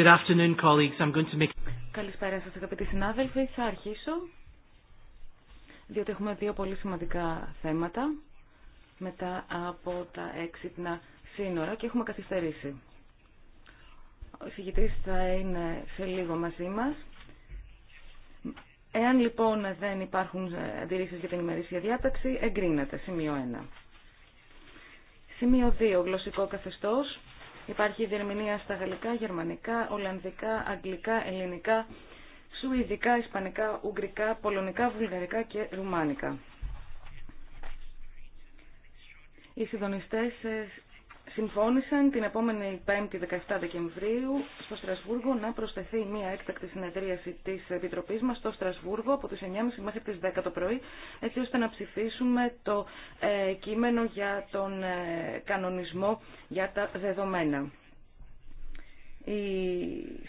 Good afternoon, colleagues. I'm going to make... Καλησπέρα σας αγαπητοί συνάδελφοι. Θα αρχίσω, διότι έχουμε δύο πολύ σημαντικά θέματα μετά από τα έξυπνα σύνορα και έχουμε καθυστερήσει. Ο εισηγητής θα είναι σε λίγο μαζί μας. Εάν λοιπόν δεν υπάρχουν αντιρρήσεις για την ημερήσια διάταξη, εγκρίνεται. Σημείο 1. Σημείο 2. Γλωσσικό καθεστώς. Υπάρχει διερμηνία στα γαλλικά, γερμανικά, ολλανδικά, αγγλικά, ελληνικά, σουηδικά, ισπανικά, ουγγρικά, πολωνικά, βουλγαρικά και ρουμάνικα. Οι συντονιστές ε, συμφώνησαν την επόμενη 5η 17 Δεκεμβρίου στο Στρασβούργο να προσθεθεί μια έκτακτη συνεδρίαση της Επιτροπής μας στο Στρασβούργο από τι 9.30 μέχρι τις 10 το πρωί έτσι ώστε να ψηφίσουμε το ε, κείμενο για τον ε, κανονισμό για τα δεδομένα. Οι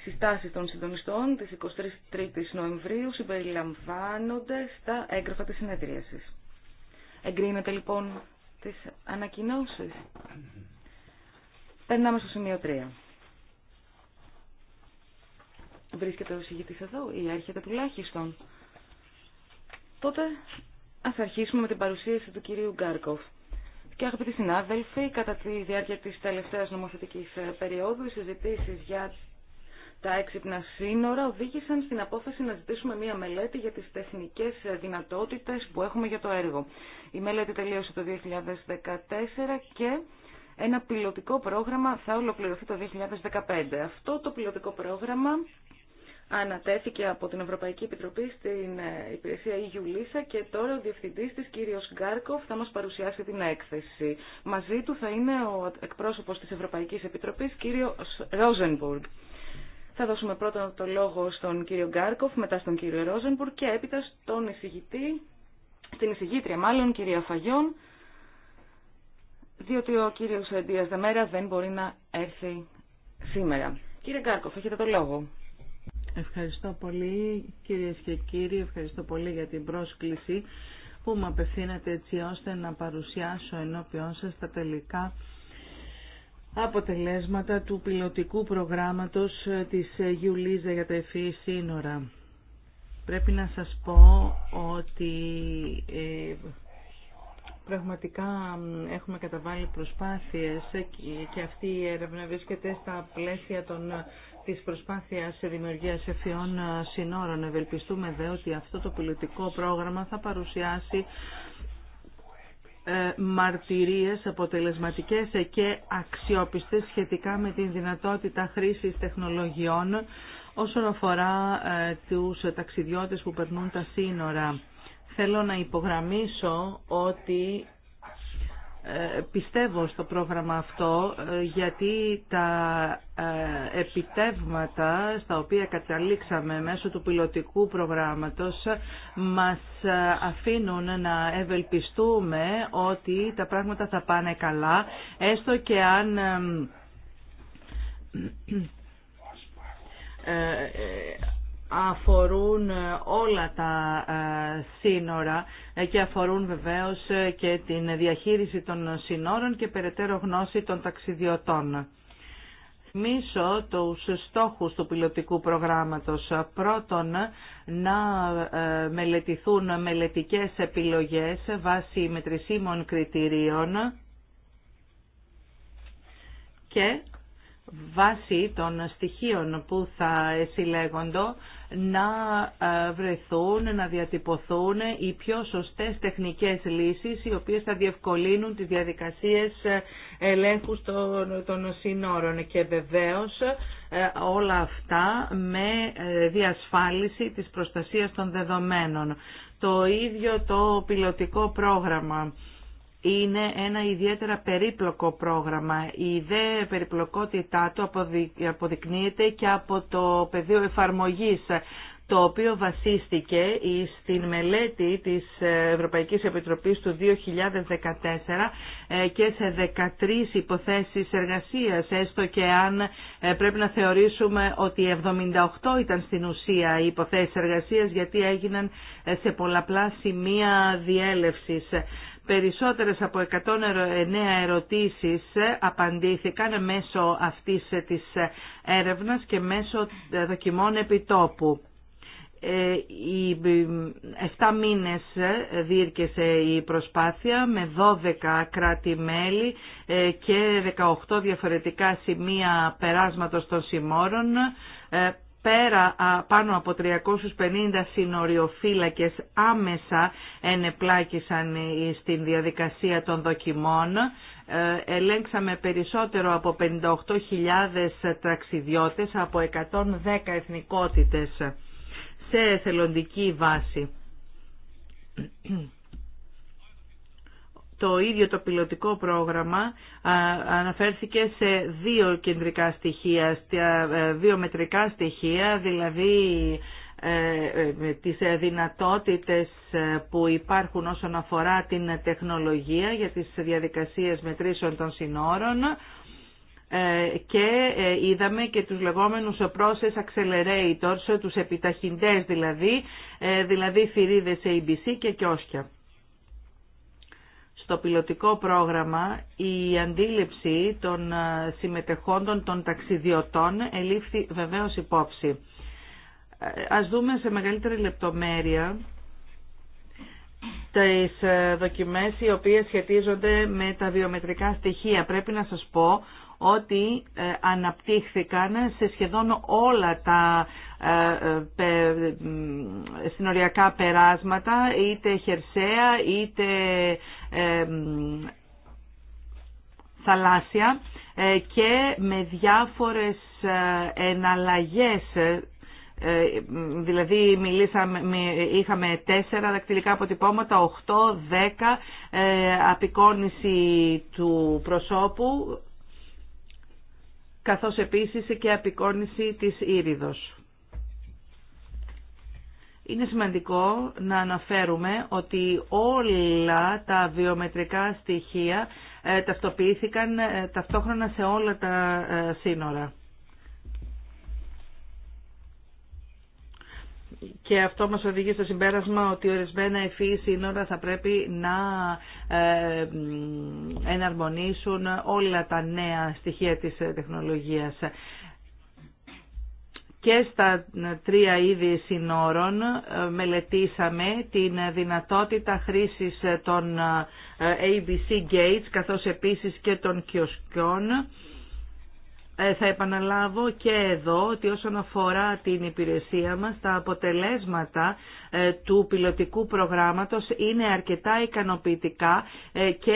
συστάσεις των συντονιστών της 23ης Νοεμβρίου συμπεριλαμβάνονται στα έγγραφα της συνεδρίασης. Εγκρίνεται λοιπόν τις ανακοινώσεις. Περνάμε στο σημείο 3. Βρίσκεται ο συγγητής εδώ ή έρχεται τουλάχιστον. Τότε ας αρχίσουμε με την παρουσίαση του κυρίου Γκάρκοφ. Και αγαπητοί συνάδελφοι, κατά τη διάρκεια της τελευταίας νομοθετικής ε, περίοδου, οι συζητήσεις για τα έξυπνα σύνορα οδήγησαν στην απόφαση να ζητήσουμε μία μελέτη για τις τεχνικές ε, δυνατότητες που έχουμε για το έργο. Η μελέτη τελείωσε το 2014 και ένα πιλωτικό πρόγραμμα θα ολοκληρωθεί το 2015. Αυτό το πιλωτικό πρόγραμμα ανατέθηκε από την Ευρωπαϊκή Επιτροπή στην ε, υπηρεσία Γιουλίσα και τώρα ο διευθυντής της κύριος Γκάρκοφ θα μας παρουσιάσει την έκθεση. Μαζί του θα είναι ο εκπρόσωπος της Ευρωπαϊκής Επιτροπής κύριο Ρόζενμπουργκ. Θα δώσουμε πρώτα το λόγο στον κύριο Γκάρκοφ, μετά στον κύριο Ρόζενμπουργκ και έπειτα στον εισηγητή, στην εισηγήτρια μάλλον, κυρία Φαγιόν, διότι ο κύριος Ντίας Δεμέρας δεν μπορεί να έρθει σήμερα. Κύριε Κάρκοφ, έχετε το λόγο. Ευχαριστώ πολύ κυρίες και κύριοι, ευχαριστώ πολύ για την πρόσκληση που μου απευθύνατε έτσι ώστε να παρουσιάσω ενώπιόν σας τα τελικά αποτελέσματα του πιλωτικού προγράμματος της Γιουλίζα για τα εφή σύνορα. Πρέπει να σας πω ότι ε, Πραγματικά έχουμε καταβάλει προσπάθειες και αυτή η έρευνα βρίσκεται στα πλαίσια των, της προσπάθειας δημιουργίας ευφυών συνόρων. Ευελπιστούμε δε ότι αυτό το πολιτικό πρόγραμμα θα παρουσιάσει ε, μαρτυρίες αποτελεσματικές και αξιόπιστες σχετικά με την δυνατότητα χρήσης τεχνολογιών όσον αφορά ε, τους ταξιδιώτες που περνούν τα σύνορα. Θέλω να υπογραμμίσω ότι ε, πιστεύω στο πρόγραμμα αυτό ε, γιατί τα ε, επιτεύγματα στα οποία καταλήξαμε μέσω του πιλωτικού προγράμματος μας αφήνουν να ευελπιστούμε ότι τα πράγματα θα πάνε καλά έστω και αν αφορούν ε, όλα τα ε, σύνορα ε, και αφορούν βεβαίως και την διαχείριση των σύνορων και περαιτέρω γνώση των ταξιδιωτών. Μίσω τους στόχους του πιλωτικού προγράμματος. Πρώτον, να μελετηθούν μελετικές επιλογές βάσει μετρησίμων κριτηρίων και βάσει των στοιχείων που θα συλλέγονται να ε, βρεθούν, να διατυπωθούν οι πιο σωστές τεχνικές λύσεις οι οποίες θα διευκολύνουν τις διαδικασίες ε, ελέγχου των συνόρων και βεβαίως ε, όλα αυτά με διασφάλιση της προστασίας των δεδομένων. Το ίδιο το πιλωτικό πρόγραμμα είναι ένα ιδιαίτερα περίπλοκο πρόγραμμα. Η ιδέα περιπλοκότητά του αποδεικνύεται και από το πεδίο εφαρμογής το οποίο βασίστηκε στην μελέτη της Ευρωπαϊκής Επιτροπής του 2014 ε, και σε 13 υποθέσεις εργασίας, έστω και αν ε, πρέπει να θεωρήσουμε ότι 78 ήταν στην ουσία οι υποθέσεις εργασίας γιατί έγιναν ε, σε πολλαπλά σημεία διέλευσης. Περισσότερες από 109 ερωτήσεις ε, απαντήθηκαν μέσω αυτής ε, της ε, έρευνας και μέσω δοκιμών επιτόπου. Οι 7 μήνες διήρκεσε η προσπάθεια με 12 κράτη-μέλη και 18 διαφορετικά σημεία περάσματος των συμμόρων πέρα πάνω από 350 συνοριοφύλακες άμεσα ενεπλάκησαν ε, στην διαδικασία των δοκιμών. Ε, ελέγξαμε περισσότερο από 58.000 τραξιδιώτες από 110 εθνικότητες σε εθελοντική βάση το ίδιο το πιλωτικό πρόγραμμα αναφέρθηκε σε δύο κεντρικά στοιχεία, ε, δύο μετρικά στοιχεία, δηλαδή ε, ε, τις δυνατότητες που υπάρχουν όσον αφορά την τεχνολογία για τις διαδικασίες μετρήσεων των συνόρων και είδαμε και τους λεγόμενους process accelerators, τους επιταχυντές δηλαδή, δηλαδή θηρίδες ABC και κιόσκια στο πιλωτικό πρόγραμμα η αντίληψη των ε, συμμετεχόντων των ταξιδιωτών ελήφθη βεβαίως υπόψη. Ε, ας δούμε σε μεγαλύτερη λεπτομέρεια τις ε, δοκιμές οι οποίες σχετίζονται με τα βιομετρικά στοιχεία. Πρέπει να σας πω ότι ε, αναπτύχθηκαν σε σχεδόν όλα τα ε, ε, συνοριακά περάσματα, είτε χερσαία είτε θαλάσσια και με διάφορες εναλλαγές δηλαδή μιλήσαμε, είχαμε τέσσερα δακτυλικά αποτυπώματα, οχτώ, δέκα, απεικόνιση του προσώπου, καθώς επίσης και απεικόνηση της ήριδος. Είναι σημαντικό να αναφέρουμε ότι όλα τα βιομετρικά στοιχεία ε, ταυτοποιήθηκαν ε, ταυτόχρονα σε όλα τα ε, σύνορα. και αυτό μας οδηγεί στο συμπέρασμα ότι ορισμένα ευφύη σύνορα θα πρέπει να ε, εναρμονίσουν όλα τα νέα στοιχεία της τεχνολογίας. Και στα τρία είδη συνόρων ε, μελετήσαμε την δυνατότητα χρήσης των ε, ABC gates καθώς επίσης και των κιοσκιών ε, θα επαναλάβω και εδώ ότι όσον αφορά την υπηρεσία μας, τα αποτελέσματα ε, του πιλωτικού προγράμματος είναι αρκετά ικανοποιητικά ε, και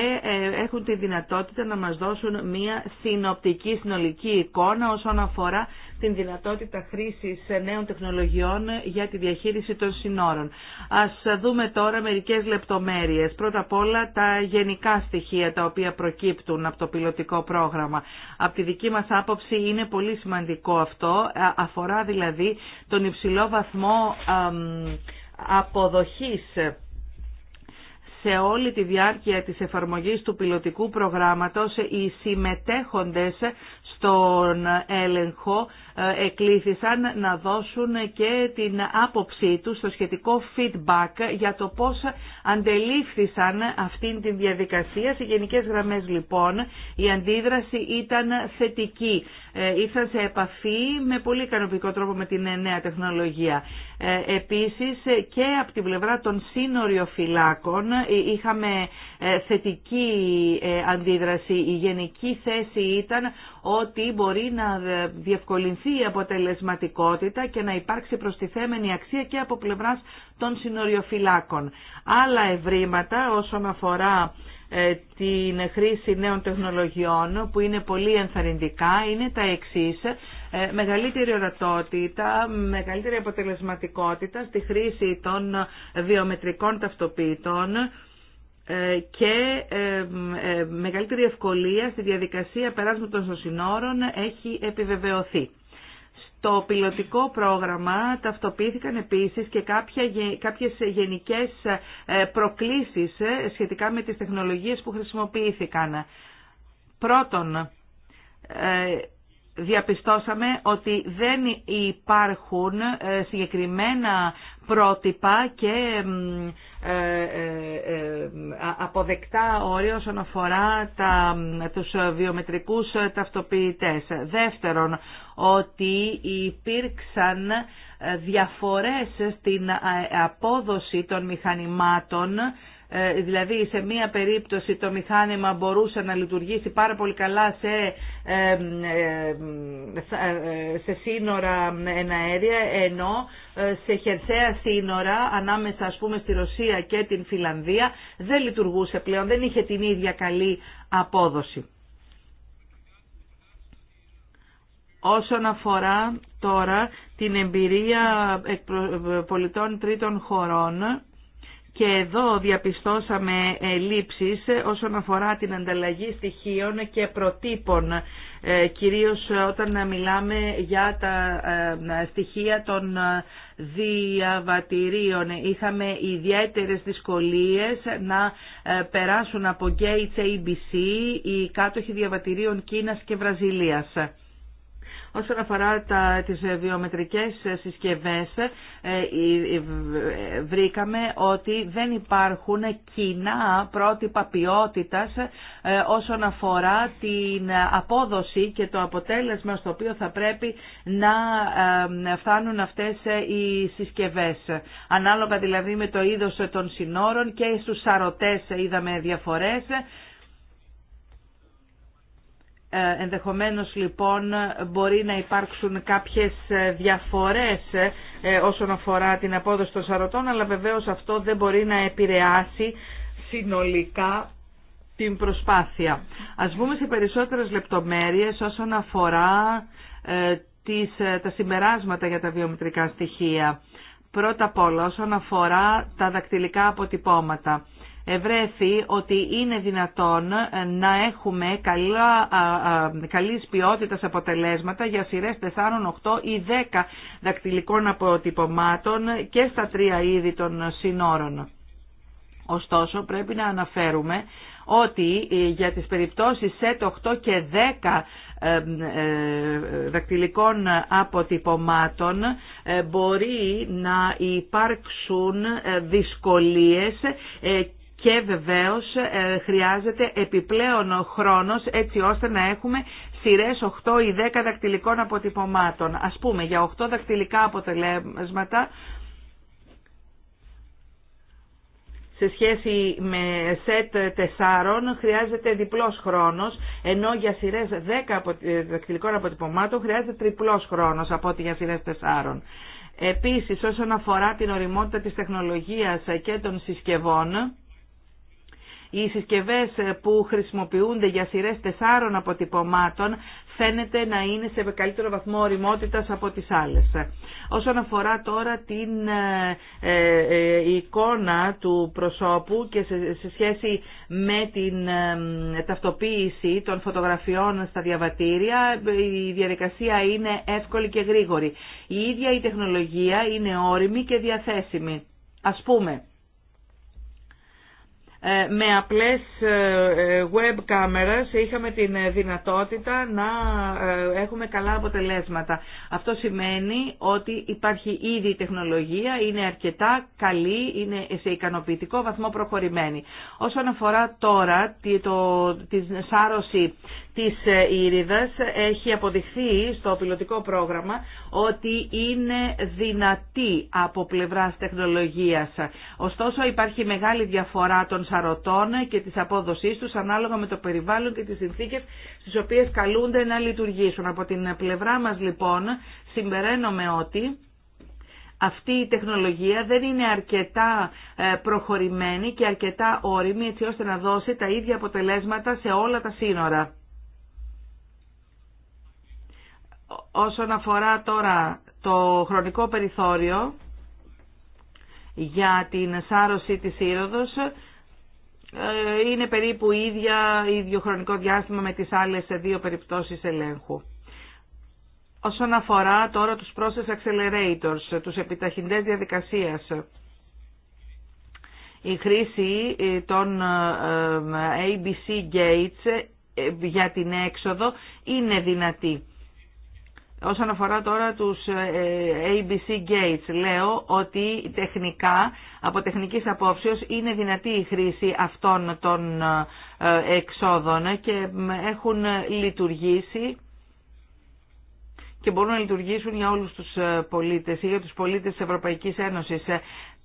έχουν τη δυνατότητα να μας δώσουν μια συνοπτική συνολική εικόνα όσον αφορά στην δυνατότητα χρήσης νέων τεχνολογιών για τη διαχείριση των συνόρων. Ας δούμε τώρα μερικές λεπτομέρειες. Πρώτα απ' όλα τα γενικά στοιχεία τα οποία προκύπτουν από το πιλωτικό πρόγραμμα. Από τη δική μας άποψη είναι πολύ σημαντικό αυτό, αφορά δηλαδή τον υψηλό βαθμό αποδοχής σε όλη τη διάρκεια της εφαρμογής του πιλωτικού προγράμματος οι συμμετέχοντες στον έλεγχο εκλήθησαν να δώσουν και την άποψή τους στο σχετικό feedback για το πώς αντελήφθησαν αυτήν την διαδικασία. Σε γενικές γραμμές λοιπόν η αντίδραση ήταν θετική. Ε, ήρθαν σε επαφή με πολύ ικανοποιητικό τρόπο με την νέα τεχνολογία. Ε, επίσης και από την πλευρά των σύνοριοφυλάκων ε, είχαμε θετική αντίδραση. Η γενική θέση ήταν ότι μπορεί να διευκολυνθεί αυξηθεί αποτελεσματικότητα και να υπάρξει προστιθέμενη αξία και από πλευράς των συνοριοφυλάκων. Άλλα ευρήματα όσον αφορά ε, την χρήση νέων τεχνολογιών που είναι πολύ ενθαρρυντικά είναι τα εξής ε, μεγαλύτερη ορατότητα, μεγαλύτερη αποτελεσματικότητα στη χρήση των βιομετρικών ταυτοποιητών ε, και μεγαλύτερη ευκολία στη διαδικασία περάσματος των συνόρων έχει επιβεβαιωθεί. Το πιλωτικό πρόγραμμα ταυτοποιήθηκαν επίσης και κάποια, κάποιες γενικές ε, προκλήσεις ε, σχετικά με τις τεχνολογίες που χρησιμοποιήθηκαν. Πρώτον, ε, διαπιστώσαμε ότι δεν υπάρχουν ε, συγκεκριμένα πρότυπα και ε, ε, αποδεκτά όρια όσον αφορά τα, τους βιομετρικούς ταυτοποιητές. Δεύτερον, ότι υπήρξαν διαφορές στην απόδοση των μηχανημάτων ε, δηλαδή σε μία περίπτωση το μηχάνημα μπορούσε να λειτουργήσει πάρα πολύ καλά σε, ε, ε, σε σύνορα εναέρια, ενώ σε χερσαία σύνορα ανάμεσα ας πούμε στη Ρωσία και την Φιλανδία δεν λειτουργούσε πλέον, δεν είχε την ίδια καλή απόδοση. Όσον αφορά τώρα την εμπειρία πολιτών τρίτων χωρών, και εδώ διαπιστώσαμε ε, λήψεις όσον αφορά την ανταλλαγή στοιχείων και προτύπων, ε, κυρίως όταν μιλάμε για τα ε, στοιχεία των διαβατηρίων. Είχαμε ιδιαίτερες δυσκολίες να περάσουν από Gates ABC οι κάτοχοι διαβατηρίων Κίνας και Βραζιλίας. Όσον αφορά τα, τις ε, βιομετρικές ε, συσκευές, ε, βρήκαμε ότι δεν υπάρχουν κοινά πρότυπα ποιότητας όσον αφορά την απόδοση και το αποτέλεσμα στο οποίο θα πρέπει να φτάνουν αυτές οι συσκευές. Ανάλογα δηλαδή με το είδος των συνόρων και στους σαρωτές είδαμε διαφορές ε, ενδεχομένως λοιπόν μπορεί να υπάρξουν κάποιες ε, διαφορές ε, όσον αφορά την απόδοση των σαρωτών αλλά βεβαίως αυτό δεν μπορεί να επηρεάσει συνολικά την προσπάθεια. Ας βούμε σε περισσότερες λεπτομέρειες όσον αφορά τις, τα συμπεράσματα για τα βιομητρικά στοιχεία. Πρώτα απ' όλα όσον αφορά τα δακτυλικά αποτυπώματα ευρέθη ότι είναι δυνατόν να έχουμε καλά, καλής ποιότητας αποτελέσματα για σειρές 4, 8 ή 10 δακτυλικών αποτυπωμάτων και στα τρία είδη των συνόρων. Ωστόσο πρέπει να αναφέρουμε ότι ε, για τις περιπτώσεις σε 8 και 10 ε, ε, δακτυλικών αποτυπωμάτων μπορεί να υπάρξουν δυσκολίες και βεβαίως ε, χρειάζεται επιπλέον χρόνος έτσι ώστε να έχουμε σειρές 8 ή 10 δακτυλικών αποτυπωμάτων. Ας πούμε για 8 δακτυλικά αποτελέσματα σε σχέση με σετ 4 χρειάζεται διπλός χρόνος, ενώ για σειρές 10 ε, δακτυλικών αποτυπωμάτων χρειάζεται τριπλός χρόνος από ό,τι για σειρές 4. Επίσης, όσον αφορά την οριμότητα της τεχνολογίας και των συσκευών, οι συσκευές ε, που χρησιμοποιούνται για σειρέ τεσσάρων αποτυπωμάτων φαίνεται να είναι σε καλύτερο βαθμό οριμότητα από τις άλλες. Όσον αφορά τώρα την ε, ε, εικόνα του προσώπου και σε σχέση με την ταυτοποίηση των φωτογραφιών στα διαβατήρια, η διαδικασία είναι εύκολη και γρήγορη. Η ίδια η τεχνολογία είναι όριμη και διαθέσιμη. Ας πούμε, ε, με απλές ε, ε, web κάμερες είχαμε την δυνατότητα να έχουμε καλά αποτελέσματα. Αυτό σημαίνει ότι υπάρχει ήδη η τεχνολογία, είναι αρκετά καλή, είναι σε ικανοποιητικό βαθμό προχωρημένη. Όσον αφορά τώρα το, τη σάρωση της Ήριδας, έχει αποδειχθεί στο πιλωτικό πρόγραμμα ότι είναι δυνατή από πλευράς τεχνολογίας. Ωστόσο υπάρχει μεγάλη διαφορά των και τις απόδοσής τους ανάλογα με το περιβάλλον και τις συνθήκες στις οποίες καλούνται να λειτουργήσουν. Από την πλευρά μας λοιπόν συμπεραίνομαι ότι αυτή η τεχνολογία δεν είναι αρκετά ε, προχωρημένη και αρκετά όρημη έτσι ώστε να δώσει τα ίδια αποτελέσματα σε όλα τα σύνορα. Όσον αφορά τώρα το χρονικό περιθώριο για την σάρωση της ήρωδος ε, είναι περίπου ίδια, ίδιο χρονικό διάστημα με τις άλλες δύο περιπτώσεις ελέγχου. Όσον αφορά τώρα τους process accelerators, τους επιταχυντές διαδικασίας, η χρήση ε, των ε, ABC gates για την έξοδο είναι δυνατή. Όσον αφορά τώρα τους ε, ABC Gates, λέω ότι τεχνικά, από τεχνικής απόψεως, είναι δυνατή η χρήση αυτών των ε, εξόδων και έχουν λειτουργήσει και μπορούν να λειτουργήσουν για όλους τους ε, πολίτες ή για τους πολίτες της Ευρωπαϊκής Ένωσης.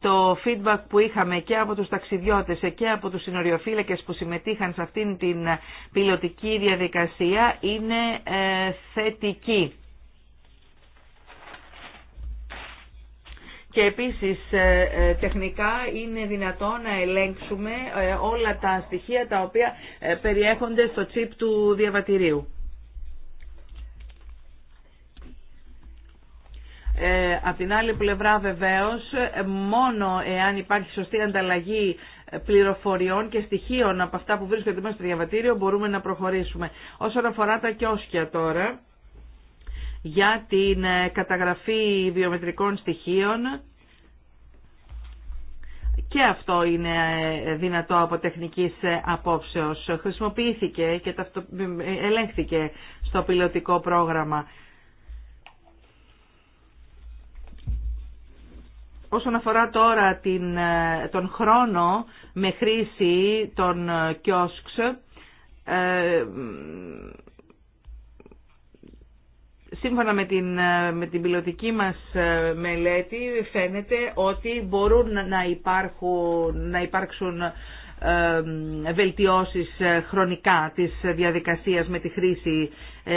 Το feedback που είχαμε και από τους ταξιδιώτες και από τους συνοριοφύλακες που συμμετείχαν σε αυτήν την πιλωτική διαδικασία είναι θετική. και επίσης ε, ε, τεχνικά είναι δυνατό να ελέγξουμε ε, όλα τα στοιχεία τα οποία περιέχονται στο τσίπ του διαβατηρίου. Ε, απ' την άλλη πλευρά βεβαίως, μόνο εάν υπάρχει σωστή ανταλλαγή πληροφοριών και στοιχείων από αυτά που βρίσκονται μέσα στο διαβατήριο μπορούμε να προχωρήσουμε. Όσον αφορά τα κιόσκια τώρα, για την ε, καταγραφή βιομετρικών στοιχείων και αυτό είναι ε, δυνατό από τεχνικής ε, απόψεως. Χρησιμοποιήθηκε και ελέγχθηκε στο πιλωτικό πρόγραμμα. Όσον αφορά τώρα την, τον χρόνο με χρήση των κιόσκς, σύμφωνα με την, ε, με την πιλωτική μας ε, μελέτη φαίνεται ότι μπορούν να, υπάρχουν, να υπάρξουν ε, βελτιώσεις χρονικά της διαδικασίας με τη χρήση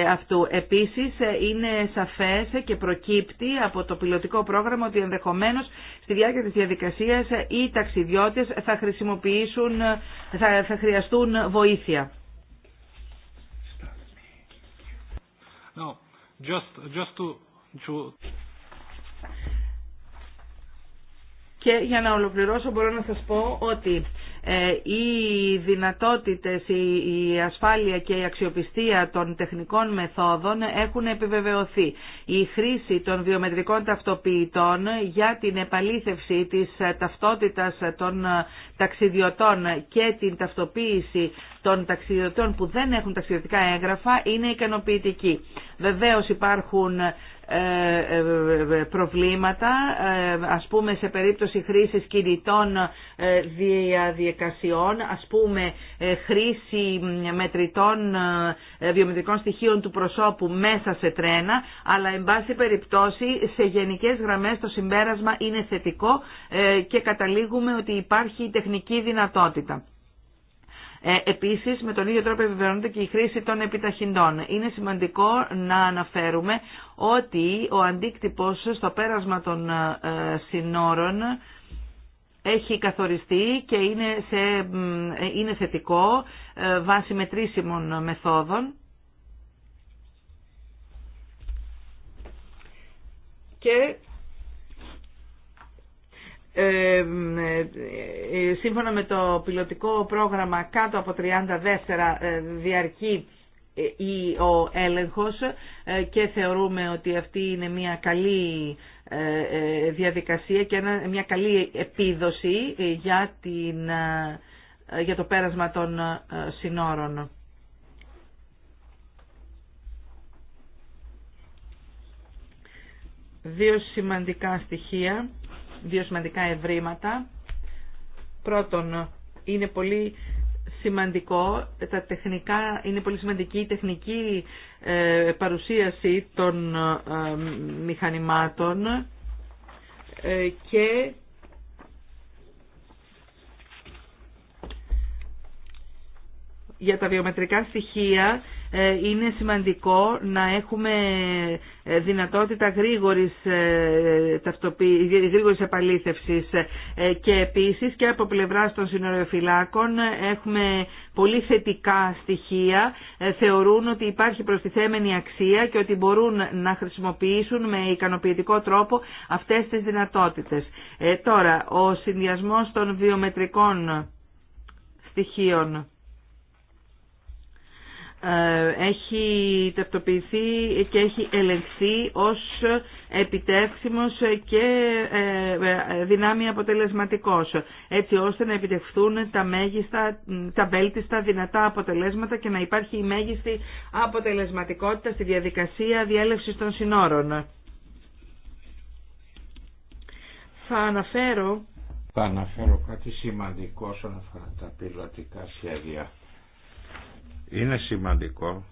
αυτού. Επίσης είναι σαφές και προκύπτει από το πιλωτικό πρόγραμμα ότι ενδεχομένως στη διάρκεια της διαδικασίας οι ταξιδιώτες θα χρησιμοποιήσουν, θα, θα χρειαστούν βοήθεια. Just, just to, Και για να ολοκληρώσω μπορώ να σας πω ότι ε, οι δυνατότητες, η ασφάλεια και η αξιοπιστία των τεχνικών μεθόδων έχουν επιβεβαιωθεί. Η χρήση των βιομετρικών ταυτοποιητών για την επαλήθευση της ταυτότητας των ταξιδιωτών και την ταυτοποίηση των ταξιδιωτών που δεν έχουν ταξιδιωτικά έγγραφα είναι ικανοποιητική. Βεβαίως υπάρχουν ε, ε, ε, προβλήματα ας πούμε σε περίπτωση χρήσης κινητών διαδικασιών ας πούμε χρήση μετρητών βιομετρικών στοιχείων του προσώπου μέσα σε τρένα αλλά εν πάση περιπτώσει σε γενικές γραμμές το συμπέρασμα είναι θετικό και καταλήγουμε ότι υπάρχει τεχνική δυνατότητα. Ε, Επίση, με τον ίδιο τρόπο επιβεβαιώνεται και η χρήση των επιταχυντών. Είναι σημαντικό να αναφέρουμε ότι ο αντίκτυπος στο πέρασμα των ε, συνόρων έχει καθοριστεί και είναι, σε, ε, είναι θετικό βάσει μετρήσιμων μεθόδων. Και ε, ε, ε, σύμφωνα με το πιλωτικό πρόγραμμα κάτω από 30 δεύτερα διαρκεί ή ο έλεγχος και θεωρούμε ότι αυτή είναι μια καλή διαδικασία και μια καλή επίδοση για, την, για το πέρασμα των συνόρων. Δύο σημαντικά στοιχεία δύο σημαντικά ευρήματα. Πρώτον, είναι πολύ σημαντικό, τα τεχνικά, είναι πολύ σημαντική η τεχνική ε, παρουσίαση των ε, μηχανημάτων ε, και για τα βιομετρικά στοιχεία ε, είναι σημαντικό να έχουμε ε, δυνατότητα γρήγορης, ε, γρήγορης και επίσης και από πλευράς των συνοριοφυλάκων έχουμε πολύ θετικά στοιχεία, θεωρούν ότι υπάρχει προστιθέμενη αξία και ότι μπορούν να χρησιμοποιήσουν με ικανοποιητικό τρόπο αυτές τις δυνατότητες. τώρα, ο συνδυασμός των βιομετρικών στοιχείων ε, έχει ταυτοποιηθεί και έχει ελεγχθεί ως επιτεύξιμος και ε, ε, δυνάμει αποτελεσματικός, έτσι ώστε να επιτευχθούν τα μέγιστα, τα βέλτιστα δυνατά αποτελέσματα και να υπάρχει η μέγιστη αποτελεσματικότητα στη διαδικασία διέλευσης των συνόρων. Θα αναφέρω... Θα αναφέρω κάτι σημαντικό όσον αφορά τα πιλωτικά σχέδια είναι σημαντικό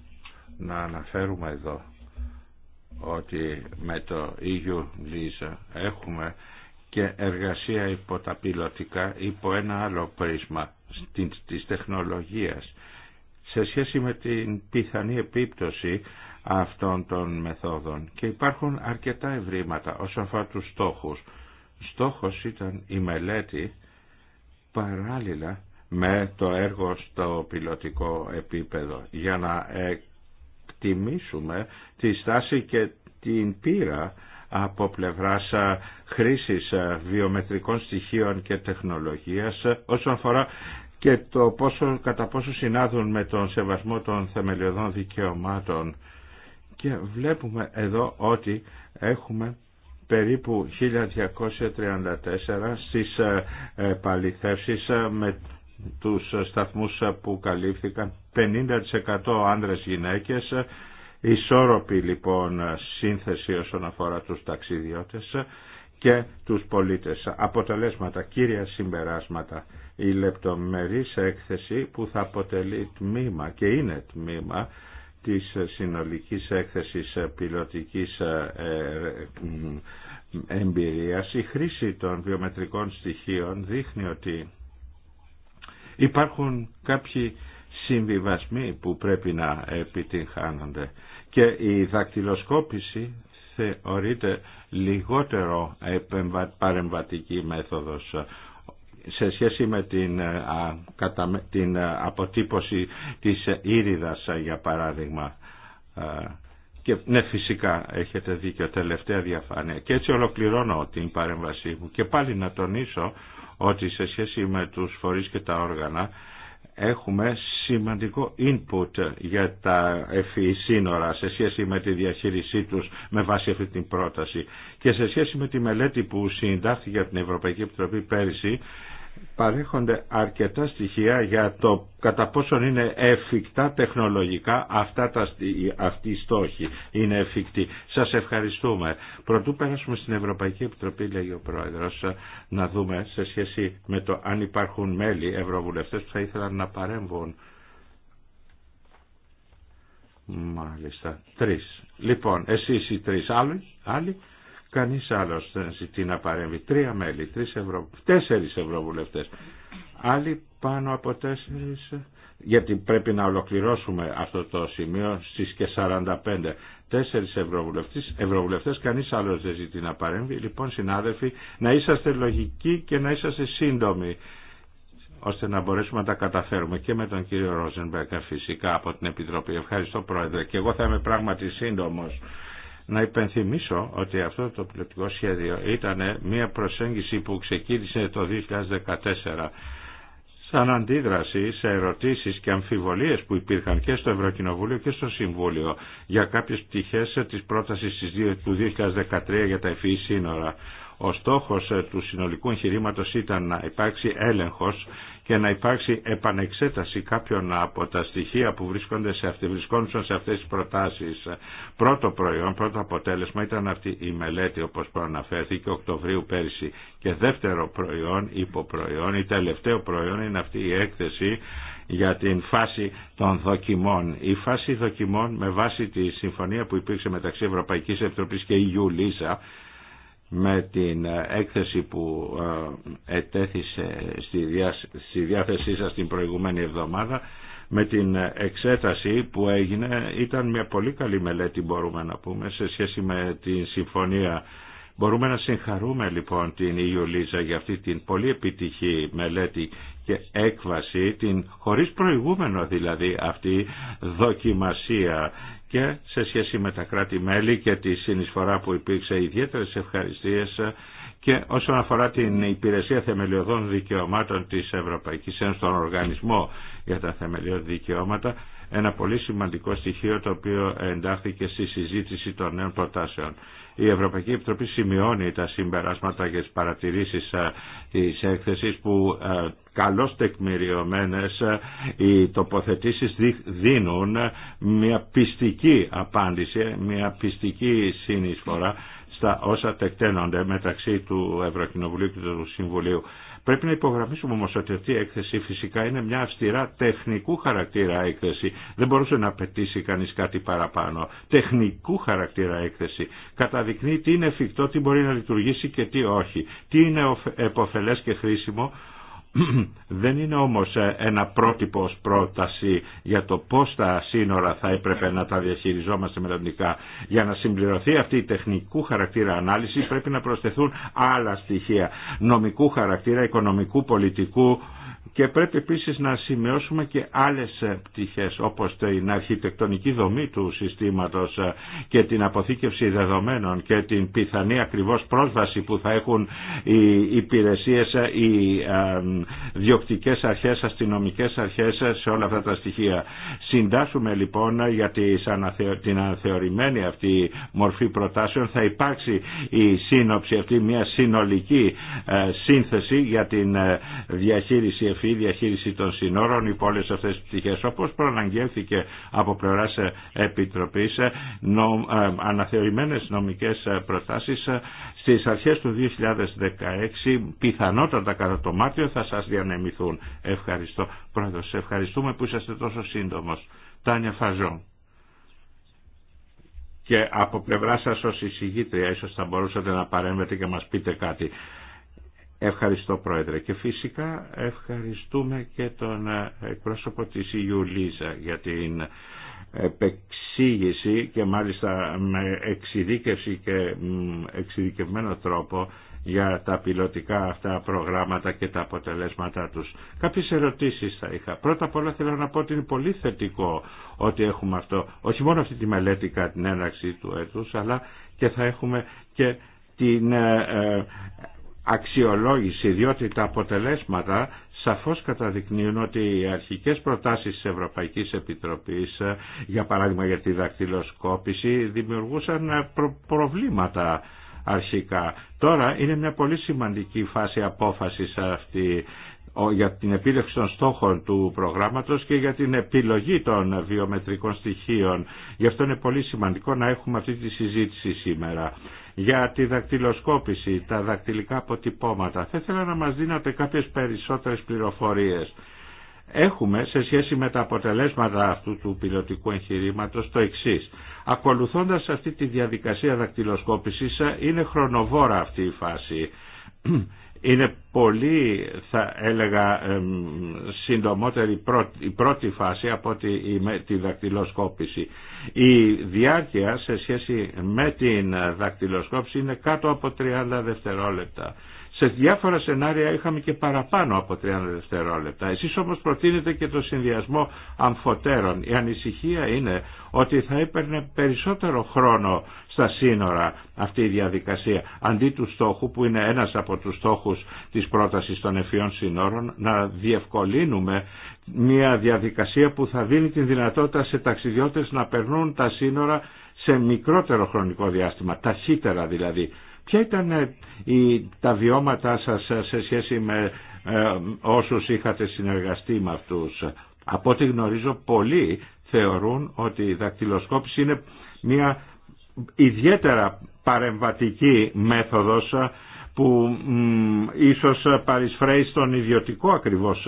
να αναφέρουμε εδώ ότι με το EU Visa έχουμε και εργασία υπό τα πιλωτικά υπό ένα άλλο πρίσμα της τεχνολογίας σε σχέση με την πιθανή επίπτωση αυτών των μεθόδων και υπάρχουν αρκετά ευρήματα ως αφορά τους στόχους. Στόχος ήταν η μελέτη παράλληλα με το έργο στο πιλωτικό επίπεδο για να εκτιμήσουμε τη στάση και την πείρα από πλευράς χρήσης βιομετρικών στοιχείων και τεχνολογίας όσον αφορά και το πόσο, κατά πόσο συνάδουν με τον σεβασμό των θεμελιωδών δικαιωμάτων. Και βλέπουμε εδώ ότι έχουμε περίπου 1234 στις ε, παληθεύσεις με τους σταθμούς που καλύφθηκαν 50% άνδρες γυναίκες ισόρροπη λοιπόν σύνθεση όσον αφορά τους ταξιδιώτες και τους πολίτες. Αποτελέσματα, κύρια συμπεράσματα, η λεπτομερής έκθεση που θα αποτελεί τμήμα και είναι τμήμα της συνολικής έκθεσης πιλωτικής ε, ε, εμπειρίας. Η χρήση των βιομετρικών στοιχείων δείχνει ότι Υπάρχουν κάποιοι συμβιβασμοί που πρέπει να επιτυγχάνονται και η δακτυλοσκόπηση θεωρείται λιγότερο παρεμβατική μέθοδος σε σχέση με την, ε, την ε, αποτύπωση της ήριδας ε, για παράδειγμα και ναι φυσικά έχετε δίκιο τελευταία διαφάνεια και έτσι ολοκληρώνω την παρέμβασή μου και πάλι να τονίσω ότι σε σχέση με τους φορείς και τα όργανα έχουμε σημαντικό input για τα ΕΦΗ σύνορα σε σχέση με τη διαχείρισή τους με βάση αυτή την πρόταση. Και σε σχέση με τη μελέτη που συντάχθηκε από την Ευρωπαϊκή Επιτροπή πέρυσι παρέχονται αρκετά στοιχεία για το κατά πόσον είναι εφικτά τεχνολογικά αυτά τα, στόχη Είναι εφικτή. Σας ευχαριστούμε. Πρωτού περάσουμε στην Ευρωπαϊκή Επιτροπή, λέγει ο Πρόεδρος, να δούμε σε σχέση με το αν υπάρχουν μέλη ευρωβουλευτές που θα ήθελαν να παρέμβουν. Μάλιστα. Τρεις. Λοιπόν, εσείς οι τρεις. Άλλοι. Άλλοι. Κανείς άλλος δεν ζητεί να παρέμβει. Τρία μέλη, τρεις ευρω... τέσσερις ευρωβουλευτές. Άλλοι πάνω από τέσσερις, γιατί πρέπει να ολοκληρώσουμε αυτό το σημείο στις και 45. Τέσσερις ευρωβουλευτές, ευρωβουλευτές, κανείς άλλος δεν ζητεί να παρέμβει. Λοιπόν, συνάδελφοι, να είσαστε λογικοί και να είσαστε σύντομοι ώστε να μπορέσουμε να τα καταφέρουμε και με τον κύριο Ρόζενμπεργκ φυσικά από την Επιτροπή. Ευχαριστώ Πρόεδρε και εγώ θα είμαι πράγματι σύντομος να υπενθυμίσω ότι αυτό το πιλωτικό σχέδιο ήταν μια προσέγγιση που ξεκίνησε το 2014 σαν αντίδραση σε ερωτήσεις και αμφιβολίες που υπήρχαν και στο Ευρωκοινοβούλιο και στο Συμβούλιο για κάποιες πτυχές της πρότασης του 2013 για τα ευφυή σύνορα. Ο στόχος ε, του συνολικού εγχειρήματο ήταν να υπάρξει έλεγχος και να υπάρξει επανεξέταση κάποιων από τα στοιχεία που βρίσκονται σε αυτή, βρισκόντουσαν σε αυτές τις προτάσεις. Πρώτο προϊόν, πρώτο αποτέλεσμα ήταν αυτή η μελέτη όπως προαναφέρθηκε Οκτωβρίου πέρυσι και δεύτερο προϊόν, υποπροϊόν ή τελευταίο προϊόν είναι αυτή η έκθεση για την φάση των δοκιμών. Η φάση δοκιμών με βάση τη συμφωνία που υπήρξε μεταξύ Ευρωπαϊκής Επιτροπής και η Ιουλίσα με την ε, έκθεση που ε, ετέθησε στη διάθεσή σας την προηγούμενη εβδομάδα με την εξέταση που έγινε ήταν μια πολύ καλή μελέτη μπορούμε να πούμε σε σχέση με την συμφωνία Μπορούμε να συγχαρούμε λοιπόν την Ιουλίζα για αυτή την πολύ επιτυχή μελέτη και έκβαση, την χωρίς προηγούμενο δηλαδή αυτή δοκιμασία και σε σχέση με τα κράτη-μέλη και τη συνεισφορά που υπήρξε ιδιαίτερες ευχαριστίες και όσον αφορά την Υπηρεσία Θεμελιωδών Δικαιωμάτων της Ευρωπαϊκής Ένωσης, τον Οργανισμό για τα Θεμελιώδη Δικαιώματα, ένα πολύ σημαντικό στοιχείο το οποίο εντάχθηκε στη συζήτηση των νέων προτάσεων. Η Ευρωπαϊκή Επιτροπή σημειώνει τα συμπεράσματα και τις παρατηρήσεις ε, της έκθεσης που ε, καλώς τεκμηριωμένες ε, οι τοποθετήσεις δίνουν μια πιστική απάντηση, μια πιστική συνεισφορά στα όσα τεκταίνονται μεταξύ του Ευρωκοινοβουλίου και του Συμβουλίου. Πρέπει να υπογραμμίσουμε όμως ότι αυτή η έκθεση φυσικά είναι μια αυστηρά τεχνικού χαρακτήρα έκθεση. Δεν μπορούσε να απαιτήσει κανείς κάτι παραπάνω. Τεχνικού χαρακτήρα έκθεση. Καταδεικνύει τι είναι εφικτό, τι μπορεί να λειτουργήσει και τι όχι. Τι είναι εποφελές και χρήσιμο Δεν είναι όμως ε, ένα πρότυπο ως πρόταση για το πώς τα σύνορα θα έπρεπε να τα διαχειριζόμαστε μελλοντικά. Για να συμπληρωθεί αυτή η τεχνικού χαρακτήρα ανάλυση πρέπει να προσθεθούν άλλα στοιχεία νομικού χαρακτήρα, οικονομικού, πολιτικού, και πρέπει επίσης να σημειώσουμε και άλλες ε, πτυχές όπως την αρχιτεκτονική δομή του συστήματος ε, και την αποθήκευση δεδομένων και την πιθανή ακριβώς πρόσβαση που θα έχουν οι υπηρεσίες, ε, οι διοκτικές αρχές, αστυνομικές αρχές σε όλα αυτά τα στοιχεία. Συντάσσουμε λοιπόν για την αναθεωρημένη αυτή μορφή προτάσεων θα υπάρξει η σύνοψη αυτή, μια συνολική σύνθεση για την διαχείριση ευφυή διαχείριση των συνόρων υπό όλε αυτέ τι πτυχέ. Όπω προαναγγέλθηκε από πλευρά Επιτροπή, νο, ε, αναθεωρημένε νομικέ προτάσει στι αρχέ του 2016 πιθανότατα κατά το Μάρτιο θα σα διανεμηθούν. Ευχαριστώ. Πρόεδρο, σε ευχαριστούμε που είσαστε τόσο σύντομο. Τάνια Φαζόν. Και από πλευρά σα ως εισηγήτρια ίσως θα μπορούσατε να παρέμβετε και μας πείτε κάτι. Ευχαριστώ Πρόεδρε και φυσικά ευχαριστούμε και τον ε, εκπρόσωπο της Ιουλίζα για την επεξήγηση και μάλιστα με εξειδίκευση και εξειδικευμένο τρόπο για τα πιλωτικά αυτά προγράμματα και τα αποτελέσματά τους. Κάποιες ερωτήσεις θα είχα. Πρώτα απ' όλα θέλω να πω ότι είναι πολύ θετικό ότι έχουμε αυτό, όχι μόνο αυτή τη μελέτη κατά την έναρξη του έτους, αλλά και θα έχουμε και την ε, ε, αξιολόγηση διότι τα αποτελέσματα σαφώς καταδεικνύουν ότι οι αρχικές προτάσεις της Ευρωπαϊκής Επιτροπής ε, για παράδειγμα για τη δακτυλοσκόπηση δημιουργούσαν ε, προβλήματα αρχικά. Τώρα είναι μια πολύ σημαντική φάση απόφασης αυτή για την επίλεξη των στόχων του προγράμματος και για την επιλογή των βιομετρικών στοιχείων. Γι' αυτό είναι πολύ σημαντικό να έχουμε αυτή τη συζήτηση σήμερα για τη δακτυλοσκόπηση, τα δακτυλικά αποτυπώματα. Θα ήθελα να μας δίνατε κάποιες περισσότερες πληροφορίες. Έχουμε σε σχέση με τα αποτελέσματα αυτού του πιλωτικού εγχειρήματος, το εξή. Ακολουθώντας αυτή τη διαδικασία δακτυλοσκόπησης ε, είναι χρονοβόρα αυτή η φάση είναι πολύ, θα έλεγα, συντομότερη η πρώτη φάση από τη δακτυλοσκόπηση. Η διάρκεια σε σχέση με την δακτυλοσκόπηση είναι κάτω από 30 δευτερόλεπτα. Σε διάφορα σενάρια είχαμε και παραπάνω από 30 δευτερόλεπτα. Εσείς όμως προτείνετε και το συνδυασμό αμφωτέρων. Η ανησυχία είναι ότι θα έπαιρνε περισσότερο χρόνο στα σύνορα αυτή η διαδικασία αντί του στόχου που είναι ένας από τους στόχους της πρότασης των ευφυών σύνορων να διευκολύνουμε μια διαδικασία που θα δίνει τη δυνατότητα σε ταξιδιώτες να περνούν τα σύνορα σε μικρότερο χρονικό διάστημα, ταχύτερα δηλαδή Ποια ήταν ε, τα βιώματά σας ε, σε σχέση με ε, όσους είχατε συνεργαστεί με αυτούς. Από ό,τι γνωρίζω πολλοί θεωρούν ότι η δακτυλοσκόπηση είναι μια ιδιαίτερα παρεμβατική μέθοδος που μ, ίσως παρισφρέει στον ιδιωτικό ακριβώς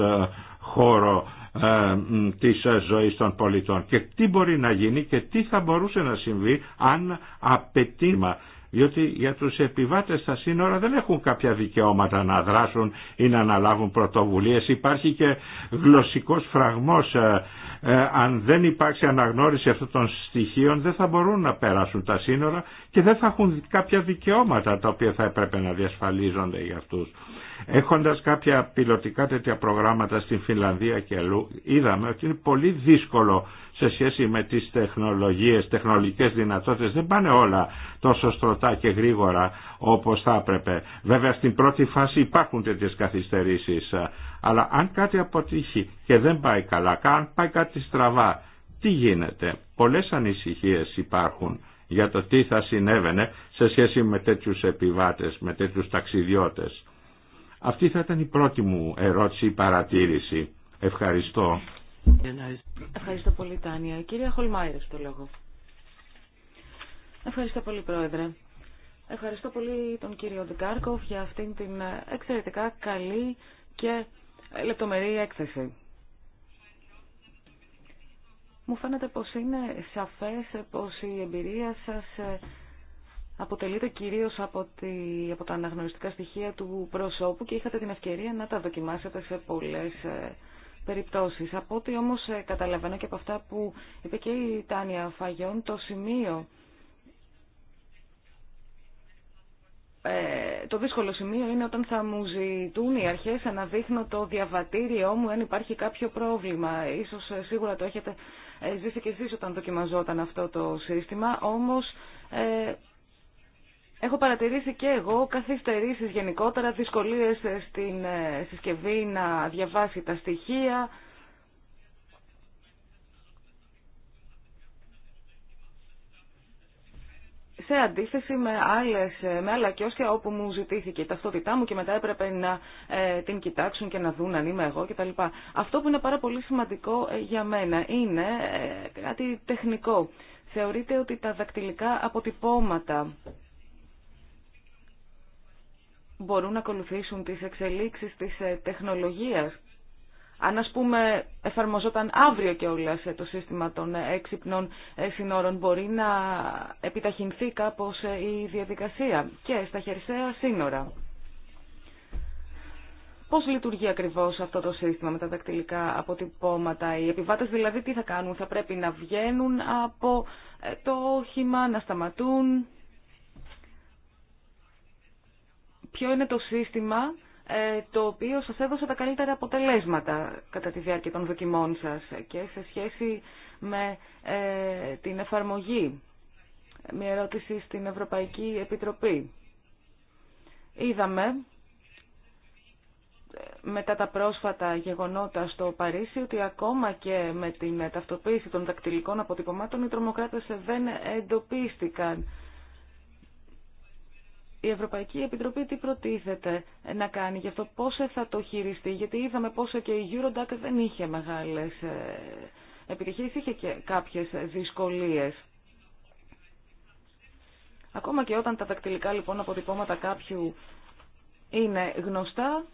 χώρο ε, της ζωής των πολιτών και τι μπορεί να γίνει και τι θα μπορούσε να συμβεί αν απαιτήμα διότι για τους επιβάτες στα σύνορα δεν έχουν κάποια δικαιώματα να δράσουν ή να αναλάβουν πρωτοβουλίες. Υπάρχει και γλωσσικός φραγμός. Ε, ε, αν δεν υπάρξει αναγνώριση αυτών των στοιχείων δεν θα μπορούν να περάσουν τα σύνορα και δεν θα έχουν κάποια δικαιώματα τα οποία θα έπρεπε να διασφαλίζονται για αυτούς. Έχοντας κάποια πιλωτικά τέτοια προγράμματα στην Φιλανδία και αλλού, είδαμε ότι είναι πολύ δύσκολο σε σχέση με τις τεχνολογίες, τεχνολογικές δυνατότητες δεν πάνε όλα τόσο στρωτά και γρήγορα όπως θα έπρεπε. Βέβαια στην πρώτη φάση υπάρχουν τέτοιες καθυστερήσεις, αλλά αν κάτι αποτύχει και δεν πάει καλά, αν πάει κάτι στραβά, τι γίνεται. Πολλές ανησυχίες υπάρχουν για το τι θα συνέβαινε σε σχέση με τέτοιους επιβάτες, με τέτοιους ταξιδιώτες. Αυτή θα ήταν η πρώτη μου ερώτηση ή παρατήρηση. Ευχαριστώ. Ευχαριστώ πολύ, Τάνια. Κυρία Χολμάιρε, το λόγο. Ευχαριστώ πολύ, Πρόεδρε. Ευχαριστώ πολύ τον κύριο Ντεκάρκοφ για αυτήν την εξαιρετικά καλή και λεπτομερή έκθεση. Μου φαίνεται πως είναι σαφές πως η εμπειρία σας αποτελείται κυρίως από, από τα αναγνωριστικά στοιχεία του προσώπου και είχατε την ευκαιρία να τα δοκιμάσετε σε πολλές ε, περιπτώσεις. Από ό,τι όμως ε, καταλαβαίνω και από αυτά που είπε και η Τάνια Φαγιόν, το σημείο, ε, το δύσκολο σημείο είναι όταν θα μου ζητούν οι αρχές να δείχνω το διαβατήριό μου αν υπάρχει κάποιο πρόβλημα. Ίσως ε, σίγουρα το έχετε ε, ζήσει και εσείς όταν δοκιμαζόταν αυτό το σύστημα, όμως... Ε, Έχω παρατηρήσει και εγώ καθυστερήσεις γενικότερα, δυσκολίες στην ε, συσκευή να διαβάσει τα στοιχεία. Σε αντίθεση με, άλλες, ε, με άλλα κιόσια όπου μου ζητήθηκε η ταυτότητά μου και μετά έπρεπε να ε, την κοιτάξουν και να δουν αν είμαι εγώ κτλ. Αυτό που είναι πάρα πολύ σημαντικό για μένα είναι κάτι τεχνικό. Θεωρείται ότι τα δακτυλικά αποτυπώματα μπορούν να ακολουθήσουν τις εξελίξεις της ε, τεχνολογίας. Αν ας πούμε εφαρμοζόταν αύριο και όλα σε το σύστημα των ε, έξυπνων ε, συνόρων μπορεί να επιταχυνθεί κάπως η διαδικασία και στα χερσαία σύνορα. Πώς λειτουργεί ακριβώς αυτό το σύστημα με τα δακτυλικά αποτυπώματα. Οι επιβάτες δηλαδή τι θα κάνουν, θα πρέπει να βγαίνουν από το όχημα, να σταματούν, ποιο είναι το σύστημα ε, το οποίο σας έδωσε τα καλύτερα αποτελέσματα κατά τη διάρκεια των δοκιμών σας και σε σχέση με ε, την εφαρμογή. Μια ερώτηση στην Ευρωπαϊκή Επιτροπή. Είδαμε ε, μετά τα πρόσφατα γεγονότα στο Παρίσι ότι ακόμα και με την ταυτοποίηση των δακτυλικών αποτυπωμάτων οι τρομοκράτες δεν εντοπίστηκαν η Ευρωπαϊκή Επιτροπή τι προτίθεται να κάνει γι' αυτό, πώς θα το χειριστεί, γιατί είδαμε πόσο και η Eurodac δεν είχε μεγάλες ε, επιτυχίες, είχε και κάποιες δυσκολίες. Ακόμα και όταν τα δακτυλικά λοιπόν αποτυπώματα κάποιου είναι γνωστά,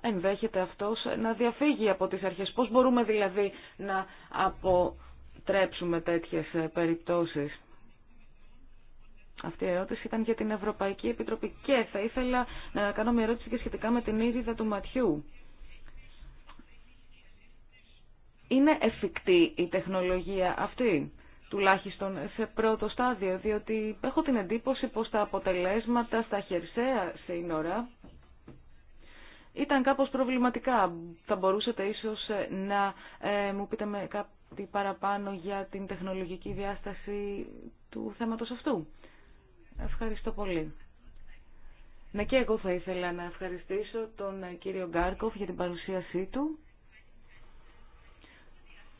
ενδέχεται αυτός να διαφύγει από τις αρχές. Πώς μπορούμε δηλαδή να αποτρέψουμε τέτοιες ε, περιπτώσεις. Αυτή η ερώτηση ήταν για την Ευρωπαϊκή Επιτροπή και θα ήθελα να κάνω μια ερώτηση και σχετικά με την ίδια του ματιού. Είναι εφικτή η τεχνολογία αυτή, τουλάχιστον σε πρώτο στάδιο, διότι έχω την εντύπωση πως τα αποτελέσματα στα χερσαία σύνορα ήταν κάπως προβληματικά. Θα μπορούσατε ίσως ε, να ε, μου πείτε κάτι παραπάνω για την τεχνολογική διάσταση του θέματος αυτού. Ευχαριστώ πολύ. Ναι, και εγώ θα ήθελα να ευχαριστήσω τον ε, κύριο Γκάρκοφ για την παρουσίασή του.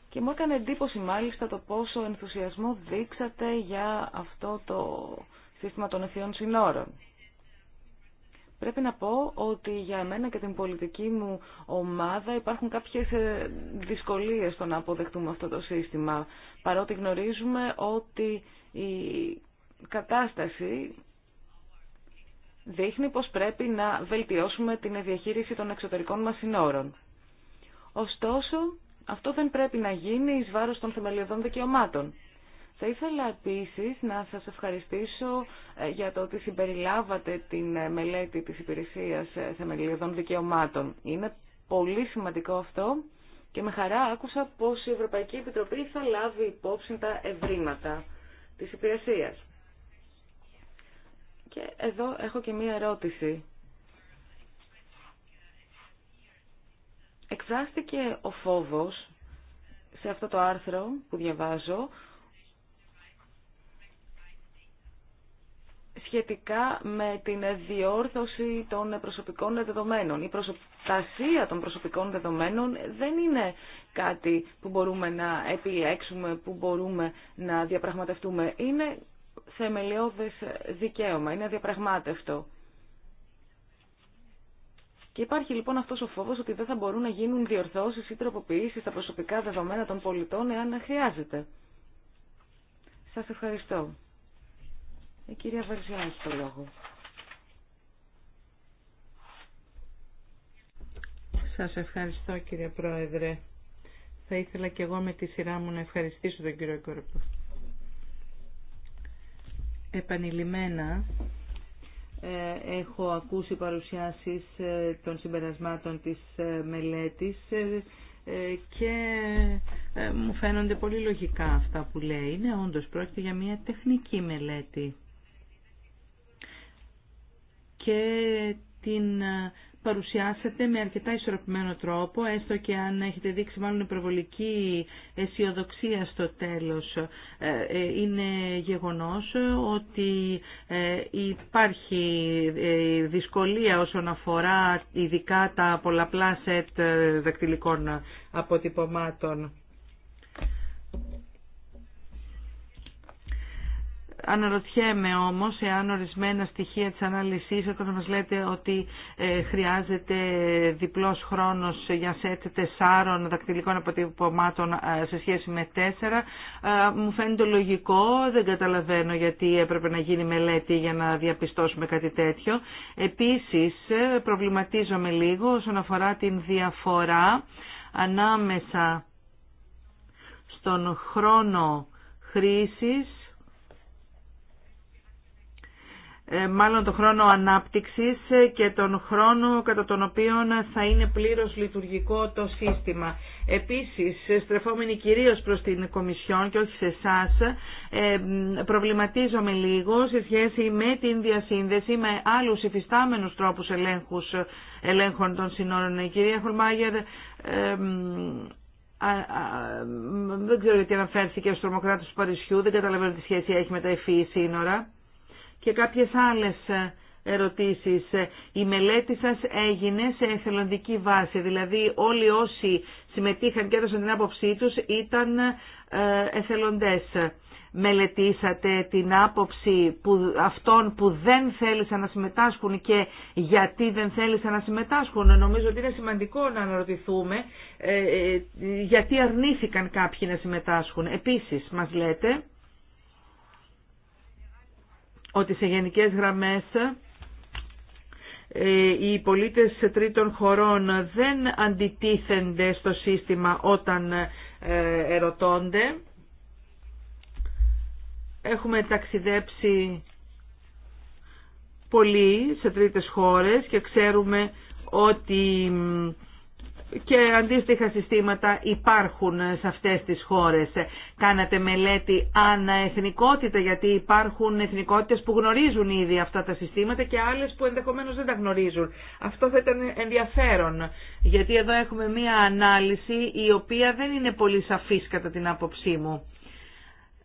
Και μου έκανε εντύπωση μάλιστα το πόσο ενθουσιασμό δείξατε για αυτό το σύστημα των ευθειών συνόρων. Πρέπει να πω ότι για μένα και την πολιτική μου ομάδα υπάρχουν κάποιες ε, δυσκολίες στο να αποδεχτούμε αυτό το σύστημα, παρότι γνωρίζουμε ότι η κατάσταση δείχνει πως πρέπει να βελτιώσουμε την διαχείριση των εξωτερικών μας συνόρων. Ωστόσο, αυτό δεν πρέπει να γίνει εις βάρος των θεμελιωδών δικαιωμάτων. Θα ήθελα επίσης να σας ευχαριστήσω ε, για το ότι συμπεριλάβατε την ε, μελέτη της Υπηρεσίας ε, Θεμελιωδών Δικαιωμάτων. Είναι πολύ σημαντικό αυτό και με χαρά άκουσα πως η Ευρωπαϊκή Επιτροπή θα λάβει υπόψη τα ευρήματα της υπηρεσίας. Και εδώ έχω και μία ερώτηση. Εκφράστηκε ο φόβος σε αυτό το άρθρο που διαβάζω σχετικά με την διόρθωση των προσωπικών δεδομένων. Η προστασία των προσωπικών δεδομένων δεν είναι κάτι που μπορούμε να επιλέξουμε... που μπορούμε να διαπραγματευτούμε. Είναι θεμελιώδες δικαίωμα, είναι αδιαπραγμάτευτο. Και υπάρχει λοιπόν αυτός ο φόβος ότι δεν θα μπορούν να γίνουν διορθώσεις ή τροποποιήσεις στα προσωπικά δεδομένα των πολιτών εάν χρειάζεται. Σας ευχαριστώ. Η κυρία Βαρζιά έχει το λόγο. Σας ευχαριστώ κύριε Πρόεδρε. Θα ήθελα και εγώ με τη σειρά μου να ευχαριστήσω τον κύριο Κορπούς επανειλημμένα ε, έχω ακούσει παρουσιάσεις ε, των συμπερασμάτων της ε, μελέτης και μου φαίνονται πολύ λογικά αυτά που λέει. Είναι όντως πρόκειται για μια τεχνική μελέτη και την παρουσιάσετε με αρκετά ισορροπημένο τρόπο, έστω και αν έχετε δείξει μάλλον υπερβολική αισιοδοξία στο τέλος. Ε, ε, είναι γεγονός ότι ε, υπάρχει δυσκολία όσον αφορά ειδικά τα πολλαπλά σετ δακτυλικών αποτυπωμάτων. Αναρωτιέμαι όμως εάν ορισμένα στοιχεία της ανάλυσής όταν μας λέτε ότι ε, χρειάζεται διπλός χρόνος για σετ τεσσάρων δακτυλικών αποτυπωμάτων ε, σε σχέση με τέσσερα ε, μου φαίνεται λογικό, δεν καταλαβαίνω γιατί έπρεπε να γίνει μελέτη για να διαπιστώσουμε κάτι τέτοιο. Επίσης προβληματίζομαι λίγο όσον αφορά την διαφορά ανάμεσα στον χρόνο χρήσης Ε, μάλλον τον χρόνο ανάπτυξης και τον χρόνο κατά τον οποίο θα είναι πλήρως λειτουργικό το σύστημα. Επίσης, στρεφόμενοι κυρίως προς την Κομισιόν και όχι σε εσά, ε, προβληματίζομαι λίγο σε σχέση με την διασύνδεση με άλλους υφιστάμενους τρόπους ελέγχους, ελέγχων των συνόρων. Η κυρία Χολμάγερ, ε, δεν ξέρω γιατί αναφέρθηκε στους τρομοκράτες του Παρισιού, δεν καταλαβαίνω τι σχέση έχει με τα e σύνορα και κάποιες άλλες ε, ερωτήσεις. Ε, η μελέτη σας έγινε σε εθελοντική βάση, δηλαδή όλοι όσοι συμμετείχαν και έδωσαν την άποψή τους ήταν ε, εθελοντές. Μελετήσατε την άποψη που, αυτών που δεν θέλησαν να συμμετάσχουν και γιατί δεν θέλησαν να συμμετάσχουν. Νομίζω ότι είναι σημαντικό να αναρωτηθούμε γιατί αρνήθηκαν κάποιοι να συμμετάσχουν. Επίσης, μας λέτε ότι σε γενικές γραμμές ε, οι πολίτες τρίτων χωρών δεν αντιτίθενται στο σύστημα όταν ε, ερωτώνται. Έχουμε ταξιδέψει πολύ σε τρίτες χώρες και ξέρουμε ότι και αντίστοιχα συστήματα υπάρχουν σε αυτές τις χώρες. Κάνατε μελέτη αναεθνικότητα γιατί υπάρχουν εθνικότητες που γνωρίζουν ήδη αυτά τα συστήματα και άλλες που ενδεχομένως δεν τα γνωρίζουν. Αυτό θα ήταν ενδιαφέρον γιατί εδώ έχουμε μία ανάλυση η οποία δεν είναι πολύ σαφής κατά την άποψή μου.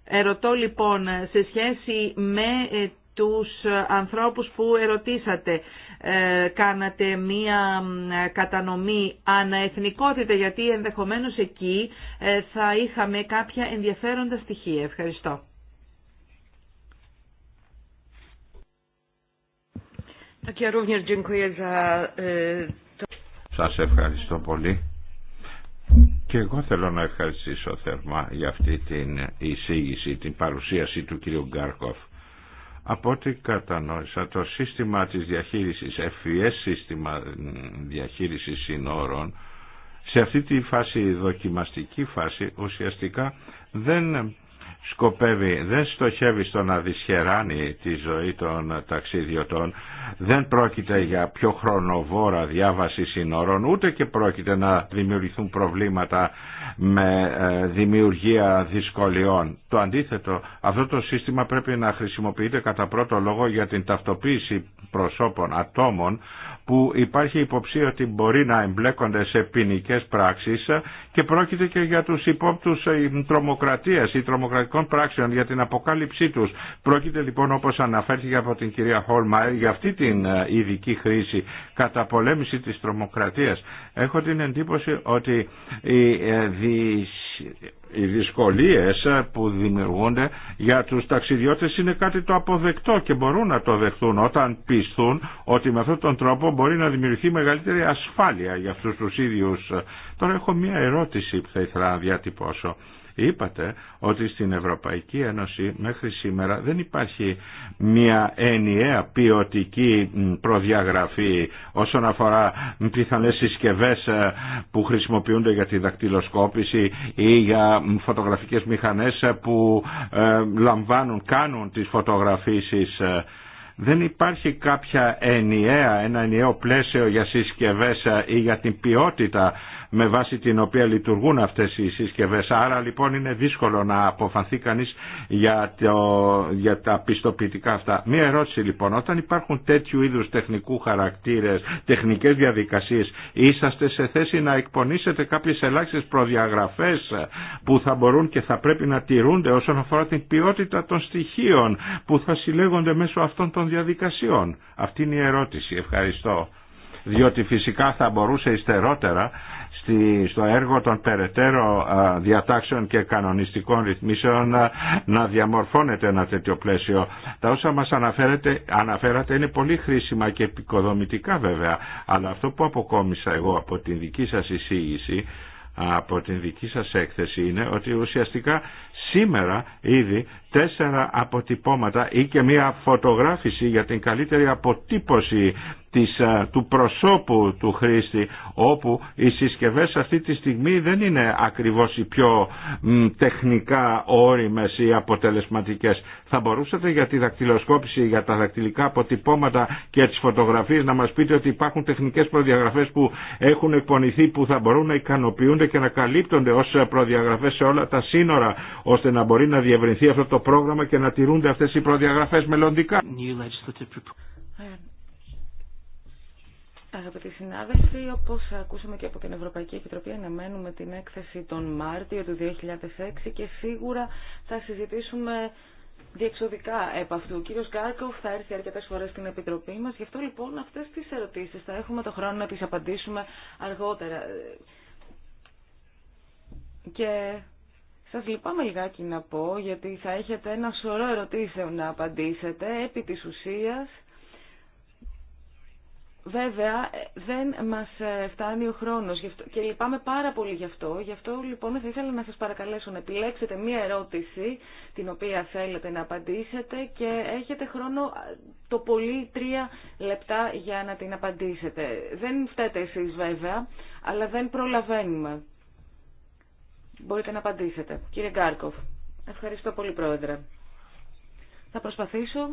Ερωτώ λοιπόν σε σχέση με ε, τους ανθρώπους που ερωτήσατε ε, κάνατε μία κατανομή αναεθνικότητα γιατί ενδεχομένως εκεί ε, θα είχαμε κάποια ενδιαφέροντα στοιχεία. Ευχαριστώ. E, Σας ευχαριστώ πολύ. Και εγώ θέλω να ευχαριστήσω θερμά για αυτή την εισήγηση, την παρουσίαση του κύριου Γκάρκοφ. Από ό,τι κατανόησα, το σύστημα της διαχείρισης, FES σύστημα διαχείρισης συνόρων, σε αυτή τη φάση, δοκιμαστική φάση, ουσιαστικά δεν σκοπεύει, δεν στοχεύει στο να δυσχεράνει τη ζωή των ταξιδιωτών, δεν πρόκειται για πιο χρονοβόρα διάβαση σύνορων, ούτε και πρόκειται να δημιουργηθούν προβλήματα με ε, δημιουργία δυσκολιών. Το αντίθετο, αυτό το σύστημα πρέπει να χρησιμοποιείται κατά πρώτο λόγο για την ταυτοποίηση προσώπων, ατόμων, που υπάρχει υποψία ότι μπορεί να εμπλέκονται σε ποινικέ πράξεις και πρόκειται και για τους υπόπτους ε, τρομοκρατίας ή τρομοκρατικών πράξεων για την αποκάλυψή τους. Πρόκειται λοιπόν όπως αναφέρθηκε από την κυρία Χόλμα για αυτή την ε, ειδική χρήση κατά πολέμηση της τρομοκρατίας. Έχω την εντύπωση ότι οι, ε, οι δυσκολίες που δημιουργούνται για τους ταξιδιώτες είναι κάτι το αποδεκτό και μπορούν να το δεχθούν όταν πιστούν ότι με αυτόν τον τρόπο μπορεί να δημιουργηθεί μεγαλύτερη ασφάλεια για αυτούς τους ίδιους. Τώρα έχω μία ερώτηση που θα ήθελα να διατυπώσω. Είπατε ότι στην Ευρωπαϊκή Ένωση μέχρι σήμερα δεν υπάρχει μια ενιαία ποιοτική προδιαγραφή όσον αφορά πιθανές συσκευές ε, που χρησιμοποιούνται για τη δακτυλοσκόπηση ή για φωτογραφικές μηχανές που ε, λαμβάνουν, κάνουν τις φωτογραφίσεις ε, δεν υπάρχει κάποια ενιαία, ένα ενιαίο πλαίσιο για συσκευές ή για την ποιότητα με βάση την οποία λειτουργούν αυτές οι συσκευές. Άρα λοιπόν είναι δύσκολο να αποφανθεί κανείς για, το, για τα πιστοποιητικά αυτά. Μία ερώτηση λοιπόν, όταν υπάρχουν τέτοιου είδους τεχνικού χαρακτήρες, τεχνικές διαδικασίες, είσαστε σε θέση να εκπονήσετε κάποιες ελάχιστες προδιαγραφές που θα μπορούν και θα πρέπει να τηρούνται όσον αφορά την ποιότητα των στοιχείων που θα συλλέγονται μέσω αυτών των διαδικασιών. Αυτή είναι η ερώτηση. Ευχαριστώ διότι φυσικά θα μπορούσε υστερότερα στη στο έργο των περαιτέρω διατάξεων και κανονιστικών ρυθμίσεων να διαμορφώνεται ένα τέτοιο πλαίσιο. Τα όσα μας αναφέρατε είναι πολύ χρήσιμα και επικοδομητικά βέβαια, αλλά αυτό που αποκόμισα εγώ από την δική σας εισήγηση, από την δική σας έκθεση είναι ότι ουσιαστικά σήμερα ήδη τέσσερα αποτυπώματα ή και μία φωτογράφηση για την καλύτερη αποτύπωση της, ε, του προσώπου του χρήστη όπου οι συσκευές αυτή τη στιγμή δεν είναι ακριβώς οι πιο μ, τεχνικά όριμες ή αποτελεσματικές. Θα μπορούσατε για τη δακτυλοσκόπηση, για τα δακτυλικά αποτυπώματα και τις φωτογραφίες να μας πείτε ότι υπάρχουν τεχνικές προδιαγραφές που έχουν εκπονηθεί που θα μπορούν να ικανοποιούνται και να καλύπτονται ως προδιαγραφές σε όλα τα σύνορα ώστε να μπορεί να διευρυνθεί αυτό το πρόγραμμα και να τηρούνται αυτές οι προδιαγραφές μελλοντικά. Ε, αγαπητοί συνάδελφοι, όπως ακούσαμε και από την Ευρωπαϊκή Επιτροπή, αναμένουμε την έκθεση τον Μάρτιο του 2006 και σίγουρα θα συζητήσουμε διεξοδικά επ' αυτού. Ο κύριος Γκάρκοφ θα έρθει αρκετές φορές στην Επιτροπή μας, γι' αυτό λοιπόν αυτές τις ερωτήσεις θα έχουμε το χρόνο να τις απαντήσουμε αργότερα. Και σας λυπάμαι λιγάκι να πω, γιατί θα έχετε ένα σωρό ερωτήσεων να απαντήσετε. Επί της ουσίας, βέβαια, ε, δεν μας ε, φτάνει ο χρόνος και λυπάμαι πάρα πολύ γι' αυτό. Γι' αυτό, λοιπόν, θα ήθελα να σας παρακαλέσω να επιλέξετε μία ερώτηση, την οποία θέλετε να απαντήσετε και έχετε χρόνο ε, το πολύ τρία λεπτά για να την απαντήσετε. Δεν φταίτε εσείς, βέβαια, αλλά δεν προλαβαίνουμε μπορείτε να απαντήσετε. Κύριε Γκάρκοφ, ευχαριστώ πολύ πρόεδρε. Θα προσπαθήσω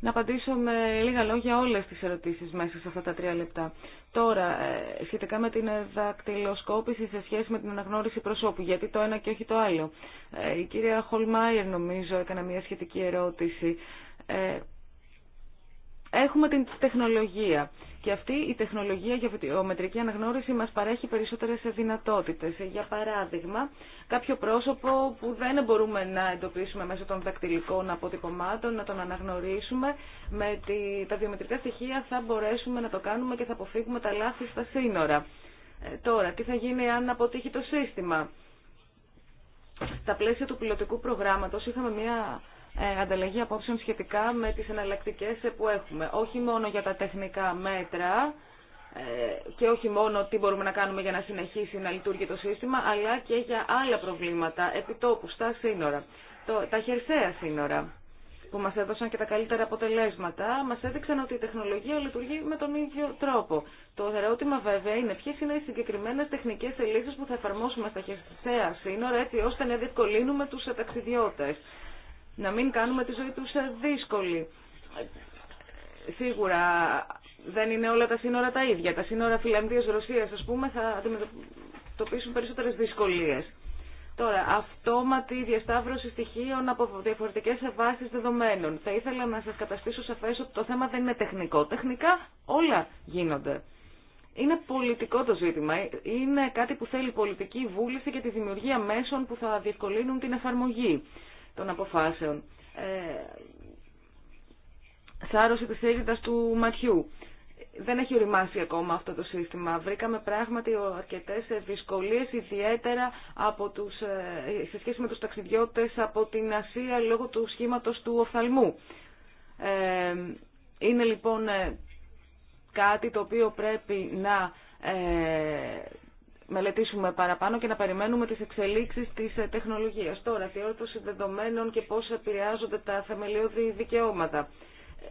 να απαντήσω με λίγα λόγια όλες τις ερωτήσεις μέσα σε αυτά τα τρία λεπτά. Τώρα, ε, σχετικά με την δακτυλοσκόπηση σε σχέση με την αναγνώριση προσώπου, γιατί το ένα και όχι το άλλο. Ε, η κυρία Χολμάιερ νομίζω έκανε μια σχετική ερώτηση. Ε, έχουμε την τεχνολογία. Και αυτή η τεχνολογία για βιομετρική αναγνώριση μας παρέχει περισσότερες δυνατότητες. Για παράδειγμα, κάποιο πρόσωπο που δεν μπορούμε να εντοπίσουμε μέσω των δακτυλικών αποτυπωμάτων, να τον αναγνωρίσουμε, με τη... τα βιομετρικά στοιχεία θα μπορέσουμε να το κάνουμε και θα αποφύγουμε τα λάθη στα σύνορα. Ε, τώρα, τι θα γίνει αν αποτύχει το σύστημα. Στα πλαίσια του πιλωτικού προγράμματος είχαμε μια ε, ανταλλαγή απόψεων σχετικά με τις εναλλακτικέ που έχουμε. Όχι μόνο για τα τεχνικά μέτρα ε, και όχι μόνο τι μπορούμε να κάνουμε για να συνεχίσει να λειτουργεί το σύστημα, αλλά και για άλλα προβλήματα επιτόπου στα σύνορα. Το, τα χερσαία σύνορα που μας έδωσαν και τα καλύτερα αποτελέσματα, μας έδειξαν ότι η τεχνολογία λειτουργεί με τον ίδιο τρόπο. Το ερώτημα βέβαια είναι ποιες είναι οι συγκεκριμένες τεχνικές ελίξεις που θα εφαρμόσουμε στα χερσαία σύνορα, έτσι ώστε να διευκολύνουμε τους ταξιδιώτες να μην κάνουμε τη ζωή τους ε, δύσκολη. Σίγουρα δεν είναι όλα τα σύνορα τα ίδια. Τα σύνορα Φιλανδίας-Ρωσίας, ας πούμε, θα αντιμετωπίσουν περισσότερες δυσκολίες. Τώρα, αυτόματη διασταύρωση στοιχείων από διαφορετικέ βάσει δεδομένων. Θα ήθελα να σα καταστήσω σαφέ ότι το θέμα δεν είναι τεχνικό. Τεχνικά όλα γίνονται. Είναι πολιτικό το ζήτημα. Είναι κάτι που θέλει πολιτική βούληση και τη δημιουργία μέσων που θα διευκολύνουν την εφαρμογή των αποφάσεων. Ε, σάρωση της θηρίδας του ματιού. Δεν έχει οριμάσει ακόμα αυτό το σύστημα. Βρήκαμε πράγματι αρκετές δυσκολίε ιδιαίτερα από τους, ε, σε σχέση με τους ταξιδιώτες από την Ασία λόγω του σχήματος του οφθαλμού. Ε, είναι λοιπόν ε, κάτι το οποίο πρέπει να ε, μελετήσουμε παραπάνω και να περιμένουμε τις εξελίξεις της τεχνολογίας. Τώρα, διόρθωση δεδομένων και πώς επηρεάζονται τα θεμελιώδη δικαιώματα.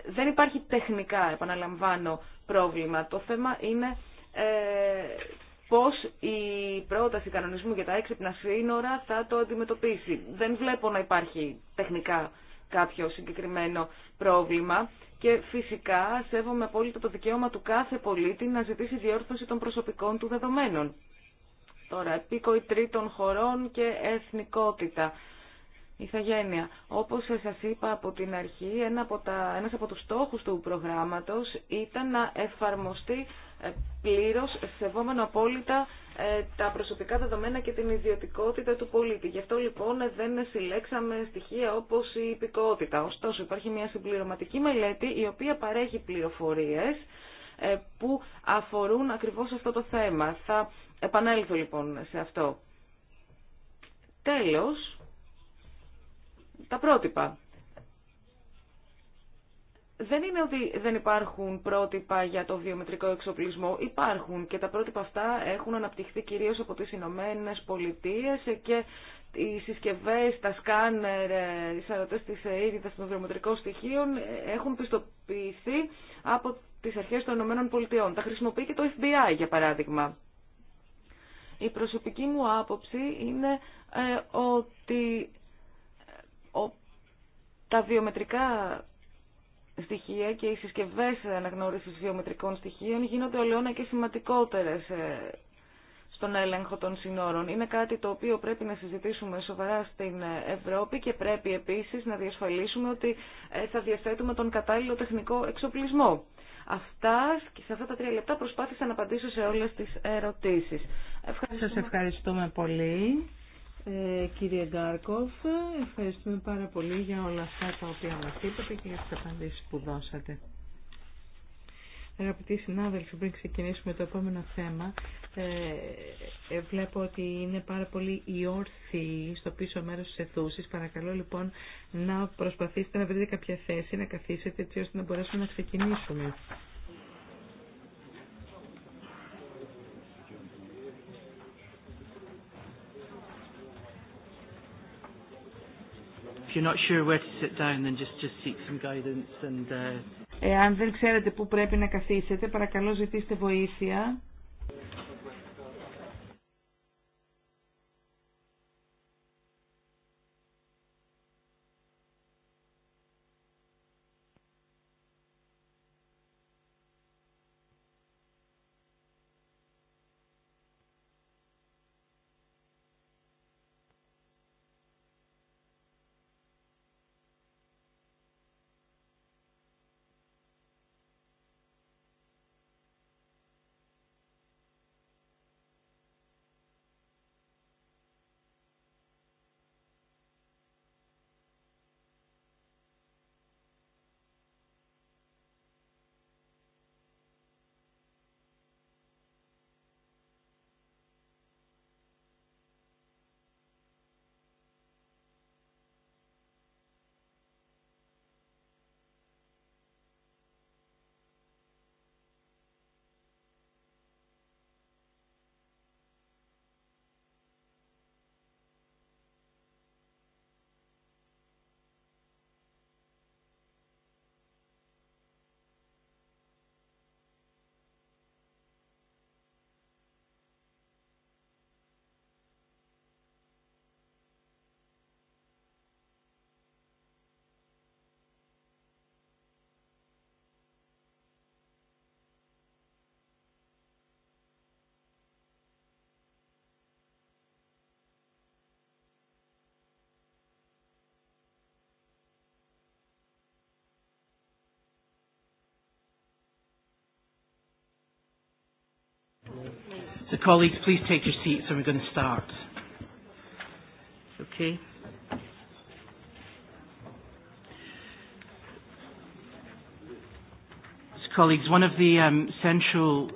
Δεν υπάρχει τεχνικά, επαναλαμβάνω, πρόβλημα. Το θέμα είναι ε, πώς η πρόταση κανονισμού για τα έξυπνα σύνορα θα το αντιμετωπίσει. Δεν βλέπω να υπάρχει τεχνικά κάποιο συγκεκριμένο πρόβλημα και φυσικά σέβομαι απόλυτα το δικαίωμα του κάθε πολίτη να ζητήσει διόρθωση των προσωπικών του δεδομένων. Τώρα, επίκοη τρίτων χωρών και εθνικότητα. Ηθαγένεια. Όπως σας είπα από την αρχή, ένα από τα, ένας από τους στόχους του προγράμματος ήταν να εφαρμοστεί ε, πλήρως σεβόμενο απόλυτα ε, τα προσωπικά δεδομένα και την ιδιωτικότητα του πολίτη. Γι' αυτό λοιπόν δεν συλλέξαμε στοιχεία όπως η υπηκότητα. Ωστόσο υπάρχει μια συμπληρωματική μελέτη η οποία παρέχει πληροφορίες ε, που αφορούν ακριβώς αυτό το θέμα. Θα επανέλθω λοιπόν σε αυτό. Τέλος, τα πρότυπα. Δεν είναι ότι δεν υπάρχουν πρότυπα για το βιομετρικό εξοπλισμό. Υπάρχουν και τα πρότυπα αυτά έχουν αναπτυχθεί κυρίως από τις Ηνωμένε Πολιτείες και οι συσκευές, τα σκάνερ, ε, οι σαρωτές της ίδιας ε, των βιομετρικών στοιχείων έχουν πιστοποιηθεί από τις αρχές των Ηνωμένων Πολιτειών. Τα χρησιμοποιεί και το FBI, για παράδειγμα. Η προσωπική μου άποψη είναι ε, ότι ε, τα βιομετρικά στοιχεία και οι συσκευές αναγνώρισης βιομετρικών στοιχείων γίνονται ολαιόνα και σημαντικότερες ε, στον έλεγχο των συνόρων. Είναι κάτι το οποίο πρέπει να συζητήσουμε σοβαρά στην Ευρώπη και πρέπει επίσης να διασφαλίσουμε ότι θα διαθέτουμε τον κατάλληλο τεχνικό εξοπλισμό. Αυτά και σε αυτά τα τρία λεπτά προσπάθησα να απαντήσω σε όλες τις ερωτήσεις. Ευχαριστούμε. Σας ευχαριστούμε πολύ. Ε, κύριε Γκάρκοφ, ευχαριστούμε πάρα πολύ για όλα αυτά τα οποία μας είπατε και για τις απαντήσεις που δώσατε. Αγαπητοί συνάδελφοι, πριν ξεκινήσουμε το επόμενο θέμα, ε, ε βλέπω ότι είναι πάρα πολύ οι όρθιοι στο πίσω μέρος της αιθούσης. Παρακαλώ λοιπόν να προσπαθήσετε να βρείτε κάποια θέση, να καθίσετε έτσι ώστε να μπορέσουμε να ξεκινήσουμε. if you're not sure where to sit down, then just, just seek some guidance and... Uh... αν δεν ξέρετε πού πρέπει να καθίσετε, παρακαλώ ζητήστε βοήθεια. So colleagues, please take your seats and we're going to start. Okay. So colleagues, one of the um, central...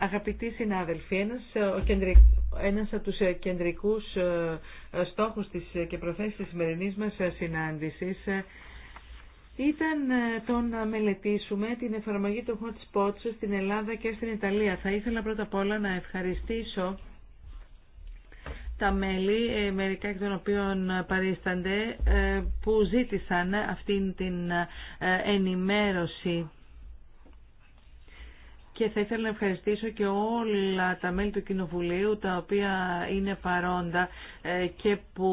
Αγαπητοί συνάδελφοι, ένας, ε, ο κεντρικ... ένας από τους ε, κεντρικούς ε, στόχους της και προθέσεις της σημερινής μας συνάντησης ήταν ε, το να μελετήσουμε την εφαρμογή του hot spots στην Ελλάδα και στην Ιταλία. Θα ήθελα πρώτα απ' όλα να ευχαριστήσω τα μέλη, ε, μερικά εκ των οποίων παρίστανται, ε, που ζήτησαν αυτήν την ενημέρωση και θα ήθελα να ευχαριστήσω και όλα τα μέλη του Κοινοβουλίου τα οποία είναι παρόντα ε, και, που,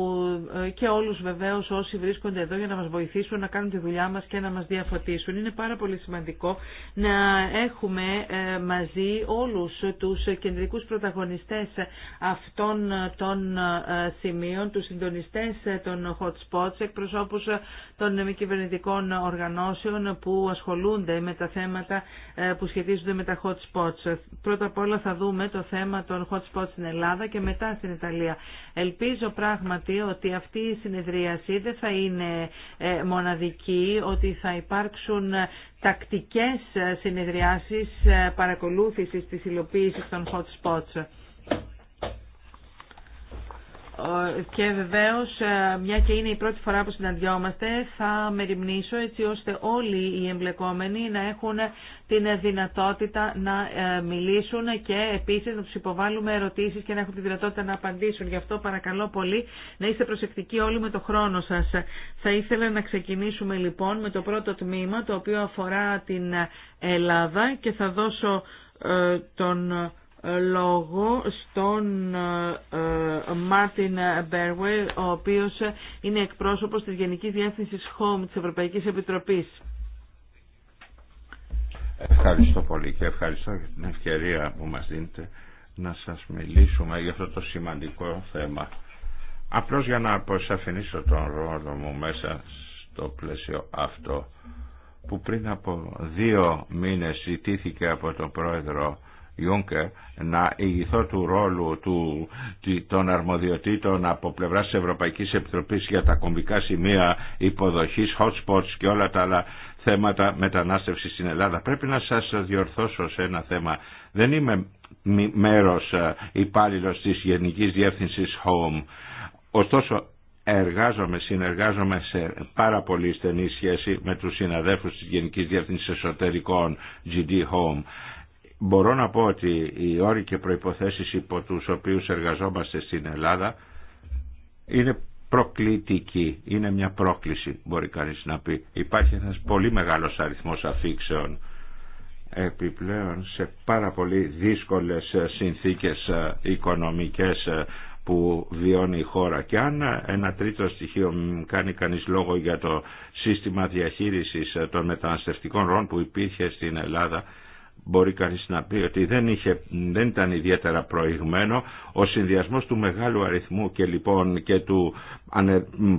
ε, και όλους βεβαίως όσοι βρίσκονται εδώ για να μας βοηθήσουν να κάνουν τη δουλειά μας και να μας διαφωτίσουν. Είναι πάρα πολύ σημαντικό να έχουμε ε, μαζί όλους τους κεντρικούς πρωταγωνιστές αυτών των σημείων, τους συντονιστές των hot spots, εκπροσώπους των μη κυβερνητικών οργανώσεων που ασχολούνται με τα θέματα που σχετίζονται με τα hot spots. Πρώτα απ' όλα θα δούμε το θέμα των hot spots στην Ελλάδα και μετά στην Ιταλία. Ελπίζω πράγματι ότι αυτή η συνεδρίαση δεν θα είναι ε, μοναδική, ότι θα υπάρξουν ε, τακτικές ε, συνεδριάσεις παρακολούθησης της υλοποίησης των hot spots. Και βεβαίω, ε, μια και είναι η πρώτη φορά που συναντιόμαστε, θα μεριμνήσω έτσι ώστε όλοι οι εμπλεκόμενοι να έχουν την δυνατότητα να ε, μιλήσουν και επίσης να του υποβάλουμε ερωτήσεις και να έχουν τη δυνατότητα να απαντήσουν. Γι' αυτό παρακαλώ πολύ να είστε προσεκτικοί όλοι με το χρόνο σας. Θα ήθελα να ξεκινήσουμε λοιπόν με το πρώτο τμήμα, το οποίο αφορά την Ελλάδα και θα δώσω ε, τον λόγο στον ε, ε, Μάρτιν Μπέρουε, ο οποίος είναι εκπρόσωπος της Γενικής Διεύθυνσης Home της Ευρωπαϊκής Επιτροπής. Ευχαριστώ πολύ και ευχαριστώ για την ευκαιρία που μας δίνετε να σας μιλήσουμε για αυτό το σημαντικό θέμα. Απλώς για να αποσαφηνίσω τον ρόλο μου μέσα στο πλαίσιο αυτό που πριν από δύο μήνες ζητήθηκε από τον πρόεδρο να ηγηθώ του ρόλου του, των αρμοδιοτήτων από πλευρά τη Ευρωπαϊκή Επιτροπή για τα κομβικά σημεία υποδοχή, hotspots και όλα τα άλλα θέματα μετανάστευση στην Ελλάδα. Πρέπει να σα διορθώσω σε ένα θέμα. Δεν είμαι μέρο ε, υπάλληλο τη Γενική Διεύθυνση Home. Ωστόσο, εργάζομαι, συνεργάζομαι σε πάρα πολύ στενή σχέση με τους συναδέλφους της Γενικής Διεύθυνσης Εσωτερικών GD Home μπορώ να πω ότι οι όροι και προϋποθέσεις υπό τους οποίους εργαζόμαστε στην Ελλάδα είναι προκλητικοί, είναι μια πρόκληση μπορεί κανείς να πει. Υπάρχει ένας πολύ μεγάλος αριθμός αφήξεων επιπλέον σε πάρα πολύ δύσκολες συνθήκες οικονομικές που βιώνει η χώρα και αν ένα τρίτο στοιχείο κάνει κανείς λόγο για το σύστημα διαχείρισης των μεταναστευτικών ροών που υπήρχε στην Ελλάδα μπορεί κανείς να πει ότι δεν, είχε, δεν ήταν ιδιαίτερα προηγμένο ο συνδυασμός του μεγάλου αριθμού και λοιπόν και του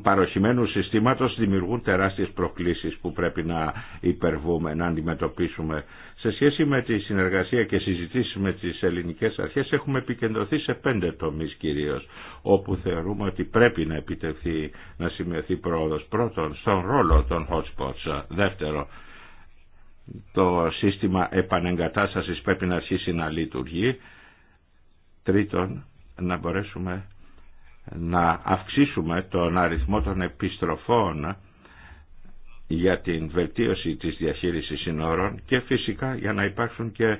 παροχημένου συστήματος δημιουργούν τεράστιες προκλήσεις που πρέπει να υπερβούμε, να αντιμετωπίσουμε. Σε σχέση με τη συνεργασία και συζητήσεις με τις ελληνικές αρχές έχουμε επικεντρωθεί σε πέντε τομείς κυρίως όπου θεωρούμε ότι πρέπει να επιτευχθεί, να σημειωθεί πρόοδος πρώτον στον ρόλο των hotspots, δεύτερο το σύστημα επανεγκατάστασης πρέπει να αρχίσει να λειτουργεί. Τρίτον, να μπορέσουμε να αυξήσουμε τον αριθμό των επιστροφών για την βελτίωση της διαχείρισης συνόρων και φυσικά για να υπάρξουν και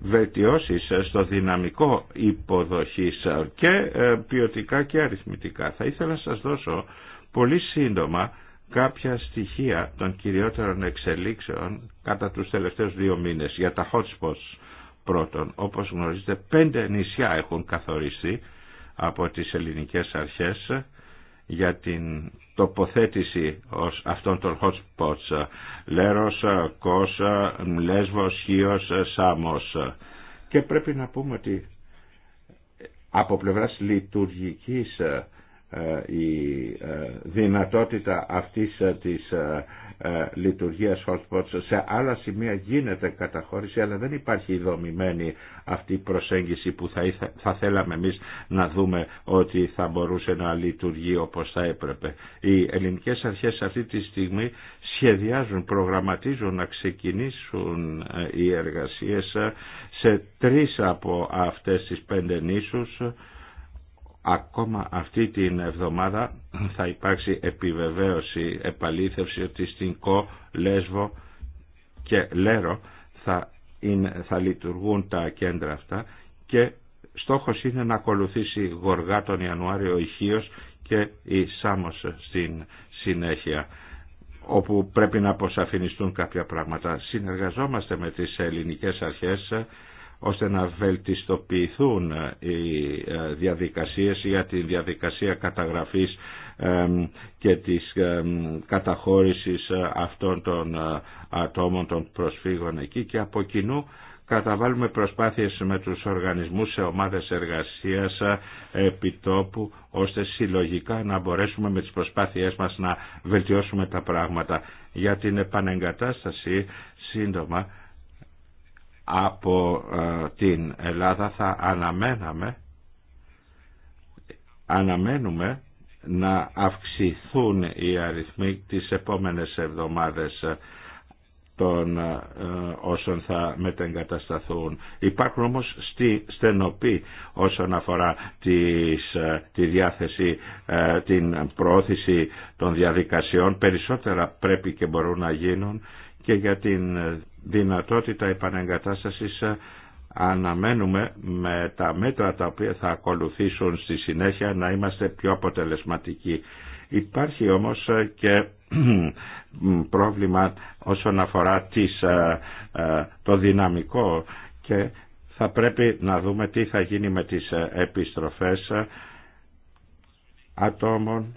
βελτιώσεις στο δυναμικό υποδοχής και ε, ποιοτικά και αριθμητικά. Θα ήθελα να σας δώσω πολύ σύντομα κάποια στοιχεία των κυριότερων εξελίξεων κατά τους τελευταίους δύο μήνες για τα hot spots πρώτον. Όπως γνωρίζετε πέντε νησιά έχουν καθοριστεί από τις ελληνικές αρχές για την τοποθέτηση ως αυτών των hot spots Λέρος, Κος, Λέσβος, Χίος, Σάμος και πρέπει να πούμε ότι από πλευράς λειτουργικής ε, η ε, δυνατότητα αυτής ε, της λειτουργίας hotspots σε άλλα σημεία γίνεται καταχώρηση αλλά δεν υπάρχει δομημένη αυτή η προσέγγιση που θα, θέλαμε εμείς να δούμε ότι θα μπορούσε να λειτουργεί όπως θα έπρεπε. Οι ελληνικές αρχές αυτή τη στιγμή σχεδιάζουν, προγραμματίζουν να ξεκινήσουν οι εργασίες σε τρεις από αυτές τις πέντε νήσους Ακόμα αυτή την εβδομάδα θα υπάρξει επιβεβαίωση, επαλήθευση ότι στην ΚΟ, Λέσβο και Λέρο θα, θα λειτουργούν τα κέντρα αυτά και στόχος είναι να ακολουθήσει γοργά τον Ιανουάριο η Χίος και η Σάμος στην συνέχεια όπου πρέπει να αποσαφινιστούν κάποια πράγματα. Συνεργαζόμαστε με τις ελληνικές αρχές ώστε να βελτιστοποιηθούν οι ε, διαδικασίες για τη διαδικασία καταγραφής και της καταχώρησης ε, αυτών των ε, ατόμων των προσφύγων εκεί και από κοινού καταβάλουμε προσπάθειες με τους οργανισμούς σε ομάδες εργασίας επιτόπου ώστε συλλογικά να μπορέσουμε με τις προσπάθειές μας να βελτιώσουμε τα πράγματα για την επανεγκατάσταση σύντομα από ε, την Ελλάδα θα αναμέναμε αναμένουμε να αυξηθούν οι αριθμοί τις επόμενες εβδομάδες ε, των ε, όσων θα μετεγκατασταθούν. Υπάρχουν όμως στη στενοπή όσον αφορά τις, τη διάθεση, την προώθηση των διαδικασιών. Περισσότερα πρέπει και μπορούν να γίνουν και για την δυνατότητα επανεγκατάστασης ε, αναμένουμε με τα μέτρα τα οποία θα ακολουθήσουν στη συνέχεια να είμαστε πιο αποτελεσματικοί. Υπάρχει όμως ε, και πρόβλημα όσον αφορά τις, ε, το δυναμικό και θα πρέπει να δούμε τι θα γίνει με τις επιστροφές ατόμων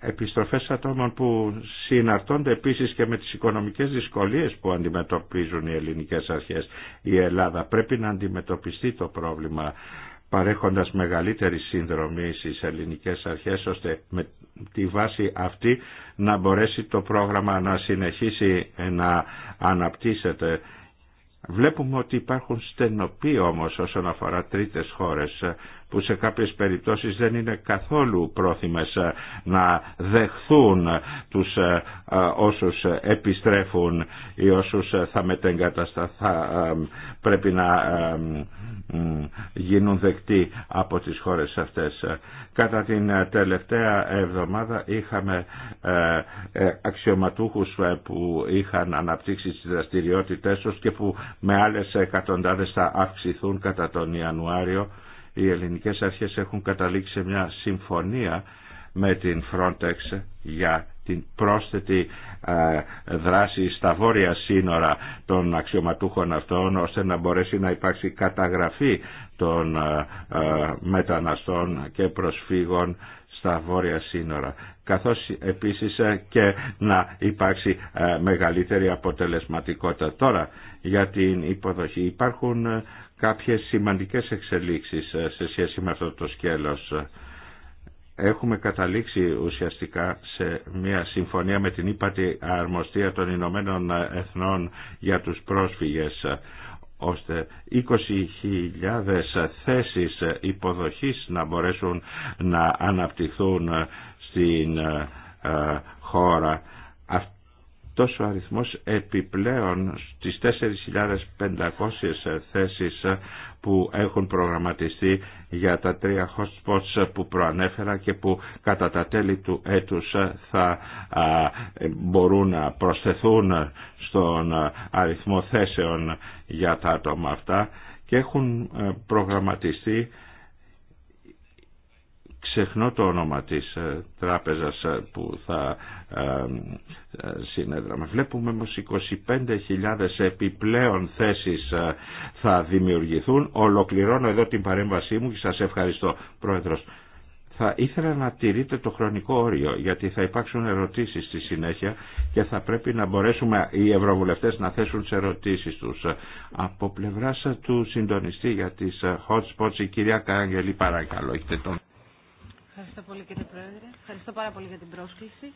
επιστροφές ατόμων που συναρτώνται επίσης και με τις οικονομικές δυσκολίες που αντιμετωπίζουν οι ελληνικές αρχές. Η Ελλάδα πρέπει να αντιμετωπιστεί το πρόβλημα παρέχοντας μεγαλύτερη συνδρομή στις ελληνικές αρχές ώστε με τη βάση αυτή να μπορέσει το πρόγραμμα να συνεχίσει να αναπτύσσεται. Βλέπουμε ότι υπάρχουν στενοποί όμως όσον αφορά τρίτες χώρες που σε κάποιες περιπτώσεις δεν είναι καθόλου πρόθυμες ε, να δεχθούν τους ε, ε, όσους επιστρέφουν ή όσους θα μετεγκατασταθούν πρέπει να γίνουν δεκτοί από τις χώρες αυτές. Κατά την τελευταία εβδομάδα είχαμε αξιωματούχους που είχαν αναπτύξει τις δραστηριότητές τους και που με άλλες εκατοντάδες θα αυξηθούν κατά τον Ιανουάριο οι ελληνικές αρχές έχουν καταλήξει σε μια συμφωνία με την Frontex για την πρόσθετη ε, δράση στα βόρεια σύνορα των αξιωματούχων αυτών ώστε να μπορέσει να υπάρξει καταγραφή των ε, ε, μεταναστών και προσφύγων στα βόρεια σύνορα καθώς επίσης και να υπάρξει μεγαλύτερη αποτελεσματικότητα. Τώρα για την υποδοχή υπάρχουν κάποιες σημαντικές εξελίξεις ε, σε σχέση με αυτό το σκέλος. Έχουμε καταλήξει ουσιαστικά σε μια συμφωνία με την ύπατη αρμοστία των Ηνωμένων Εθνών για τους πρόσφυγες ώστε 20.000 θέσεις υποδοχής να μπορέσουν να αναπτυχθούν στην ε, χώρα αυτός ο αριθμός επιπλέον στις 4.500 θέσεις που έχουν προγραμματιστεί για τα τρία hot spots που προανέφερα και που κατά τα τέλη του έτους θα μπορούν να προσθεθούν στον αριθμό θέσεων για τα άτομα αυτά και έχουν ε, προγραμματιστεί ξεχνώ το όνομα της ε, τράπεζας ε, που θα ε, συνέδραμε. Βλέπουμε όμως 25.000 επιπλέον θέσεις θα δημιουργηθούν. Ολοκληρώνω εδώ την παρέμβασή μου και σας ευχαριστώ Πρόεδρος. Θα ήθελα να τηρείτε το χρονικό όριο γιατί θα υπάρξουν ερωτήσεις στη συνέχεια και θα πρέπει να μπορέσουμε οι ευρωβουλευτές να θέσουν τις ερωτήσεις τους. Από πλευράς του συντονιστή για τις hot spots η κυρία Καραγγελή παρακαλώ. Έχετε τον... Ευχαριστώ πολύ κύριε Πρόεδρε. Ευχαριστώ πάρα πολύ για την πρόσκληση.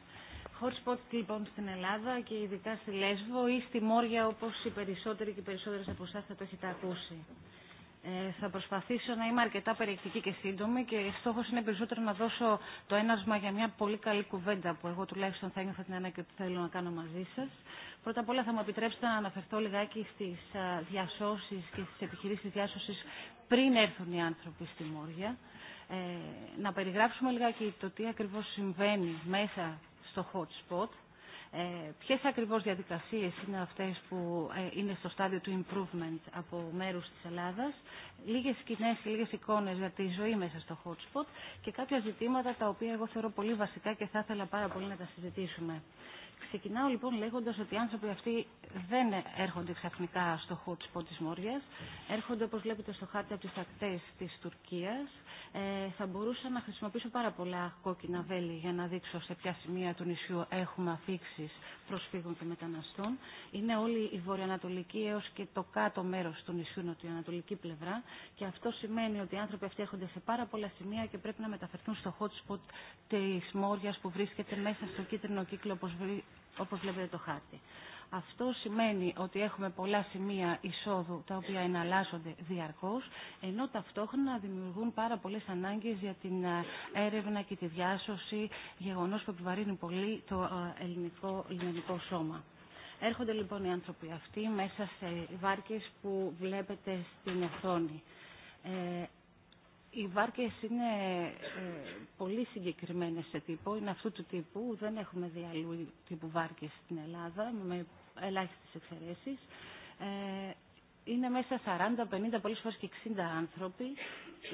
Hotspot λοιπόν στην Ελλάδα και ειδικά στη Λέσβο ή στη Μόρια όπως οι περισσότεροι και οι περισσότερες από εσά θα το έχετε ακούσει. Ε, θα προσπαθήσω να είμαι αρκετά περιεκτική και σύντομη και στόχο είναι περισσότερο να δώσω το ένασμα για μια πολύ καλή κουβέντα που εγώ τουλάχιστον θα ένιωθα την ανάγκη ότι θέλω να κάνω μαζί σα. Πρώτα απ' όλα θα μου επιτρέψετε να αναφερθώ λιγάκι στι διασώσει και στι επιχειρήσει διάσωση πριν έρθουν οι άνθρωποι στη Μόρια ε, να περιγράψουμε λιγάκι το τι ακριβώς συμβαίνει μέσα στο hot spot, ε, ποιες ακριβώς διαδικασίες είναι αυτές που ε, είναι στο στάδιο του improvement από μέρους της Ελλάδας, λίγες σκηνές και λίγες εικόνες για τη ζωή μέσα στο hot spot και κάποια ζητήματα τα οποία εγώ θεωρώ πολύ βασικά και θα ήθελα πάρα πολύ να τα συζητήσουμε. Ξεκινάω λοιπόν λέγοντα ότι οι άνθρωποι αυτοί δεν έρχονται ξαφνικά στο hot spot τη Μόρια. Έρχονται όπω βλέπετε στο χάρτη από τι ακτέ τη Τουρκία. Ε, θα μπορούσα να χρησιμοποιήσω πάρα πολλά κόκκινα βέλη για να δείξω σε ποια σημεία του νησιού έχουμε αφήξει προσφύγων και μεταναστών. Είναι όλη η βορειοανατολική έω και το κάτω μέρο του νησιού, νοτιοανατολική πλευρά. Και αυτό σημαίνει ότι οι άνθρωποι αυτοί έρχονται σε πάρα πολλά σημεία και πρέπει να μεταφερθούν στο hot spot τη Μόρια που βρίσκεται μέσα στο κίτρινο κύκλο, όπω όπως βλέπετε το χάρτη. Αυτό σημαίνει ότι έχουμε πολλά σημεία εισόδου τα οποία εναλλάσσονται διαρκώς, ενώ ταυτόχρονα δημιουργούν πάρα πολλές ανάγκες για την ε, έρευνα και τη διάσωση, γεγονός που επιβαρύνει πολύ το ε, ελληνικό λιμενικό σώμα. Έρχονται λοιπόν οι άνθρωποι αυτοί μέσα σε βάρκες που βλέπετε στην οθόνη. Ε, οι βάρκε είναι ε, πολύ συγκεκριμένε σε τύπο, είναι αυτού του τύπου, δεν έχουμε δει αλλού τύπου βάρκε στην Ελλάδα, με ελάχιστες Ε, είναι μέσα 40, 50, πολλέ φορέ και 60 άνθρωποι,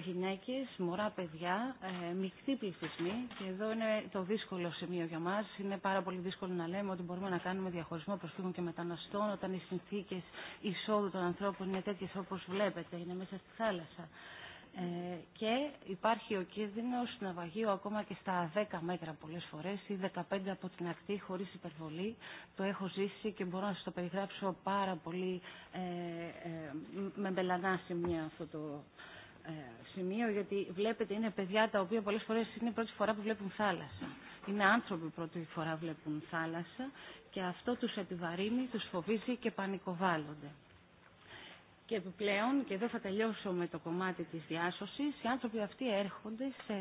γυναίκε, μωρά, παιδιά, ε, μεικτοί πληθυσμοί. Και εδώ είναι το δύσκολο σημείο για μα. Είναι πάρα πολύ δύσκολο να λέμε ότι μπορούμε να κάνουμε διαχωρισμό προσφύγων και μεταναστών όταν οι συνθήκε εισόδου των ανθρώπων είναι τέτοιε, όπω βλέπετε, είναι μέσα στη θάλασσα. Ε, και υπάρχει ο κίνδυνος ναυαγίου ακόμα και στα 10 μέτρα πολλές φορές ή 15 από την ακτή χωρίς υπερβολή. Το έχω ζήσει και μπορώ να σας το περιγράψω πάρα πολύ ε, ε με μπελανά σημεία αυτό το ε, σημείο γιατί βλέπετε είναι παιδιά τα οποία πολλές φορές είναι η πρώτη φορά που βλέπουν θάλασσα. Είναι άνθρωποι που πρώτη φορά βλέπουν θάλασσα και αυτό τους επιβαρύνει, τους φοβίζει και πανικοβάλλονται. Και επιπλέον, και εδώ θα τελειώσω με το κομμάτι της διάσωσης, οι άνθρωποι αυτοί έρχονται σε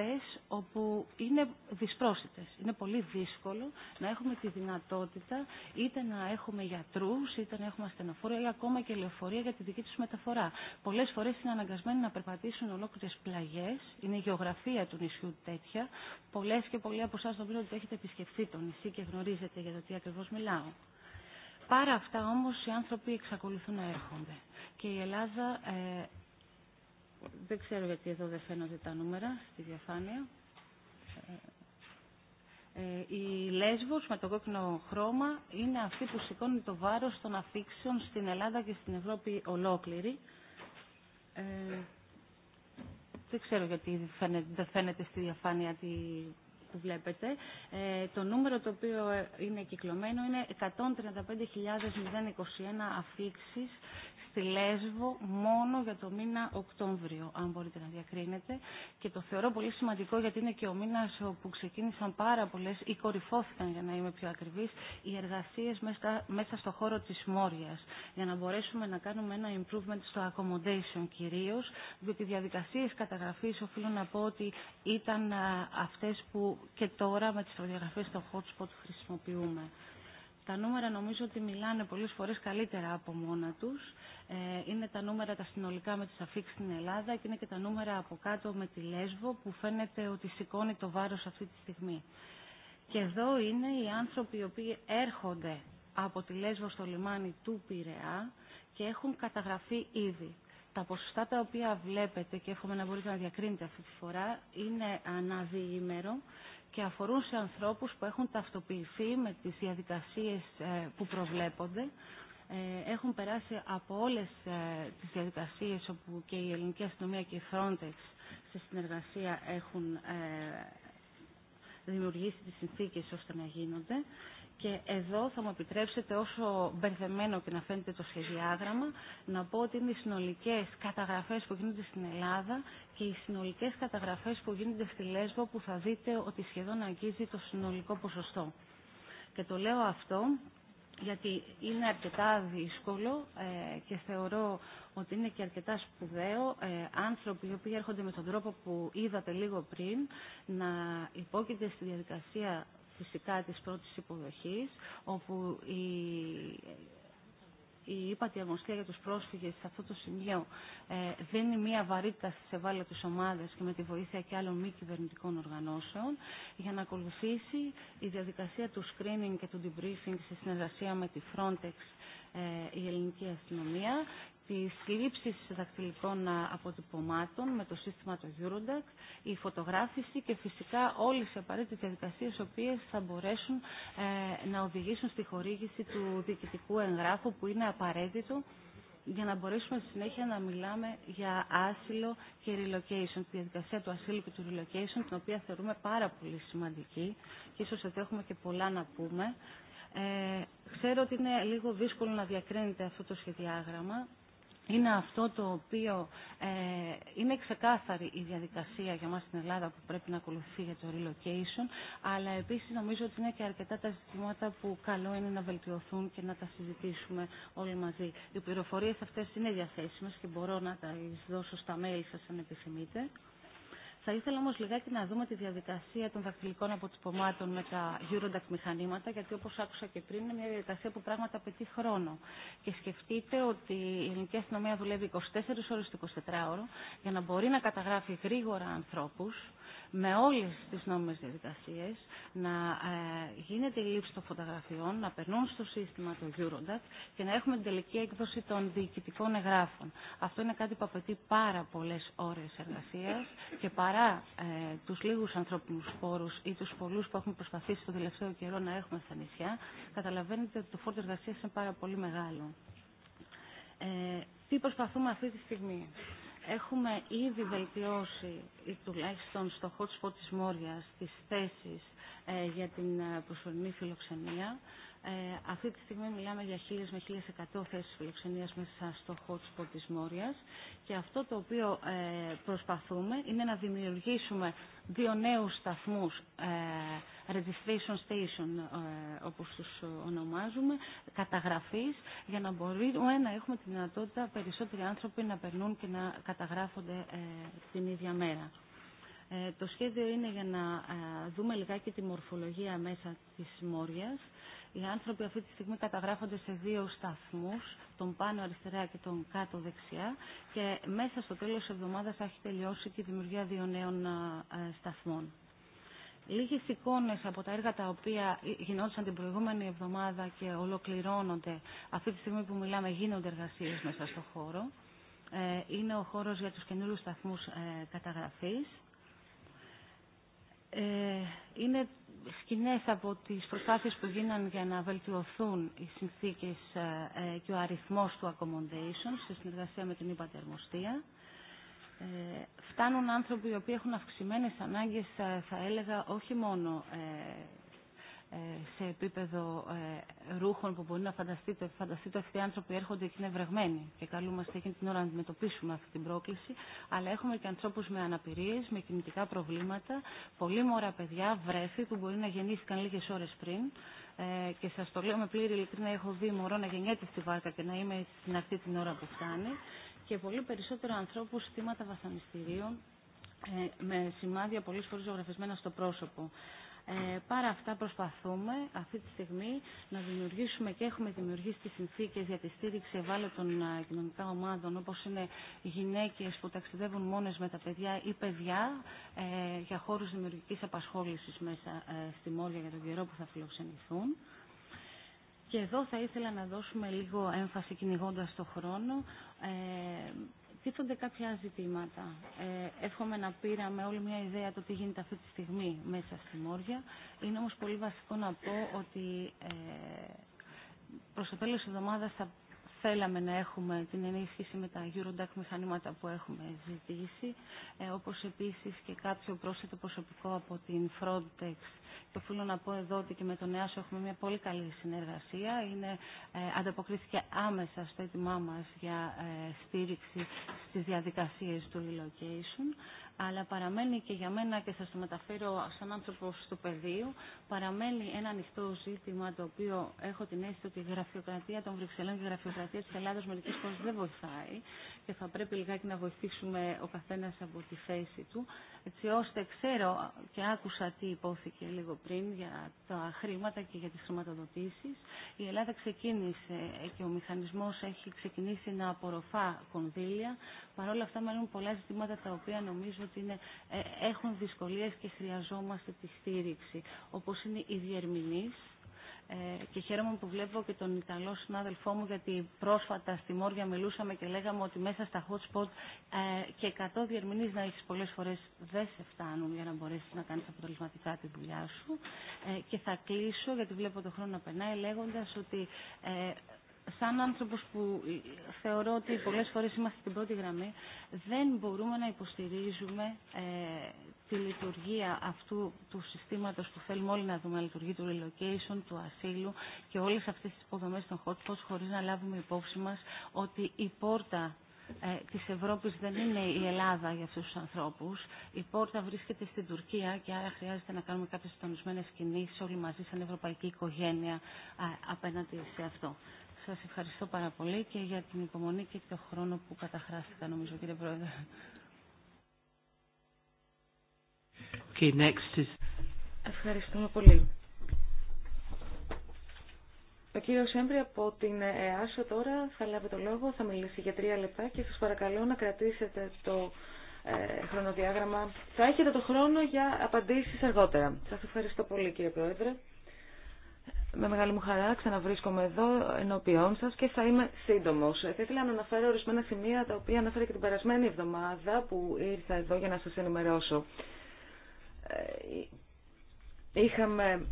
ε, όπου είναι δυσπρόσιτες. Είναι πολύ δύσκολο να έχουμε τη δυνατότητα είτε να έχουμε γιατρούς, είτε να έχουμε ασθενοφόρια ή ακόμα και λεωφορεία για τη δική τους μεταφορά. Πολλές φορές είναι αναγκασμένοι να περπατήσουν ολόκληρες πλαγιές. Είναι η γεωγραφία του νησιού τέτοια. Πολλές και πολλοί από εσάς νομίζω ότι έχετε επισκεφθεί το νησί και γνωρίζετε για το τι ακριβώς μιλάω. Πάρα αυτά όμως οι άνθρωποι εξακολουθούν να έρχονται. Και η Ελλάδα, ε, δεν ξέρω γιατί εδώ δεν φαίνονται τα νούμερα στη διαφάνεια, ε, ε, η Λέσβος με το κόκκινο χρώμα είναι αυτή που σηκώνει το βάρος των αφήξεων στην Ελλάδα και στην Ευρώπη ολόκληρη. Ε, δεν ξέρω γιατί δεν φαίνεται στη διαφάνεια τη που βλέπετε, ε, το νούμερο το οποίο είναι κυκλωμένο είναι 135.021 αφήξεις στη Λέσβο μόνο για το μήνα Οκτώβριο, αν μπορείτε να διακρίνετε. Και το θεωρώ πολύ σημαντικό γιατί είναι και ο μήνα που ξεκίνησαν πάρα πολλέ ή κορυφώθηκαν, για να είμαι πιο ακριβή, οι εργασίε μέσα, μέσα στο χώρο τη Μόρια. Για να μπορέσουμε να κάνουμε ένα improvement στο accommodation κυρίω, διότι οι διαδικασίε καταγραφή οφείλω να πω ότι ήταν αυτέ που και τώρα με τι προδιαγραφέ των hotspot χρησιμοποιούμε. Τα νούμερα νομίζω ότι μιλάνε πολλές φορές καλύτερα από μόνα τους. Ε, είναι τα νούμερα τα συνολικά με τις αφήξεις στην Ελλάδα και είναι και τα νούμερα από κάτω με τη Λέσβο που φαίνεται ότι σηκώνει το βάρος αυτή τη στιγμή. Και εδώ είναι οι άνθρωποι οι οποίοι έρχονται από τη Λέσβο στο λιμάνι του Πειραιά και έχουν καταγραφεί ήδη. Τα ποσοστά τα οποία βλέπετε και εύχομαι να μπορείτε να διακρίνετε αυτή τη φορά είναι αναδιήμερο και αφορούν σε ανθρώπους που έχουν ταυτοποιηθεί με τις διαδικασίες ε, που προβλέπονται, ε, έχουν περάσει από όλες ε, τις διαδικασίες όπου και η Ελληνική Αστυνομία και η Frontex σε συνεργασία έχουν δημιουργήσει τις συνθήκες ώστε να γίνονται και εδώ θα μου επιτρέψετε, όσο μπερδεμένο και να φαίνεται το σχεδιάγραμμα, να πω ότι είναι οι συνολικές καταγραφές που γίνονται στην Ελλάδα και οι συνολικές καταγραφές που γίνονται στη Λέσβο, που θα δείτε ότι σχεδόν αγγίζει το συνολικό ποσοστό. Και το λέω αυτό γιατί είναι αρκετά δύσκολο ε, και θεωρώ ότι είναι και αρκετά σπουδαίο ε, άνθρωποι οι οποίοι έρχονται με τον τρόπο που είδατε λίγο πριν να υπόκειται στη διαδικασία φυσικά της πρώτης υποδοχής, όπου η η για τους πρόσφυγες σε αυτό το σημείο δεν δίνει μια βαρύτητα στις ευάλωτες ομάδες και με τη βοήθεια και άλλων μη κυβερνητικών οργανώσεων για να ακολουθήσει η διαδικασία του screening και του debriefing σε συνεργασία με τη Frontex ε, η ελληνική αστυνομία της λήψης δακτυλικών αποτυπωμάτων με το σύστημα του Eurodac, η φωτογράφηση και φυσικά όλες οι απαραίτητες διαδικασίες οι οποίες θα μπορέσουν ε, να οδηγήσουν στη χορήγηση του διοικητικού εγγράφου που είναι απαραίτητο για να μπορέσουμε στη συνέχεια να μιλάμε για άσυλο και relocation, τη διαδικασία του ασύλου και του relocation, την οποία θεωρούμε πάρα πολύ σημαντική και ίσως ότι έχουμε και πολλά να πούμε. Ε, ξέρω ότι είναι λίγο δύσκολο να διακρίνεται αυτό το σχεδιάγραμμα είναι αυτό το οποίο ε, είναι ξεκάθαρη η διαδικασία για μας στην Ελλάδα που πρέπει να ακολουθεί για το relocation, αλλά επίσης νομίζω ότι είναι και αρκετά τα ζητήματα που καλό είναι να βελτιωθούν και να τα συζητήσουμε όλοι μαζί. Οι πληροφορίες αυτές είναι διαθέσιμες και μπορώ να τα δώσω στα mail σας αν επιθυμείτε. Θα ήθελα όμω λιγάκι να δούμε τη διαδικασία των δακτυλικών αποτυπωμάτων με τα Eurodac μηχανήματα, γιατί όπω άκουσα και πριν, είναι μια διαδικασία που πράγματα απαιτεί χρόνο. Και σκεφτείτε ότι η ελληνική αστυνομία δουλεύει 24 ώρε το 24ωρο για να μπορεί να καταγράφει γρήγορα ανθρώπου, με όλες τις νόμιμες διαδικασίες να ε, γίνεται η λήψη των φωτογραφιών, να περνούν στο σύστημα του Eurodac και να έχουμε την τελική έκδοση των διοικητικών εγγράφων. Αυτό είναι κάτι που απαιτεί πάρα πολλές ώρες εργασίας και παρά ε, τους λίγους ανθρώπινους πόρους ή τους πολλούς που έχουμε προσπαθήσει το τελευταίο καιρό να έχουμε στα νησιά, καταλαβαίνετε ότι το φόρτο εργασία είναι πάρα πολύ μεγάλο. Ε, τι προσπαθούμε αυτή τη στιγμή έχουμε ήδη βελτιώσει, τουλάχιστον στο hot spot της Μόριας, τις θέσεις ε, για την ε, προσωρινή φιλοξενία. Ε, αυτή τη στιγμή μιλάμε για 1.000 με 1.100 θέσεις φιλοξενίας μέσα στο hotspot της Μόριας και αυτό το οποίο ε, προσπαθούμε είναι να δημιουργήσουμε δύο νέους σταθμούς ε, registration station ε, όπως τους ονομάζουμε, καταγραφής για να μπορούμε να έχουμε τη δυνατότητα περισσότεροι άνθρωποι να περνούν και να καταγράφονται ε, την ίδια μέρα. Ε, το σχέδιο είναι για να δούμε λιγάκι τη μορφολογία μέσα της Μόριας οι άνθρωποι αυτή τη στιγμή καταγράφονται σε δύο σταθμούς, τον πάνω αριστερά και τον κάτω δεξιά και μέσα στο τέλος της εβδομάδας θα έχει τελειώσει και η δημιουργία δύο νέων ε, σταθμών. Λίγες εικόνες από τα έργα τα οποία γινόντουσαν την προηγούμενη εβδομάδα και ολοκληρώνονται αυτή τη στιγμή που μιλάμε γίνονται εργασίες μέσα στο χώρο. Ε, είναι ο χώρος για τους καινούριου σταθμούς ε, καταγραφής. Είναι σκηνές από τις προσπάθειες που γίναν για να βελτιωθούν οι συνθήκες ε, ε, και ο αριθμός του accommodation σε συνεργασία με την υπατερμοστία. Ε, φτάνουν άνθρωποι οι οποίοι έχουν αυξημένες ανάγκες, θα έλεγα, όχι μόνο ε, σε επίπεδο ε, ρούχων που μπορεί να φανταστείτε, φανταστείτε αυτοί οι άνθρωποι έρχονται και είναι βρεγμένοι και καλούμαστε εκείνη την ώρα να αντιμετωπίσουμε αυτή την πρόκληση, αλλά έχουμε και ανθρώπους με αναπηρίες, με κινητικά προβλήματα, πολύ μωρά παιδιά, βρέφη που μπορεί να γεννήθηκαν λίγες ώρες πριν, ε, και σας το λέω με πλήρη ειλικρίνεια, έχω δει μωρό να γεννιέται στη βάρκα και να είμαι στην αυτή την ώρα που φτάνει και πολύ περισσότερο ανθρώπους θύματα βασανιστήριων με σημάδια πολλές φορές ζωγραφισμένα στο πρόσωπο. Ε, Παρά αυτά προσπαθούμε αυτή τη στιγμή να δημιουργήσουμε και έχουμε δημιουργήσει τις συνθήκες για τη στήριξη ευάλωτων ε, κοινωνικά ομάδων όπως είναι γυναίκες που ταξιδεύουν μόνες με τα παιδιά ή παιδιά ε, για χώρους δημιουργικής απασχόλησης μέσα ε, στη Μόρια για τον καιρό που θα φιλοξενηθούν. Και εδώ θα ήθελα να δώσουμε λίγο έμφαση κυνηγώντα το χρόνο ε, τίθονται κάποια ζητήματα. Ε, εύχομαι να πήραμε όλη μια ιδέα το τι γίνεται αυτή τη στιγμή μέσα στη Μόρια. Είναι όμως πολύ βασικό να πω ότι ε, προς το τέλος της εβδομάδας θα θέλαμε να έχουμε την ενίσχυση με τα Eurodac μηχανήματα που έχουμε ζητήσει, ε, όπως επίσης και κάποιο πρόσθετο προσωπικό από την Frontex. Και οφείλω να πω εδώ ότι και με τον ΕΑΣΟ έχουμε μια πολύ καλή συνεργασία. Είναι, ε, ανταποκρίθηκε άμεσα στο έτοιμά μας για ε, στήριξη στις διαδικασίες του relocation αλλά παραμένει και για μένα και θα το μεταφέρω σαν άνθρωπο του πεδίου, παραμένει ένα ανοιχτό ζήτημα το οποίο έχω την αίσθηση ότι η γραφειοκρατία των Βρυξελών και η γραφειοκρατία της Ελλάδας μερικές φορές δεν βοηθάει και θα πρέπει λιγάκι να βοηθήσουμε ο καθένας από τη θέση του, έτσι ώστε ξέρω και άκουσα τι υπόθηκε λίγο πριν για τα χρήματα και για τις χρηματοδοτήσεις. Η Ελλάδα ξεκίνησε και ο μηχανισμός έχει ξεκινήσει να απορροφά κονδύλια. Παρ' όλα αυτά μένουν πολλά ζητήματα τα οποία νομίζω ότι είναι, ε, έχουν δυσκολίες και χρειαζόμαστε τη στήριξη, όπως είναι οι διερμηνείς, ε, και χαίρομαι που βλέπω και τον Ιταλό συνάδελφό μου γιατί πρόσφατα στη Μόρια μιλούσαμε και λέγαμε ότι μέσα στα hot spot ε, και 100 διερμηνεί να έχει πολλές φορές δεν σε φτάνουν για να μπορέσεις να κάνεις αποτελεσματικά τη δουλειά σου ε, και θα κλείσω γιατί βλέπω το χρόνο να περνάει λέγοντας ότι σαν άνθρωπος που θεωρώ ότι πολλές φορές είμαστε στην πρώτη γραμμή, δεν μπορούμε να υποστηρίζουμε ε, τη λειτουργία αυτού του συστήματος που θέλουμε όλοι να δούμε, λειτουργεί του relocation, του ασύλου και όλες αυτές τις υποδομές των hot spots, χωρίς να λάβουμε υπόψη μας ότι η πόρτα ε, της Ευρώπης δεν είναι η Ελλάδα για αυτούς τους ανθρώπους. Η πόρτα βρίσκεται στην Τουρκία και άρα χρειάζεται να κάνουμε κάποιες συντονισμένες κινήσεις όλοι μαζί σαν ευρωπαϊκή οικογένεια ε, απέναντι σε αυτό. Σας ευχαριστώ πάρα πολύ και για την υπομονή και το χρόνο που καταχράστηκα νομίζω κύριε Πρόεδρε. Okay, next is... Ευχαριστούμε πολύ. Ο κύριο Έμπρη από την ΕΑΣΟ τώρα θα λάβει το λόγο, θα μιλήσει για τρία λεπτά και σας παρακαλώ να κρατήσετε το ε, χρονοδιάγραμμα. Θα έχετε το χρόνο για απαντήσεις αργότερα. Σας ευχαριστώ πολύ κύριε Πρόεδρε. Με μεγάλη μου χαρά ξαναβρίσκομαι εδώ ενώπιόν σα και θα είμαι σύντομο. Θα ήθελα να αναφέρω ορισμένα σημεία τα οποία αναφέρα και την περασμένη εβδομάδα που ήρθα εδώ για να σα ενημερώσω. Ε, είχαμε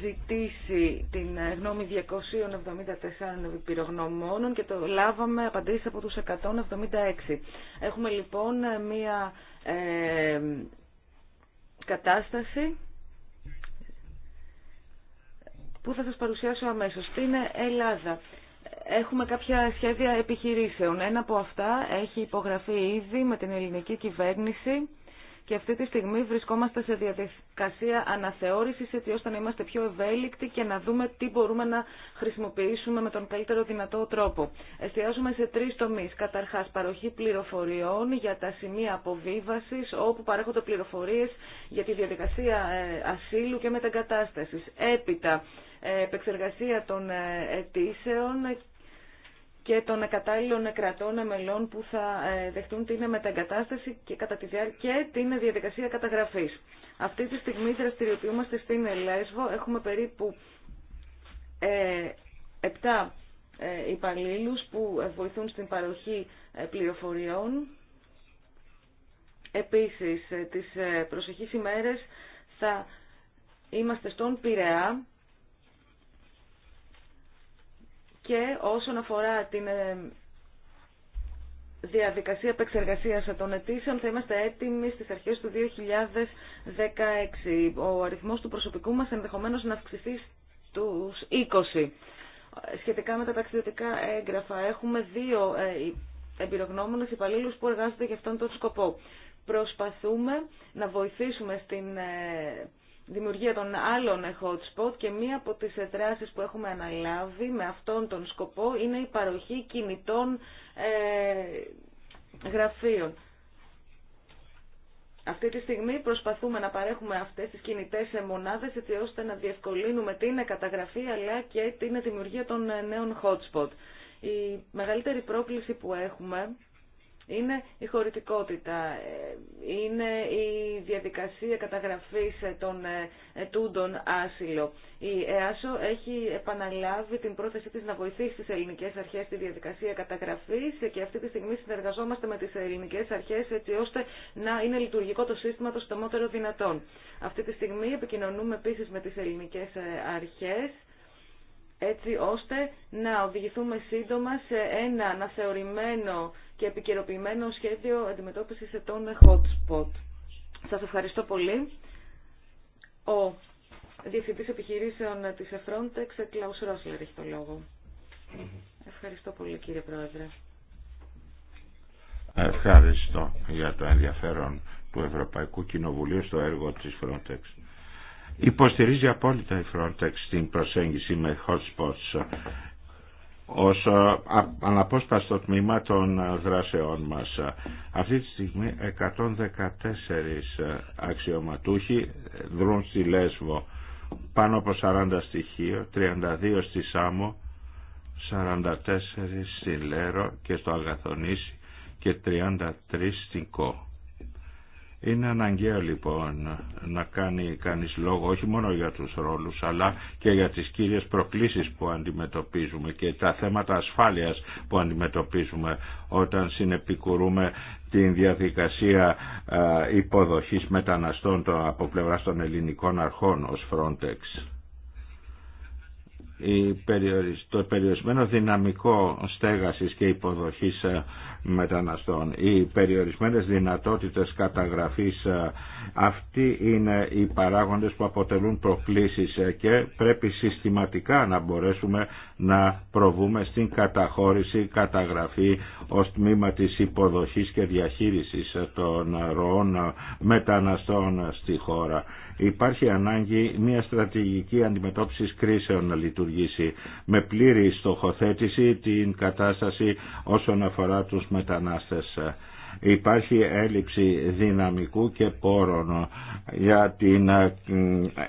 ζητήσει την γνώμη 274 επιπυρογνωμόνων και το λάβαμε απαντήσει από τους 176. Έχουμε λοιπόν μία ε, κατάσταση που θα σας παρουσιάσω αμέσως. Στην Ελλάδα έχουμε κάποια σχέδια επιχειρήσεων. Ένα από αυτά έχει υπογραφεί ήδη με την ελληνική κυβέρνηση και αυτή τη στιγμή βρισκόμαστε σε διαδικασία αναθεώρησης έτσι ώστε να είμαστε πιο ευέλικτοι και να δούμε τι μπορούμε να χρησιμοποιήσουμε με τον καλύτερο δυνατό τρόπο. Εστιάζουμε σε τρεις τομείς. Καταρχάς παροχή πληροφοριών για τα σημεία αποβίβασης όπου παρέχονται πληροφορίες για τη διαδικασία ε, ασύλου και μεταγκατάστασης. Έπειτα ε, επεξεργασία των ε, αιτήσεων και των κατάλληλων κρατών μελών που θα ε, δεχτούν την μεταγκατάσταση και, κατά τη και την διαδικασία καταγραφής. Αυτή τη στιγμή δραστηριοποιούμαστε στην Ελέσβο. Έχουμε περίπου ε, 7 ε, υπαλλήλου που ε, βοηθούν στην παροχή πληροφοριών. Επίσης, τις προσεχείς ημέρες θα είμαστε στον Πειραιά και όσον αφορά την ε, διαδικασία επεξεργασίας των αιτήσεων θα είμαστε έτοιμοι στις αρχές του 2016. Ο αριθμός του προσωπικού μας ενδεχομένως να αυξηθεί στους 20. Σχετικά με τα ταξιδιωτικά έγγραφα έχουμε δύο ε, εμπειρογνώμονες υπαλλήλους που εργάζονται για αυτόν τον σκοπό. Προσπαθούμε να βοηθήσουμε στην ε, δημιουργία των άλλων hot και μία από τις εδράσεις που έχουμε αναλάβει με αυτόν τον σκοπό είναι η παροχή κινητών ε, γραφείων. Αυτή τη στιγμή προσπαθούμε να παρέχουμε αυτές τις κινητές μονάδες έτσι ώστε να διευκολύνουμε την καταγραφή αλλά και την δημιουργία των ε, νέων hotspot. Η μεγαλύτερη πρόκληση που έχουμε είναι η χωρητικότητα, ε, είναι η διαδικασία καταγραφής των ε, ετούντων άσυλο. Η ΕΑΣΟ έχει επαναλάβει την πρόθεσή της να βοηθήσει τις ελληνικές αρχές στη διαδικασία καταγραφής και αυτή τη στιγμή συνεργαζόμαστε με τις ελληνικές αρχές έτσι ώστε να είναι λειτουργικό το σύστημα το στομότερο δυνατόν. Αυτή τη στιγμή επικοινωνούμε επίσης με τις ελληνικές ε, αρχές έτσι ώστε να οδηγηθούμε σύντομα σε ένα αναθεωρημένο και επικαιροποιημένο σχέδιο αντιμετώπισης ετών hot spot. Σας ευχαριστώ πολύ. Ο Διευθυντής Επιχειρήσεων τη Frontex, Κλάου Ρόσλερ, έχει το λόγο. Ευχαριστώ πολύ κύριε Πρόεδρε. Ευχαριστώ για το ενδιαφέρον του Ευρωπαϊκού Κοινοβουλίου στο έργο της Frontex. Υποστηρίζει απόλυτα η Frontex την προσέγγιση με hotspots ως ε, αναπόσπαστο τμήμα των ε, δράσεών μας. Αυτή τη στιγμή 114 ε, αξιωματούχοι δρούν στη Λέσβο πάνω από 40 στοιχείο, 32 στη Σάμο, 44 στη Λέρο και στο Αγαθονήσι και 33 στην Κό. Είναι αναγκαίο λοιπόν να κάνει κανείς λόγο όχι μόνο για τους ρόλους αλλά και για τις κύριες προκλήσεις που αντιμετωπίζουμε και τα θέματα ασφάλειας που αντιμετωπίζουμε όταν συνεπικουρούμε την διαδικασία υποδοχής μεταναστών από πλευρά των ελληνικών αρχών ως Frontex το περιορισμένο δυναμικό στέγασης και υποδοχής μεταναστών. Οι περιορισμένες δυνατότητες καταγραφής ε, αυτοί είναι οι παράγοντες που αποτελούν προκλήσεις ε, και πρέπει συστηματικά να μπορέσουμε να προβούμε στην καταχώρηση, καταγραφή ως τμήμα της υποδοχής και διαχείρισης ε, των ροών μεταναστών στη χώρα. Υπάρχει ανάγκη μια στρατηγική αντιμετώπισης κρίσεων να λειτουργήσει με πλήρη στοχοθέτηση την κατάσταση όσον αφορά τους μετανάστες. Υπάρχει έλλειψη δυναμικού και πόρων για την ε,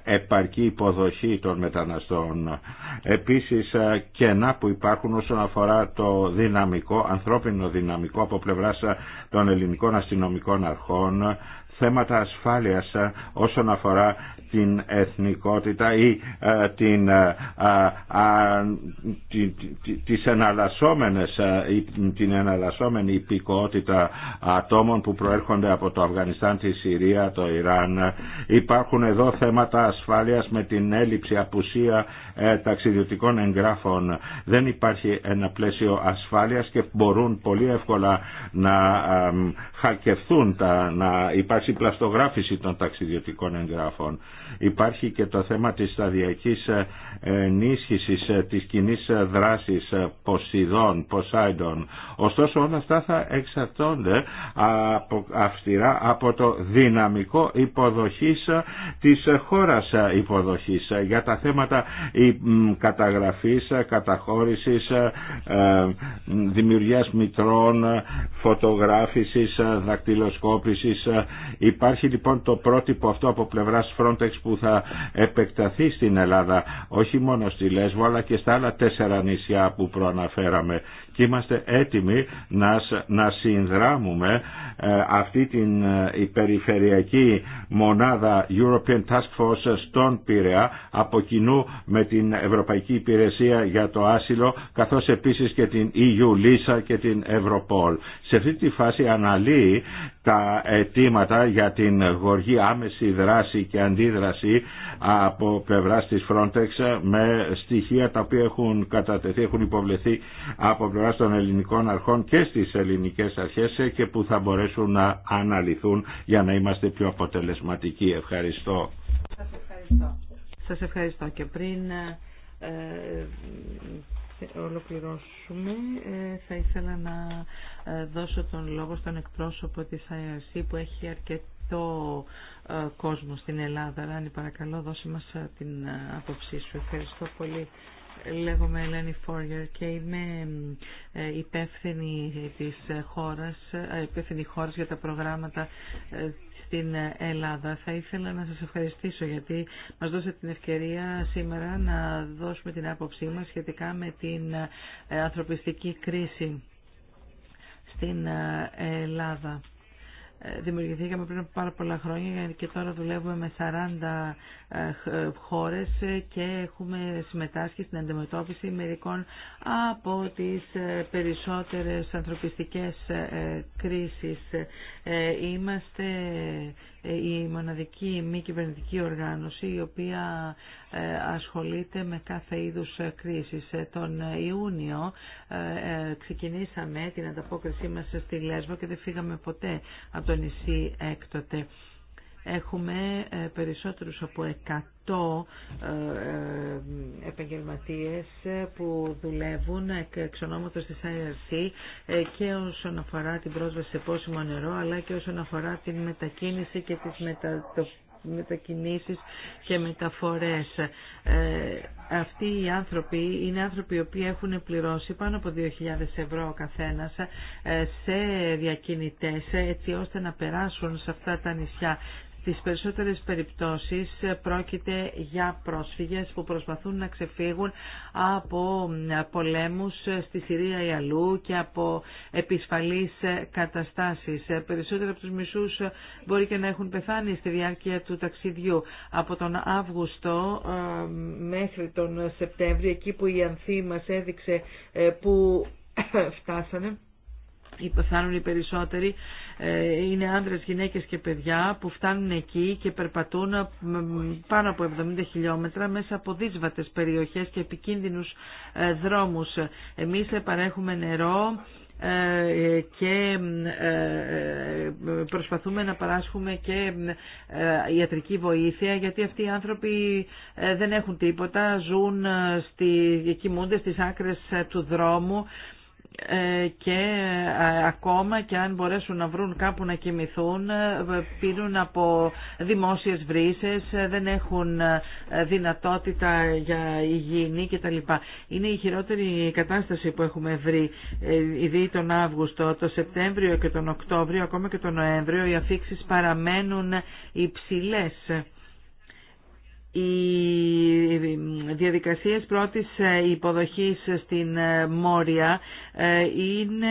επαρκή υποδοχή των μεταναστών. Επίσης ε, κενά που υπάρχουν όσον αφορά το δυναμικό, ανθρώπινο δυναμικό από πλευράς ε, των ελληνικών αστυνομικών αρχών θέματα ασφάλειας ε, όσον αφορά την εθνικότητα ή ε, την, ε, τις εναλλασσόμενες, την εναλλασσόμενη υπηκότητα ατόμων που προέρχονται από το Αφγανιστάν, τη Συρία, το Ιράν. Υπάρχουν εδώ θέματα ασφάλειας με την έλλειψη, απουσία ταξιδιωτικών εγγράφων. Δεν υπάρχει ένα πλαίσιο ασφάλειας και μπορούν πολύ εύκολα να χακευθούν, να υπάρχει πλαστογράφηση των ταξιδιωτικών εγγράφων. Υπάρχει και το θέμα της σταδιακής ε, ενίσχυσης ε, της κοινή ε, δράσης Ποσειδών, Ποσάιντων. Ωστόσο όλα αυτά θα εξαρτώνται από, αυστηρά από το δυναμικό υποδοχής της χώρας υποδοχής για τα θέματα καταγραφής, καταχώρησης, δημιουργίας μητρών, φωτογράφησης, δακτυλοσκόπησης Υπάρχει λοιπόν το πρότυπο αυτό από πλευράς Frontex που θα επεκταθεί στην Ελλάδα όχι μόνο στη Λέσβο αλλά και στα άλλα τέσσερα νησιά που προαναφέραμε και είμαστε έτοιμοι να, συνδράμουμε ε, αυτή την ε, περιφερειακή μονάδα European Task Force στον Πειραιά από κοινού με την Ευρωπαϊκή Υπηρεσία για το Άσυλο καθώς επίσης και την EU lisa και την Ευρωπόλ. Σε αυτή τη φάση αναλύει τα αιτήματα για την γοργή άμεση δράση και αντίδραση από πλευρά της Frontex ε, με στοιχεία τα οποία έχουν κατατεθεί, έχουν υποβληθεί από πλευρά πλευράς των ελληνικών αρχών και στις ελληνικές αρχές ε, και που θα μπορέσουν να αναλυθούν για να είμαστε πιο αποτελεσματικοί. Ευχαριστώ. Σας ευχαριστώ. Σας ευχαριστώ και πριν ε, ε ολοκληρώσουμε ε, θα ήθελα να δώσω τον λόγο στον εκπρόσωπο της IRC που έχει αρκετό κόσμο στην Ελλάδα. Ράνη παρακαλώ δώσε μας την άποψή σου. Ευχαριστώ πολύ. Λέγομαι Ελένη Φόργερ και είμαι ε, υπεύθυνη της χώρας, ε, υπεύθυνη χώρας για τα προγράμματα ε, στην Ελλάδα. Θα ήθελα να σας ευχαριστήσω γιατί μας δώσατε την ευκαιρία σήμερα να δώσουμε την άποψή μας σχετικά με την ανθρωπιστική κρίση στην Ελλάδα. Ε, δημιουργηθήκαμε πριν από πάρα πολλά χρόνια και τώρα δουλεύουμε με 40 ε, ε, χώρες και έχουμε συμμετάσχει στην αντιμετώπιση μερικών από τις περισσότερες ανθρωπιστικές κρίσεις. Είμαστε ε, η μοναδική μη κυβερνητική οργάνωση η οποία ε, ασχολείται με κάθε είδους ε, κρίσης. Τον Ιούνιο ξεκινήσαμε την ανταπόκρισή μας στη Λέσβο και δεν φύγαμε ποτέ από το νησί έκτοτε έχουμε ε, περισσότερους από 100 ε, ε, επαγγελματίες που δουλεύουν εξ ονόματος της IRC και όσον αφορά την πρόσβαση σε πόσιμο νερό αλλά και όσον αφορά την μετακίνηση και τις μετατοπίες μετακινήσεις και μεταφορές. αυτοί οι άνθρωποι είναι άνθρωποι οι οποίοι έχουν πληρώσει πάνω από 2.000 ευρώ ο καθένας σε διακινητές έτσι ώστε να περάσουν σε αυτά τα νησιά στις περισσότερες περιπτώσεις πρόκειται για πρόσφυγες που προσπαθούν να ξεφύγουν από πολέμους στη Συρία ή αλλού και από επισφαλείς καταστάσεις. Περισσότεροι από τους μισούς μπορεί και να έχουν πεθάνει στη διάρκεια του ταξιδιού. Από τον Αύγουστο ε, μέχρι τον Σεπτέμβριο, εκεί που η Ανθή μας έδειξε ε, που φτάσανε, πεθάνουν οι περισσότεροι ε, είναι άντρες, γυναίκες και παιδιά που φτάνουν εκεί και περπατούν ε, πάνω από 70 χιλιόμετρα μέσα από δύσβατες περιοχές και επικίνδυνους ε, δρόμους. Εμείς παρέχουμε νερό, και προσπαθούμε να παράσχουμε και ιατρική βοήθεια γιατί αυτοί οι άνθρωποι δεν έχουν τίποτα, ζουν, στη, κοιμούνται στις άκρες του δρόμου ε, και ε, ακόμα και αν μπορέσουν να βρουν κάπου να κοιμηθούν ε, πίνουν από δημόσιες βρύσες, δεν έχουν δυνατότητα για υγιεινή κτλ. Είναι η χειρότερη κατάσταση που έχουμε βρει ήδη τον Αύγουστο, το Σεπτέμβριο και τον Οκτώβριο, ακόμα και τον Νοέμβριο οι αφήξεις παραμένουν υψηλές οι διαδικασίες πρώτης ε, υποδοχής στην ε, Μόρια ε, είναι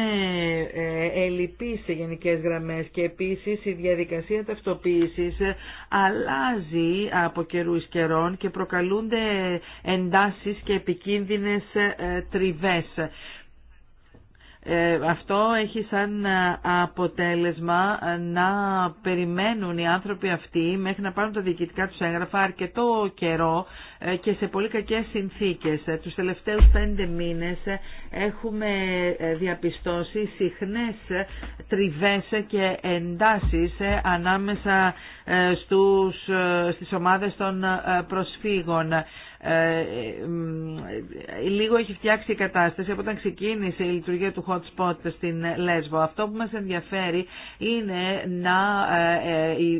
ελλειπή σε γενικές γραμμές και επίσης η διαδικασία ταυτοποίησης αλλάζει από καιρούς καιρών και προκαλούνται εντάσεις και επικίνδυνες τριβές. Ε, αυτό έχει σαν ε, αποτέλεσμα να περιμένουν οι άνθρωποι αυτοί μέχρι να πάρουν τα διοικητικά τους έγγραφα αρκετό καιρό ε, και σε πολύ κακές συνθήκες. Ε, τους τελευταίους πέντε μήνες ε, έχουμε διαπιστώσει συχνές τριβές και εντάσεις ανάμεσα στους, στις ομάδες των προσφύγων. Λίγο έχει φτιάξει η κατάσταση από όταν ξεκίνησε η λειτουργία του hot spot στην Λέσβο. Αυτό που μας ενδιαφέρει είναι να οι,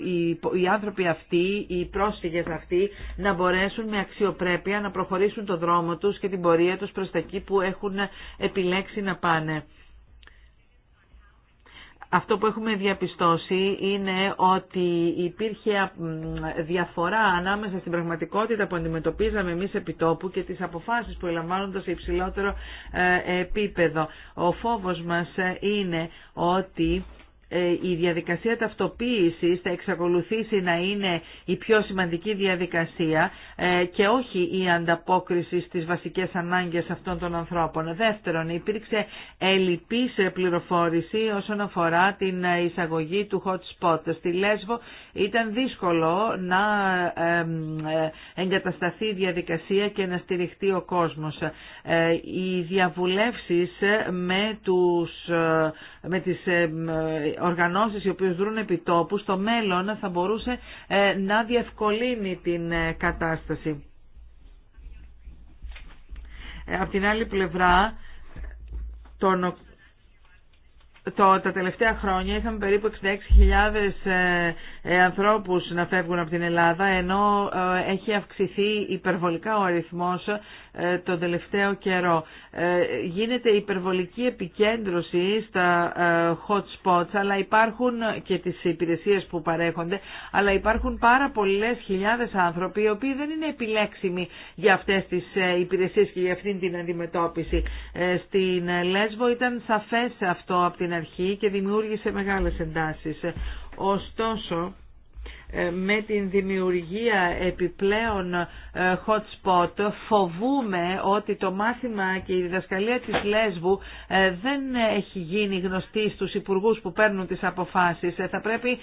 οι, άνθρωποι αυτοί, οι πρόσφυγες αυτοί να μπορέσουν με αξιοπρέπεια να προχωρήσουν το δρόμο τους και την πορεία τους προς τα εκεί που έχουν επιλέξει να πάνε. Αυτό που έχουμε διαπιστώσει είναι ότι υπήρχε διαφορά ανάμεσα στην πραγματικότητα που αντιμετωπίζαμε εμείς επιτόπου και τις αποφάσεις που ελαμβάνονται σε υψηλότερο ε, επίπεδο. Ο φόβος μας ε, είναι ότι ε, η διαδικασία ταυτοποίησης θα εξακολουθήσει να είναι η πιο σημαντική διαδικασία ε, και όχι η ανταπόκριση στις βασικές ανάγκες αυτών των ανθρώπων. Δεύτερον, υπήρξε ελλειπής πληροφόρηση όσον αφορά την εισαγωγή του hot spot. Στη Λέσβο ήταν δύσκολο να ε, εγκατασταθεί η διαδικασία και να στηριχτεί ο κόσμος. Οι διαβουλεύσεις με τους με τις ε, ε, οργανώσεις οι οποίες δρούν επί στο μέλλον θα μπορούσε ε, να διευκολύνει την κατάσταση. Από την άλλη πλευρά, το, τα τελευταία χρόνια είχαμε περίπου 66.000 ε, ανθρώπους να φεύγουν από την Ελλάδα ενώ έχει αυξηθεί υπερβολικά ο αριθμός ε, το τελευταίο καιρό. Ε, γίνεται υπερβολική επικέντρωση στα ε, hot spots αλλά υπάρχουν και τις υπηρεσίες που παρέχονται αλλά υπάρχουν πάρα πολλές χιλιάδες άνθρωποι οι οποίοι δεν είναι επιλέξιμοι για αυτές τις υπηρεσίες και για αυτήν την αντιμετώπιση. Στην Λέσβο ήταν σαφές αυτό από την αρχή και δημιούργησε μεγάλες εντάσεις. Ωστόσο, ε, με την δημιουργία επιπλέον ε, hot spot φοβούμε ότι το μάθημα και η διδασκαλία της Λέσβου ε, δεν έχει γίνει γνωστή στους υπουργούς που παίρνουν τις αποφάσεις. Θα πρέπει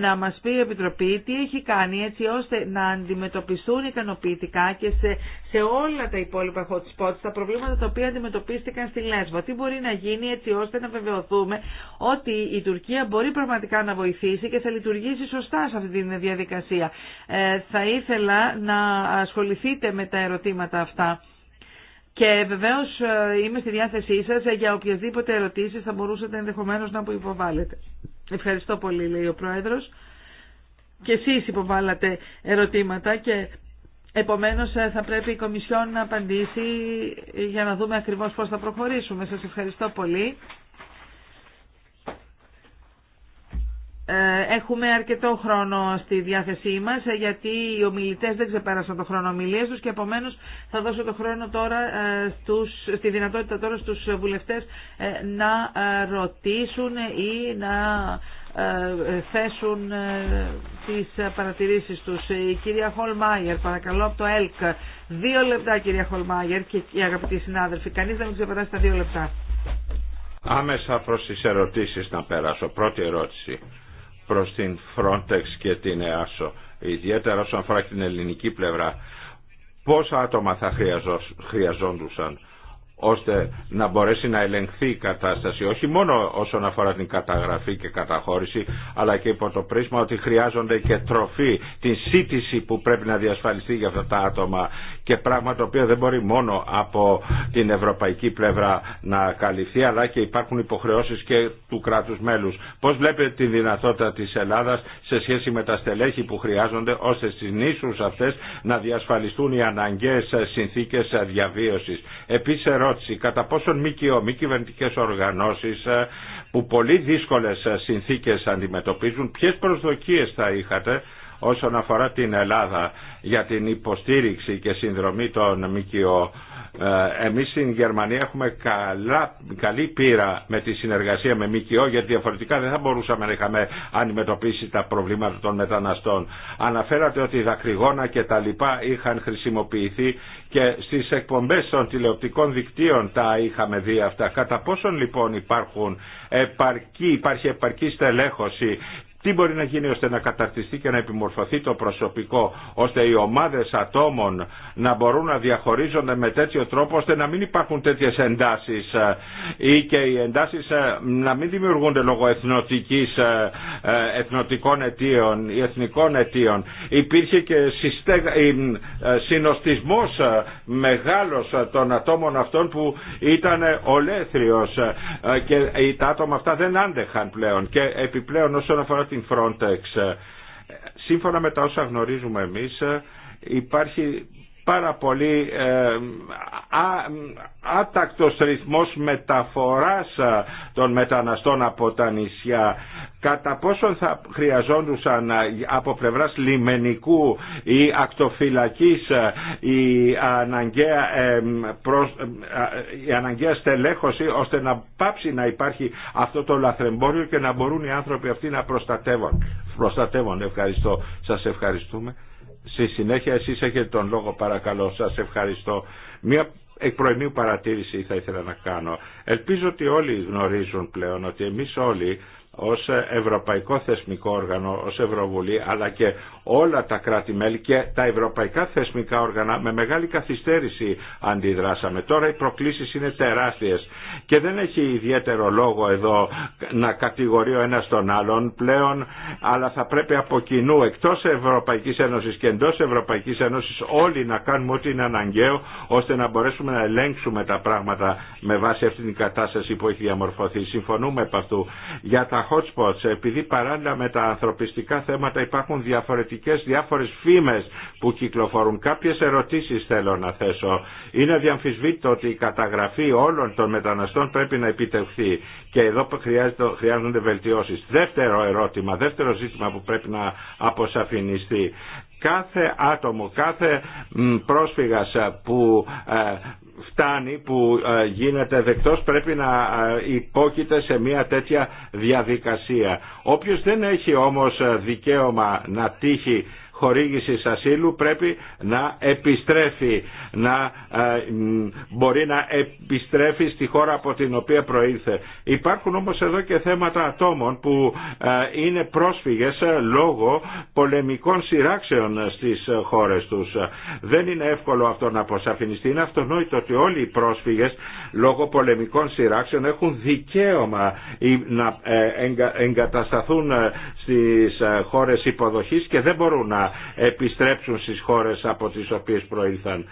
να μας πει η Επιτροπή τι έχει κάνει έτσι ώστε να αντιμετωπιστούν ικανοποιητικά και σε, σε όλα τα υπόλοιπα hot spots τα προβλήματα τα οποία αντιμετωπίστηκαν στη Λέσβο. Τι μπορεί να γίνει έτσι ώστε να βεβαιωθούμε ότι η Τουρκία μπορεί πραγματικά να βοηθήσει και θα λειτουργήσει σωστά σε αυτή τη την διαδικασία. Ε, θα ήθελα να ασχοληθείτε με τα ερωτήματα αυτά. Και βεβαίως ε, είμαι στη διάθεσή σας ε, για οποιασδήποτε ερωτήσεις θα μπορούσατε ενδεχομένως να υποβάλετε. υποβάλλετε. Ευχαριστώ πολύ λέει ο Πρόεδρος. Και εσείς υποβάλλατε ερωτήματα και επομένως θα πρέπει η Κομισιόν να απαντήσει για να δούμε ακριβώς πώς θα προχωρήσουμε. Σας ευχαριστώ πολύ. Ε, έχουμε αρκετό χρόνο στη διάθεσή μας ε, γιατί οι ομιλητές δεν ξεπέρασαν το χρόνο ομιλίας τους και επομένως θα δώσω το χρόνο τώρα ε, στους, στη δυνατότητα τώρα στους βουλευτές να ρωτήσουν ή να θέσουν τις παρατηρήσεις τους. Η κυρία Χολμάγερ, παρακαλώ από το ΕΛΚ. Δύο λεπτά κυρία Χολμάγερ και οι αγαπητοί συνάδελφοι. Κανείς δεν ξεπεράσει τα δύο λεπτά. Άμεσα προς τις ερωτήσεις να περάσω. Πρώτη ερώτηση προς την Frontex και την EASO, ιδιαίτερα όσον αφορά την ελληνική πλευρά, πόσα άτομα θα χρειαζόντουσαν ώστε να μπορέσει να ελεγχθεί η κατάσταση όχι μόνο όσον αφορά την καταγραφή και καταχώρηση αλλά και υπό το πρίσμα ότι χρειάζονται και τροφή την σύντηση που πρέπει να διασφαλιστεί για αυτά τα άτομα και πράγμα το οποίο δεν μπορεί μόνο από την ευρωπαϊκή πλευρά να καλυφθεί αλλά και υπάρχουν υποχρεώσεις και του κράτους μέλους. Πώς βλέπετε τη δυνατότητα της Ελλάδας σε σχέση με τα στελέχη που χρειάζονται ώστε στις νήσους αυτές να διασφαλιστούν οι αναγκαίες συνθήκες διαβίωσης. Επίσης κατά πόσον ΜΚΟ, μη κυβερνητικέ οργανώσεις ε, που πολύ δύσκολες ε, συνθήκες αντιμετωπίζουν, ποιες προσδοκίε θα είχατε όσον αφορά την Ελλάδα για την υποστήριξη και συνδρομή των ΜΚΟ ε, εμείς στην Γερμανία έχουμε καλά, καλή πείρα με τη συνεργασία με ΜΚΟ γιατί διαφορετικά δεν θα μπορούσαμε να είχαμε αντιμετωπίσει τα προβλήματα των μεταναστών. Αναφέρατε ότι οι δακρυγόνα και τα λοιπά είχαν χρησιμοποιηθεί και στις εκπομπές των τηλεοπτικών δικτύων τα είχαμε δει αυτά. Κατά πόσον λοιπόν υπάρχουν επαρκή, υπάρχει επαρκή στελέχωση τι μπορεί να γίνει ώστε να καταρτιστεί και να επιμορφωθεί το προσωπικό, ώστε οι ομάδες ατόμων να μπορούν να διαχωρίζονται με τέτοιο τρόπο, ώστε να μην υπάρχουν τέτοιες εντάσεις ε, ή και οι εντάσεις ε, να μην δημιουργούνται λόγω εθνοτικής, ε, εθνοτικών αιτίων ή εθνικών αιτίων. Υπήρχε και συνοστισμός μεγάλος των ατόμων αυτών που ήταν ολέθριος και τα άτομα αυτά δεν άντεχαν πλέον και επιπλέον όσον αφορά την Frontex. Σύμφωνα με τα όσα γνωρίζουμε εμείς, υπάρχει πάρα πολύ ε, α, άτακτος ρυθμός μεταφοράς ε, των μεταναστών από τα νησιά κατά πόσον θα χρειαζόντουσαν ε, από πλευράς λιμενικού ή ακτοφυλακής ε, η αναγκαία, προς, η αναγκαία στελέχωση ώστε να πάψει να υπάρχει αυτό το λαθρεμπόριο και να μπορούν οι άνθρωποι αυτοί να προστατεύουν. προστατεύουν. Ευχαριστώ. Σας ευχαριστούμε. Στη συνέχεια εσείς έχετε τον λόγο παρακαλώ. Σας ευχαριστώ. Μια εκ παρατήρηση θα ήθελα να κάνω. Ελπίζω ότι όλοι γνωρίζουν πλέον ότι εμείς όλοι ως Ευρωπαϊκό Θεσμικό Όργανο, ως Ευρωβουλή, αλλά και όλα τα κράτη-μέλη και τα ευρωπαϊκά θεσμικά όργανα με μεγάλη καθυστέρηση αντιδράσαμε. Τώρα οι προκλήσεις είναι τεράστιες και δεν έχει ιδιαίτερο λόγο εδώ να κατηγορεί ο ένας τον άλλον πλέον, αλλά θα πρέπει από κοινού εκτός Ευρωπαϊκής Ένωσης και εντός Ευρωπαϊκής Ένωσης όλοι να κάνουμε ό,τι είναι αναγκαίο ώστε να μπορέσουμε να ελέγξουμε τα πράγματα με βάση αυτή την κατάσταση που έχει διαμορφωθεί. Συμφωνούμε επ' αυτού. Για τα επειδή παράλληλα με τα ανθρωπιστικά θέματα υπάρχουν διαφορετικές διάφορες φήμες που κυκλοφορούν. Κάποιες ερωτήσεις θέλω να θέσω. Είναι διαμφισβήτητο ότι η καταγραφή όλων των μεταναστών πρέπει να επιτευχθεί και εδώ χρειάζονται βελτιώσεις. Δεύτερο ερώτημα, δεύτερο ζήτημα που πρέπει να αποσαφινιστεί κάθε άτομο, κάθε πρόσφυγας ε, που ε, φτάνει, που ε, γίνεται δεκτός πρέπει να υπόκειται σε μια τέτοια διαδικασία. Όποιος δεν έχει όμως δικαίωμα να τύχει χορήγησης ασύλου πρέπει να επιστρέφει, να ε, μπορεί να επιστρέφει στη χώρα από την οποία προήλθε. Υπάρχουν όμως εδώ και θέματα ατόμων που ε, είναι πρόσφυγες ε, λόγω πολεμικών σειράξεων στις χώρες τους. Δεν είναι εύκολο αυτό να αποσαφινιστεί. Είναι αυτονόητο ότι όλοι οι πρόσφυγες λόγω πολεμικών σειράξεων έχουν δικαίωμα να εγκατασταθούν στις χώρες υποδοχής και δεν μπορούν να επιστρέψουν στις χώρες από τις οποίες προήλθαν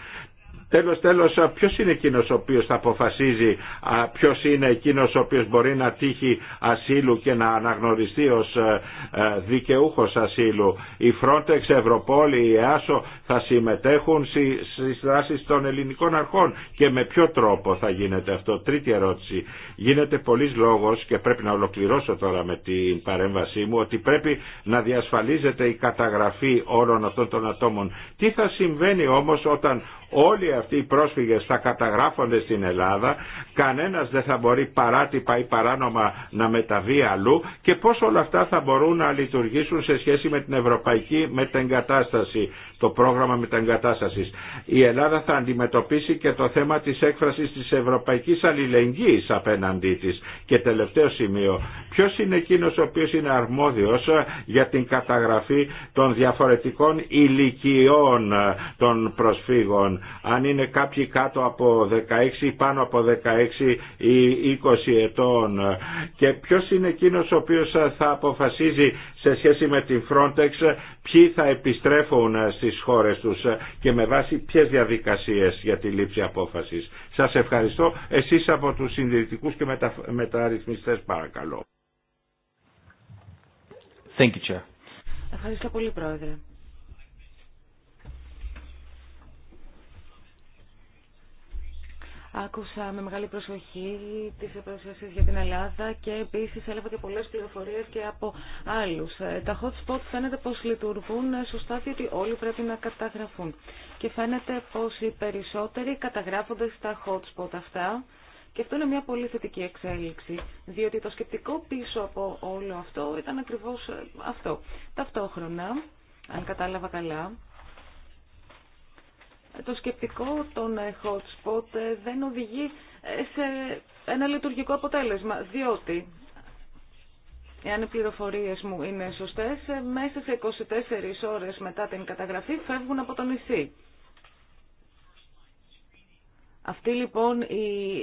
Τέλος, τέλος, ποιος είναι εκείνος ο οποίος θα αποφασίζει, ποιος είναι εκείνος ο οποίος μπορεί να τύχει ασύλου και να αναγνωριστεί ως ε, ε, δικαιούχος ασύλου. Η Frontex, Ευρωπόλη, η ΕΑΣΟ θα συμμετέχουν στις δράσεις των ελληνικών αρχών και με ποιο τρόπο θα γίνεται αυτό. Τρίτη ερώτηση. Γίνεται πολλή λόγος και πρέπει να ολοκληρώσω τώρα με την παρέμβασή μου ότι πρέπει να διασφαλίζεται η καταγραφή όλων αυτών των ατόμων. Τι θα συμβαίνει όμως όταν όλοι αυτοί οι πρόσφυγες θα καταγράφονται στην Ελλάδα, κανένας δεν θα μπορεί παράτυπα ή παράνομα να μεταβεί αλλού και πώς όλα αυτά θα μπορούν να λειτουργήσουν σε σχέση με την ευρωπαϊκή μετεγκατάσταση το πρόγραμμα μεταγκατάσταση. Η Ελλάδα θα αντιμετωπίσει και το θέμα της έκφρασης τη Ευρωπαϊκή αλληλεγγύης απέναντί τη Και τελευταίο σημείο, ποιος είναι εκείνο ο οποίο είναι αρμόδιος για την καταγραφή των διαφορετικών ηλικιών των προσφύγων. Αν είναι κάποιοι κάτω από 16 ή πάνω από 16 ή 20 ετών. Και ποιο είναι εκείνο ο οποίο θα αποφασίζει σε σχέση με την Frontex ποιοι θα επιστρέφουν στη τις χώρες τους ε, και με βάση ποιες διαδικασίες για τη λήψη απόφασης. Σας ευχαριστώ. Εσείς από τους συντηρητικούς και μετα... μεταρρυθμιστές παρακαλώ. Thank you, Ευχαριστώ πολύ, Πρόεδρε. Άκουσα με μεγάλη προσοχή τις παρουσιάσεις για την Ελλάδα και επίσης έλαβα και πολλές πληροφορίες και από άλλους. Ε, τα hot spot φαίνεται πως λειτουργούν ε, σωστά διότι όλοι πρέπει να καταγραφούν. Και φαίνεται πως οι περισσότεροι καταγράφονται στα hot spot αυτά. Και αυτό είναι μια πολύ θετική εξέλιξη, διότι το σκεπτικό πίσω από όλο αυτό ήταν ακριβώς ε, αυτό. Ταυτόχρονα, αν κατάλαβα καλά, το σκεπτικό των ε, hot spot ε, δεν οδηγεί ε, σε ένα λειτουργικό αποτέλεσμα, διότι εάν οι πληροφορίες μου είναι σωστές, μέσα σε 24 ώρες μετά την καταγραφή φεύγουν από το νησί. Αυτή λοιπόν η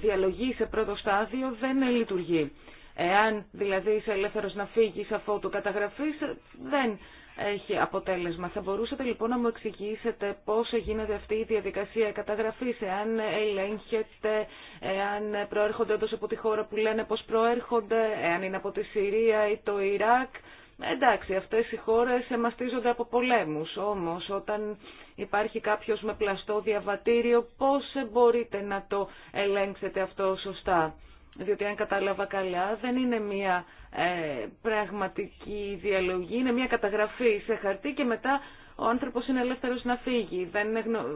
διαλογή σε πρώτο στάδιο δεν λειτουργεί. Εάν δηλαδή είσαι ελεύθερος να φύγεις το καταγραφείς, δεν έχει αποτέλεσμα. Θα μπορούσατε λοιπόν να μου εξηγήσετε πώς γίνεται αυτή η διαδικασία καταγραφής, εάν ελέγχεται, εάν προέρχονται όντως από τη χώρα που λένε πώς προέρχονται, εάν είναι από τη Συρία ή το Ιράκ. Εντάξει, αυτές οι χώρες εμαστίζονται από πολέμους, όμως όταν υπάρχει κάποιος με πλαστό διαβατήριο, πώς μπορείτε να το ελέγξετε αυτό σωστά διότι αν κατάλαβα καλά δεν είναι μια ε, πραγματική διαλογή, είναι μια καταγραφή σε χαρτί και μετά ο άνθρωπος είναι ελεύθερος να φύγει. Δεν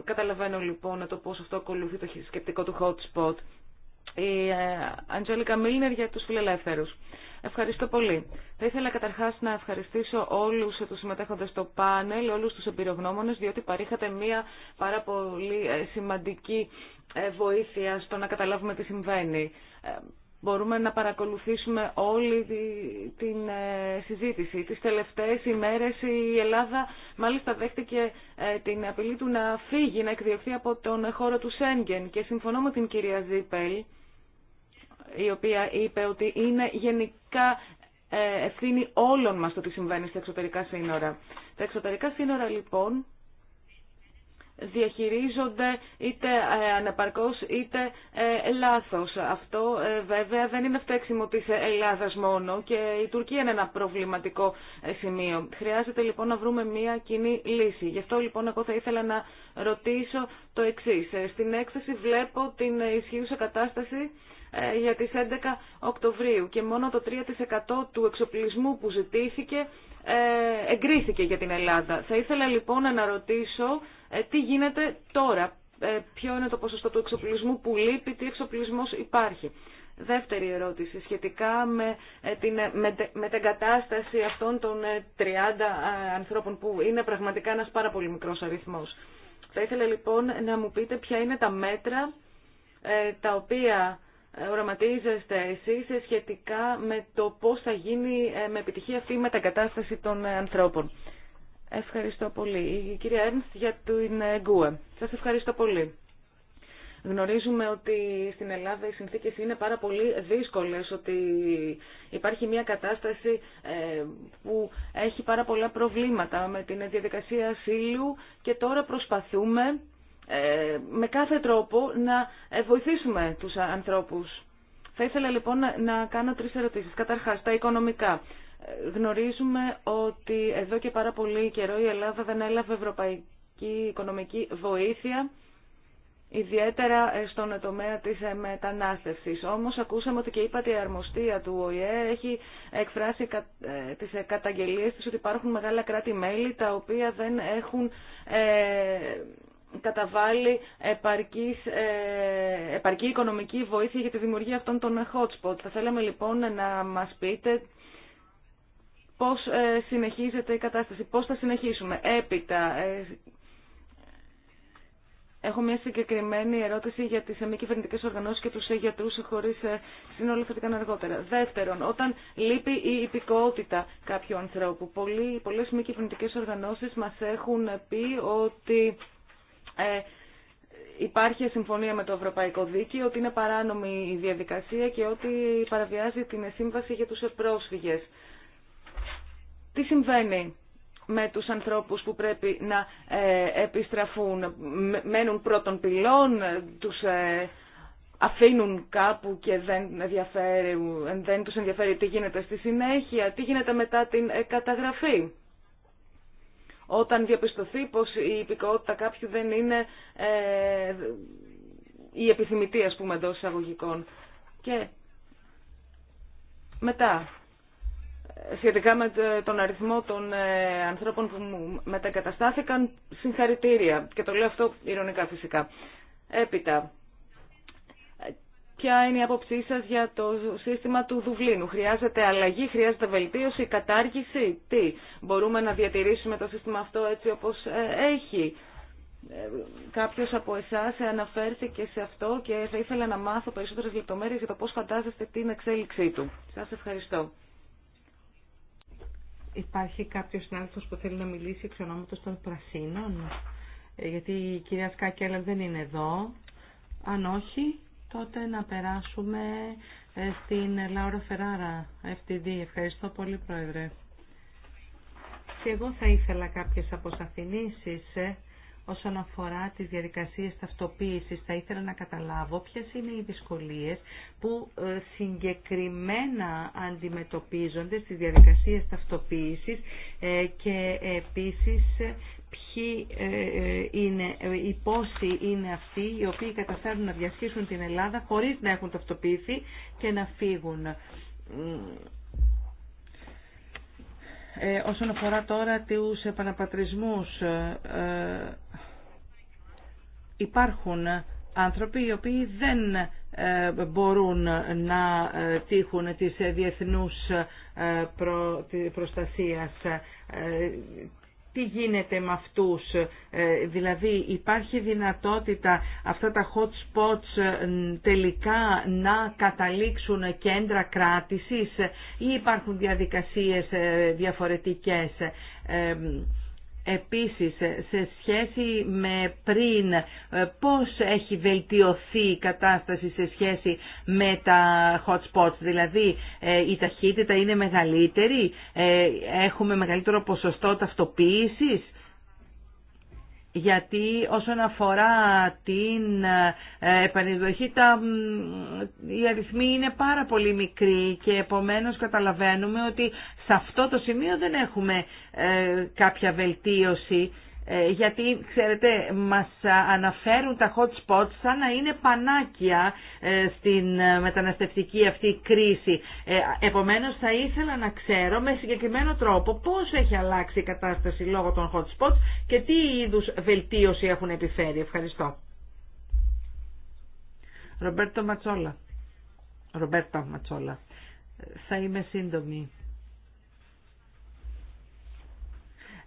Καταλαβαίνω λοιπόν το πώς αυτό ακολουθεί το σκεπτικό του hot spot. Η ε, Αντζέλικα Μίλνερ για τους φιλελεύθερους. Ευχαριστώ πολύ. Θα ήθελα καταρχάς να ευχαριστήσω όλους τους συμμετέχοντες στο πάνελ, όλους τους εμπειρογνώμονες, διότι παρήχατε μία πάρα πολύ ε, σημαντική ε, βοήθεια στο να καταλάβουμε τι συμβαίνει. Ε, μπορούμε να παρακολουθήσουμε όλη την ε, συζήτηση. Τις τελευταίες ημέρες η Ελλάδα μάλιστα δέχτηκε ε, την απειλή του να φύγει, να εκδιωχθεί από τον χώρο του Σέγγεν και συμφωνώ με την κυρία Ζίπελ η οποία είπε ότι είναι γενικά ευθύνη όλων μας το τι συμβαίνει στα εξωτερικά σύνορα. Τα εξωτερικά σύνορα λοιπόν διαχειρίζονται είτε ε, ανεπαρκώς είτε ε, λάθος. Αυτό ε, βέβαια δεν είναι φταίξιμο της Ελλάδας μόνο και η Τουρκία είναι ένα προβληματικό σημείο. Χρειάζεται λοιπόν να βρούμε μία κοινή λύση. Γι' αυτό λοιπόν εγώ θα ήθελα να ρωτήσω το εξής. Στην έκθεση βλέπω την ισχύουσα κατάσταση ε, για τις 11 Οκτωβρίου και μόνο το 3% του εξοπλισμού που ζητήθηκε ε, εγκρίθηκε για την Ελλάδα. Θα ήθελα λοιπόν να ρωτήσω ε, τι γίνεται τώρα, ποιο είναι το ποσοστό του εξοπλισμού που λείπει, τι εξοπλισμός υπάρχει. Δεύτερη ερώτηση σχετικά με την κατάσταση αυτών των 30 ανθρώπων που είναι πραγματικά ένας πάρα πολύ μικρός αριθμός. Θα ήθελα λοιπόν να μου πείτε ποια είναι τα μέτρα τα οποία οραματίζεστε εσείς σχετικά με το πώς θα γίνει ε, με επιτυχία αυτή η μετακατάσταση των ε, ανθρώπων. Ευχαριστώ πολύ. Η κυρία Έρνστ για την ΕΓΚΟΕ. Σας ευχαριστώ πολύ. Γνωρίζουμε ότι στην Ελλάδα οι συνθήκες είναι πάρα πολύ δύσκολες, ότι υπάρχει μια κατάσταση ε, που έχει πάρα πολλά προβλήματα με την διαδικασία ασύλου και τώρα προσπαθούμε ε, με κάθε τρόπο να ε, βοηθήσουμε τους ανθρώπους. Θα ήθελα λοιπόν να κάνω τρεις ερωτήσεις. Καταρχάς, τα οικονομικά. Ε, γνωρίζουμε ότι εδώ και πάρα πολύ καιρό η Ελλάδα δεν έλαβε ευρωπαϊκή οικονομική βοήθεια, ιδιαίτερα στον τομέα της μετανάστευσης. Όμως ακούσαμε ότι και η αρμοστία του ΟΗΕ έχει εκφράσει τις καταγγελίες της ότι υπάρχουν μεγάλα κράτη-μέλη τα οποία δεν έχουν καταβάλει επαρκής, ε, επαρκή οικονομική βοήθεια για τη δημιουργία αυτών των hotspot. Θα θέλαμε λοιπόν να μας πείτε πώς ε, συνεχίζεται η κατάσταση, πώς θα συνεχίσουμε. Έπειτα, ε, Έχω μια συγκεκριμένη ερώτηση για τις μη κυβερνητικέ οργανώσει και του χωρίς χωρί σύνολο θα την αργότερα. Δεύτερον, όταν λείπει η υπηκότητα κάποιου ανθρώπου, πολλέ μη κυβερνητικέ οργανώσεις μας έχουν πει ότι ε, υπάρχει συμφωνία με το Ευρωπαϊκό Δίκαιο ότι είναι παράνομη η διαδικασία και ότι παραβιάζει την σύμβαση για τους πρόσφυγες. Τι συμβαίνει με τους ανθρώπους που πρέπει να ε, επιστραφούν. Μένουν πρώτων πυλών, τους ε, αφήνουν κάπου και δεν, ενδιαφέρει, δεν τους ενδιαφέρει τι γίνεται στη συνέχεια, τι γίνεται μετά την καταγραφή όταν διαπιστωθεί πως η υπηκότητα κάποιου δεν είναι ε, η επιθυμητή, ας πούμε, εντός εισαγωγικών. Και μετά, σχετικά με τον αριθμό των ε, ανθρώπων που μου μετακαταστάθηκαν, συγχαρητήρια. Και το λέω αυτό ηρωνικά φυσικά. Έπειτα, ποια είναι η άποψή σα για το σύστημα του Δουβλίνου. Χρειάζεται αλλαγή, χρειάζεται βελτίωση, κατάργηση, τι. Μπορούμε να διατηρήσουμε το σύστημα αυτό έτσι όπως ε, έχει. Ε, κάποιος από εσάς αναφέρθηκε σε αυτό και θα ήθελα να μάθω περισσότερε λεπτομέρειε για το πώς φαντάζεστε την εξέλιξή του. Σας ευχαριστώ. Υπάρχει κάποιος συνάδελφος που θέλει να μιλήσει εξ ονόματος των Πρασίνων, ε, γιατί η κυρία Σκάκελα δεν είναι εδώ. Αν όχι, Τότε να περάσουμε ε, στην Λάουρα Φεράρα, FTD. Ευχαριστώ πολύ, Πρόεδρε. Και εγώ θα ήθελα κάποιες αποσαφηνήσεις ε, όσον αφορά τις διαδικασίες ταυτοποίησης. Θα ήθελα να καταλάβω ποιες είναι οι δυσκολίες που ε, συγκεκριμένα αντιμετωπίζονται στις διαδικασίες ταυτοποίησης και επίσης ποιοι ε, ε, είναι, ε, οι πόσοι είναι αυτοί οι οποίοι καταφέρνουν να διασχίσουν την Ελλάδα χωρίς να έχουν ταυτοποιηθεί και να φύγουν. όσον αφορά τώρα τους επαναπατρισμούς, ε, υπάρχουν άνθρωποι οι οποίοι δεν μπορούν να τύχουν της διεθνούς προστασίας τι γίνεται με αυτούς. Ε, δηλαδή υπάρχει δυνατότητα αυτά τα hot spots ε, τελικά να καταλήξουν κέντρα κράτησης ή υπάρχουν διαδικασίες ε, διαφορετικές. Επίσης, σε σχέση με πριν, ε, πώς έχει βελτιωθεί η κατάσταση σε σχέση με τα hot spots, δηλαδή ε, η ταχύτητα είναι μεγαλύτερη, ε, έχουμε μεγαλύτερο ποσοστό ταυτοποίησης, γιατί όσον αφορά την ε, επανεισδοχή τα, οι αριθμοί είναι πάρα πολύ μικροί και επομένως καταλαβαίνουμε ότι σε αυτό το σημείο δεν έχουμε ε, κάποια βελτίωση ε, γιατί ξέρετε μας αναφέρουν τα hot spots σαν να είναι πανάκια ε, στην ε, μεταναστευτική αυτή κρίση. Επομένως θα ήθελα να ξέρω με συγκεκριμένο τρόπο πώς έχει αλλάξει η κατάσταση λόγω των hot spots και τι είδους βελτίωση έχουν επιφέρει. Ευχαριστώ. Ρομπέρτο Ματσόλα. Ρομπέρτα Ματσόλα. Θα είμαι σύντομη.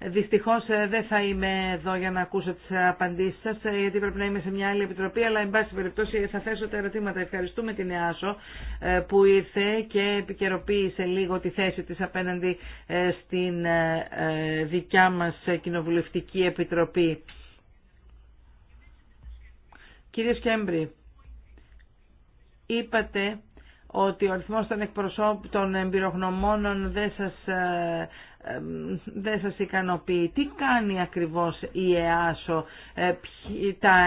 Δυστυχώς ε, δεν θα είμαι εδώ για να ακούσω τις απαντήσεις σας, ε, γιατί πρέπει να είμαι σε μια άλλη επιτροπή, αλλά εν πάση περιπτώσει θα θέσω τα ερωτήματα. Ευχαριστούμε την ΕΑΣΟ ε, που ήρθε και επικαιροποίησε λίγο τη θέση της απέναντι στην δικιά μας κοινοβουλευτική επιτροπή. Κύριε Σκέμπρη, είπατε ότι ο αριθμός των των εμπειρογνωμόνων ε, ε, δεν σας, ικανοποιεί. Τι κάνει ακριβώς η ΕΑΣΟ, ε, τα,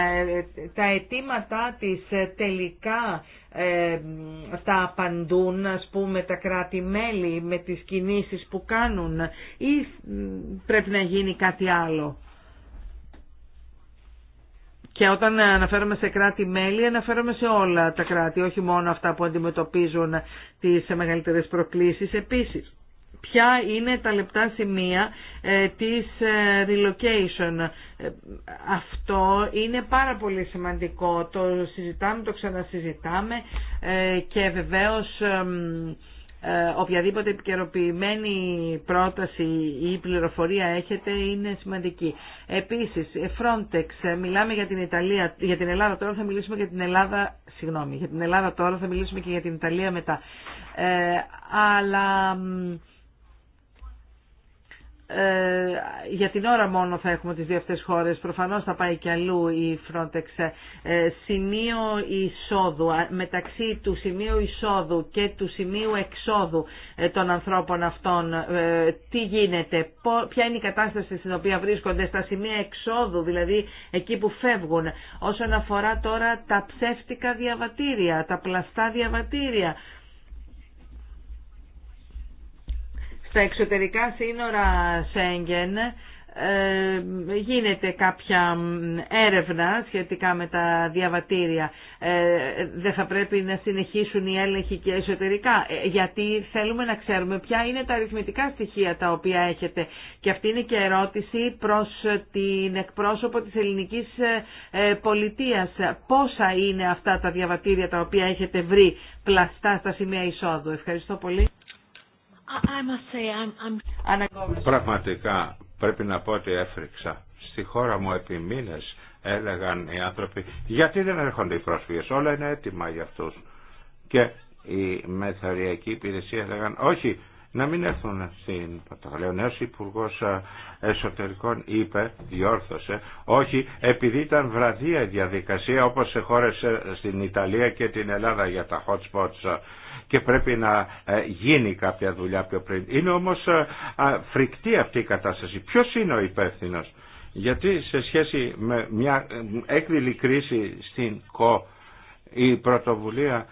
τα αιτήματά της τελικά τα απαντούν ας πούμε τα κράτη-μέλη με τις κινήσεις που κάνουν ή πρέπει να γίνει κάτι άλλο. Και όταν αναφέρομαι σε κράτη-μέλη, αναφέρομαι σε όλα τα κράτη, όχι μόνο αυτά που αντιμετωπίζουν τις μεγαλύτερες προκλήσεις. Επίσης, ποια είναι τα λεπτά σημεία ε, της ε, relocation. Ε, αυτό είναι πάρα πολύ σημαντικό. Το συζητάμε, το ξανασυζητάμε και βεβαίως... Ε, οποιαδήποτε επικαιροποιημένη πρόταση ή πληροφορία έχετε είναι σημαντική. Επίσης, ε, Frontex, ε, μιλάμε για την, Ιταλία, για την Ελλάδα τώρα, θα μιλήσουμε για την Ελλάδα, συγγνώμη, για την Ελλάδα τώρα, θα μιλήσουμε και για την Ιταλία μετά. αλλά ε, για την ώρα μόνο θα έχουμε τις δύο αυτές χώρες. Προφανώς θα πάει και αλλού η Frontex. Ε, σημείο εισόδου, μεταξύ του σημείου εισόδου και του σημείου εξόδου ε, των ανθρώπων αυτών, τι γίνεται, ποια είναι η κατάσταση στην οποία βρίσκονται στα σημεία εξόδου, δηλαδή εκεί που φεύγουν. Όσον αφορά τώρα τα ψεύτικα διαβατήρια, τα πλαστά διαβατήρια, στα εξωτερικά σύνορα Σέγγεν ε, γίνεται κάποια έρευνα σχετικά με τα διαβατήρια. Ε, δεν θα πρέπει να συνεχίσουν οι έλεγχοι και εσωτερικά. Ε, γιατί θέλουμε να ξέρουμε ποια είναι τα αριθμητικά στοιχεία τα οποία έχετε. Και αυτή είναι και ερώτηση προς την εκπρόσωπο της ελληνικής πολιτείας. Πόσα είναι αυτά τα διαβατήρια τα οποία έχετε βρει πλαστά στα σημεία εισόδου. Ευχαριστώ πολύ. Πραγματικά πρέπει να πω ότι έφρυξα. Στη χώρα μου επί μήνες έλεγαν οι άνθρωποι γιατί δεν έρχονται οι πρόσφυγες, όλα είναι έτοιμα για αυτούς. Και η μεθοριακή υπηρεσία έλεγαν όχι, να μην έρθουν στην Πορτογαλία. Ο νέος Υπουργός ε, Εσωτερικών είπε, διόρθωσε, όχι επειδή ήταν βραδία διαδικασία όπως σε χώρες ε, στην Ιταλία και την Ελλάδα για τα hot spots ε, και πρέπει να γίνει κάποια δουλειά πιο πριν. Είναι όμως φρικτή αυτή η κατάσταση. Ποιος είναι ο υπεύθυνο. Γιατί σε σχέση με μια έκδηλη κρίση στην ΚΟ η πρωτοβουλία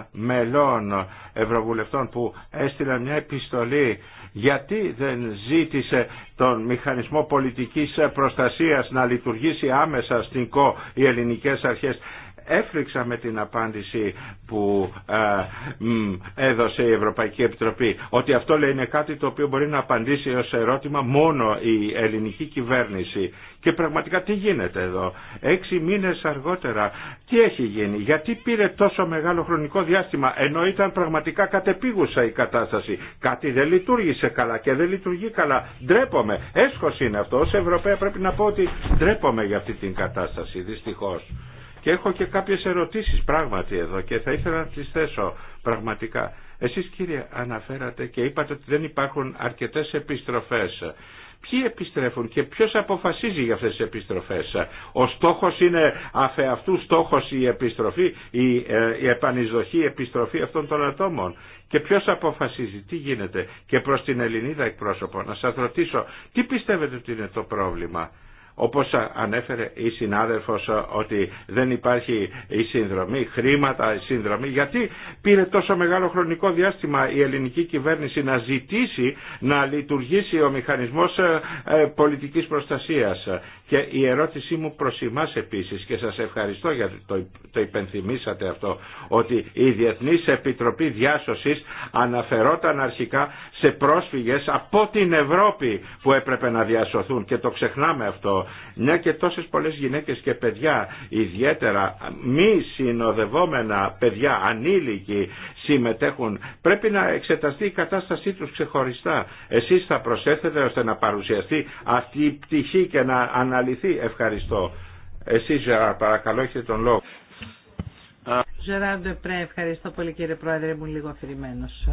70 μελών ευρωβουλευτών που έστειλαν μια επιστολή γιατί δεν ζήτησε τον μηχανισμό πολιτικής προστασίας να λειτουργήσει άμεσα στην ΚΟ οι ελληνικές αρχές Έφρυξα με την απάντηση που ε, έδωσε η Ευρωπαϊκή Επιτροπή ότι αυτό λέει είναι κάτι το οποίο μπορεί να απαντήσει ως ερώτημα μόνο η ελληνική κυβέρνηση. Και πραγματικά τι γίνεται εδώ. Έξι μήνες αργότερα τι έχει γίνει. Γιατί πήρε τόσο μεγάλο χρονικό διάστημα ενώ ήταν πραγματικά κατεπίγουσα η κατάσταση. Κάτι δεν λειτουργήσε καλά και δεν λειτουργεί καλά. Ντρέπομαι. Έσχος είναι αυτό. Ως Ευρωπαία πρέπει να πω ότι ντρέπομαι για αυτή την κατάσταση δυστυχώς. Και έχω και κάποιες ερωτήσεις πράγματι εδώ και θα ήθελα να τις θέσω πραγματικά. Εσείς κύριε αναφέρατε και είπατε ότι δεν υπάρχουν αρκετές επιστροφές. Ποιοι επιστρέφουν και ποιος αποφασίζει για αυτές τις επιστροφές. Ο στόχος είναι αφεαυτού στόχος η επιστροφή, η, ε, η επανεισδοχή, η επιστροφή αυτών των ατόμων. Και ποιος αποφασίζει, τι γίνεται. Και προς την Ελληνίδα εκπρόσωπο να σας ρωτήσω, τι πιστεύετε ότι είναι το πρόβλημα όπως ανέφερε η συνάδελφος ότι δεν υπάρχει η συνδρομή, χρήματα η συνδρομή, γιατί πήρε τόσο μεγάλο χρονικό διάστημα η ελληνική κυβέρνηση να ζητήσει να λειτουργήσει ο μηχανισμός ε, ε, πολιτικής προστασίας και η ερώτησή μου προς εμάς επίσης και σας ευχαριστώ για το υπενθυμίσατε αυτό ότι η Διεθνής Επιτροπή Διάσωσης αναφερόταν αρχικά σε πρόσφυγες από την Ευρώπη που έπρεπε να διασωθούν και το ξεχνάμε αυτό. Μια και τόσες πολλές γυναίκες και παιδιά ιδιαίτερα μη συνοδευόμενα παιδιά ανήλικοι συμμετέχουν πρέπει να εξεταστεί η κατάστασή τους ξεχωριστά. Εσείς θα προσέθετε ώστε να παρουσιαστεί αυτή η πτυχή και να επαναληθεί. Ευχαριστώ. Εσύ Ζεράρ, παρακαλώ, έχετε τον λόγο. Ζερά, Ντεπρέ, ευχαριστώ πολύ κύριε Πρόεδρε, μου, λίγο αφηρημένος.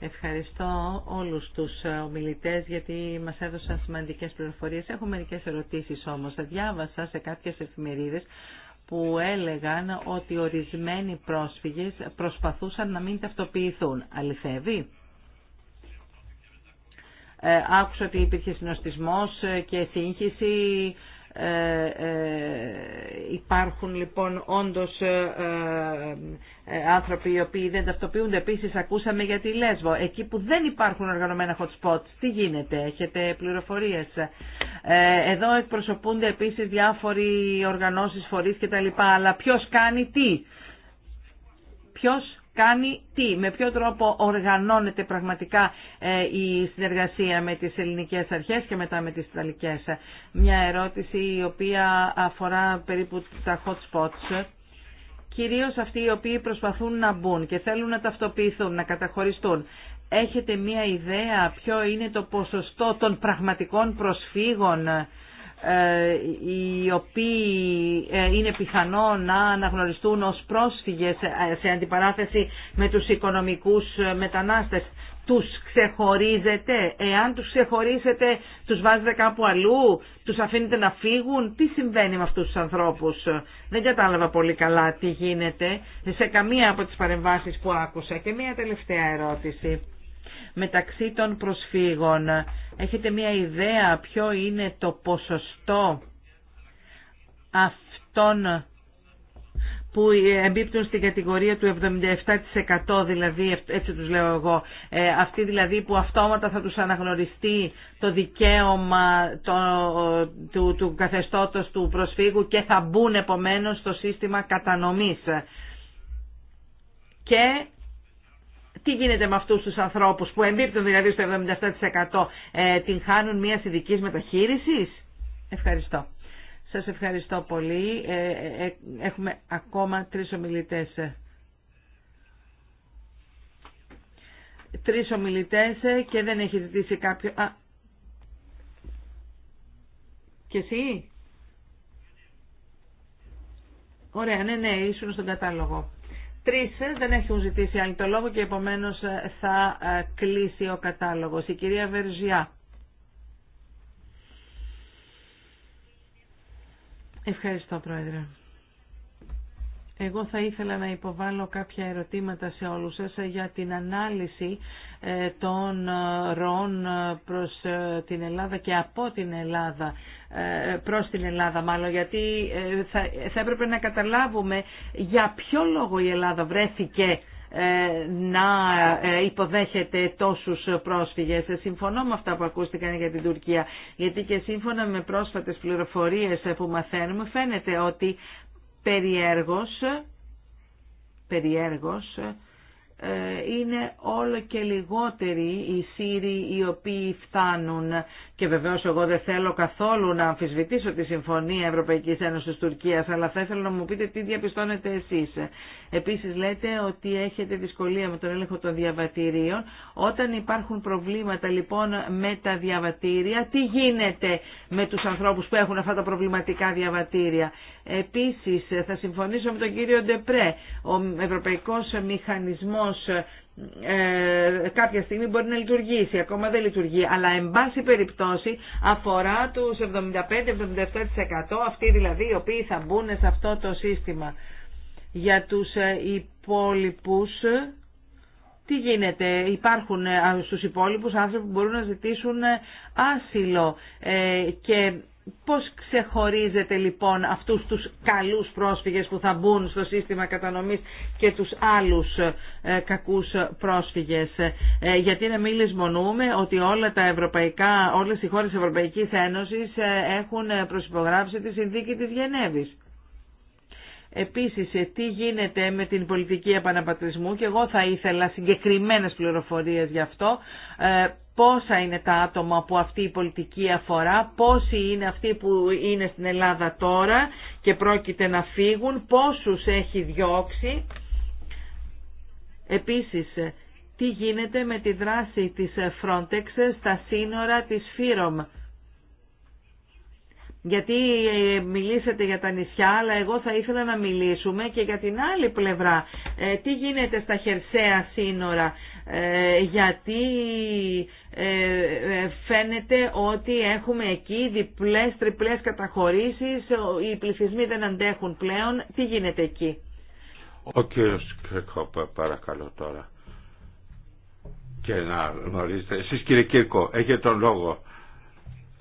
Ευχαριστώ όλους τους ομιλητές γιατί μας έδωσαν σημαντικές πληροφορίες. Έχω μερικές ερωτήσεις όμως. διάβασα σε κάποιες εφημερίδες που έλεγαν ότι ορισμένοι πρόσφυγες προσπαθούσαν να μην ταυτοποιηθούν. Αληθεύει? Ε, άκουσα ότι υπήρχε συνοστισμός ε, και σύγχυση. Ε, ε, υπάρχουν λοιπόν όντως ε, άνθρωποι οι οποίοι δεν ταυτοποιούνται. Επίσης ακούσαμε για τη Λέσβο. Εκεί που δεν υπάρχουν οργανωμένα hot spots, τι γίνεται, έχετε πληροφορίες. Εδώ εκπροσωπούνται επίσης διάφοροι οργανώσεις, φορείς κτλ. Αλλά ποιος κάνει τι. Ποιος κάνει τι, με ποιο τρόπο οργανώνεται πραγματικά ε, η συνεργασία με τις ελληνικές αρχές και μετά με τις ιταλικές. Μια ερώτηση η οποία αφορά περίπου τα hot spots κυρίως αυτοί οι οποίοι προσπαθούν να μπουν και θέλουν να ταυτοποιηθούν, να καταχωριστούν. Έχετε μία ιδέα ποιο είναι το ποσοστό των πραγματικών προσφύγων ε, οι οποίοι ε, είναι πιθανό να αναγνωριστούν ως πρόσφυγες ε, σε αντιπαράθεση με τους οικονομικούς μετανάστες. Τους ξεχωρίζετε, εάν τους ξεχωρίζετε τους βάζετε κάπου αλλού, τους αφήνετε να φύγουν, τι συμβαίνει με αυτούς τους ανθρώπους. Δεν κατάλαβα πολύ καλά τι γίνεται σε καμία από τις παρεμβάσεις που άκουσα. Και μία τελευταία ερώτηση μεταξύ των προσφύγων. Έχετε μια ιδέα ποιο είναι το ποσοστό αυτών που εμπίπτουν στην κατηγορία του 77% δηλαδή, ε, έτσι τους λέω εγώ, ε, αυτοί δηλαδή που αυτόματα θα τους αναγνωριστεί το δικαίωμα το, του, του καθεστώτος του προσφύγου και θα μπουν επομένως στο σύστημα κατανομής. Και τι γίνεται με αυτού του ανθρώπου που εμπίπτουν δηλαδή στο 77% ε, την χάνουν μια ειδική μεταχείρισης. Ευχαριστώ. Σας ευχαριστώ πολύ. Ε, ε, έχουμε ακόμα τρεις ομιλητές. Τρεις ομιλητές και δεν έχει ζητήσει κάποιο... Α, και εσύ. Ωραία, ναι, ναι, ήσουν στον κατάλογο τρεις ε, δεν έχουν ζητήσει άλλη το λόγο και επομένως ε, θα ε, κλείσει ο κατάλογος. Η κυρία Βερζιά. Ευχαριστώ, Πρόεδρε. Εγώ θα ήθελα να υποβάλω κάποια ερωτήματα σε όλους σας ε, για την ανάλυση ε, των ε, ροών προς την Ελλάδα και από την Ελλάδα, προς την Ελλάδα μάλλον, γιατί θα έπρεπε να καταλάβουμε για ποιο λόγο η Ελλάδα βρέθηκε να υποδέχεται τόσους πρόσφυγες. Συμφωνώ με αυτά που ακούστηκαν για την Τουρκία, γιατί και σύμφωνα με πρόσφατες πληροφορίες που μαθαίνουμε φαίνεται ότι περιέργως, περιέργως ε, είναι όλο και λιγότεροι οι Σύροι οι οποίοι φτάνουν και βεβαίως εγώ δεν θέλω καθόλου να αμφισβητήσω τη Συμφωνία Ευρωπαϊκής Ένωσης Τουρκία, αλλά θα ήθελα να μου πείτε τι διαπιστώνετε εσείς. Επίσης λέτε ότι έχετε δυσκολία με τον έλεγχο των διαβατηρίων. Όταν υπάρχουν προβλήματα λοιπόν με τα διαβατήρια, τι γίνεται με τους ανθρώπους που έχουν αυτά τα προβληματικά διαβατήρια. Επίση, θα συμφωνήσω με τον κύριο Ντεπρέ, ο Ευρωπαϊκό Μηχανισμό ε, κάποια στιγμή μπορεί να λειτουργήσει, ακόμα δεν λειτουργεί, αλλά εν πάση περιπτώσει αφορά τους 75-77% αυτοί δηλαδή οι οποίοι θα μπουν σε αυτό το σύστημα. Για τους ε, υπόλοιπους, ε, τι γίνεται, υπάρχουν ε, στους υπόλοιπους άνθρωποι που μπορούν να ζητήσουν άσυλο και Πώς ξεχωρίζετε λοιπόν αυτούς τους καλούς πρόσφυγες που θα μπουν στο σύστημα κατανομής και τους άλλους ε, κακούς πρόσφυγες. Ε, γιατί να μην λησμονούμε ότι όλα τα ευρωπαϊκά, όλες οι χώρες Ευρωπαϊκής Ένωσης ε, έχουν προσυπογράψει τη συνθήκη της Γενέβης. Επίσης, τι γίνεται με την πολιτική επαναπατρισμού και εγώ θα ήθελα συγκεκριμένες πληροφορίες γι' αυτό πόσα είναι τα άτομα που αυτή η πολιτική αφορά, πόσοι είναι αυτοί που είναι στην Ελλάδα τώρα και πρόκειται να φύγουν, πόσους έχει διώξει. Επίσης, τι γίνεται με τη δράση της Frontex στα σύνορα της Φύρομ. Γιατί ε, μιλήσατε για τα νησιά, αλλά εγώ θα ήθελα να μιλήσουμε και για την άλλη πλευρά. Ε, τι γίνεται στα χερσαία σύνορα. Ε, γιατί ε, ε, φαίνεται ότι έχουμε εκεί διπλές, τριπλές καταχωρήσεις, οι πληθυσμοί δεν αντέχουν πλέον. Τι γίνεται εκεί. Ο κύριος Κρυκόπ, παρακαλώ τώρα. Και να γνωρίζετε. Εσείς κύριε Κύρκο, έχετε τον λόγο.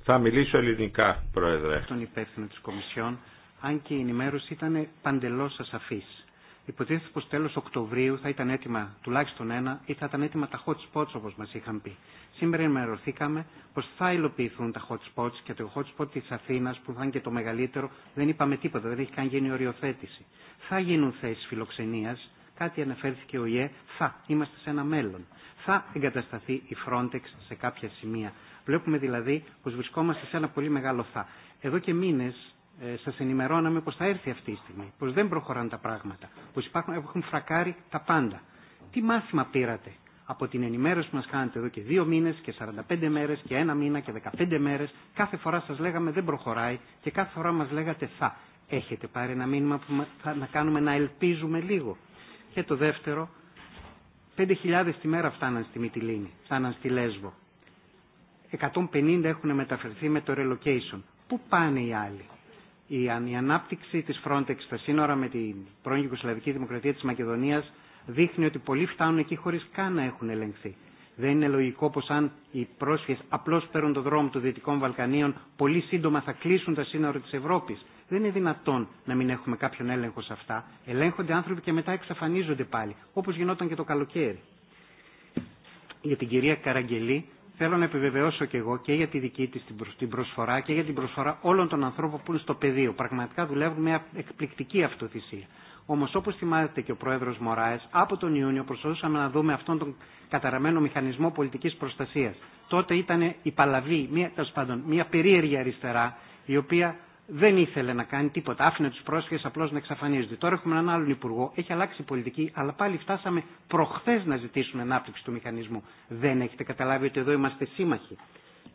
Θα μιλήσω ελληνικά, Πρόεδρε. Τον υπεύθυνο της Κομισιόν, αν και η ενημέρωση ήταν παντελώς ασαφής. Υποτίθεται πω τέλο Οκτωβρίου θα ήταν έτοιμα τουλάχιστον ένα ή θα ήταν έτοιμα τα hot spots όπω μα είχαν πει. Σήμερα ενημερωθήκαμε πω θα υλοποιηθούν τα hot spots και το hot spot τη Αθήνα που θα είναι και το μεγαλύτερο δεν είπαμε τίποτα, δεν έχει καν γίνει οριοθέτηση. Θα γίνουν θέσει φιλοξενία, κάτι αναφέρθηκε ο ΙΕ, θα, είμαστε σε ένα μέλλον. Θα εγκατασταθεί η Frontex σε κάποια σημεία. Βλέπουμε δηλαδή πω βρισκόμαστε σε ένα πολύ μεγάλο θα. Εδώ και μήνε ε, σα ενημερώναμε πω θα έρθει αυτή η στιγμή, πω δεν προχωράνε τα πράγματα, Πώ έχουν φρακάρει τα πάντα. Τι μάθημα πήρατε από την ενημέρωση που μα κάνετε εδώ και δύο μήνε και 45 μέρε και ένα μήνα και 15 μέρε κάθε φορά σα λέγαμε δεν προχωράει και κάθε φορά μα λέγατε θα. Έχετε πάρει ένα μήνυμα που θα να κάνουμε να ελπίζουμε λίγο. Και το δεύτερο, 5.000 τη μέρα φτάναν στη Μυτιλίνη, φτάναν στη Λέσβο. 150 έχουν μεταφερθεί με το relocation. Πού πάνε οι άλλοι η, ανάπτυξη της Frontex στα σύνορα με την πρώην Ιουγκοσλαβική Δημοκρατία της Μακεδονίας δείχνει ότι πολλοί φτάνουν εκεί χωρίς καν να έχουν ελεγχθεί. Δεν είναι λογικό πως αν οι πρόσφυγες απλώς παίρνουν το δρόμο του Δυτικών Βαλκανίων, πολύ σύντομα θα κλείσουν τα σύνορα της Ευρώπης. Δεν είναι δυνατόν να μην έχουμε κάποιον έλεγχο σε αυτά. Ελέγχονται άνθρωποι και μετά εξαφανίζονται πάλι, όπως γινόταν και το καλοκαίρι. Για την κυρία Καραγγελή, θέλω να επιβεβαιώσω και εγώ και για τη δική της την προσφορά και για την προσφορά όλων των ανθρώπων που είναι στο πεδίο. Πραγματικά δουλεύουν με εκπληκτική αυτοθυσία. Όμω, όπω θυμάται και ο πρόεδρο Μωράε, από τον Ιούνιο προσπαθούσαμε να δούμε αυτόν τον καταραμένο μηχανισμό πολιτική προστασία. Τότε ήταν η παλαβή, μία, πάντων, μία περίεργη αριστερά, η οποία δεν ήθελε να κάνει τίποτα. Άφηνε του πρόσφυγε απλώ να εξαφανίζονται. Τώρα έχουμε έναν άλλον υπουργό, έχει αλλάξει η πολιτική, αλλά πάλι φτάσαμε προχθέ να ζητήσουμε ανάπτυξη του μηχανισμού. Δεν έχετε καταλάβει ότι εδώ είμαστε σύμμαχοι.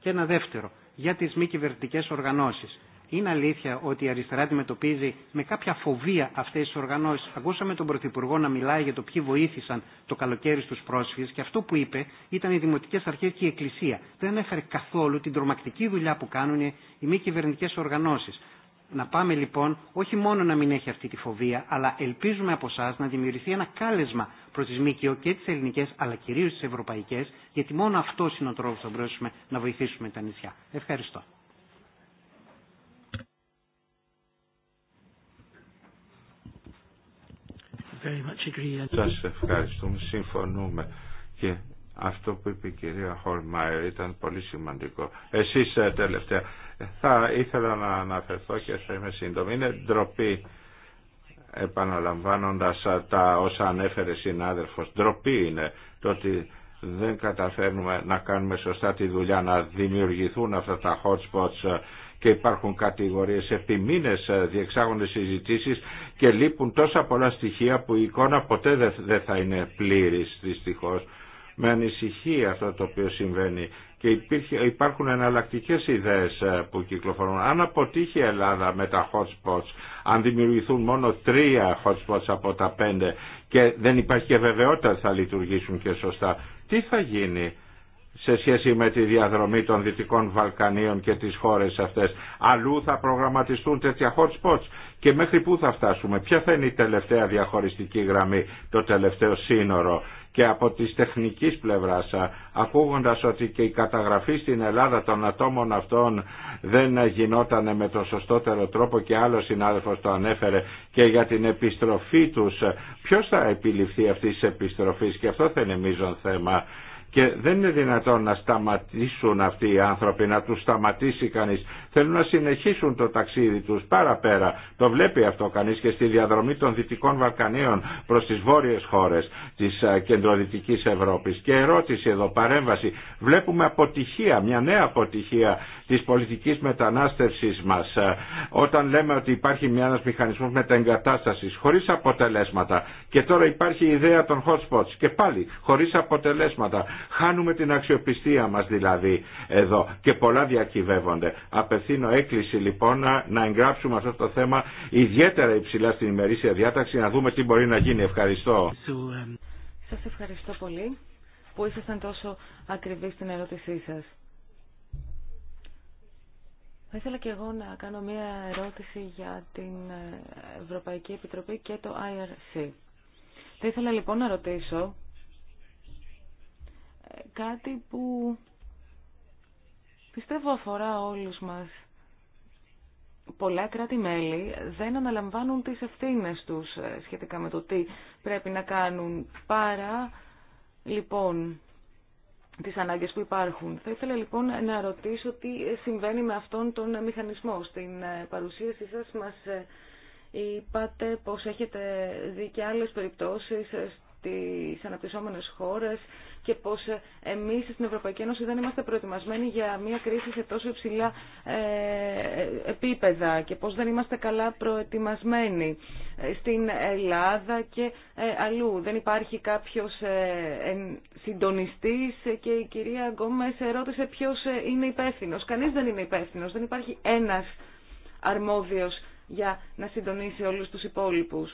Και ένα δεύτερο, για τι μη κυβερνητικέ οργανώσει. Είναι αλήθεια ότι η αριστερά αντιμετωπίζει με κάποια φοβία αυτέ τι οργανώσει. Ακούσαμε τον Πρωθυπουργό να μιλάει για το ποιοι βοήθησαν το καλοκαίρι στου πρόσφυγε και αυτό που είπε ήταν οι δημοτικέ αρχέ και η Εκκλησία. Δεν έφερε καθόλου την τρομακτική δουλειά που κάνουν οι μη κυβερνητικέ οργανώσει. Να πάμε λοιπόν όχι μόνο να μην έχει αυτή τη φοβία, αλλά ελπίζουμε από εσά να δημιουργηθεί ένα κάλεσμα προ τι ΜΚΟ και τι ελληνικέ, αλλά κυρίω τι ευρωπαϊκέ, γιατί μόνο αυτό είναι ο τρόπο θα μπορέσουμε να βοηθήσουμε τα νησιά. Ευχαριστώ. very Σας ευχαριστούμε, συμφωνούμε και αυτό που είπε η κυρία Χολμάιρ ήταν πολύ σημαντικό. Εσείς ε, τελευταία. Ε, θα ήθελα να αναφερθώ και θα είμαι σύντομη. Είναι ντροπή επαναλαμβάνοντας ε, τα όσα ανέφερε συνάδελφος. Ντροπή είναι το ότι δεν καταφέρνουμε να κάνουμε σωστά τη δουλειά, να δημιουργηθούν αυτά τα hot spots και υπάρχουν κατηγορίες. Επί μήνες ε, διεξάγονται συζητήσεις και λείπουν τόσα πολλά στοιχεία που η εικόνα ποτέ δεν θα είναι πλήρης δυστυχώς. Με ανησυχεί αυτό το οποίο συμβαίνει και υπάρχουν εναλλακτικέ ιδέες ε, που κυκλοφορούν. Αν αποτύχει η Ελλάδα με τα hot spots, αν δημιουργηθούν μόνο τρία hot spots από τα πέντε και δεν υπάρχει και βεβαιότητα θα λειτουργήσουν και σωστά, τι θα γίνει σε σχέση με τη διαδρομή των Δυτικών Βαλκανίων και τις χώρες αυτές. Αλλού θα προγραμματιστούν τέτοια hot spots και μέχρι πού θα φτάσουμε, ποια θα είναι η τελευταία διαχωριστική γραμμή, το τελευταίο σύνορο και από της τεχνικής πλευράς ακούγοντα ότι και η καταγραφή στην Ελλάδα των ατόμων αυτών δεν γινόταν με τον σωστότερο τρόπο και άλλο συνάδελφος το ανέφερε και για την επιστροφή τους ποιος θα επιληφθεί αυτής της επιστροφής και αυτό θα είναι μείζον θέμα και δεν είναι δυνατόν να σταματήσουν αυτοί οι άνθρωποι, να τους σταματήσει κανείς. Θέλουν να συνεχίσουν το ταξίδι τους παραπέρα. Το βλέπει αυτό κανείς και στη διαδρομή των Δυτικών Βαλκανίων προς τις βόρειες χώρες της κεντροδυτικής Ευρώπης. Και ερώτηση εδώ, παρέμβαση. Βλέπουμε αποτυχία, μια νέα αποτυχία της πολιτικής μετανάστευσης μας. Όταν λέμε ότι υπάρχει μια ένας μηχανισμός μεταεγκατάστασης χωρίς αποτελέσματα και τώρα υπάρχει η ιδέα των hot και πάλι χωρίς αποτελέσματα Χάνουμε την αξιοπιστία μας δηλαδή εδώ και πολλά διακυβεύονται. Απευθύνω έκκληση λοιπόν να εγγράψουμε αυτό το θέμα ιδιαίτερα υψηλά στην ημερήσια διάταξη να δούμε τι μπορεί να γίνει. Ευχαριστώ. Σας ευχαριστώ πολύ που ήσασταν τόσο ακριβείς στην ερώτησή σας. Θα ήθελα και εγώ να κάνω μία ερώτηση για την Ευρωπαϊκή Επιτροπή και το IRC. Θα ήθελα λοιπόν να ρωτήσω κάτι που πιστεύω αφορά όλους μας. Πολλά κράτη-μέλη δεν αναλαμβάνουν τις ευθύνες τους ε, σχετικά με το τι πρέπει να κάνουν παρά λοιπόν τις ανάγκες που υπάρχουν. Θα ήθελα λοιπόν να ρωτήσω τι συμβαίνει με αυτόν τον μηχανισμό. Στην ε, παρουσίασή σας μας ε, είπατε πως έχετε δει και άλλες περιπτώσεις τι αναπτυσσόμενες χώρες και πως εμείς στην Ευρωπαϊκή Ένωση δεν είμαστε προετοιμασμένοι για μια κρίση σε τόσο υψηλά ε, επίπεδα και πως δεν είμαστε καλά προετοιμασμένοι ε, στην Ελλάδα και ε, αλλού. Δεν υπάρχει κάποιος συντονιστής και η κυρία Γκόμες ερώτησε ποιος είναι υπεύθυνο. Κανείς δεν είναι υπεύθυνο, δεν υπάρχει ένας αρμόδιος για να συντονίσει όλους τους υπόλοιπους.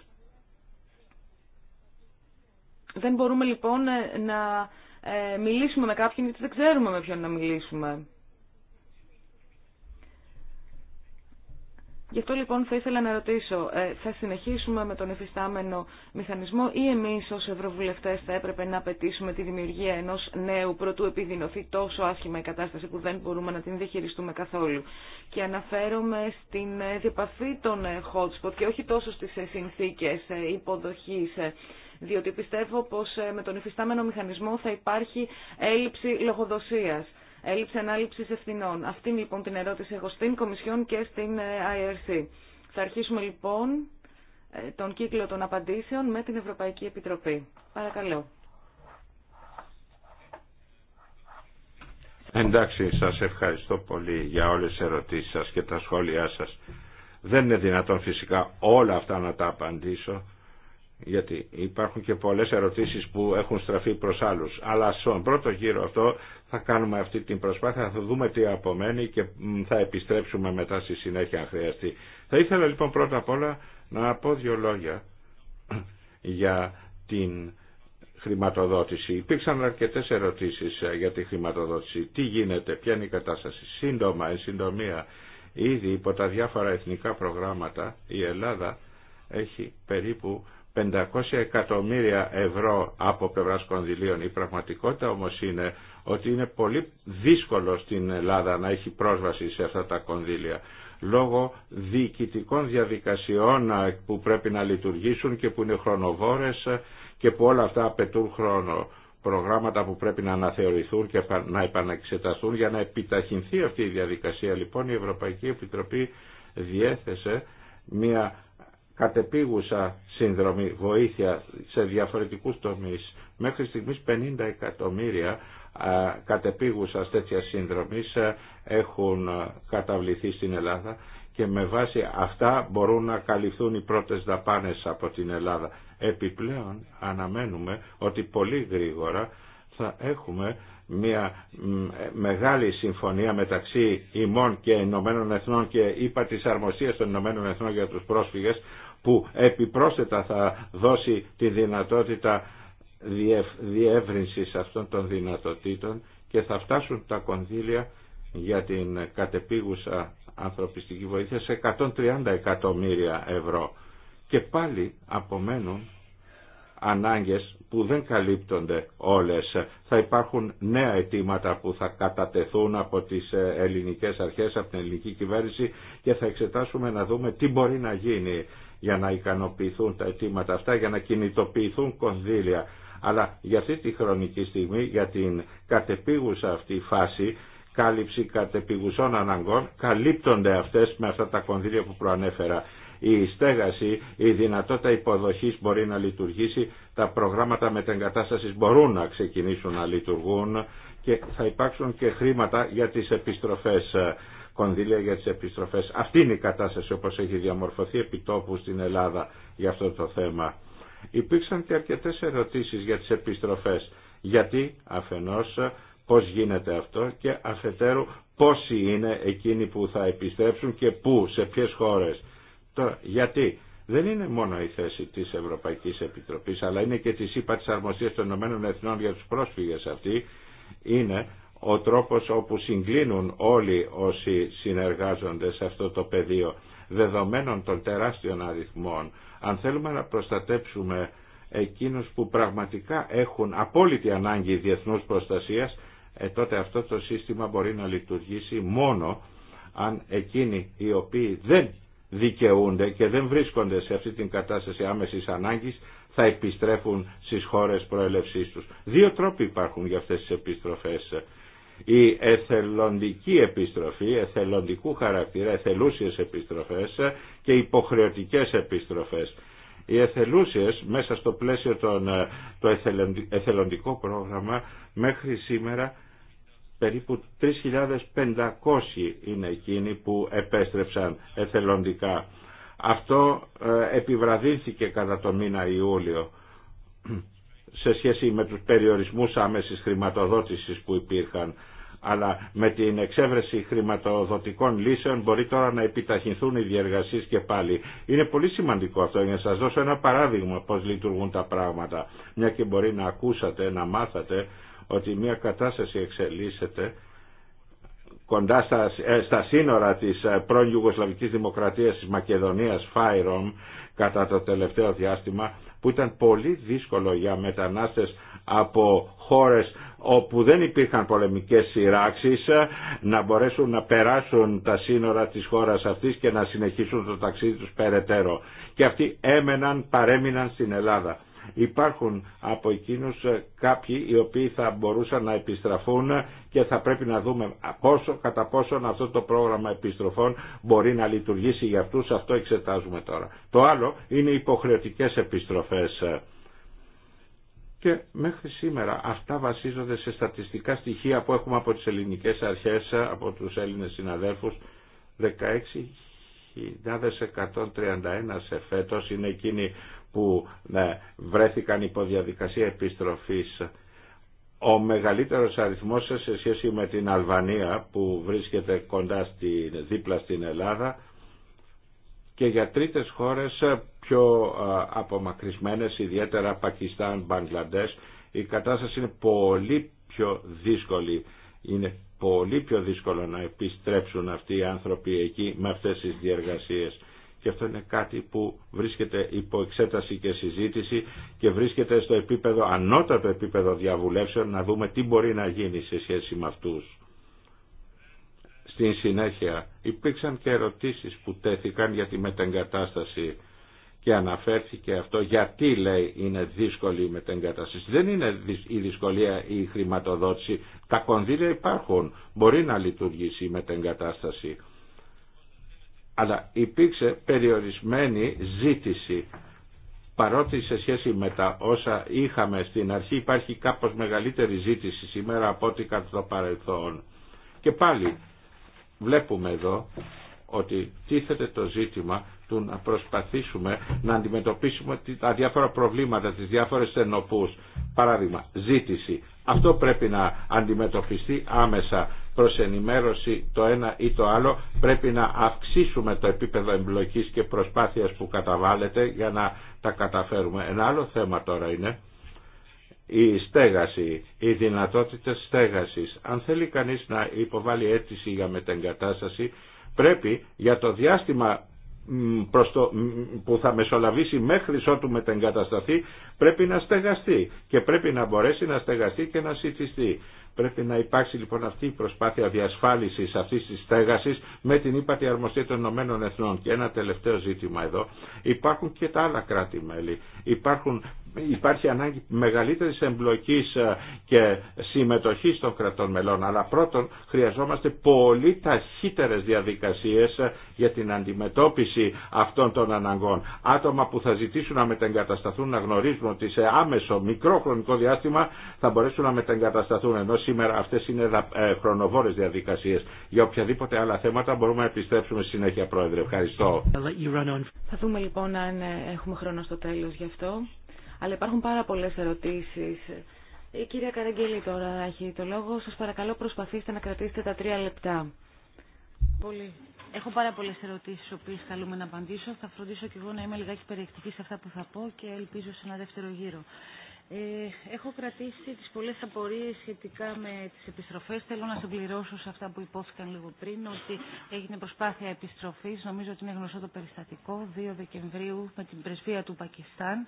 Δεν μπορούμε λοιπόν ε, να ε, μιλήσουμε με κάποιον γιατί δεν ξέρουμε με ποιον να μιλήσουμε. Γι' αυτό λοιπόν θα ήθελα να ρωτήσω, ε, θα συνεχίσουμε με τον εφιστάμενο μηχανισμό ή εμείς ως Ευρωβουλευτές θα έπρεπε να απαιτήσουμε τη δημιουργία ενός νέου πρωτού επιδεινωθεί τόσο άσχημα η κατάσταση που δεν μπορούμε να την διαχειριστούμε καθόλου. Και αναφέρομαι στην διαπαθή των hotspot και όχι τόσο στις συνθήκες υποδοχής διότι πιστεύω πως ε, με τον υφιστάμενο μηχανισμό θα υπάρχει έλλειψη λογοδοσίας, έλλειψη ανάληψης ευθυνών. Αυτή λοιπόν την ερώτηση έχω στην Κομισιόν και στην ε, IRC. Θα αρχίσουμε λοιπόν ε, τον κύκλο των απαντήσεων με την Ευρωπαϊκή Επιτροπή. Παρακαλώ. Εντάξει, σας ευχαριστώ πολύ για όλες τις ερωτήσεις σας και τα σχόλιά σας. Δεν είναι δυνατόν φυσικά όλα αυτά να τα απαντήσω γιατί υπάρχουν και πολλές ερωτήσεις που έχουν στραφεί προς άλλους. Αλλά στον πρώτο γύρο αυτό θα κάνουμε αυτή την προσπάθεια, θα δούμε τι απομένει και θα επιστρέψουμε μετά στη συνέχεια αν χρειαστεί. Θα ήθελα λοιπόν πρώτα απ' όλα να πω δύο λόγια για την χρηματοδότηση. Υπήρξαν αρκετές ερωτήσεις ε, για τη χρηματοδότηση. Τι γίνεται, ποια είναι η κατάσταση. Σύντομα, εν συντομία, ήδη υπό τα διάφορα εθνικά προγράμματα η Ελλάδα έχει περίπου 500 εκατομμύρια ευρώ από πλευρά κονδυλίων. Η πραγματικότητα όμως είναι ότι είναι πολύ δύσκολο στην Ελλάδα να έχει πρόσβαση σε αυτά τα κονδύλια λόγω διοικητικών διαδικασιών που πρέπει να λειτουργήσουν και που είναι χρονοβόρες και που όλα αυτά απαιτούν χρόνο. Προγράμματα που πρέπει να αναθεωρηθούν και να επαναξεταστούν για να επιταχυνθεί αυτή η διαδικασία. Λοιπόν η Ευρωπαϊκή Επιτροπή διέθεσε μια κατεπίγουσα σύνδρομη βοήθεια σε διαφορετικούς τομείς. Μέχρι στιγμής 50 εκατομμύρια κατεπίγουσας τέτοια σύνδρομης ε, έχουν ε, καταβληθεί στην Ελλάδα και με βάση αυτά μπορούν να καλυφθούν οι πρώτες δαπάνες από την Ελλάδα. Επιπλέον αναμένουμε ότι πολύ γρήγορα θα έχουμε μια ε, μεγάλη συμφωνία μεταξύ ημών και Ηνωμένων Εθνών και είπα της αρμοσίας των Ηνωμένων Εθνών για τους πρόσφυγες που επιπρόσθετα θα δώσει τη δυνατότητα διεύρυνσης αυτών των δυνατοτήτων και θα φτάσουν τα κονδύλια για την κατεπίγουσα ανθρωπιστική βοήθεια σε 130 εκατομμύρια ευρώ. Και πάλι απομένουν ανάγκες που δεν καλύπτονται όλες. Θα υπάρχουν νέα αιτήματα που θα κατατεθούν από τις ε, ελληνικές αρχές, από την ελληνική κυβέρνηση και θα εξετάσουμε να δούμε τι μπορεί να γίνει για να ικανοποιηθούν τα αιτήματα αυτά, για να κινητοποιηθούν κονδύλια. Αλλά για αυτή τη χρονική στιγμή, για την κατεπίγουσα αυτή φάση, κάλυψη κατεπιγουσών αναγκών, καλύπτονται αυτές με αυτά τα κονδύλια που προανέφερα. Η στέγαση, η δυνατότητα υποδοχής μπορεί να λειτουργήσει, τα προγράμματα μετεγκατάστασης μπορούν να ξεκινήσουν να λειτουργούν και θα υπάρξουν και χρήματα για τις επιστροφές κονδύλια για τις επιστροφές. Αυτή είναι η κατάσταση όπως έχει διαμορφωθεί επιτόπου στην Ελλάδα για αυτό το θέμα. Υπήρξαν και αρκετές ερωτήσεις για τις επιστροφές. Γιατί αφενός πώς γίνεται αυτό και αφετέρου πόσοι είναι εκείνοι που θα επιστρέψουν και πού, σε ποιες χώρες. Τώρα, γιατί δεν είναι μόνο η θέση τη Ευρωπαϊκής Επιτροπής αλλά είναι και τη ΥΠΑ των Ηνωμένων Εθνών για τους πρόσφυγες αυτή είναι ο τρόπος όπου συγκλίνουν όλοι όσοι συνεργάζονται σε αυτό το πεδίο δεδομένων των τεράστιων αριθμών αν θέλουμε να προστατέψουμε εκείνους που πραγματικά έχουν απόλυτη ανάγκη διεθνούς προστασίας ε, τότε αυτό το σύστημα μπορεί να λειτουργήσει μόνο αν εκείνοι οι οποίοι δεν δικαιούνται και δεν βρίσκονται σε αυτή την κατάσταση άμεσης ανάγκης θα επιστρέφουν στις χώρες προέλευσής τους. Δύο τρόποι υπάρχουν για αυτές τις επιστροφές η εθελοντική επιστροφή, εθελοντικού χαρακτήρα, εθελούσιες επιστροφές και υποχρεωτικές επιστροφές. Οι εθελούσιες μέσα στο πλαίσιο των, το εθελοντικό πρόγραμμα μέχρι σήμερα περίπου 3.500 είναι εκείνοι που επέστρεψαν εθελοντικά. Αυτό ε, επιβραδύνθηκε κατά το μήνα Ιούλιο σε σχέση με τους περιορισμούς άμεσης χρηματοδότησης που υπήρχαν αλλά με την εξέβρεση χρηματοδοτικών λύσεων μπορεί τώρα να επιταχυνθούν οι διεργασίες και πάλι. Είναι πολύ σημαντικό αυτό για να σας δώσω ένα παράδειγμα πώς λειτουργούν τα πράγματα. Μια και μπορεί να ακούσατε, να μάθατε ότι μια κατάσταση εξελίσσεται κοντά στα, ε, στα σύνορα της ε, πρώην Ιουγκοσλαβικής Δημοκρατίας της Μακεδονίας, Φάιρομ, κατά το τελευταίο διάστημα, που ήταν πολύ δύσκολο για μετανάστες από χώρες όπου δεν υπήρχαν πολεμικές σειράξεις ε, να μπορέσουν να περάσουν τα σύνορα της χώρας αυτής και να συνεχίσουν το ταξίδι τους περαιτέρω. Και αυτοί έμεναν, παρέμειναν στην Ελλάδα. Υπάρχουν από εκείνους ε, κάποιοι οι οποίοι θα μπορούσαν να επιστραφούν και θα πρέπει να δούμε πόσο, κατά πόσο αυτό το πρόγραμμα επιστροφών μπορεί να λειτουργήσει για αυτούς. Αυτό εξετάζουμε τώρα. Το άλλο είναι οι υποχρεωτικές επιστροφές. Και μέχρι σήμερα αυτά βασίζονται σε στατιστικά στοιχεία που έχουμε από τις ελληνικές αρχές, από τους Έλληνες συναδέλφους. 16.131 σε φέτος είναι εκείνοι που ναι, βρέθηκαν υπό διαδικασία επιστροφής. Ο μεγαλύτερος αριθμός σε σχέση με την Αλβανία που βρίσκεται κοντά στη, δίπλα στην Ελλάδα και για τρίτες χώρες πιο απομακρυσμένες, ιδιαίτερα Πακιστάν, Μπαγκλαντές, η κατάσταση είναι πολύ πιο δύσκολη. Είναι πολύ πιο δύσκολο να επιστρέψουν αυτοί οι άνθρωποι εκεί με αυτές τις διεργασίες και αυτό είναι κάτι που βρίσκεται υπό εξέταση και συζήτηση και βρίσκεται στο επίπεδο, ανώτατο επίπεδο διαβουλεύσεων να δούμε τι μπορεί να γίνει σε σχέση με αυτούς. Στην συνέχεια υπήρξαν και ερωτήσεις που τέθηκαν για τη μετεγκατάσταση και αναφέρθηκε αυτό γιατί λέει είναι δύσκολη η μετεγκατάσταση. Δεν είναι η δυσκολία η χρηματοδότηση. Τα κονδύλια υπάρχουν. Μπορεί να λειτουργήσει η μετεγκατάσταση αλλά υπήρξε περιορισμένη ζήτηση παρότι σε σχέση με τα όσα είχαμε στην αρχή υπάρχει κάπως μεγαλύτερη ζήτηση σήμερα από ό,τι κατά το παρελθόν. Και πάλι βλέπουμε εδώ ότι τίθεται το ζήτημα του να προσπαθήσουμε να αντιμετωπίσουμε τα διάφορα προβλήματα, τις διάφορες στενοπούς. Παράδειγμα, ζήτηση. Αυτό πρέπει να αντιμετωπιστεί άμεσα προς ενημέρωση το ένα ή το άλλο πρέπει να αυξήσουμε το επίπεδο εμπλοκής και προσπάθειας που καταβάλλεται για να τα καταφέρουμε. Ένα άλλο θέμα τώρα είναι η στέγαση, οι δυνατότητες στέγασης. Αν θέλει κανείς να υποβάλει αίτηση για μετεγκατάσταση πρέπει για το διάστημα προς το, που θα μεσολαβήσει μέχρι ότου μετεγκατασταθεί πρέπει να στεγαστεί και πρέπει να μπορέσει να στεγαστεί και να συστηθεί. Πρέπει να υπάρξει λοιπόν αυτή η προσπάθεια διασφάλισης αυτής της στέγασης με την ύπατη αρμοστία των Ηνωμένων Εθνών. Και ένα τελευταίο ζήτημα εδώ. Υπάρχουν και τα άλλα κράτη-μέλη. Υπάρχουν υπάρχει ανάγκη μεγαλύτερης εμπλοκής ε, και συμμετοχής των κρατών μελών. Αλλά πρώτον χρειαζόμαστε πολύ ταχύτερες διαδικασίες ε, για την αντιμετώπιση αυτών των αναγκών. Άτομα που θα ζητήσουν να μετεγκατασταθούν να γνωρίζουν ότι σε άμεσο μικρό χρονικό διάστημα θα μπορέσουν να μετεγκατασταθούν. Ενώ σήμερα αυτές είναι ε, χρονοβόρες διαδικασίες. Για οποιαδήποτε άλλα θέματα μπορούμε να επιστρέψουμε στη συνέχεια, Πρόεδρε. Ευχαριστώ. Θα δούμε λοιπόν αν ε, έχουμε χρόνο στο τέλος γι' αυτό. Αλλά υπάρχουν πάρα πολλές ερωτήσεις. Η κυρία Καραγγέλη τώρα έχει το λόγο. Σας παρακαλώ προσπαθήστε να κρατήσετε τα τρία λεπτά. Πολύ. Έχω πάρα πολλέ ερωτήσει, τι οποίε καλούμε να απαντήσω. Θα φροντίσω και εγώ να είμαι λιγάκι περιεκτική σε αυτά που θα πω και ελπίζω σε ένα δεύτερο γύρο. Ε, έχω κρατήσει τις πολλές απορίες σχετικά με τις επιστροφές. Θέλω να συμπληρώσω σε αυτά που υπόθηκαν λίγο πριν, ότι έγινε προσπάθεια επιστροφής, νομίζω ότι είναι γνωστό το περιστατικό, 2 Δεκεμβρίου με την πρεσβεία του Πακιστάν.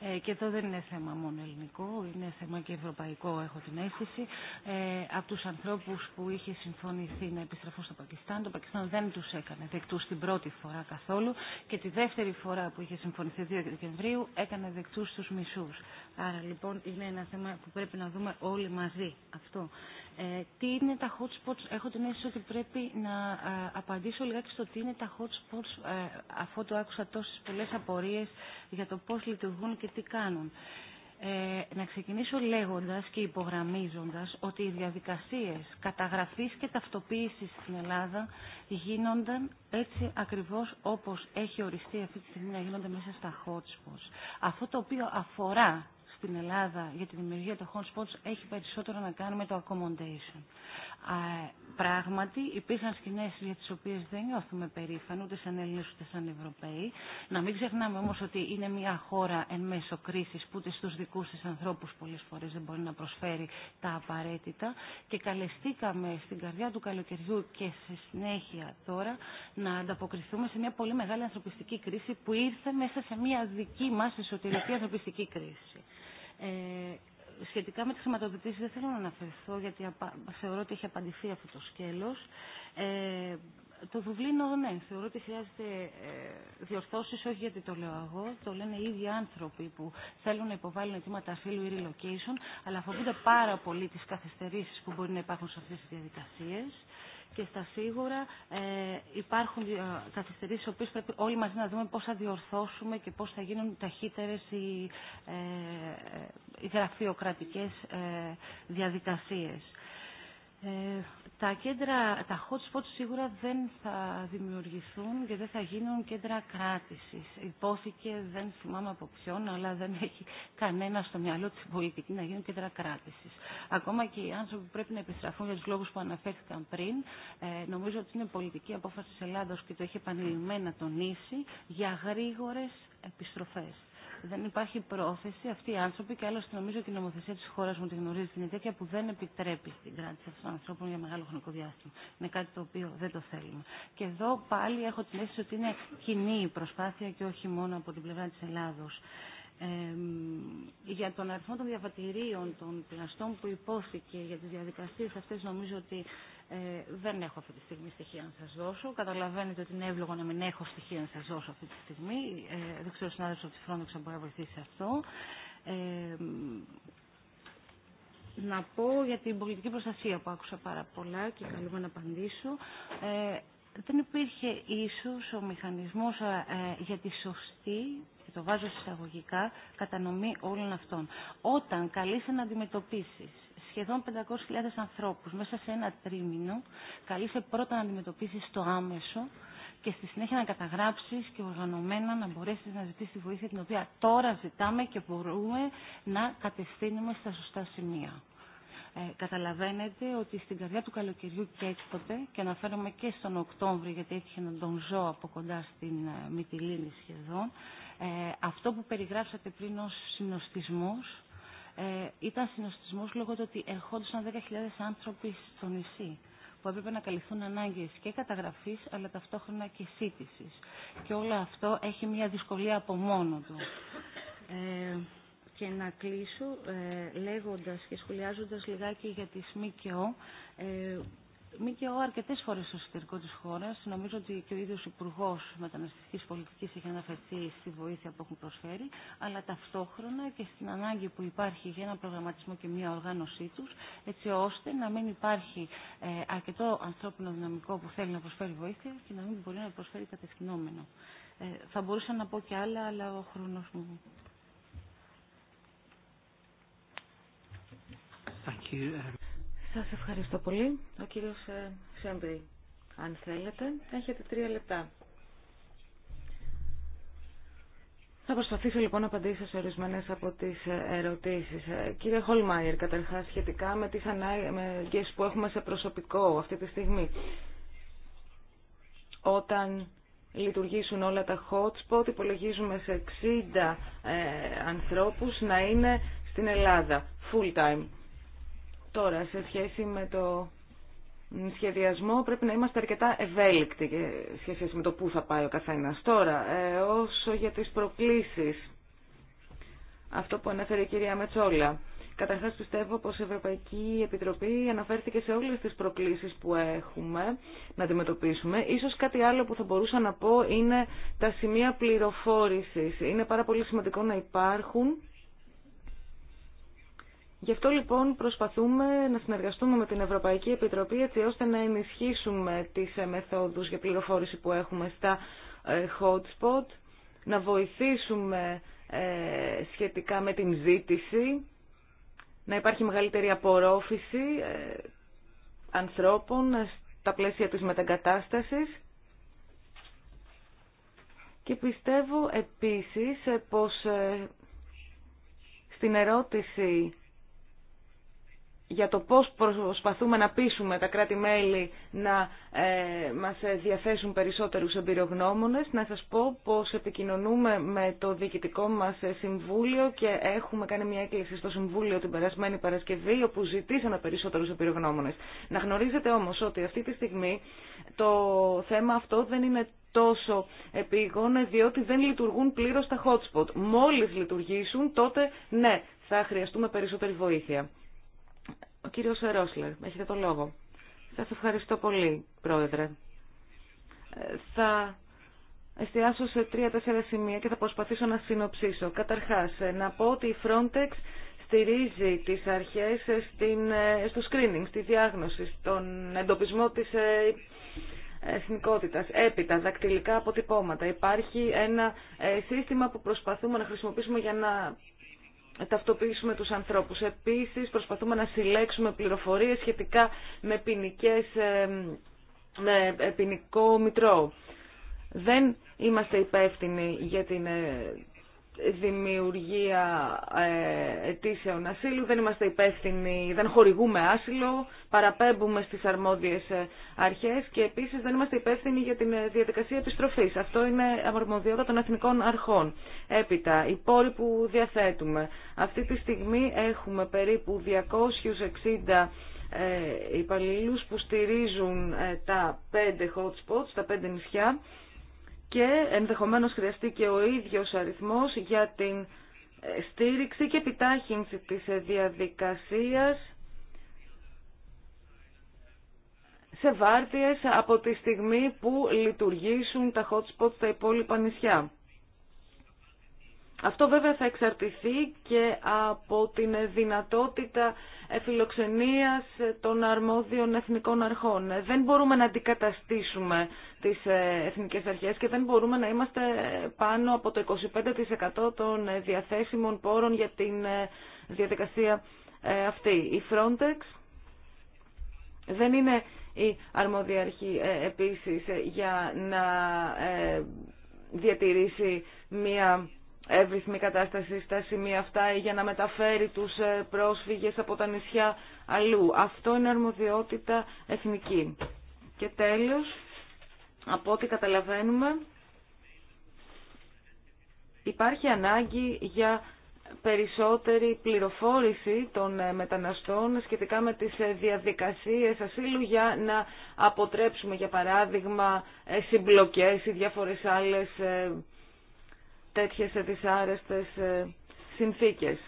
Ε, και εδώ δεν είναι θέμα μόνο ελληνικό, είναι θέμα και ευρωπαϊκό, έχω την αίσθηση. Ε, από τους ανθρώπους που είχε συμφωνηθεί να επιστραφούν στο Πακιστάν, το Πακιστάν δεν τους έκανε δεκτούς την πρώτη φορά καθόλου και τη δεύτερη φορά που είχε συμφωνηθεί 2 Δεκεμβρίου έκανε δεκτούς τους μισούς. Άρα λοιπόν είναι ένα θέμα που πρέπει να δούμε όλοι μαζί αυτό. Ε, τι είναι τα hot spots, έχω την αίσθηση ότι πρέπει να ε, απαντήσω λιγάκι στο τι είναι τα hot spots, ε, αφού το άκουσα τόσες πολλές απορίες για το πώς λειτουργούν και τι κάνουν. Ε, να ξεκινήσω λέγοντας και υπογραμμίζοντας ότι οι διαδικασίες καταγραφής και ταυτοποίησης στην Ελλάδα γίνονταν έτσι ακριβώς όπως έχει οριστεί αυτή τη στιγμή να γίνονται μέσα στα hotspots. Αυτό το οποίο αφορά στην Ελλάδα για τη δημιουργία των hot έχει περισσότερο να κάνει με το accommodation. Πράγματι, υπήρχαν σκηνέ για τι οποίε δεν νιώθουμε περήφανοι, ούτε σαν Έλληνε ούτε σαν Ευρωπαίοι. Να μην ξεχνάμε όμω ότι είναι μια χώρα εν μέσω κρίση που ούτε στου δικού τη ανθρώπου πολλέ φορέ δεν μπορεί να προσφέρει τα απαραίτητα. Και καλεστήκαμε στην καρδιά του καλοκαιριού και σε συνέχεια τώρα να ανταποκριθούμε σε μια πολύ μεγάλη ανθρωπιστική κρίση που ήρθε μέσα σε μια δική μα εσωτερική ανθρωπιστική κρίση. Ε, σχετικά με τις χρηματοδοτήσεις δεν θέλω να αναφερθώ γιατί θεωρώ ότι έχει απαντηθεί αυτό το σκέλος. Ε, το Δουβλίνο, ναι, θεωρώ ότι χρειάζεται ε, διορθώσεις, όχι γιατί το λέω εγώ, το λένε οι ίδιοι άνθρωποι που θέλουν να υποβάλουν αιτήματα ασύλου ή relocation, αλλά φοβούνται πάρα πολύ τις καθυστερήσεις που μπορεί να υπάρχουν σε αυτές τις διαδικασίες και στα σίγουρα ε, υπάρχουν ε, καθυστερήσεις οποίες πρέπει όλοι μαζί να δούμε πώς θα διορθώσουμε και πώς θα γίνουν ταχύτερες οι, ε, ε οι γραφειοκρατικές ε, διαδικασίες. Ε, τα κέντρα, τα hot spots σίγουρα δεν θα δημιουργηθούν και δεν θα γίνουν κέντρα κράτησης. Υπόθηκε, δεν θυμάμαι από ποιον, αλλά δεν έχει κανένα στο μυαλό της πολιτική να γίνουν κέντρα κράτησης. Ακόμα και οι άνθρωποι που πρέπει να επιστραφούν για τους λόγους που αναφέρθηκαν πριν, ε, νομίζω ότι είναι πολιτική απόφαση της Ελλάδος και το έχει επανειλημμένα τονίσει για γρήγορες επιστροφές δεν υπάρχει πρόθεση αυτοί οι άνθρωποι και άλλωστε νομίζω ότι η νομοθεσία τη χώρα μου τη γνωρίζει την τέτοια που δεν επιτρέπει στην κράτηση αυτών των ανθρώπων για μεγάλο χρονικό διάστημα. Είναι κάτι το οποίο δεν το θέλουμε. Και εδώ πάλι έχω την αίσθηση ότι είναι κοινή η προσπάθεια και όχι μόνο από την πλευρά τη Ελλάδο για τον αριθμό των διαβατηρίων των πλαστών που υπόθηκε για τις διαδικασίες αυτές νομίζω ότι ε, δεν έχω αυτή τη στιγμή στοιχεία να σας δώσω. Καταλαβαίνετε ότι είναι εύλογο να μην έχω στοιχεία να σας δώσω αυτή τη στιγμή. Ε, δεν ξέρω συνάδελφος ότι τη Φρόντοξα μπορεί να βοηθήσει σε αυτό. να πω για την πολιτική προστασία που άκουσα πάρα πολλά και καλούμε να απαντήσω. Ε, δεν υπήρχε ίσως ο μηχανισμός για τη σωστή το βάζω συσταγωγικά, κατανομή όλων αυτών. Όταν καλείσαι να αντιμετωπίσει σχεδόν 500.000 ανθρώπους μέσα σε ένα τρίμηνο, καλείσαι πρώτα να αντιμετωπίσει το άμεσο και στη συνέχεια να καταγράψει και οργανωμένα να μπορέσει να ζητήσει τη βοήθεια την οποία τώρα ζητάμε και μπορούμε να κατευθύνουμε στα σωστά σημεία. Ε, καταλαβαίνετε ότι στην καρδιά του καλοκαιριού και έκτοτε, και αναφέρομαι και στον Οκτώβριο γιατί έτυχε να τον ζω από κοντά στην ε, σχεδόν, ε, αυτό που περιγράψατε πριν ως συνοστισμός ε, ήταν συνοστισμός λόγω του ότι ερχόντουσαν 10.000 άνθρωποι στο νησί που έπρεπε να καλυφθούν ανάγκες και καταγραφής αλλά ταυτόχρονα και σύντησης. Και όλο αυτό έχει μια δυσκολία από μόνο του. Ε, και να κλείσω ε, λέγοντας και σχολιάζοντας λιγάκι για τις ΜΚΟ και εγώ, αρκετέ φορέ στο εσωτερικό τη χώρα. Νομίζω ότι και ο ίδιο Υπουργό Μεταναστευτική Πολιτική έχει αναφερθεί στη βοήθεια που έχουν προσφέρει, αλλά ταυτόχρονα και στην ανάγκη που υπάρχει για ένα προγραμματισμό και μια οργάνωσή του, έτσι ώστε να μην υπάρχει ε, αρκετό ανθρώπινο δυναμικό που θέλει να προσφέρει βοήθεια και να μην μπορεί να προσφέρει κατευθυνόμενο. Ε, θα μπορούσα να πω και άλλα, αλλά ο χρόνο μου. Thank you. Ε, σας ευχαριστώ πολύ. Ο κύριος ε, Σέμπρι. αν θέλετε, έχετε τρία λεπτά. Θα προσπαθήσω λοιπόν να απαντήσω σε ορισμένε από τι ε, ερωτήσει. Ε, κύριε Χολμάιερ, καταρχά σχετικά με τι ανάγκε που έχουμε σε προσωπικό αυτή τη στιγμή. Όταν λειτουργήσουν όλα τα hot spot, υπολογίζουμε σε 60 ε, ανθρώπους να είναι στην Ελλάδα, full time. Τώρα, σε σχέση με το σχεδιασμό πρέπει να είμαστε αρκετά ευέλικτοι σε σχέση με το πού θα πάει ο καθένας. Τώρα, ε, όσο για τις προκλήσεις, αυτό που ανέφερε η κυρία Μετσόλα, καταρχάς πιστεύω πως η Ευρωπαϊκή Επιτροπή αναφέρθηκε σε όλες τις προκλήσεις που έχουμε να αντιμετωπίσουμε. Ίσως κάτι άλλο που θα παει ο καθενας τωρα οσο για τις προκλησεις αυτο που ανεφερε η κυρια μετσολα καταρχας πιστευω πως η ευρωπαικη επιτροπη αναφερθηκε σε ολες τις προκλησεις που εχουμε να αντιμετωπισουμε ισως κατι αλλο που θα μπορουσα να πω είναι τα σημεία πληροφόρησης. Είναι πάρα πολύ σημαντικό να υπάρχουν Γι' αυτό λοιπόν προσπαθούμε να συνεργαστούμε με την Ευρωπαϊκή Επιτροπή έτσι ώστε να ενισχύσουμε τις ε, μεθόδους για πληροφόρηση που έχουμε στα ε, hotspot, να βοηθήσουμε ε, σχετικά με την ζήτηση, να υπάρχει μεγαλύτερη απορρόφηση ανθρώπων στα πλαίσια της μεταγκατάστασης και πιστεύω επίσης πως στην ερώτηση για το πώς προσπαθούμε να πείσουμε τα κράτη-μέλη να ε, μας διαθέσουν περισσότερους εμπειρογνώμονες, να σας πω πως επικοινωνούμε με το Διοικητικό μας Συμβούλιο και έχουμε κάνει μια έκκληση στο Συμβούλιο την περασμένη Παρασκευή, όπου ζητήσαμε περισσότερους εμπειρογνώμονες. Να γνωρίζετε όμως ότι αυτή τη στιγμή το θέμα αυτό δεν είναι τόσο επίγον, διότι δεν λειτουργούν πλήρως τα hotspot. Μόλις λειτουργήσουν, τότε ναι, θα χρειαστούμε περισσότερη βοήθεια. Ο κύριος Ρόσλερ, έχετε το λόγο. Σας ευχαριστώ πολύ, Πρόεδρε. Ε, θα εστιάσω σε τρία-τέσσερα σημεία και θα προσπαθήσω να συνοψίσω. Καταρχάς, ε, να πω ότι η Frontex στηρίζει τις αρχές ε, στο screening, στη διάγνωση, στον εντοπισμό της εθνικότητας, έπειτα, δακτυλικά αποτυπώματα. Υπάρχει ένα σύστημα που προσπαθούμε να χρησιμοποιήσουμε για να ταυτοποιήσουμε τους ανθρώπους. Επίσης προσπαθούμε να συλλέξουμε πληροφορίες σχετικά με, ποινικές, ε, με ποινικό μητρό. Δεν είμαστε υπεύθυνοι για την ε, δημιουργία ε, αιτήσεων ασύλου, δεν είμαστε υπεύθυνοι, δεν χορηγούμε άσυλο, παραπέμπουμε στις αρμόδιες ε, αρχές και επίσης δεν είμαστε υπεύθυνοι για την ε, διαδικασία επιστροφής. Αυτό είναι αρμοδιότητα των εθνικών αρχών. Έπειτα, οι πόροι που διαθέτουμε. Αυτή τη στιγμή έχουμε περίπου 260 ε, υπαλλήλους που στηρίζουν τα πέντε hot spots, τα πέντε νησιά και ενδεχομένως χρειαστεί και ο ίδιος αριθμός για την ε, στήριξη και επιτάχυνση της ε, διαδικασίας σε βάρδιες από τη στιγμή που λειτουργήσουν τα hot spots στα υπόλοιπα νησιά. Αυτό βέβαια θα εξαρτηθεί και από την δυνατότητα φιλοξενίας των αρμόδιων εθνικών αρχών. Δεν μπορούμε να αντικαταστήσουμε τις ε, εθνικές αρχές και δεν μπορούμε να είμαστε πάνω από το 25% των διαθέσιμων πόρων για την ε, διαδικασία ε, αυτή. Η Frontex δεν είναι η αρμόδια αρχή επίσης για να διατηρήσει μία εύρυθμη κατάσταση στα σημεία αυτά ή για να μεταφέρει τους ε, πρόσφυγες από τα νησιά αλλού. Αυτό είναι αρμοδιότητα εθνική. Και τέλος, από ό,τι καταλαβαίνουμε, υπάρχει ανάγκη για περισσότερη πληροφόρηση των ε, μεταναστών σχετικά με τις ε, διαδικασίες ασύλου για να αποτρέψουμε, για παράδειγμα, συμπλοκές ή διάφορες άλλες τέτοιες δυσάρεστες ε, συνθήκες.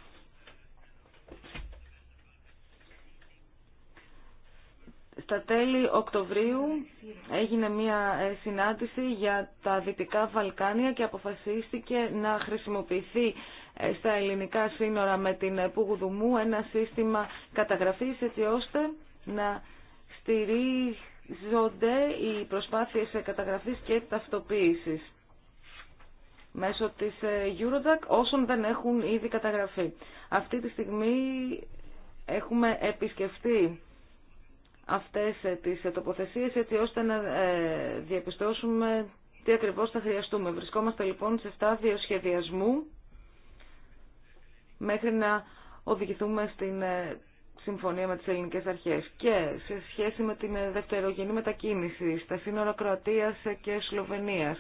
Στα τέλη Οκτωβρίου έγινε μια ε, συνάντηση για τα Δυτικά Βαλκάνια και αποφασίστηκε να χρησιμοποιηθεί ε, στα ελληνικά σύνορα με την Πουγουδουμού ένα σύστημα καταγραφής έτσι ώστε να στηρίζονται οι προσπάθειες καταγραφής και ταυτοποίησης μέσω της ε, Eurodac όσων δεν έχουν ήδη καταγραφεί. Αυτή τη στιγμή έχουμε επισκεφτεί αυτές ε, τις ε, τοποθεσίες έτσι ώστε να διαπιστώσουμε τι ακριβώς θα χρειαστούμε. Βρισκόμαστε λοιπόν σε στάδιο σχεδιασμού μέχρι να οδηγηθούμε στην συμφωνία με τις ελληνικές αρχές και σε σχέση με την δευτερογενή μετακίνηση στα σύνορα Κροατίας και Σλοβενίας.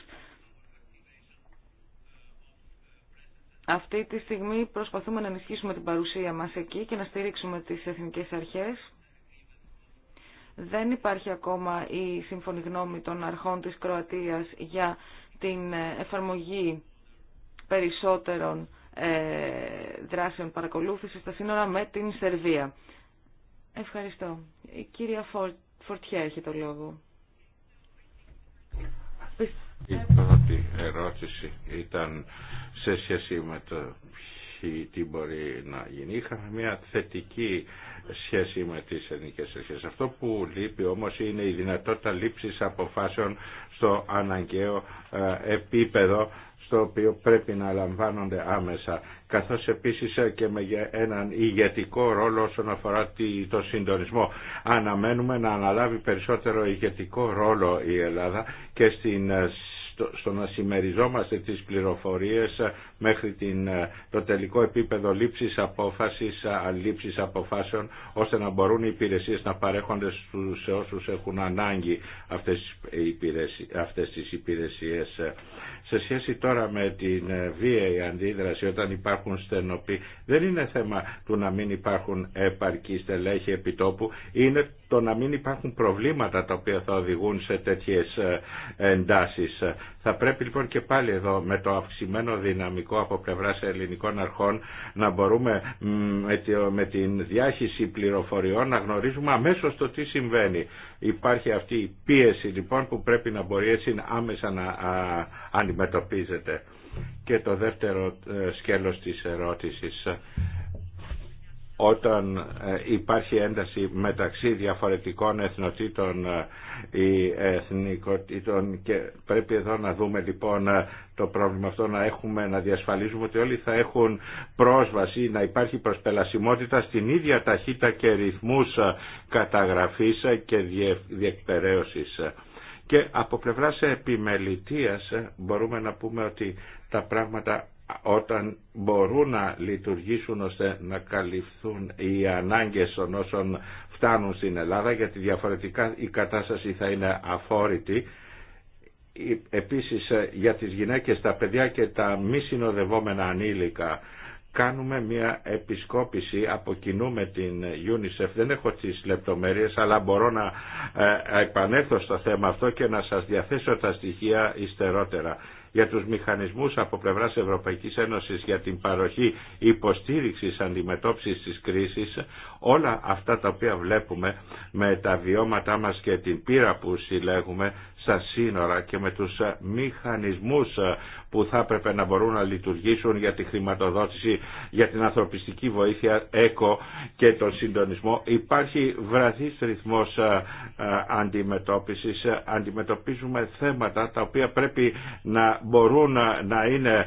Αυτή τη στιγμή προσπαθούμε να ενισχύσουμε την παρουσία μας εκεί και να στηρίξουμε τις εθνικές αρχές. Δεν υπάρχει ακόμα η σύμφωνη γνώμη των αρχών της Κροατίας για την εφαρμογή περισσότερων ε, δράσεων παρακολούθησης στα σύνορα με την Σερβία. Ευχαριστώ. Η κυρία Φορτιά έχει το λόγο. Η πρώτη ερώτηση ήταν σε σχέση με το τι μπορεί να γίνει. Είχαμε μια θετική σχέση με τις ελληνικές αρχές. Αυτό που λείπει όμως είναι η δυνατότητα λήψης αποφάσεων στο αναγκαίο ε, επίπεδο στο οποίο πρέπει να λαμβάνονται άμεσα, καθώς επίσης και με έναν ηγετικό ρόλο όσον αφορά το συντονισμό. Αναμένουμε να αναλάβει περισσότερο ηγετικό ρόλο η Ελλάδα και στην στο να συμμεριζόμαστε τις πληροφορίες μέχρι την, το τελικό επίπεδο λήψης απόφασης, λήψης αποφάσεων, ώστε να μπορούν οι υπηρεσίες να παρέχονται σε όσους έχουν ανάγκη αυτές, αυτές τις υπηρεσίες. Σε σχέση τώρα με την ε, βίαιη αντίδραση όταν υπάρχουν στενοποί, δεν είναι θέμα του να μην υπάρχουν επαρκή στελέχη επιτόπου, είναι το να μην υπάρχουν προβλήματα τα οποία θα οδηγούν σε τέτοιες ε, εντάσεις. Θα πρέπει λοιπόν και πάλι εδώ με το αυξημένο δυναμικό από πλευράς ελληνικών αρχών να μπορούμε με την διάχυση πληροφοριών να γνωρίζουμε αμέσως το τι συμβαίνει. Υπάρχει αυτή η πίεση λοιπόν που πρέπει να μπορεί έτσι άμεσα να αντιμετωπίζεται. Και το δεύτερο ε, σκέλος της ερώτησης όταν ε, υπάρχει ένταση μεταξύ διαφορετικών εθνοτήτων ή ε, εθνικοτήτων και πρέπει εδώ να δούμε λοιπόν ε, το πρόβλημα αυτό να έχουμε, να διασφαλίζουμε ότι όλοι θα έχουν πρόσβαση, να υπάρχει προσπελασιμότητα στην ίδια ταχύτητα και ρυθμούς καταγραφής και διεκπαιρέωσης. Και από πλευράς επιμελητίας μπορούμε να πούμε ότι τα πράγματα όταν μπορούν να λειτουργήσουν ώστε να καλυφθούν οι ανάγκες των όσων φτάνουν στην Ελλάδα γιατί διαφορετικά η κατάσταση θα είναι αφόρητη επίσης ε, για τις γυναίκες, τα παιδιά και τα μη συνοδευόμενα ανήλικα κάνουμε μια επισκόπηση αποκινούμε την UNICEF δεν έχω τις λεπτομέρειες αλλά μπορώ να ε, επανέλθω στο θέμα αυτό και να σας διαθέσω τα στοιχεία ιστερότερα για τους μηχανισμούς από πλευράς Ευρωπαϊκής Ένωσης για την παροχή υποστήριξης αντιμετώπισης της κρίσης, όλα αυτά τα οποία βλέπουμε με τα βιώματά μας και την πείρα που συλλέγουμε στα σύνορα και με τους μηχανισμούς που θα έπρεπε να μπορούν να λειτουργήσουν για τη χρηματοδότηση, για την ανθρωπιστική βοήθεια, ΕΚΟ και τον συντονισμό. Υπάρχει βραδύς ρυθμός ε, ε, αντιμετώπισης. Ε, αντιμετωπίζουμε θέματα τα οποία πρέπει να μπορούν να είναι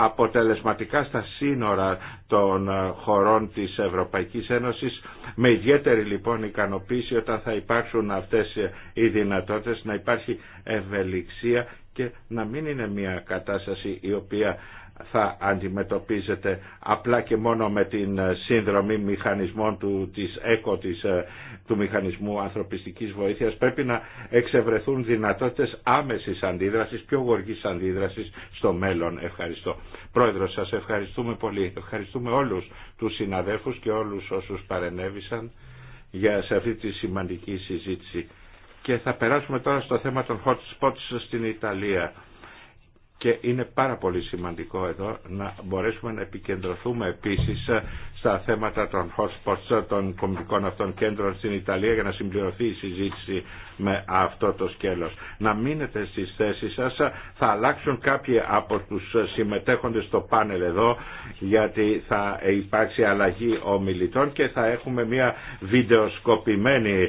αποτελεσματικά στα σύνορα των χωρών της Ευρωπαϊκής Ένωσης. Με ιδιαίτερη λοιπόν ικανοποίηση όταν θα υπάρξουν αυτές οι δυνατότητες να υπάρχει ευελιξία και να μην είναι μια κατάσταση η οποία θα αντιμετωπίζεται απλά και μόνο με την σύνδρομη μηχανισμών του, της ΕΚΟ, ε, του Μηχανισμού Ανθρωπιστικής Βοήθειας. Πρέπει να εξευρεθούν δυνατότητες άμεσης αντίδρασης, πιο γοργής αντίδρασης στο μέλλον. Ευχαριστώ. Πρόεδρο, σας ευχαριστούμε πολύ. Ευχαριστούμε όλους τους συναδέλφους και όλους όσους παρενέβησαν για σε αυτή τη σημαντική συζήτηση. Και θα περάσουμε τώρα στο θέμα των hot spots στην Ιταλία και είναι πάρα πολύ σημαντικό εδώ να μπορέσουμε να επικεντρωθούμε επίσης ε, στα θέματα των hotspots ε, των κομμικών αυτών κέντρων στην Ιταλία για να συμπληρωθεί η συζήτηση με αυτό το σκέλος. Να μείνετε στις θέσεις σας, ε, θα αλλάξουν κάποιοι από τους συμμετέχοντες στο πάνελ εδώ γιατί θα υπάρξει αλλαγή ομιλητών και θα έχουμε μια βιντεοσκοπημένη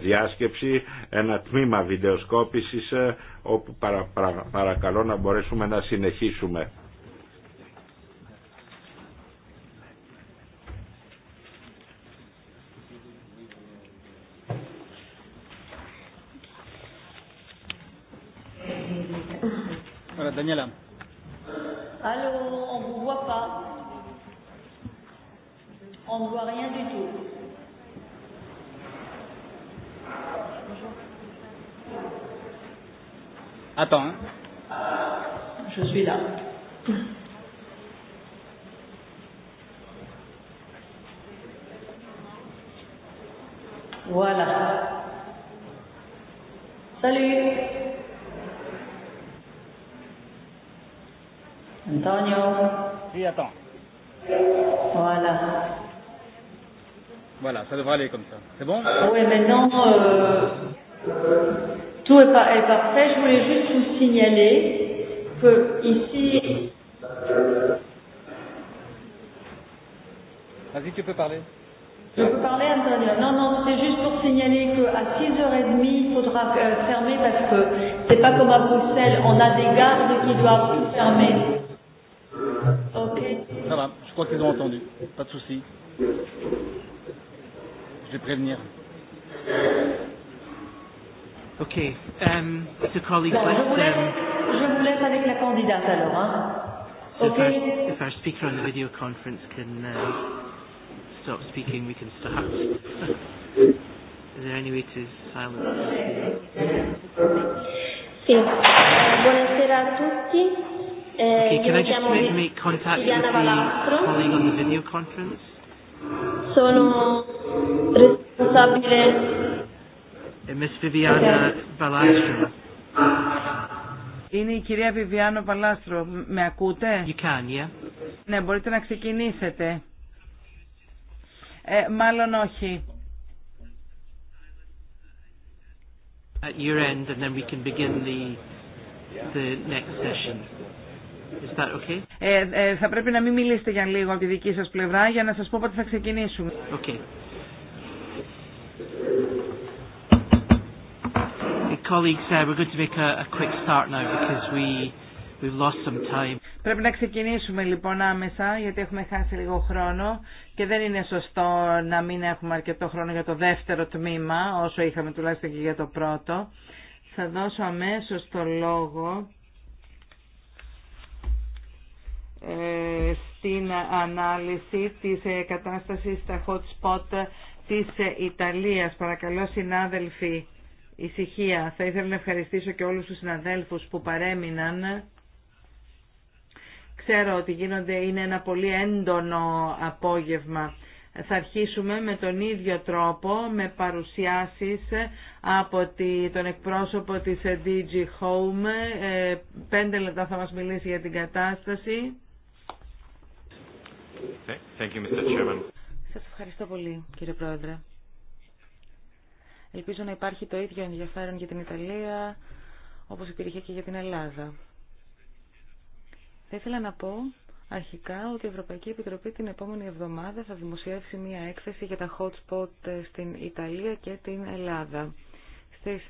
διάσκεψη, ένα τμήμα βιντεοσκόπησης όπου παρα, παρα, παρακαλώ να μπορέσουμε να συνεχίσουμε. Daniela. Alors, on ne vous voit pas. On ne voit rien du tout. Attends. Hein. Je suis là. Voilà. Salut. Antonio. Oui, attends. Voilà. Voilà, ça devrait aller comme ça. C'est bon Oui, maintenant... Euh... Tout est, pas est parfait. Je voulais juste vous signaler que ici. Vas-y, tu peux parler. Je peux parler, Antonio. Non, non, c'est juste pour signaler qu'à 6h30, il faudra fermer parce que c'est pas comme à Bruxelles. On a des gardes qui doivent fermer. Ok. Ça va, je crois qu'ils ont entendu. Pas de souci. Je vais prévenir. Ok. Um, the colleague. Bon, je, vous laisse, avec la candidate alors. Hein. So okay. if, our, speaker on the video conference can uh, stop speaking, we can start. Is there any way to silence? Sì. Buonasera a tutti. Okay, can I just make, make contact with the colleague on the video conference? Sono responsabile ε, Miss Viviana Balastro. Είναι η κυρία Βιβιάνο Παλάστρο. Με ακούτε? You can, yeah. Ναι, μπορείτε να ξεκινήσετε. Ε, μάλλον όχι. At your end and then we can begin the, the next session. Is that okay? Ε, ε, θα πρέπει να μην μιλήσετε για λίγο από τη δική σας πλευρά για να σας πω πότε θα ξεκινήσουμε. Okay. Uh, to a, quick start now because we we've lost some time. Πρέπει να ξεκινήσουμε λοιπόν άμεσα γιατί έχουμε χάσει λίγο χρόνο και δεν είναι σωστό να μην έχουμε αρκετό χρόνο για το δεύτερο τμήμα όσο είχαμε τουλάχιστον και για το πρώτο. Θα δώσω αμέσως το λόγο ε, στην ανάλυση της ε, κατάστασης στα hot spot της ε, Ιταλίας. Παρακαλώ συνάδελφοι ησυχία. Θα ήθελα να ευχαριστήσω και όλους τους συναδέλφους που παρέμειναν. Ξέρω ότι γίνονται, είναι ένα πολύ έντονο απόγευμα. Θα αρχίσουμε με τον ίδιο τρόπο, με παρουσιάσεις από τον εκπρόσωπο της DG Home. Ε, πέντε λεπτά θα μας μιλήσει για την κατάσταση. Thank you, Mr. Σας ευχαριστώ πολύ, κύριε Πρόεδρε. Ελπίζω να υπάρχει το ίδιο ενδιαφέρον για την Ιταλία όπως υπήρχε και για την Ελλάδα. Θα ήθελα να πω αρχικά ότι η Ευρωπαϊκή Επιτροπή την επόμενη εβδομάδα θα δημοσιεύσει μία έκθεση για τα hot spot στην Ιταλία και την Ελλάδα. Στις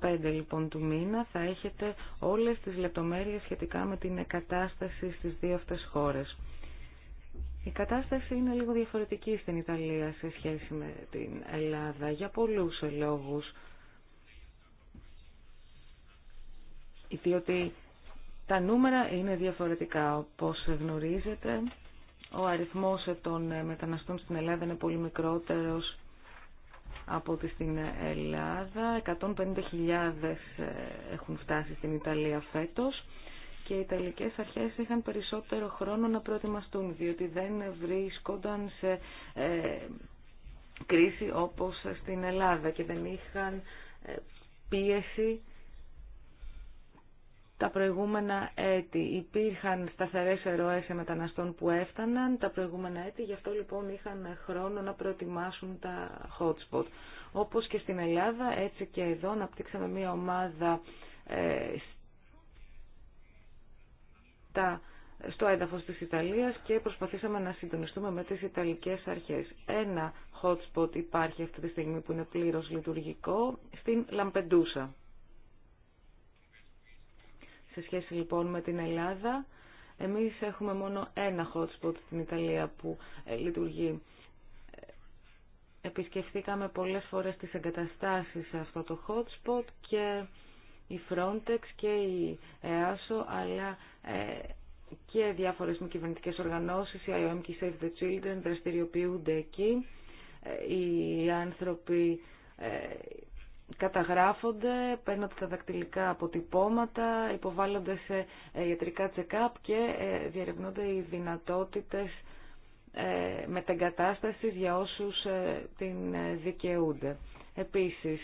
15 λοιπόν του μήνα θα έχετε όλες τις λεπτομέρειες σχετικά με την κατάσταση στις δύο αυτές χώρες. Η κατάσταση είναι λίγο διαφορετική στην Ιταλία σε σχέση με την Ελλάδα για πολλούς λόγους. Διότι τα νούμερα είναι διαφορετικά. Όπως γνωρίζετε, ο αριθμός των μεταναστών στην Ελλάδα είναι πολύ μικρότερος από ότι στην Ελλάδα. 150.000 έχουν φτάσει στην Ιταλία φέτος και οι Ιταλικές αρχές είχαν περισσότερο χρόνο να προετοιμαστούν, διότι δεν βρίσκονταν σε ε, κρίση όπως στην Ελλάδα και δεν είχαν ε, πίεση τα προηγούμενα έτη. Υπήρχαν σταθερές ερωές σε μεταναστών που έφταναν τα προηγούμενα έτη, γι' αυτό λοιπόν είχαν χρόνο να προετοιμάσουν τα hotspot. Όπως και στην Ελλάδα, έτσι και εδώ αναπτύξαμε μια ομάδα ε, τα, στο έδαφος της Ιταλίας και προσπαθήσαμε να συντονιστούμε με τις Ιταλικές αρχές. Ένα hot spot υπάρχει αυτή τη στιγμή που είναι πλήρως λειτουργικό στην Λαμπεντούσα. Σε σχέση λοιπόν με την Ελλάδα, εμείς έχουμε μόνο ένα hot spot στην Ιταλία που ε, λειτουργεί. Επισκεφθήκαμε πολλές φορές τις εγκαταστάσεις σε αυτό το hot spot και η Frontex και η EASO, αλλά ε, και διάφορες μη κυβερνητικές οργανώσεις, η IOM και η Save the Children δραστηριοποιούνται εκεί. Ε, οι άνθρωποι ε, καταγράφονται, παίρνονται τα δακτυλικά αποτυπώματα, υποβάλλονται σε ιατρικά check-up και διαρευνούνται οι δυνατότητες μεταγκατάστασης για όσους την δικαιούνται. Επίσης,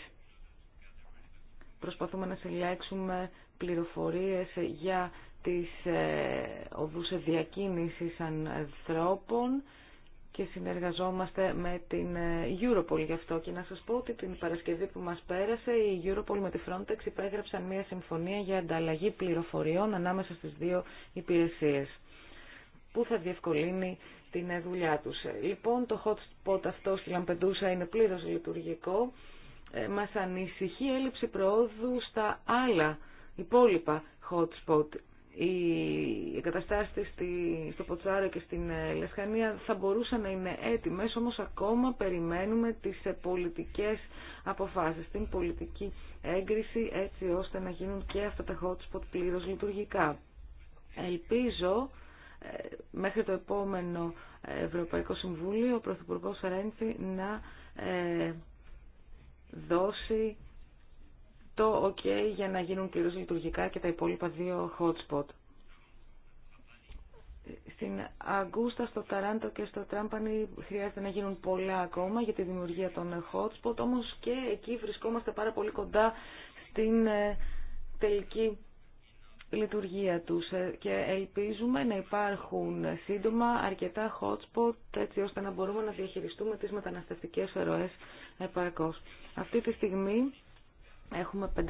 προσπαθούμε να συλλέξουμε πληροφορίες για τις ε, οδούς διακίνησης ανθρώπων και συνεργαζόμαστε με την ε, Europol γι' αυτό. Και να σας πω ότι την Παρασκευή που μας πέρασε η Europol με τη Frontex υπέγραψαν μια συμφωνία για ανταλλαγή πληροφοριών ανάμεσα στις δύο υπηρεσίες που θα διευκολύνει την ε, δουλειά τους. Λοιπόν, το hotspot αυτό στη Λαμπεντούσα είναι πλήρως λειτουργικό. Ε, μας ανησυχεί η έλλειψη προόδου στα άλλα υπόλοιπα hot spot. Οι εγκαταστάσεις στο Ποτσάρο και στην ε, Λεσχανία θα μπορούσαν να είναι έτοιμες, όμως ακόμα περιμένουμε τις ε, πολιτικές αποφάσεις, την πολιτική έγκριση, έτσι ώστε να γίνουν και αυτά τα hot spot πλήρως λειτουργικά. Ελπίζω μέχρι το επόμενο Ευρωπαϊκό Συμβούλιο ο Πρωθυπουργός Ρέντσι να δώσει το OK για να γίνουν πλήρως λειτουργικά και τα υπόλοιπα δύο hotspot. Στην Αγκούστα, στο Ταράντο και στο Τράμπανι χρειάζεται να γίνουν πολλά ακόμα για τη δημιουργία των hotspot, όμως και εκεί βρισκόμαστε πάρα πολύ κοντά στην ε, τελική λειτουργία τους ε, και ελπίζουμε να υπάρχουν σύντομα αρκετά hotspot έτσι ώστε να μπορούμε να διαχειριστούμε τις μεταναστευτικές ροές επαρκώς. Αυτή τη στιγμή έχουμε 500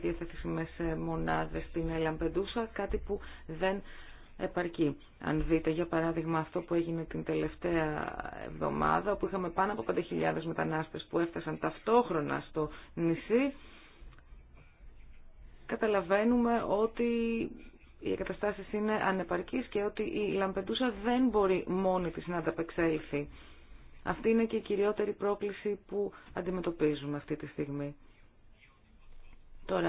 διαθέσιμες ε, μονάδες στην Ελαμπεντούσα, κάτι που δεν επαρκεί. Αν δείτε για παράδειγμα αυτό που έγινε την τελευταία εβδομάδα, όπου είχαμε πάνω από 5.000 μετανάστες που έφτασαν ταυτόχρονα στο νησί, καταλαβαίνουμε ότι οι εγκαταστάσει είναι ανεπαρκείς και ότι η Λαμπεντούσα δεν μπορεί μόνη της να ανταπεξέλθει. Αυτή είναι και η κυριότερη πρόκληση που αντιμετωπίζουμε αυτή τη στιγμή. Τώρα,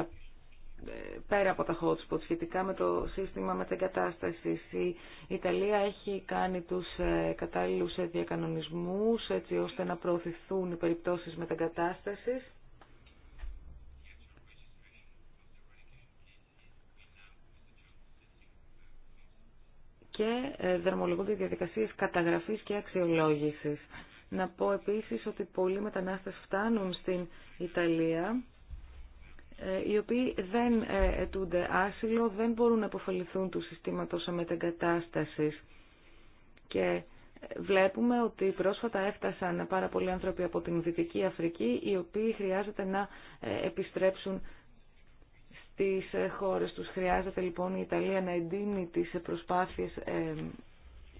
ε, πέρα από τα hot spots, σχετικά με το σύστημα μετεγκατάστασης, η Ιταλία έχει κάνει τους ε, κατάλληλους διακανονισμούς έτσι ώστε να προωθηθούν οι περιπτώσεις μετεγκατάστασης. και ε, δερμολογούνται διαδικασίες καταγραφής και αξιολόγησης. Να πω επίσης ότι πολλοί μετανάστες φτάνουν στην Ιταλία ε, οι οποίοι δεν ετούνται άσυλο, δεν μπορούν να αποφαληθούν του συστήματος αμετεγκατάστασης. Και ε, βλέπουμε ότι πρόσφατα έφτασαν πάρα πολλοί άνθρωποι από την Δυτική Αφρική, οι οποίοι χρειάζεται να επιστρέψουν τις ε, χώρες τους. Χρειάζεται λοιπόν η Ιταλία να εντείνει τις ε, προσπάθειες ε,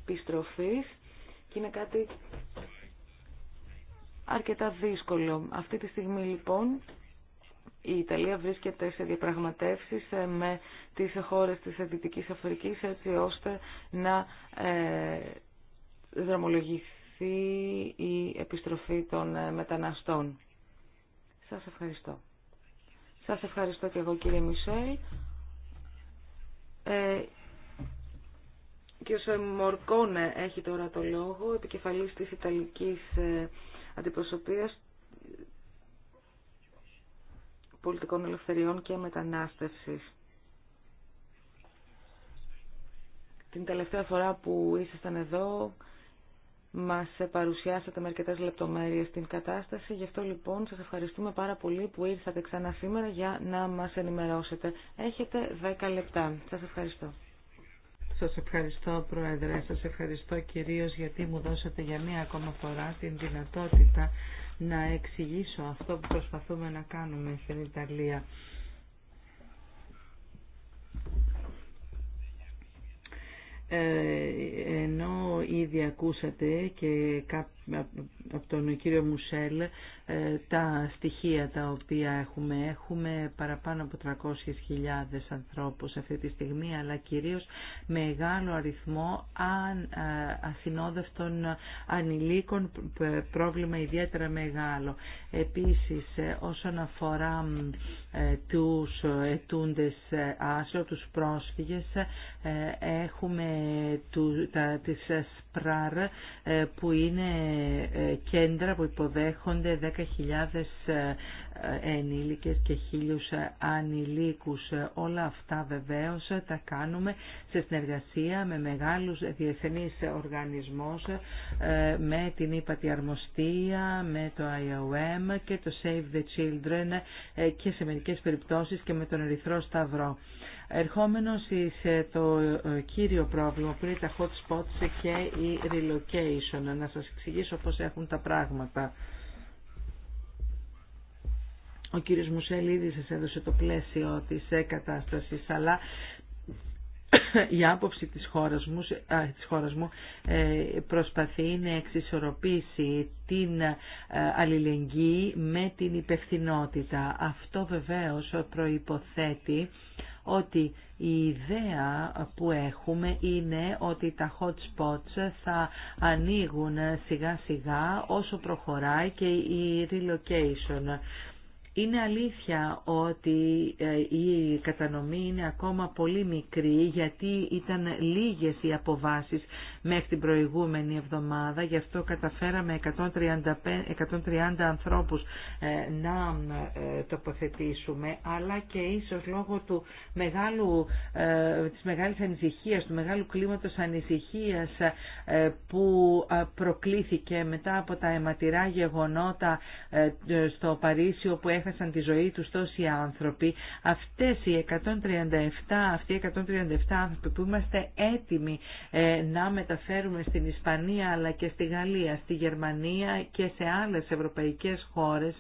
επιστροφής και είναι κάτι αρκετά δύσκολο. Αυτή τη στιγμή λοιπόν η Ιταλία βρίσκεται σε διαπραγματεύσεις με τις χώρες της Δυτικής Αφρικής έτσι ώστε να δρομολογηθεί η επιστροφή των μεταναστών. Σας ευχαριστώ. Σας ευχαριστώ και εγώ κύριε Μισελ. Ε, ο Μορκόνε έχει τώρα το λόγο, επικεφαλής της Ιταλικής ε, Αντιπροσωπείας Πολιτικών Ελευθεριών και Μετανάστευσης. Την τελευταία φορά που ήσασταν εδώ μας παρουσιάσατε με αρκετέ λεπτομέρειες την κατάσταση. Γι' αυτό λοιπόν σας ευχαριστούμε πάρα πολύ που ήρθατε ξανά σήμερα για να μας ενημερώσετε. Έχετε 10 λεπτά. Σας ευχαριστώ. Σας ευχαριστώ Πρόεδρε, σας ευχαριστώ κυρίως γιατί μου δώσατε για μία ακόμα φορά την δυνατότητα να εξηγήσω αυτό που προσπαθούμε να κάνουμε στην Ιταλία. Ε, ενώ ήδη ακούσατε και από τον κύριο Μουσέλ ε, τα στοιχεία τα οποία έχουμε. Έχουμε παραπάνω από 300.000 ανθρώπους αυτή τη στιγμή, αλλά κυρίως μεγάλο αριθμό ε, ασυνόδευτων ανηλίκων, πρόβλημα ιδιαίτερα μεγάλο. Επίσης, ε, όσον αφορά τους ετούντες άσλο, τους πρόσφυγες, έχουμε τα, τις ΣΠΡΑΡ που είναι κέντρα που υποδέχονται χιλιάδες ε, ενήλικες και χίλιους ε, ανηλίκους. Ε, όλα αυτά βεβαίως τα κάνουμε σε συνεργασία με μεγάλους διεθνείς οργανισμούς, με την Υπατιαρμοστία, με το IOM και το Save the Children και σε μερικές περιπτώσεις και με τον Ερυθρό Σταυρό. Ερχόμενος σε το κύριο πρόβλημα που είναι τα hot spots και η relocation, να σας εξηγήσω πώς έχουν τα πράγματα. Ο κύριος Μουσέλ ήδη έδωσε το πλαίσιο της ε, κατάστασης, αλλά η άποψη της χώρας μου, της χώρας μου ε, προσπαθεί να εξισορροπήσει την ε, αλληλεγγύη με την υπευθυνότητα. Αυτό βεβαίως προϋποθέτει ότι η ιδέα που έχουμε είναι ότι τα hot spots θα ανοίγουν σιγά σιγά όσο προχωράει και η relocation. Είναι αλήθεια ότι ε, η κατανομή είναι ακόμα πολύ μικρή γιατί ήταν λίγες οι αποβάσεις μέχρι την προηγούμενη εβδομάδα. Γι' αυτό καταφέραμε 135, 130 ανθρώπους ε, να ε, τοποθετήσουμε, αλλά και ίσως λόγω του μεγάλου, ε, της μεγάλης ανησυχίας, του μεγάλου κλίματος ανησυχίας που προκλήθηκε μετά από τα αιματηρά γεγονότα στο Παρίσι όπου έχασαν τη ζωή τους τόσοι άνθρωποι. Αυτές οι 137, αυτοί οι 137 άνθρωποι που είμαστε έτοιμοι να με μεταφέρουμε στην Ισπανία αλλά και στη Γαλλία, στη Γερμανία και σε άλλες ευρωπαϊκές χώρες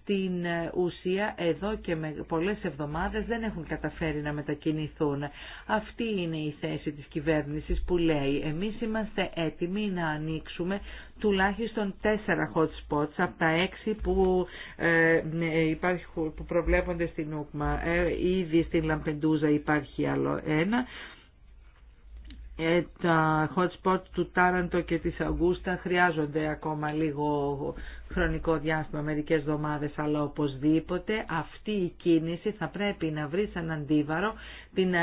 στην ουσία εδώ και με πολλές εβδομάδες δεν έχουν καταφέρει να μετακινηθούν. Αυτή είναι η θέση της κυβέρνησης που λέει εμείς είμαστε έτοιμοι να ανοίξουμε τουλάχιστον τέσσερα hot spots από τα έξι που, ε, υπάρχουν, που προβλέπονται στην Ούκμα. Ε, ήδη στην Λαμπεντούζα υπάρχει άλλο ένα ε, τα hot spot του Τάραντο και της Αγγούστα χρειάζονται ακόμα λίγο χρονικό διάστημα, μερικές εβδομάδες, αλλά οπωσδήποτε αυτή η κίνηση θα πρέπει να βρει σαν αντίβαρο την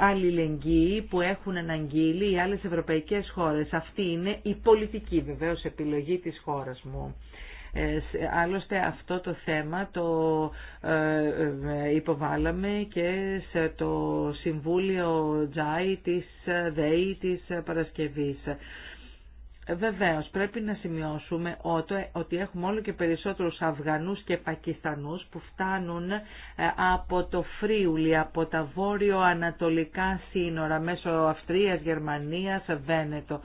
αλληλεγγύη ε, ε, που έχουν αναγγείλει οι άλλες ευρωπαϊκές χώρες. Αυτή είναι η πολιτική βεβαίως επιλογή της χώρας μου. Ε, άλλωστε αυτό το θέμα το ε, ε, υποβάλαμε και σε το Συμβούλιο Τζάι της ΔΕΗ της Παρασκευής. Βεβαίως πρέπει να σημειώσουμε ότι έχουμε όλο και περισσότερους Αφγανούς και Πακιστανούς που φτάνουν από το Φρίουλι, από τα βόρειο-ανατολικά σύνορα μέσω Αυστρίας, Γερμανίας, Βένετο.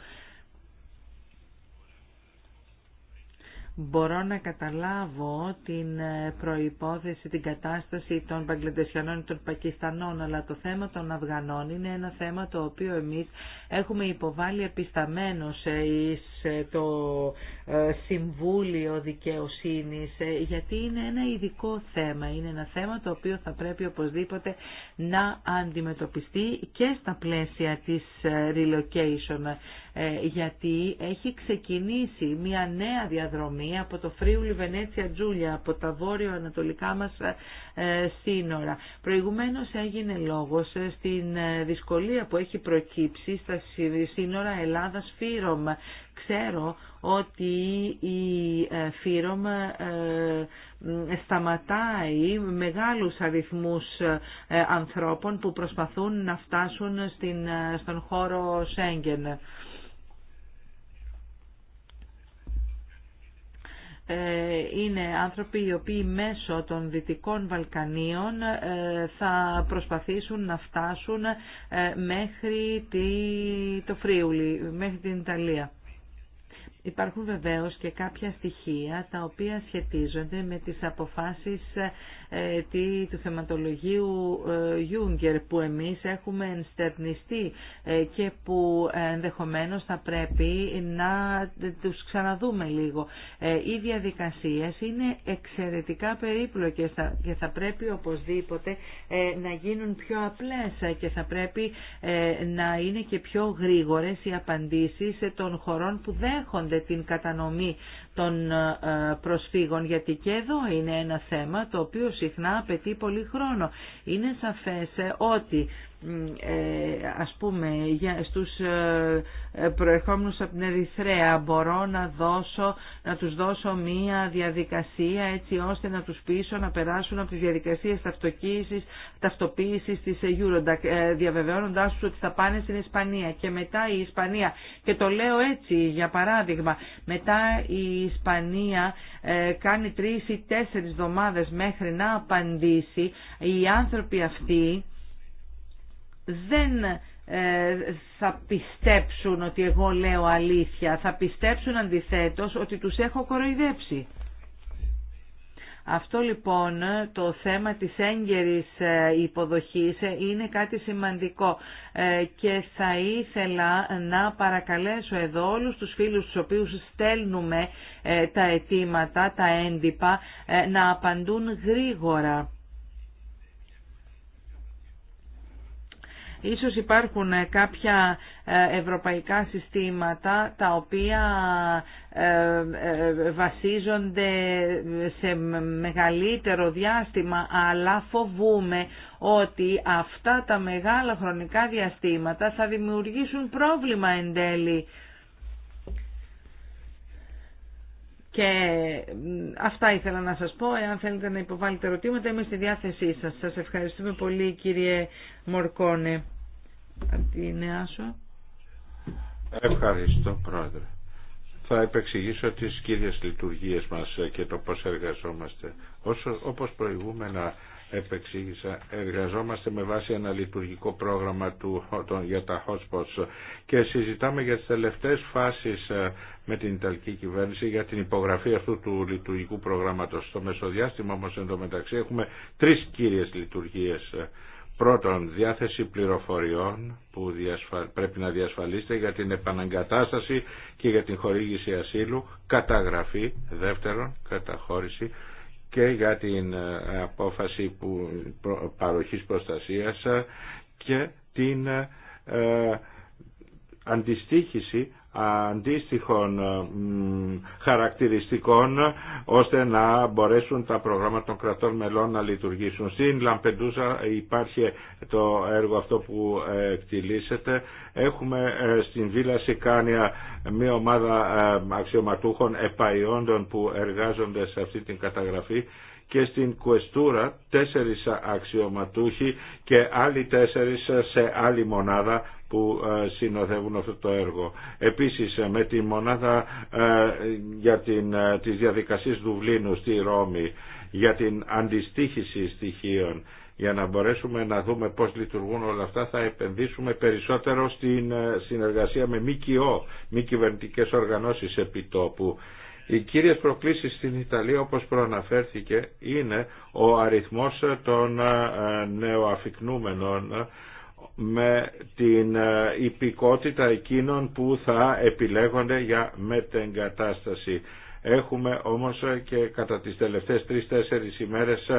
μπορώ να καταλάβω την ε, προϋπόθεση, την κατάσταση των Παγκλαντεσιανών και των Πακιστανών, αλλά το θέμα των Αφγανών είναι ένα θέμα το οποίο εμείς έχουμε υποβάλει επισταμένως ε, εις ε, το ε, Συμβούλιο Δικαιοσύνης, ε, γιατί είναι ένα ειδικό θέμα. Είναι ένα θέμα το οποίο θα πρέπει οπωσδήποτε να αντιμετωπιστεί και στα πλαίσια της ε, relocation, γιατί έχει ξεκινήσει μια νέα διαδρομή από το Φρίουλι Βενέτσια Τζούλια, από τα βόρειο-ανατολικά μας σύνορα. Προηγουμένως έγινε λόγος στην δυσκολία που έχει προκύψει στα συνορα Ελλάδας Φύρομ. Ξέρω ότι η ε, Φύρομ ε, ε, σταματάει μεγάλους αριθμούς ανθρώπων που προσπαθούν να φτάσουν στην, στον χώρο Σέγγεν. είναι άνθρωποι οι οποίοι μέσω των Δυτικών Βαλκανίων θα προσπαθήσουν να φτάσουν μέχρι το Φρίουλι, μέχρι την Ιταλία. Υπάρχουν βεβαίως και κάποια στοιχεία τα οποία σχετίζονται με τις αποφάσεις ε, του θεματολογίου ε, Γιούγκερ που εμείς έχουμε ενστερνιστεί ε, και που ενδεχομένως θα πρέπει να τους ξαναδούμε λίγο. Οι διαδικασίες είναι εξαιρετικά περίπλοκες και θα πρέπει οπωσδήποτε να γίνουν πιο απλές και θα πρέπει να είναι και πιο γρήγορες οι απαντήσεις των χωρών που δέχονται την κατανομή των ε, προσφύγων, γιατί και εδώ είναι ένα θέμα το οποίο συχνά απαιτεί πολύ χρόνο. Είναι σαφές ότι ε, ας πούμε για, στους ε, προερχόμενους από την Ερυθρέα μπορώ να, δώσω, να τους δώσω μία διαδικασία έτσι ώστε να τους πείσω να περάσουν από τις διαδικασίες ταυτοποίησης, ταυτοποίησης της Eurodac ε, διαβεβαιώνοντάς τους ότι θα πάνε στην Ισπανία και μετά η Ισπανία και το λέω έτσι για παράδειγμα μετά η Ισπανία κάνει τρεις ή τέσσερις εβδομάδες μέχρι να απαντήσει οι άνθρωποι αυτοί δεν ε, θα πιστέψουν ότι εγώ λέω αλήθεια, θα πιστέψουν αντιθέτως ότι τους έχω κοροϊδέψει. Αυτό λοιπόν το θέμα της έγκαιρης ε, υποδοχής ε, είναι κάτι σημαντικό και θα ήθελα να παρακαλέσω εδώ όλους τους φίλους τους οποίους στέλνουμε τα αιτήματα, τα έντυπα, να απαντούν γρήγορα Ίσως υπάρχουν ε, κάποια ε, ευρωπαϊκά συστήματα τα οποία ε, βασίζονται σε μεγαλύτερο διάστημα αλλά φοβούμε ότι αυτά τα μεγάλα χρονικά διαστήματα θα δημιουργήσουν πρόβλημα εν τέλει. Και αυτά ήθελα να σας πω. Εάν θέλετε να υποβάλλετε ερωτήματα, είμαι στη διάθεσή σας. Σας ευχαριστούμε πολύ κύριε Μορκόνε από Ευχαριστώ πρόεδρε. Θα επεξηγήσω τις κύριες λειτουργίες μας και το πώς εργαζόμαστε. Όσο, όπως προηγούμενα επεξήγησα, εργαζόμαστε με βάση ένα λειτουργικό πρόγραμμα του, των, για τα hotspots και συζητάμε για τις τελευταίες φάσεις ε, με την Ιταλική κυβέρνηση για την υπογραφή αυτού του λειτουργικού προγράμματος. Στο μεσοδιάστημα όμως εντωμεταξύ έχουμε τρεις κύριες λειτουργίες ε, Πρώτον, διάθεση πληροφοριών που πρέπει να διασφαλίσετε για την επαναγκατάσταση και για την χορήγηση ασύλου, καταγραφή, δεύτερον, καταχώρηση και για την ε, απόφαση που, παροχής προστασίας και την ε, ε, αντιστήχηση αντίστοιχων ε, χαρακτηριστικών ώστε να μπορέσουν τα προγράμματα των κρατών μελών να λειτουργήσουν. Στην Λαμπεντούζα υπάρχει το έργο αυτό που εκτιλήσεται. Έχουμε ε, στην Βίλα Σικάνια μια ομάδα ε, αξιωματούχων επαϊόντων που εργάζονται σε αυτή την καταγραφή και στην Κουεστούρα τέσσερις αξιωματούχοι και άλλοι τέσσερις σε άλλη μονάδα που ε, συνοδεύουν αυτό το έργο. Επίσης ε, με τη μονάδα ε, για την, τις διαδικασίες Δουβλίνου στη Ρώμη για την αντιστήχηση στοιχείων για να μπορέσουμε να δούμε πώς λειτουργούν όλα αυτά θα επενδύσουμε περισσότερο στην συνεργασία με ΜΚΟ, μη κυβερνητικέ οργανώσεις επιτόπου οι κύριες προκλήσεις στην Ιταλία όπως προαναφέρθηκε είναι ο αριθμός των ε, νεοαφικνούμενων ε, με την ε, υπηκότητα εκείνων που θα επιλέγονται για μετεγκατάσταση. Έχουμε όμως και κατά τις τελευταίες τρεις-τέσσερις ημέρες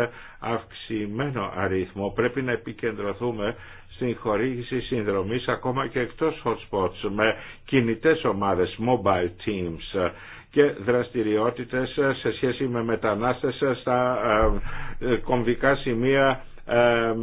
αυξημένο αριθμό. Πρέπει να επικεντρωθούμε στην χορήγηση συνδρομής ακόμα και εκτός hotspots με κινητές ομάδες, mobile teams και δραστηριότητες σε σχέση με μετανάστες στα ε, ε, κομβικά σημεία ε,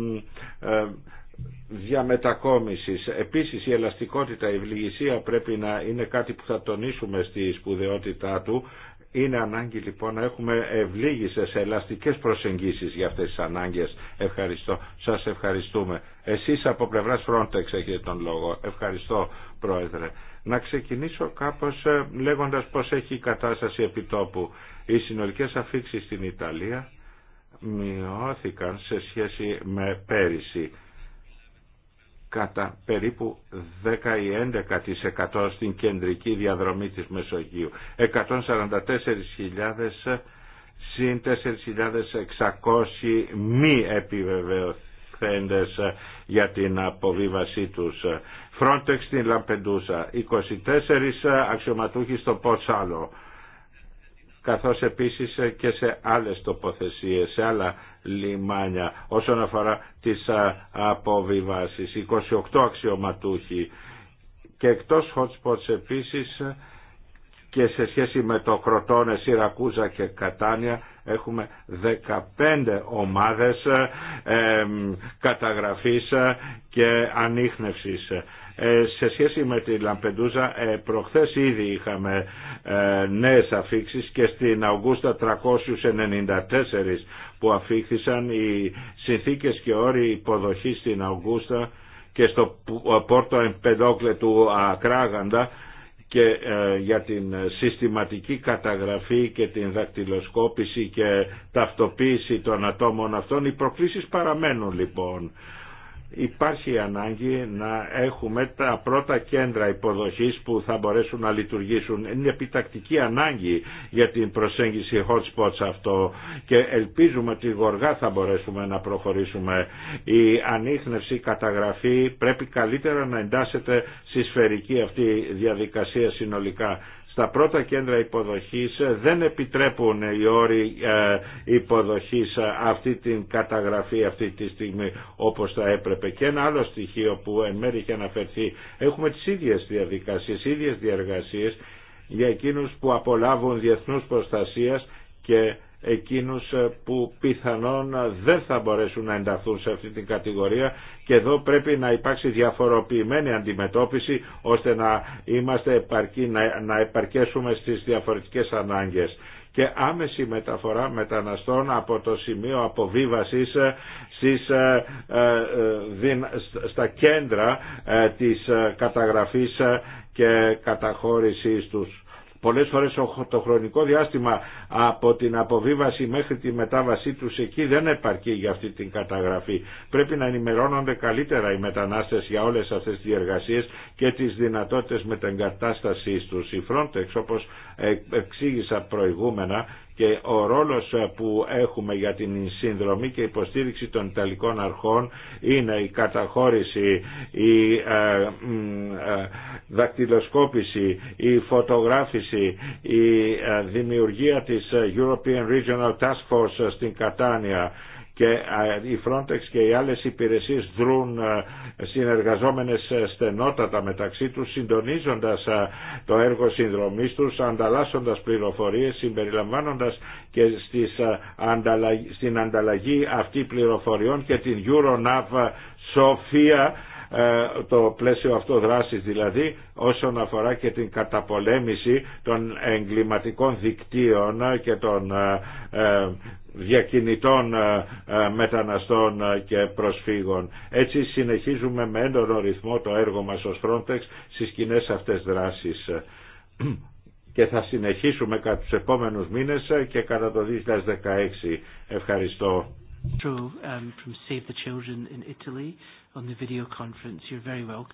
διαμετακόμισης. Επίσης η ελαστικότητα, η ευληγησία πρέπει να είναι κάτι που θα τονίσουμε στη σπουδαιότητά του. Είναι ανάγκη λοιπόν να έχουμε ευλίγησες, ελαστικές προσεγγίσεις για αυτές τις ανάγκες. Ευχαριστώ. Σας ευχαριστούμε. Εσείς από πλευράς Frontex έχετε τον λόγο. Ευχαριστώ Πρόεδρε. Να ξεκινήσω κάπως ε, λέγοντας πώς έχει η κατάσταση επιτόπου. Οι συνολικές αφήξεις στην Ιταλία μειώθηκαν σε σχέση με πέρυσι κατά περίπου 10 ή 11% στην κεντρική διαδρομή της Μεσογείου. 144.000 συν 4.600 μη επιβεβαιωθέντες για την αποβίβασή τους. Frontex στην Λαμπεντούσα, 24 αξιωματούχοι στο Ποτσάλο, καθώς επίσης και σε άλλες τοποθεσίες, σε άλλα λιμάνια, όσον αφορά τις αποβιβάσεις, 28 αξιωματούχοι και εκτός hot spots επίσης και σε σχέση με το Κροτόνε, Σιρακούζα και Κατάνια έχουμε 15 ομάδες ε, καταγραφής και ανείχνευσης. Ε, σε σχέση με τη Λαμπεντούζα ε, προχθές ήδη είχαμε ε, νέες αφήξεις και στην Αυγούστα 394 που αφήχθησαν οι συνθήκες και όροι υποδοχή στην Αυγούστα και στο πόρτο εμπεντόκλε του Ακράγαντα και για την συστηματική καταγραφή και την δακτυλοσκόπηση και ταυτοποίηση των ατόμων αυτών. Οι προκλήσεις παραμένουν λοιπόν υπάρχει ανάγκη να έχουμε τα πρώτα κέντρα υποδοχής που θα μπορέσουν να λειτουργήσουν. Είναι επιτακτική ανάγκη για την προσέγγιση hot spots αυτό και ελπίζουμε ότι γοργά θα μπορέσουμε να προχωρήσουμε. Η ανείχνευση, η καταγραφή πρέπει καλύτερα να εντάσσεται στη σφαιρική αυτή διαδικασία συνολικά στα πρώτα κέντρα υποδοχής δεν επιτρέπουν οι όροι ε, υποδοχής αυτή την καταγραφή αυτή τη στιγμή όπως θα έπρεπε. Και ένα άλλο στοιχείο που εν μέρει είχε αναφερθεί, έχουμε τις ίδιες διαδικασίες, ίδιες διαργασίες για εκείνους που απολάβουν διεθνούς προστασίας και εκείνους ε, που πιθανόν ε, δεν θα μπορέσουν να ενταχθούν σε αυτή την κατηγορία και εδώ πρέπει να υπάρξει διαφοροποιημένη αντιμετώπιση ώστε να είμαστε επαρκή, να, να επαρκέσουμε στις διαφορετικές ανάγκες και άμεση μεταφορά μεταναστών από το σημείο αποβίβασης ε, στις, στα κέντρα της καταγραφής και καταχώρησής τους. Πολλές φορές το χρονικό διάστημα από την αποβίβαση μέχρι τη μετάβασή τους εκεί δεν επαρκεί για αυτή την καταγραφή. Πρέπει να ενημερώνονται καλύτερα οι μετανάστες για όλες αυτές τις διεργασίες και τις δυνατότητες μετεγκατάστασής τους. Η Frontex όπως ε, εξήγησα προηγούμενα και ο ρόλος ε, που έχουμε για την συνδρομή και υποστήριξη των Ιταλικών αρχών είναι η καταχώρηση, η ε, ε, δακτυλοσκόπηση, η φωτογράφηση, η δημιουργία της European Regional Task Force στην Κατάνια και οι Frontex και οι άλλες υπηρεσίες δρούν συνεργαζόμενες ε, στενότατα μεταξύ τους συντονίζοντας το έργο συνδρομής τους, ανταλλάσσοντας πληροφορίες, συμπεριλαμβάνοντας και στην ανταλλαγή αυτή πληροφοριών και την Euronav Σοφία ε, το πλαίσιο αυτό δράσης δηλαδή όσον αφορά και την καταπολέμηση των εγκληματικών δικτύων και των ε, διακινητών ε, ε, μεταναστών ε, και προσφύγων. Έτσι συνεχίζουμε με έντονο ρυθμό το έργο μας ως Frontex στις κοινέ αυτές δράσεις και θα συνεχίσουμε κατά τους επόμενους μήνες και κατά το 2016. Ευχαριστώ.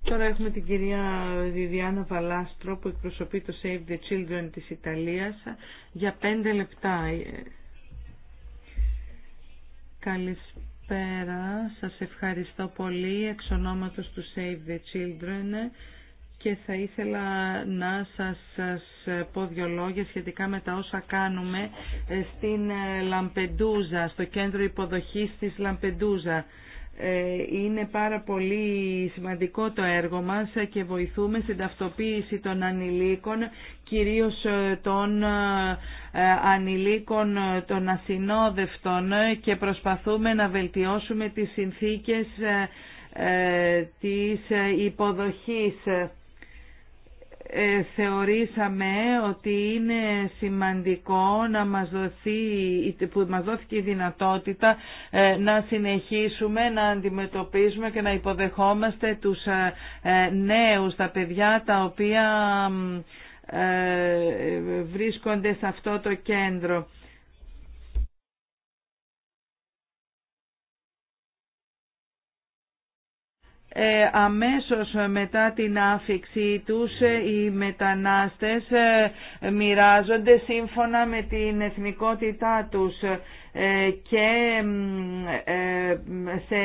Τώρα έχουμε την κυρία Διδιάνα Βαλάστρο που εκπροσωπεί το Save the Children της Ιταλίας για πέντε λεπτά. Καλησπέρα, σας ευχαριστώ πολύ εξ ονόματος του Save the Children και θα ήθελα να σας, πω δύο λόγια σχετικά με τα όσα κάνουμε στην Λαμπεντούζα, στο κέντρο υποδοχής της Λαμπεντούζα. Ε, είναι πάρα πολύ σημαντικό το έργο μας και βοηθούμε στην ταυτοποίηση των ανηλίκων, κυρίως ε, των ε, ανηλίκων των ασυνόδευτων και προσπαθούμε να βελτιώσουμε τις συνθήκες της υποδοχής ε, θεωρήσαμε ότι είναι σημαντικό να μας δοθεί, που μας δόθηκε η δυνατότητα ε, να συνεχίσουμε να αντιμετωπίζουμε και να υποδεχόμαστε τους ε, νέους, τα παιδιά τα οποία βρίσκονται σε αυτό το κέντρο. ε, αμέσως μετά την άφηξή τους ε, οι μετανάστες ε, μοιράζονται σύμφωνα με την εθνικότητά τους ε, και σε,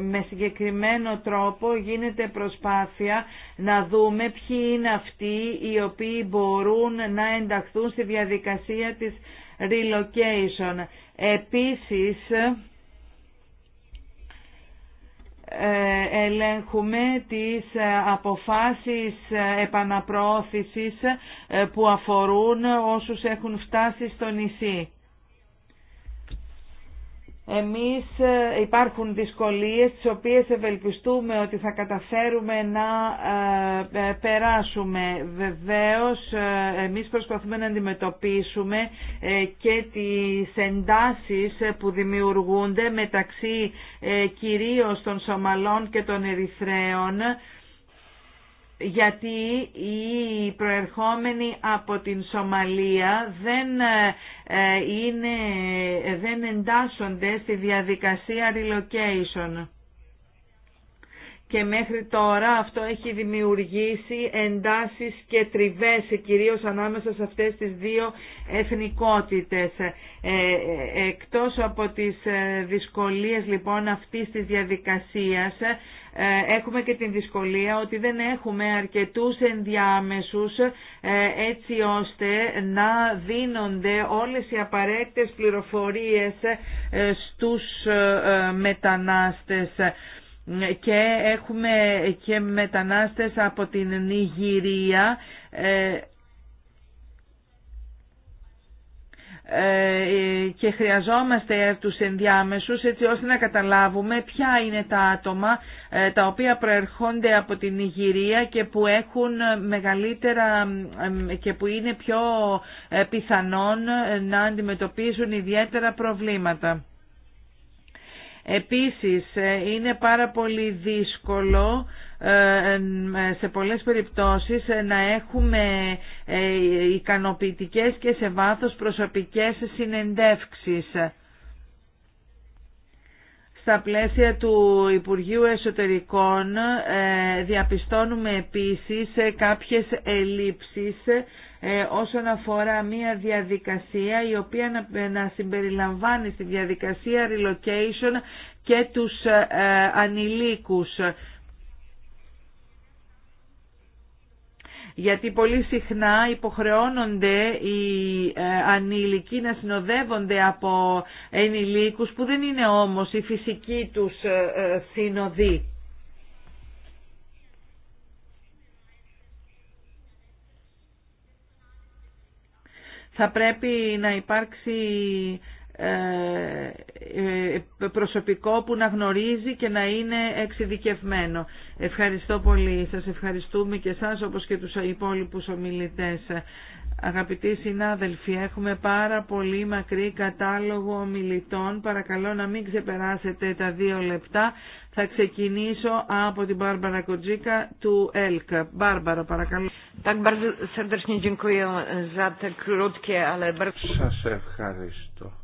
με συγκεκριμένο τρόπο γίνεται προσπάθεια να δούμε ποιοι είναι αυτοί οι οποίοι μπορούν να ενταχθούν στη διαδικασία της relocation. Επίσης, ελέγχουμε τις ε, αποφάσεις ε, επαναπροώθησης ε, που αφορούν όσους έχουν φτάσει στο νησί. Εμείς ε, υπάρχουν δυσκολίες τις οποίες ευελπιστούμε ότι θα καταφέρουμε να ε, ε, περάσουμε. Βεβαίως εμείς προσπαθούμε να αντιμετωπίσουμε και τις εντάσεις που δημιουργούνται μεταξύ κυρίως των Σομαλών και των Ερυθρέων γιατί οι προερχόμενοι από την Σομαλία δεν, ε, είναι, δεν εντάσσονται στη διαδικασία relocation. Και μέχρι τώρα αυτό έχει δημιουργήσει εντάσεις και τριβές, κυρίως ανάμεσα σε αυτές τις δύο εθνικότητες. Ε, ε, εκτός από τις δυσκολίες λοιπόν αυτής της διαδικασίας, ε, έχουμε και την δυσκολία ότι δεν έχουμε αρκετούς ενδιάμεσους ε, έτσι ώστε να δίνονται όλες οι απαραίτητες πληροφορίες ε, στους μετανάστες και έχουμε και μετανάστες από την Νιγηρία Ε, και χρειαζόμαστε τους ενδιάμεσους έτσι ώστε να καταλάβουμε ποια είναι τα άτομα ε, τα οποία προερχόνται από την Ιγυρία και που έχουν μεγαλύτερα και που είναι πιο ε, πιθανόν να αντιμετωπίζουν ιδιαίτερα προβλήματα. Επίσης είναι πάρα πολύ δύσκολο ε, ε, σε πολλές περιπτώσεις ε, να έχουμε ικανοποιητικές και σε βάθος προσωπικές συνεντεύξεις στα πλαίσια του Υπουργείου Εσωτερικών διαπιστώνουμε επίσης κάποιες ελλείψεις όσον αφορά μια διαδικασία η οποία να συμπεριλαμβάνει στη διαδικασία relocation και τους ανηλίκους γιατί πολύ συχνά υποχρεώνονται οι ε, ανήλικοι να συνοδεύονται από ενηλίκους που δεν είναι όμως η φυσική τους ε, ε, συνοδη. Θα πρέπει να υπάρξει ε, ε, προσωπικό που να γνωρίζει και να είναι εξειδικευμένο. Ευχαριστώ πολύ. Σας ευχαριστούμε και σας όπως και τους υπόλοιπους ομιλητές. Αγαπητοί συνάδελφοι, έχουμε πάρα πολύ μακρύ κατάλογο ομιλητών. Παρακαλώ να μην ξεπεράσετε τα δύο λεπτά. Θα ξεκινήσω από την Μπάρμπαρα Κοντζίκα του ΕΛΚ. Μπάρμπαρα, παρακαλώ. Σας ευχαριστώ.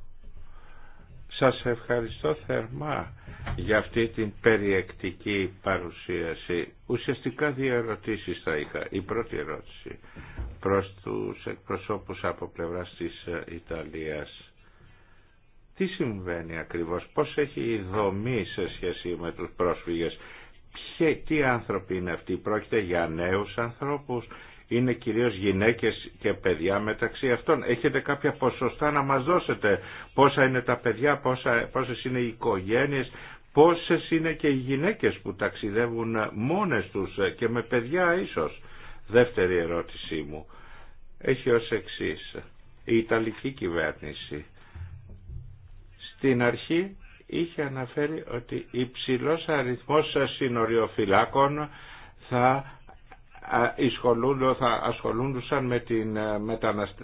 Σας ευχαριστώ θερμά για αυτή την περιεκτική παρουσίαση. Ουσιαστικά δύο ερωτήσεις θα είχα. Η πρώτη ερώτηση προς τους εκπροσώπους από πλευράς της ε, Ιταλίας. Τι συμβαίνει ακριβώς, πώς έχει η δομή σε σχέση με τους πρόσφυγες, Ποιοι, τι άνθρωποι είναι αυτοί, πρόκειται για νέους ανθρώπους είναι κυρίως γυναίκες και παιδιά μεταξύ αυτών. Έχετε κάποια ποσοστά να μας δώσετε πόσα είναι τα παιδιά, πόσα, πόσες είναι οι οικογένειες, πόσες είναι και οι γυναίκες που ταξιδεύουν μόνες τους και με παιδιά ίσως. Δεύτερη ερώτησή μου έχει ως εξή. Η Ιταλική κυβέρνηση στην αρχή είχε αναφέρει ότι υψηλός αριθμός συνοριοφυλάκων θα θα ασχολούντουσαν με την, ε,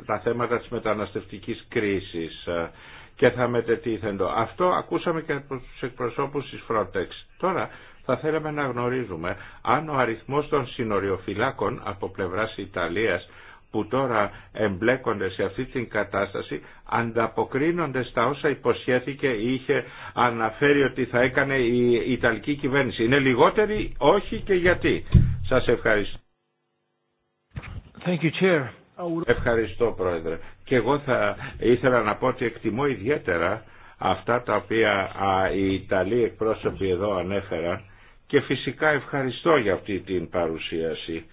τα θέματα της μεταναστευτικής κρίσης ε, και θα μετετίθεντο. Αυτό ακούσαμε και από τους εκπροσώπους της Frontex. Τώρα θα θέλαμε να γνωρίζουμε αν ο αριθμός των συνοριοφυλάκων από πλευράς Ιταλίας που τώρα εμπλέκονται σε αυτή την κατάσταση ανταποκρίνονται στα όσα υποσχέθηκε ή είχε αναφέρει ότι θα έκανε η Ιταλική κυβέρνηση. Είναι λιγότεροι, όχι και γιατί. Σας ευχαριστώ. Ευχαριστώ Πρόεδρε. Και εγώ θα ήθελα να πω ότι εκτιμώ ιδιαίτερα αυτά τα οποία οι Ιταλοί εκπρόσωποι εδώ ανέφεραν και φυσικά ευχαριστώ για αυτή την παρουσίαση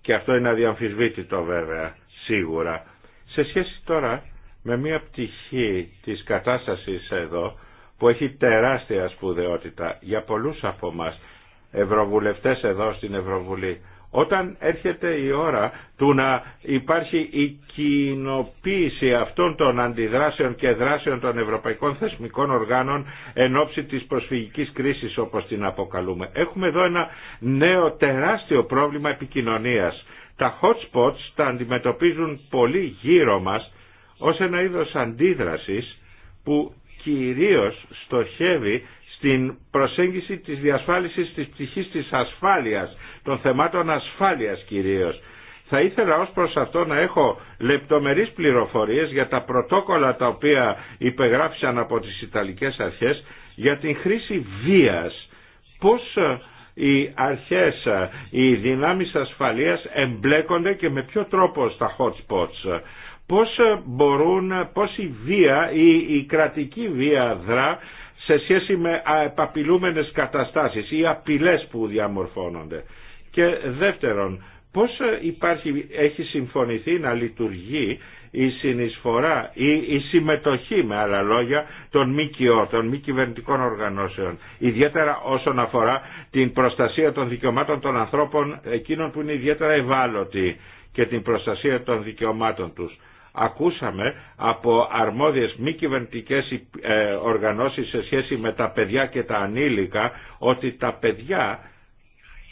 και αυτό είναι αδιαμφισβήτητο βέβαια σίγουρα. Σε σχέση τώρα με μια πτυχή της κατάστασης εδώ που έχει τεράστια σπουδαιότητα για πολλούς από εμά ευρωβουλευτές εδώ στην Ευρωβουλή όταν έρχεται η ώρα του να υπάρχει η κοινοποίηση αυτών των αντιδράσεων και δράσεων των ευρωπαϊκών θεσμικών οργάνων εν ώψη της προσφυγικής κρίσης όπως την αποκαλούμε. Έχουμε εδώ ένα νέο τεράστιο πρόβλημα επικοινωνίας. Τα hot spots τα αντιμετωπίζουν πολύ γύρω μας ως ένα είδος αντίδρασης που κυρίως στοχεύει στην προσέγγιση της διασφάλισης της ψυχής της ασφάλειας, των θεμάτων ασφάλειας κυρίως. Θα ήθελα ως προς αυτό να έχω λεπτομερείς πληροφορίες για τα πρωτόκολλα τα οποία υπεγράφησαν από τις Ιταλικές αρχές για την χρήση βίας. Πώς ε, οι αρχές, ε, οι δυνάμεις ασφαλείας εμπλέκονται και με ποιο τρόπο στα hot spots. Πώς ε, μπορούν, πώς η βία, η, η κρατική βία δρά σε σχέση με απειλούμενες καταστάσεις ή απειλές που διαμορφώνονται. Και δεύτερον, πώς υπάρχει, έχει συμφωνηθεί να λειτουργεί η συνεισφορά ή η συμμετοχή με άλλα λόγια των ΜΚΟ, των μη κυβερνητικών οργανώσεων ιδιαίτερα όσον αφορά την προστασία των δικαιωμάτων των ανθρώπων εκείνων που είναι ιδιαίτερα ευάλωτοι και την προστασία των δικαιωμάτων τους. Ακούσαμε από αρμόδιες μη κυβερνητικέ ε, οργανώσεις σε σχέση με τα παιδιά και τα ανήλικα ότι τα παιδιά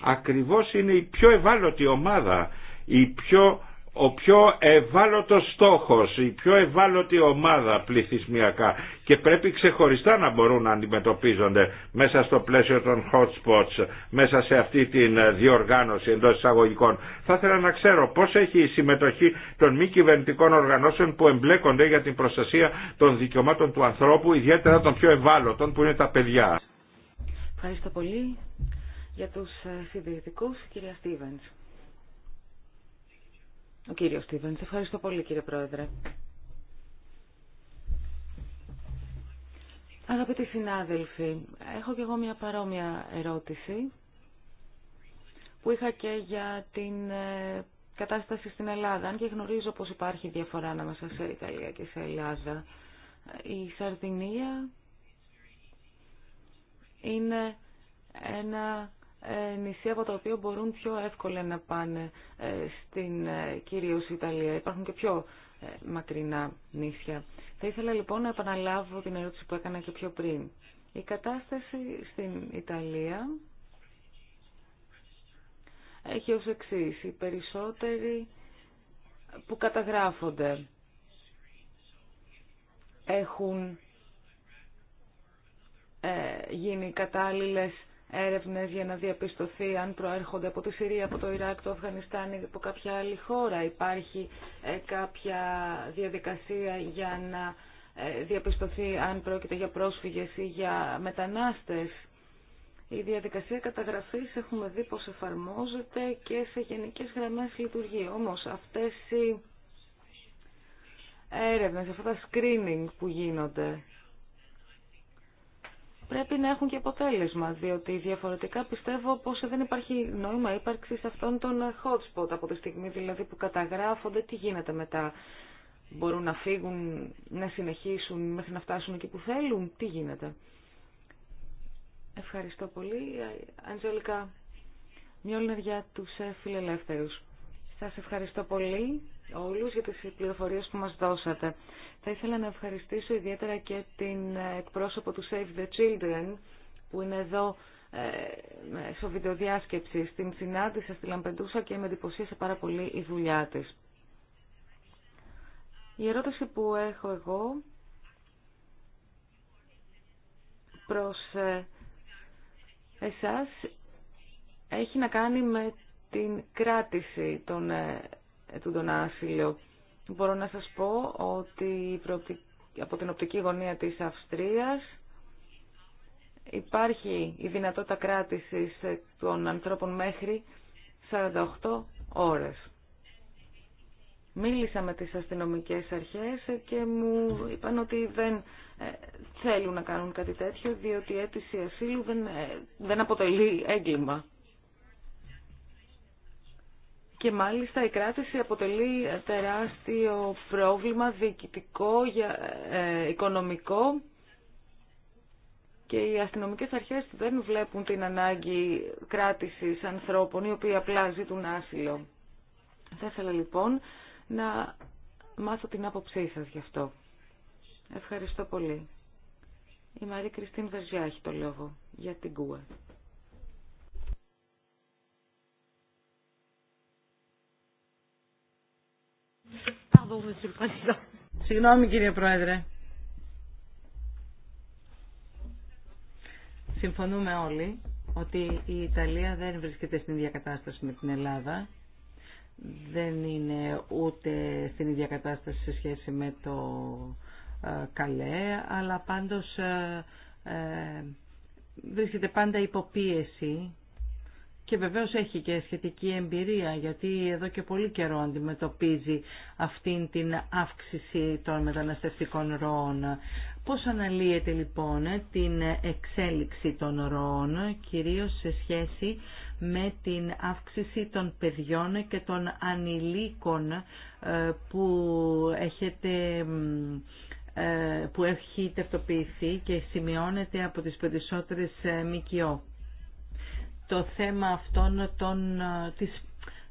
ακριβώς είναι η πιο ευάλωτη ομάδα, η πιο ο πιο ευάλωτος στόχος, η πιο ευάλωτη ομάδα πληθυσμιακά και πρέπει ξεχωριστά να μπορούν να αντιμετωπίζονται μέσα στο πλαίσιο των hot spots, μέσα σε αυτή την διοργάνωση εντό εισαγωγικών. Θα ήθελα να ξέρω πώς έχει η συμμετοχή των μη κυβερνητικών οργανώσεων που εμπλέκονται για την προστασία των δικαιωμάτων του ανθρώπου, ιδιαίτερα των πιο ευάλωτων που είναι τα παιδιά. Ευχαριστώ πολύ για τους ε, συντηρητικούς, κυρία Στίβενς. Ο κύριος Στίβεν, ευχαριστώ πολύ κύριε Πρόεδρε. Αγαπητοί συνάδελφοι, έχω και εγώ μια παρόμοια ερώτηση που είχα και για την ε, κατάσταση στην Ελλάδα. Αν και γνωρίζω πως υπάρχει διαφορά ανάμεσα σε Ιταλία και σε Ελλάδα. Η Σαρδινία είναι ένα ε, νησία από τα οποία μπορούν πιο εύκολα να πάνε ε, στην ε, κυρίως Ιταλία. Υπάρχουν και πιο μακρινά νησιά. Θα ήθελα λοιπόν να επαναλάβω την ερώτηση που έκανα και πιο πριν. Η κατάσταση στην Ιταλία έχει ως εξής. Οι περισσότεροι που καταγράφονται έχουν γίνει κατάλληλες Έρευνε για να διαπιστωθεί αν προέρχονται από τη Συρία, από το Ιράκ, το Αφγανιστάν ή από κάποια άλλη χώρα. Υπάρχει ε, κάποια διαδικασία για να ε, διαπιστωθεί αν πρόκειται για πρόσφυγες ή για μετανάστες. Η διαδικασία καταγραφής έχουμε δει πως εφαρμόζεται και σε γενικές γραμμές λειτουργεί. Όμως αυτές οι έρευνες, αυτά τα screening που γίνονται πρέπει να έχουν και αποτέλεσμα, διότι διαφορετικά πιστεύω πως δεν υπάρχει νόημα σε αυτών των hot spot από τη στιγμή δηλαδή που καταγράφονται τι γίνεται μετά. Μπορούν να φύγουν, να συνεχίσουν μέχρι να φτάσουν εκεί που θέλουν, τι γίνεται. Ευχαριστώ πολύ. Αντζέλικα, μια για τους ε, φιλελεύθερους. Σας ευχαριστώ πολύ όλους για τις πληροφορίες που μας δώσατε. Θα ήθελα να ευχαριστήσω ιδιαίτερα και την εκπρόσωπο του Save the Children που είναι εδώ ε, στο βιντεοδιάσκεψη. Στην συνάντηση στη Λαμπεντούσα και με εντυπωσίασε πάρα πολύ η δουλειά της. Η ερώτηση που έχω εγώ προς ε, εσάς έχει να κάνει με την κράτηση των ε, τον άσυλο. Μπορώ να σας πω ότι από την οπτική γωνία της Αυστρίας υπάρχει η δυνατότητα κράτησης των ανθρώπων μέχρι 48 ώρες. Μίλησα με τις αστυνομικές αρχές και μου είπαν ότι δεν ε, θέλουν να κάνουν κάτι τέτοιο διότι η αίτηση ασύλου δεν, ε, δεν αποτελεί έγκλημα και μάλιστα η κράτηση αποτελεί τεράστιο πρόβλημα διοικητικό, ε, οικονομικό και οι αστυνομικές αρχές δεν βλέπουν την ανάγκη κράτησης ανθρώπων οι οποίοι απλά ζητούν άσυλο. Θα ήθελα λοιπόν να μάθω την άποψή σας γι' αυτό. Ευχαριστώ πολύ. Η Μαρή Κριστίν Βερζιά έχει το λόγο για την ΚΟΕ. Συγγνώμη κύριε Πρόεδρε. Συμφωνούμε όλοι ότι η Ιταλία δεν βρίσκεται στην ίδια κατάσταση με την Ελλάδα. Δεν είναι ούτε στην ίδια κατάσταση σε σχέση με το ε, καλέ, αλλά πάντως ε, ε, βρίσκεται πάντα υποπίεση και βεβαίως έχει και σχετική εμπειρία γιατί εδώ και πολύ καιρό αντιμετωπίζει αυτήν την αύξηση των μεταναστευτικών ροών. Πώς αναλύεται λοιπόν την εξέλιξη των ροών κυρίως σε σχέση με την αύξηση των παιδιών και των ανηλίκων ε, που έχετε ε, που έχει τευτοποιηθεί και σημειώνεται από τις περισσότερες ε, ΜΚΟ το θέμα αυτών των, ε, της,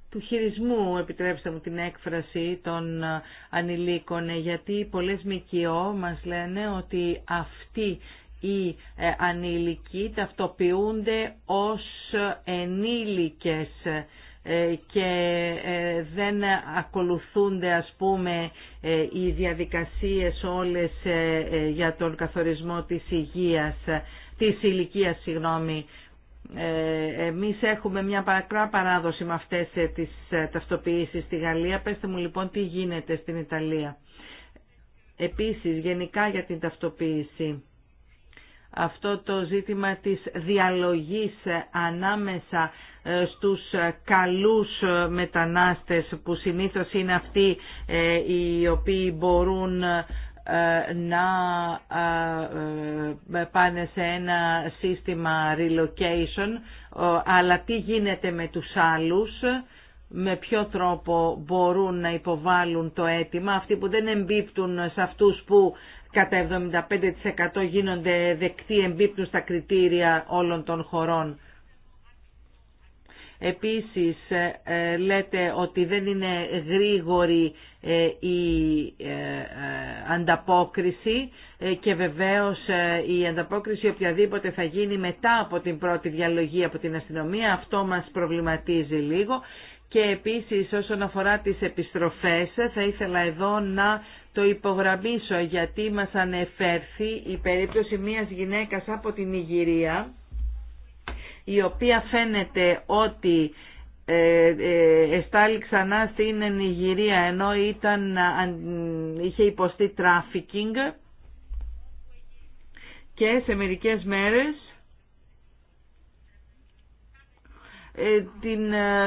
του χειρισμού, επιτρέψτε μου την έκφραση, των ε, ανηλίκων, ε, γιατί πολλές ΜΚΟ μας λένε ότι αυτοί οι ανηλικοί ταυτοποιούνται ως ενήλικες και δεν ακολουθούνται ας πούμε οι διαδικασίες όλες για τον καθορισμό της υγείας, της ηλικίας συγγνώμη ε, εμείς έχουμε μια παρακρά παράδοση με αυτές ε, τις ε, ταυτοποιήσεις στη Γαλλία. Πεςτε μου λοιπόν τι γίνεται στην Ιταλία. Επίσης, γενικά για την ταυτοποίηση, αυτό το ζήτημα της διαλογής ανάμεσα στους καλούς μετανάστες που συνήθως είναι αυτοί οι οποίοι μπορούν ε, να ε, ε, πάνε σε ένα σύστημα relocation, αλλά τι γίνεται με τους άλλους, με ποιο τρόπο μπορούν να υποβάλουν το αίτημα, αυτοί που δεν εμπίπτουν σε αυτούς που κατά 75% γίνονται δεκτοί, εμπίπτουν στα κριτήρια όλων των χωρών. Επίσης λέτε ότι δεν είναι γρήγοροι ε, η ε, ε, ανταπόκριση και βεβαίως η ανταπόκριση οποιαδήποτε θα γίνει μετά από την πρώτη διαλογή από την αστυνομία αυτό μας προβληματίζει λίγο και επίσης όσον αφορά τις επιστροφές θα ήθελα εδώ να το υπογραμμίσω γιατί μας ανεφέρθη η περίπτωση μιας γυναίκας από την Ιγυρία η οποία φαίνεται ότι ε, ε, εστάλει ξανά στην Νιγηρία ενώ ήταν, είχε υποστεί τράφικινγκ και σε μερικές μέρες ε, την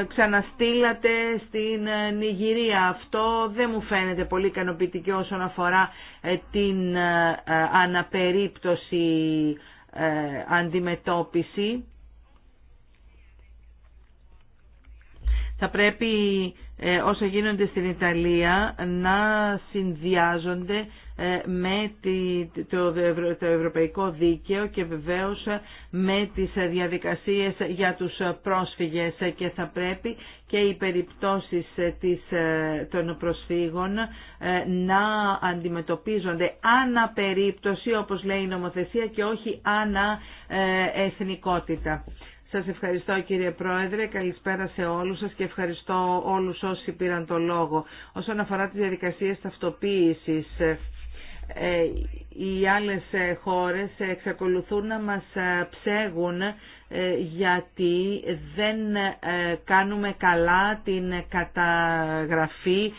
ξαναστήλατε στην Νιγηρία. Αυτό δεν μου φαίνεται πολύ ικανοποιητικό όσον αφορά την αναπερίπτωση αντιμετώπιση. θα πρέπει ε, όσο γίνονται στην Ιταλία να συνδυάζονται ε, με το ευρωπαϊκό δίκαιο και βεβαίως ε, με τις διαδικασίες για τους πρόσφυγες και θα πρέπει και οι περιπτώσεις των προσφύγων να αντιμετωπίζονται ανά περίπτωση όπως λέει η νομοθεσία και όχι ανά εθνικότητα. Σας ευχαριστώ κύριε Πρόεδρε, καλησπέρα σε όλους σας και ευχαριστώ όλους όσοι πήραν το λόγο. Όσον αφορά τις διαδικασίες ταυτοποίησης, ε, οι άλλες χώρες εξακολουθούν να μας ε, ψέγουν ε, γιατί δεν κάνουμε καλά την καταγραφή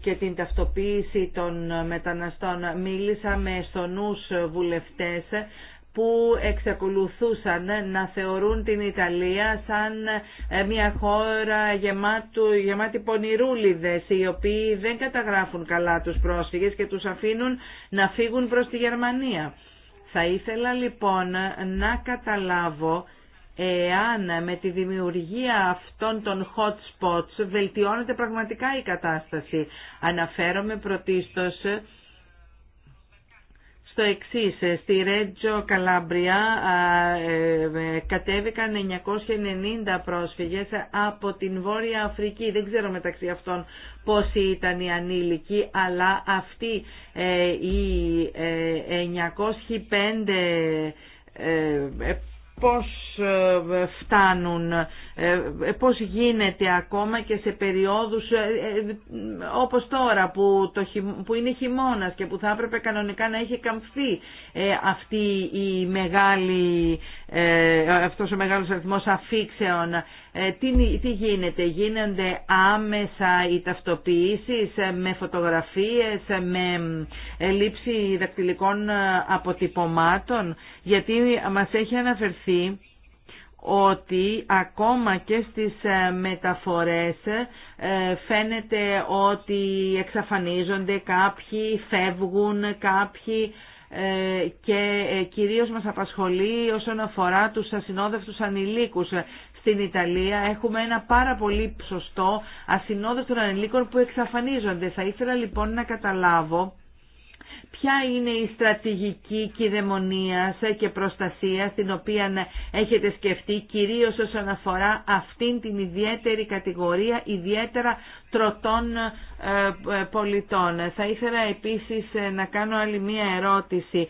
και την ταυτοποίηση των μεταναστών. Μίλησα με στονούς βουλευτές που εξακολουθούσαν να θεωρούν την Ιταλία σαν ε, μια χώρα γεμάτου, γεμάτη πονηρούλιδες οι οποίοι δεν καταγράφουν καλά τους πρόσφυγες και τους αφήνουν να φύγουν προς τη Γερμανία. Θα ήθελα λοιπόν να καταλάβω εάν με τη δημιουργία αυτών των hot spots βελτιώνεται πραγματικά η κατάσταση. Αναφέρομαι πρωτίστως στο εξή. Ε, στη Ρέτζο Καλάμπρια ε, κατέβηκαν 990 πρόσφυγες από την Βόρεια Αφρική. Δεν ξέρω μεταξύ αυτών πόσοι ήταν οι ανήλικοι, αλλά αυτοί ε, οι 905 πώς ε, φτάνουν, ε, ε, πώς γίνεται ακόμα και σε περιόδους όπως τώρα που, το, που είναι χειμώνας και που θα έπρεπε κανονικά να έχει καμφθεί αυτή η μεγάλη, αυτός ο μεγάλος αριθμός αφήξεων ε, τι, τι γίνεται, γίνονται άμεσα οι ταυτοποιήσεις ε, με φωτογραφίες, ε, με λήψη δακτυλικών αποτυπωμάτων, γιατί μας έχει αναφερθεί ότι ακόμα και στις μεταφορές φαίνεται ότι εξαφανίζονται κάποιοι, φεύγουν κάποιοι και κυρίως μας απασχολεί όσον αφορά τους ασυνόδευτους ανηλίκους στην Ιταλία έχουμε ένα πάρα πολύ σωστό ασυνόδευτο των που εξαφανίζονται. Θα ήθελα λοιπόν να καταλάβω ποια είναι η στρατηγική κυδαιμονίας και προστασία την οποία έχετε σκεφτεί κυρίως όσον αφορά αυτήν την ιδιαίτερη κατηγορία ιδιαίτερα τροτών ε, ε, πολιτών. Θα ήθελα επίσης ε, να κάνω άλλη μία ερώτηση.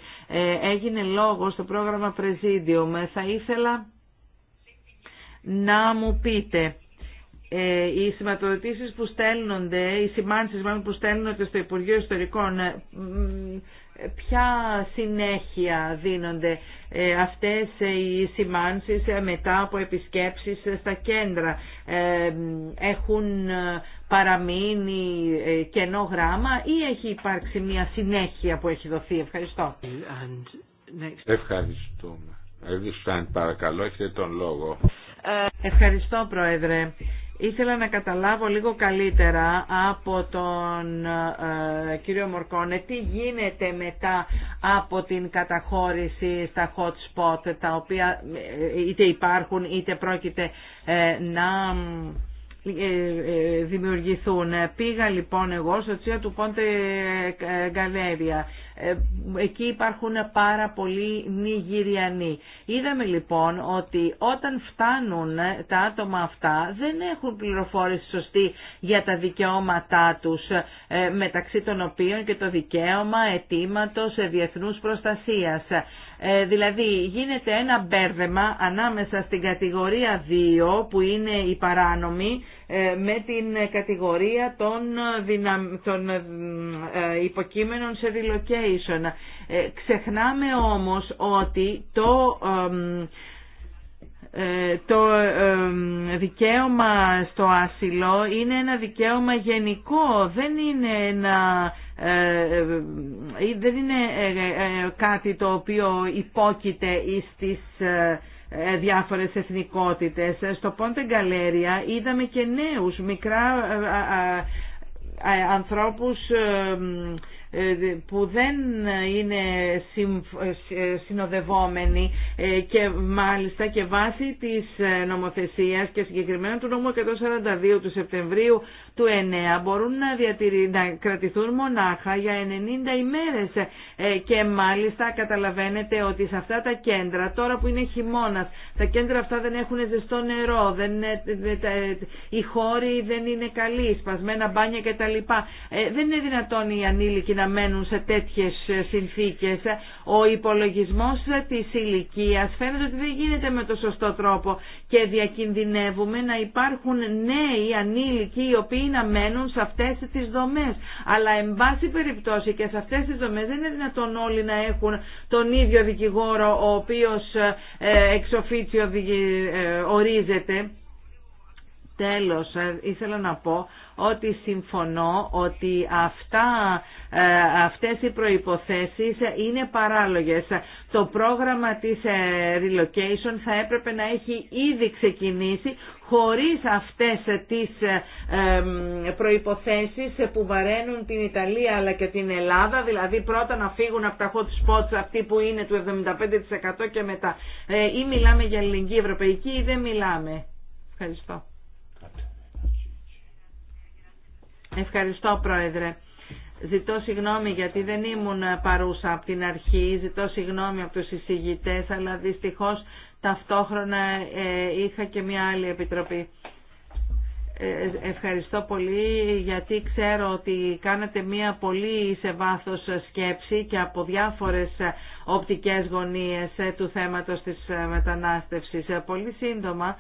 Έγινε λόγο στο πρόγραμμα Presidium. Θα ήθελα να μου πείτε ε, οι σηματοδοτήσεις που στέλνονται, οι σημάνσεις μάλλον που στέλνονται στο Υπουργείο Ιστορικών, ε, ποια συνέχεια δίνονται ε, αυτές οι σημάνσεις μετά από επισκέψεις στα κέντρα. Έχουν παραμείνει κενό γράμμα ή έχει υπάρξει μια συνέχεια που έχει δοθεί. Ευχαριστώ. Ευχαριστούμε. Ευχαριστώ. Παρακαλώ, έχετε τον λόγο. Ευχαριστώ Πρόεδρε. Ήθελα να καταλάβω λίγο καλύτερα από τον ε, κύριο Μορκόνε τι γίνεται μετά από την καταχώρηση στα hot spot τα οποία ε, είτε υπάρχουν είτε πρόκειται ε, να δημιουργηθούν. Πήγα λοιπόν εγώ στο τσία του Πόντε Γκαλέβια ε, εκεί υπάρχουν πάρα πολλοί Νιγηριανοί. Είδαμε λοιπόν ότι όταν φτάνουν τα άτομα αυτά δεν έχουν πληροφόρηση σωστή για τα δικαιώματά τους ε, μεταξύ των οποίων και το δικαίωμα αιτήματο ε, διεθνούς προστασίας. Ε, δηλαδή γίνεται ένα μπέρδεμα ανάμεσα στην κατηγορία 2 που είναι η παράνομη ε, με την κατηγορία των, των ε, υποκείμενων σε relocation. Ξεχνάμε όμως ότι το το δικαίωμα στο άσυλο είναι ένα δικαίωμα γενικό, δεν είναι ένα ε, ε, ε, δεν είναι κάτι το οποίο υπόκειται στις διάφορες εθνικότητες. Στο Πόντε Γκαλέρια είδαμε και νέους, μικρά ανθρώπους που δεν είναι συνοδευόμενοι και μάλιστα και βάσει της νομοθεσίας και συγκεκριμένα του νόμου 142 του Σεπτεμβρίου του 9 μπορούν να, διατηρη... να κρατηθούν μονάχα για 90 ημέρες ε, και μάλιστα καταλαβαίνετε ότι σε αυτά τα κέντρα τώρα που είναι χειμώνας τα κέντρα αυτά δεν έχουν ζεστό νερό δεν ε, ε, οι χώροι δεν είναι καλοί, σπασμένα μπάνια κτλ. δεν είναι δυνατόν οι ανήλικοι να μένουν σε τέτοιες συνθήκες. Ο υπολογισμός της ηλικία φαίνεται ότι δεν γίνεται με το σωστό τρόπο και διακινδυνεύουμε να υπάρχουν νέοι ανήλικοι οι οποίοι να μένουν σε αυτές τις δομές. Αλλά εν πάση περιπτώσει και σε αυτές τις δομές δεν είναι δυνατόν όλοι να έχουν τον ίδιο δικηγόρο ο οποίος ε, εξ οφίτσιο ε, ορίζεται. Τέλος, ε, ήθελα να πω ότι συμφωνώ ότι αυτά, αυτές οι προϋποθέσεις είναι παράλογες. Το πρόγραμμα της relocation θα έπρεπε να έχει ήδη ξεκινήσει χωρίς αυτές τις ε, προϋποθέσεις που βαραίνουν την Ιταλία αλλά και την Ελλάδα, δηλαδή πρώτα να φύγουν από τα hot spots αυτοί που είναι του 75% και μετά. Ε, ή μιλάμε για ελληνική ευρωπαϊκή ή δεν μιλάμε. Ευχαριστώ. Ευχαριστώ Πρόεδρε. Ζητώ συγγνώμη γιατί δεν ήμουν παρούσα από την αρχή, ζητώ συγγνώμη από τους εισηγητές, αλλά δυστυχώς Ταυτόχρονα ε, είχα και μια άλλη επιτροπή. Ε, ευχαριστώ πολύ γιατί ξέρω ότι κάνατε μία πολύ σε βάθος σκέψη και από διάφορες οπτικές γωνίες ε, του θέματος της μετανάστευσης. Πολύ σύντομα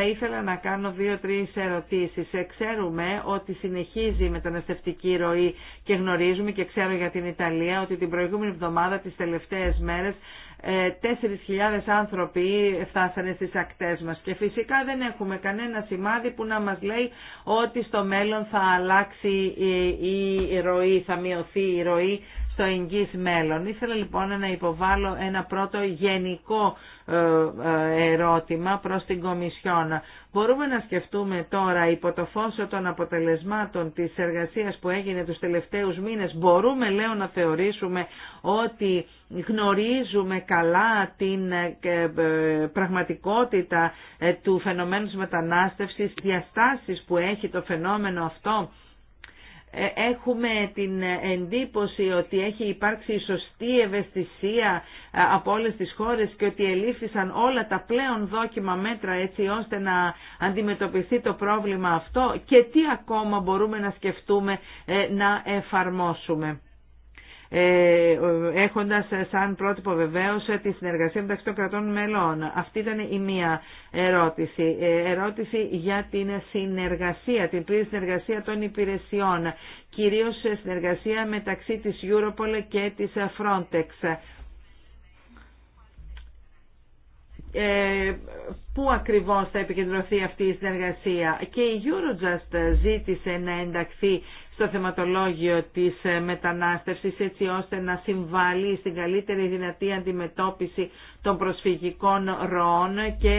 θα ήθελα να κάνω δύο-τρεις ερωτήσεις. Ε, ξέρουμε ότι συνεχίζει η μεταναστευτική ροή και γνωρίζουμε και ξέρω για την Ιταλία ότι την προηγούμενη εβδομάδα, τις τελευταίες μέρες, 4.000 ε, άνθρωποι φτάσανε στις ακτές μας και φυσικά δεν έχουμε κανένα σημάδι που να μας λέει ότι στο μέλλον θα αλλάξει η ροή, θα μειωθεί η ροή στο εγγύς μέλλον. Ήθελα λοιπόν να υποβάλω ένα πρώτο γενικό ε, ε, ερώτημα προς την Κομισιόν. Μπορούμε να σκεφτούμε τώρα υπό το φως των αποτελεσμάτων της εργασίας που έγινε τους τελευταίους μήνες, μπορούμε λέω να θεωρήσουμε ότι γνωρίζουμε καλά την ε, πραγματικότητα του φαινομένου της μετανάστευσης, διαστάσεις που έχει το φαινόμενο αυτό ε, έχουμε την εντύπωση ότι έχει υπάρξει σωστή ευαισθησία ε, από όλες τις χώρες και ότι ελήφθησαν όλα τα πλέον δόκιμα μέτρα έτσι ώστε να αντιμετωπιστεί το πρόβλημα αυτό και τι ακόμα μπορούμε να σκεφτούμε ε, να εφαρμόσουμε. Ε, ε, έχοντας σαν πρότυπο βεβαίως ε, τη συνεργασία μεταξύ των κρατών μελών. Αυτή ήταν η μία ερώτηση. Ερώτηση για την συνεργασία, την πλήρη συνεργασία των υπηρεσιών, κυρίως συνεργασία μεταξύ της Europol και της Frontex. πού ακριβώς θα επικεντρωθεί αυτή η συνεργασία. Και η Eurojust ζήτησε να ενταχθεί στο θεματολόγιο της ε, μετανάστευσης έτσι ώστε να συμβάλλει στην καλύτερη δυνατή αντιμετώπιση των προσφυγικών ροών και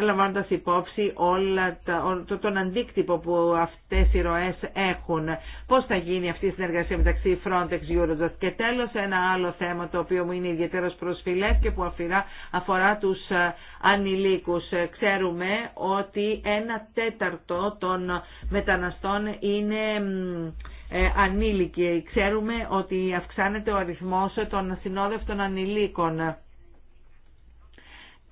λαμβάνοντας υπόψη όλα τα, το, τον αντίκτυπο που αυτές οι ροές έχουν. Πώς θα γίνει αυτή η συνεργασία μεταξύ Frontex, Eurojust και τέλος ένα άλλο θέμα το οποίο μου είναι ιδιαίτερος προσφυλές και που αφορά, αφορά τους ε, ανηλίκους. Ε, ξέρουμε ότι ένα τέταρτο των μεταναστών είναι ε, ανήλικοι. Ξέρουμε ότι αυξάνεται ο αριθμός των συνόδευτων ανηλίκων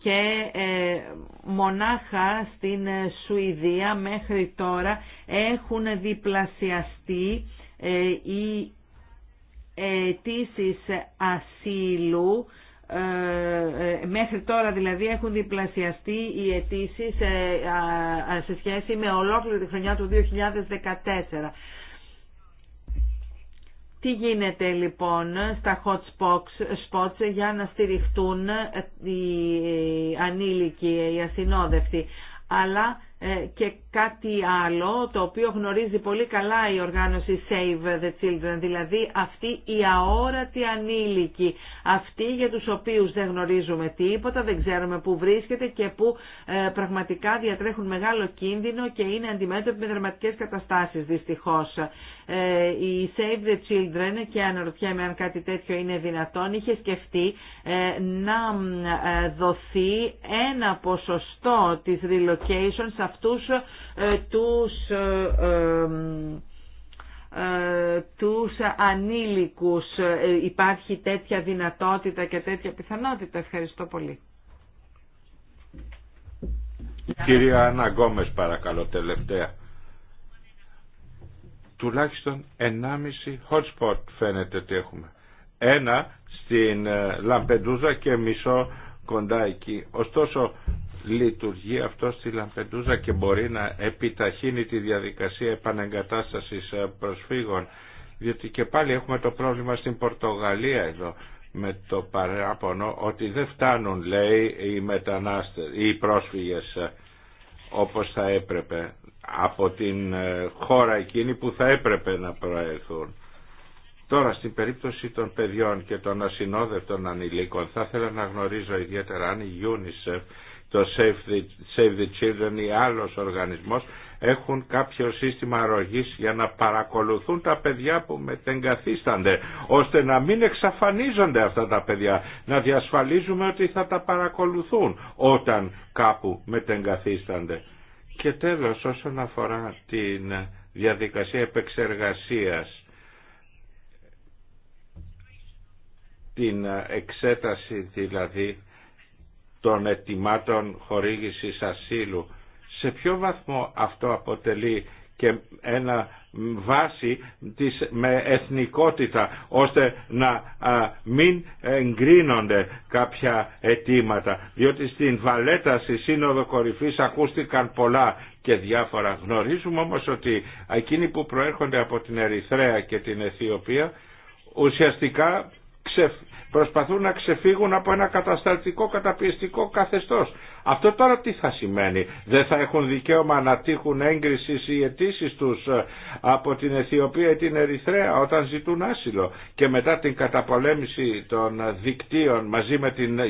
και ε, μονάχα στην ε, Σουηδία μέχρι τώρα έχουν διπλασιαστεί ε, οι αιτήσει ασύλου μέχρι τώρα δηλαδή έχουν διπλασιαστεί οι αιτήσει σε σχέση με ολόκληρη τη χρονιά του 2014. Τι γίνεται λοιπόν στα hot spots για να στηριχτούν οι ανήλικοι, οι ασυνόδευτοι, αλλά ε, και κάτι άλλο το οποίο γνωρίζει πολύ καλά η οργάνωση Save the Children, δηλαδή αυτή η αόρατη ανήλικη. αυτοί για τους οποίους δεν γνωρίζουμε τίποτα, δεν ξέρουμε που βρίσκεται και που ε, πραγματικά διατρέχουν μεγάλο κίνδυνο και είναι αντιμέτωποι με δραματικές καταστάσεις δυστυχώς. Ε, η Save the Children και αναρωτιέμαι αν κάτι τέτοιο είναι δυνατόν, είχε σκεφτεί ε, να δοθεί ένα ποσοστό της relocation σε αυτούς ε, τους ε, ε, τους ανήλικους. Υπάρχει τέτοια δυνατότητα και τέτοια πιθανότητα. Ευχαριστώ πολύ. Κυρία Άννα Γκόμες παρακαλώ τελευταία. Τουλάχιστον 1,5 hot spot φαίνεται ότι έχουμε. Ένα στην Λαμπεντούζα και μισό κοντά εκεί. Ωστόσο λειτουργεί αυτό στη Λαμπεντούζα και μπορεί να επιταχύνει τη διαδικασία επανεγκατάστασης ε, προσφύγων διότι και πάλι έχουμε το πρόβλημα στην Πορτογαλία εδώ με το παράπονο ότι δεν φτάνουν λέει οι μετανάστες οι πρόσφυγες ε, όπως θα έπρεπε από την ε, χώρα εκείνη που θα έπρεπε να προέλθουν. Τώρα στην περίπτωση των παιδιών και των ασυνόδευτων ανηλίκων θα ήθελα να γνωρίζω ιδιαίτερα αν η UNICEF το Save the, Save the Children ή άλλος οργανισμός έχουν κάποιο σύστημα αρρωγής για να παρακολουθούν τα παιδιά που μετεγκαθίστανται, ώστε να μην εξαφανίζονται αυτά τα παιδιά, να διασφαλίζουμε ότι θα τα παρακολουθούν όταν κάπου μετεγκαθίστανται. Και τέλος όσον αφορά την διαδικασία επεξεργασίας, την εξέταση δηλαδή των ετοιμάτων χορήγησης ασύλου. Σε ποιο βαθμό αυτό αποτελεί και ένα βάση της, με εθνικότητα ώστε να μην εγκρίνονται κάποια αιτήματα διότι στην Βαλέτα στη Σύνοδο Κορυφής ακούστηκαν πολλά και διάφορα. Γνωρίζουμε όμως ότι εκείνοι που προέρχονται από την Ερυθρέα και την Αιθιοπία ουσιαστικά ξε, προσπαθούν να ξεφύγουν από ένα κατασταλτικό καταπιεστικό καθεστώς. Αυτό τώρα τι θα σημαίνει. Δεν θα έχουν δικαίωμα να τύχουν έγκριση οι αιτήσει τους ε, από την Αιθιοπία ή την Ερυθρέα όταν ζητούν άσυλο. Και μετά την καταπολέμηση των δικτύων μαζί με την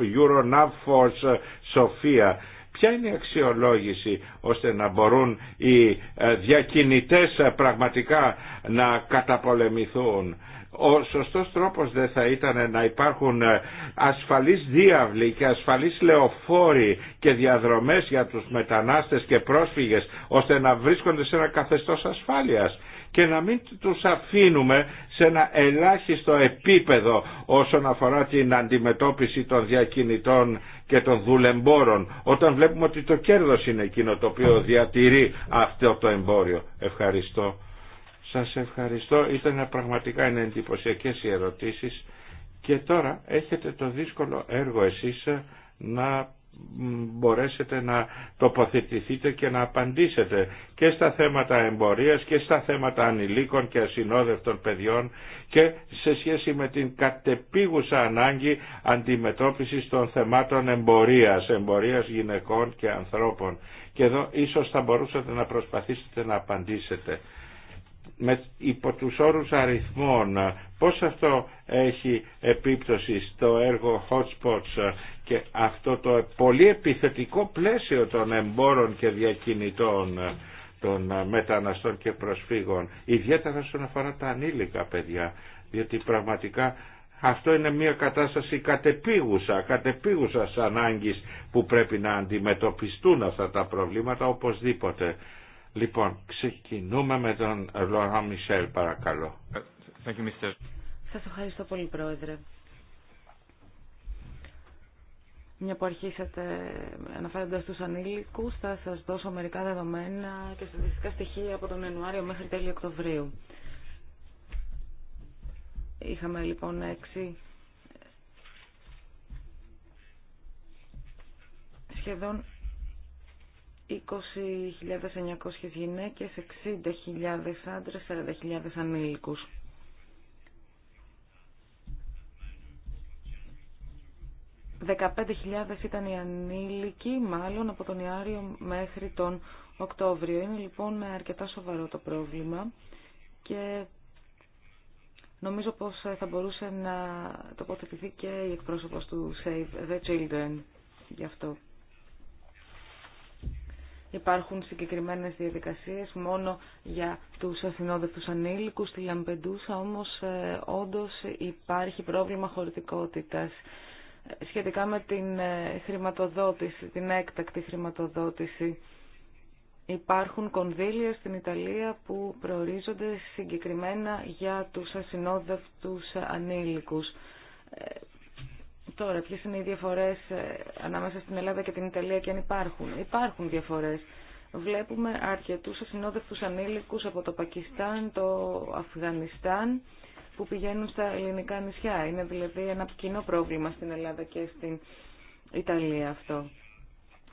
Euronavforce ε, Σοφία Ποια είναι η αξιολόγηση ώστε να μπορούν οι ε, διακινητές πραγματικά να καταπολεμηθούν ο σωστός τρόπος δεν θα ήταν να υπάρχουν ε, ασφαλείς διάβλοι και ασφαλείς λεωφόροι και διαδρομές για τους μετανάστες και πρόσφυγες ώστε να βρίσκονται σε ένα καθεστώς ασφάλειας και να μην τους αφήνουμε σε ένα ελάχιστο επίπεδο όσον αφορά την αντιμετώπιση των διακινητών και των δουλεμπόρων όταν βλέπουμε ότι το κέρδος είναι εκείνο το οποίο διατηρεί αυτό το εμπόριο. Ευχαριστώ. Σας ευχαριστώ. Ήταν πραγματικά εντυπωσιακέ οι ερωτήσεις. Και τώρα έχετε το δύσκολο έργο εσείς ε, να μπορέσετε να τοποθετηθείτε και να απαντήσετε και στα θέματα εμπορίας και στα θέματα ανηλίκων και ασυνόδευτων παιδιών και σε σχέση με την κατεπίγουσα ανάγκη αντιμετώπισης των θεμάτων εμπορίας, εμπορίας γυναικών και ανθρώπων. Και εδώ ίσως θα μπορούσατε να προσπαθήσετε να απαντήσετε με, υπό τους όρους αριθμών πώς αυτό έχει επίπτωση στο έργο hotspots και αυτό το πολύ επιθετικό πλαίσιο των εμπόρων και διακινητών των μεταναστών και προσφύγων ιδιαίτερα όσον αφορά τα ανήλικα παιδιά διότι πραγματικά αυτό είναι μια κατάσταση κατεπίγουσα, κατεπίγουσας ανάγκης που πρέπει να αντιμετωπιστούν αυτά τα προβλήματα οπωσδήποτε. Λοιπόν, ξεκινούμε με τον Λόρα Μισελ, παρακαλώ. Σα ευχαριστώ πολύ, Πρόεδρε. Μια που αρχίσατε αναφέροντας τους ανήλικους, θα σας δώσω μερικά δεδομένα και στατιστικά στοιχεία από τον Ιανουάριο μέχρι τέλειο Οκτωβρίου. Είχαμε λοιπόν έξι σχεδόν 20.900 γυναίκες, 60.000 άντρες, 40.000 ανήλικους. «15.000 ήταν οι ανήλικοι, μάλλον από τον Ιάριο μέχρι τον Οκτώβριο. Είναι λοιπόν αρκετά σοβαρό το πρόβλημα και νομίζω πως ε, θα μπορούσε να τοποθετηθεί και η εκπρόσωπος του Save the Children γι' αυτό. Υπάρχουν συγκεκριμένες διαδικασίες μόνο για τους αθηνόδευτους ανήλικους. Στη Λαμπεντούσα όμως ε, όντως υπάρχει πρόβλημα χωρητικότητας. Σχετικά με την ε, χρηματοδότηση, την έκτακτη χρηματοδότηση, υπάρχουν κονδύλια στην Ιταλία που προορίζονται συγκεκριμένα για τους ασυνόδευτους ανήλικους. Ε, Τώρα, ποιες είναι οι διαφορές ε, ανάμεσα στην Ελλάδα και την Ιταλία και αν υπάρχουν. Υπάρχουν διαφορές. Βλέπουμε αρκετούς ασυνόδευτους ανήλικου από το Πακιστάν, το Αφγανιστάν που πηγαίνουν στα ελληνικά νησιά. Είναι δηλαδή ένα κοινό πρόβλημα στην Ελλάδα και στην Ιταλία αυτό.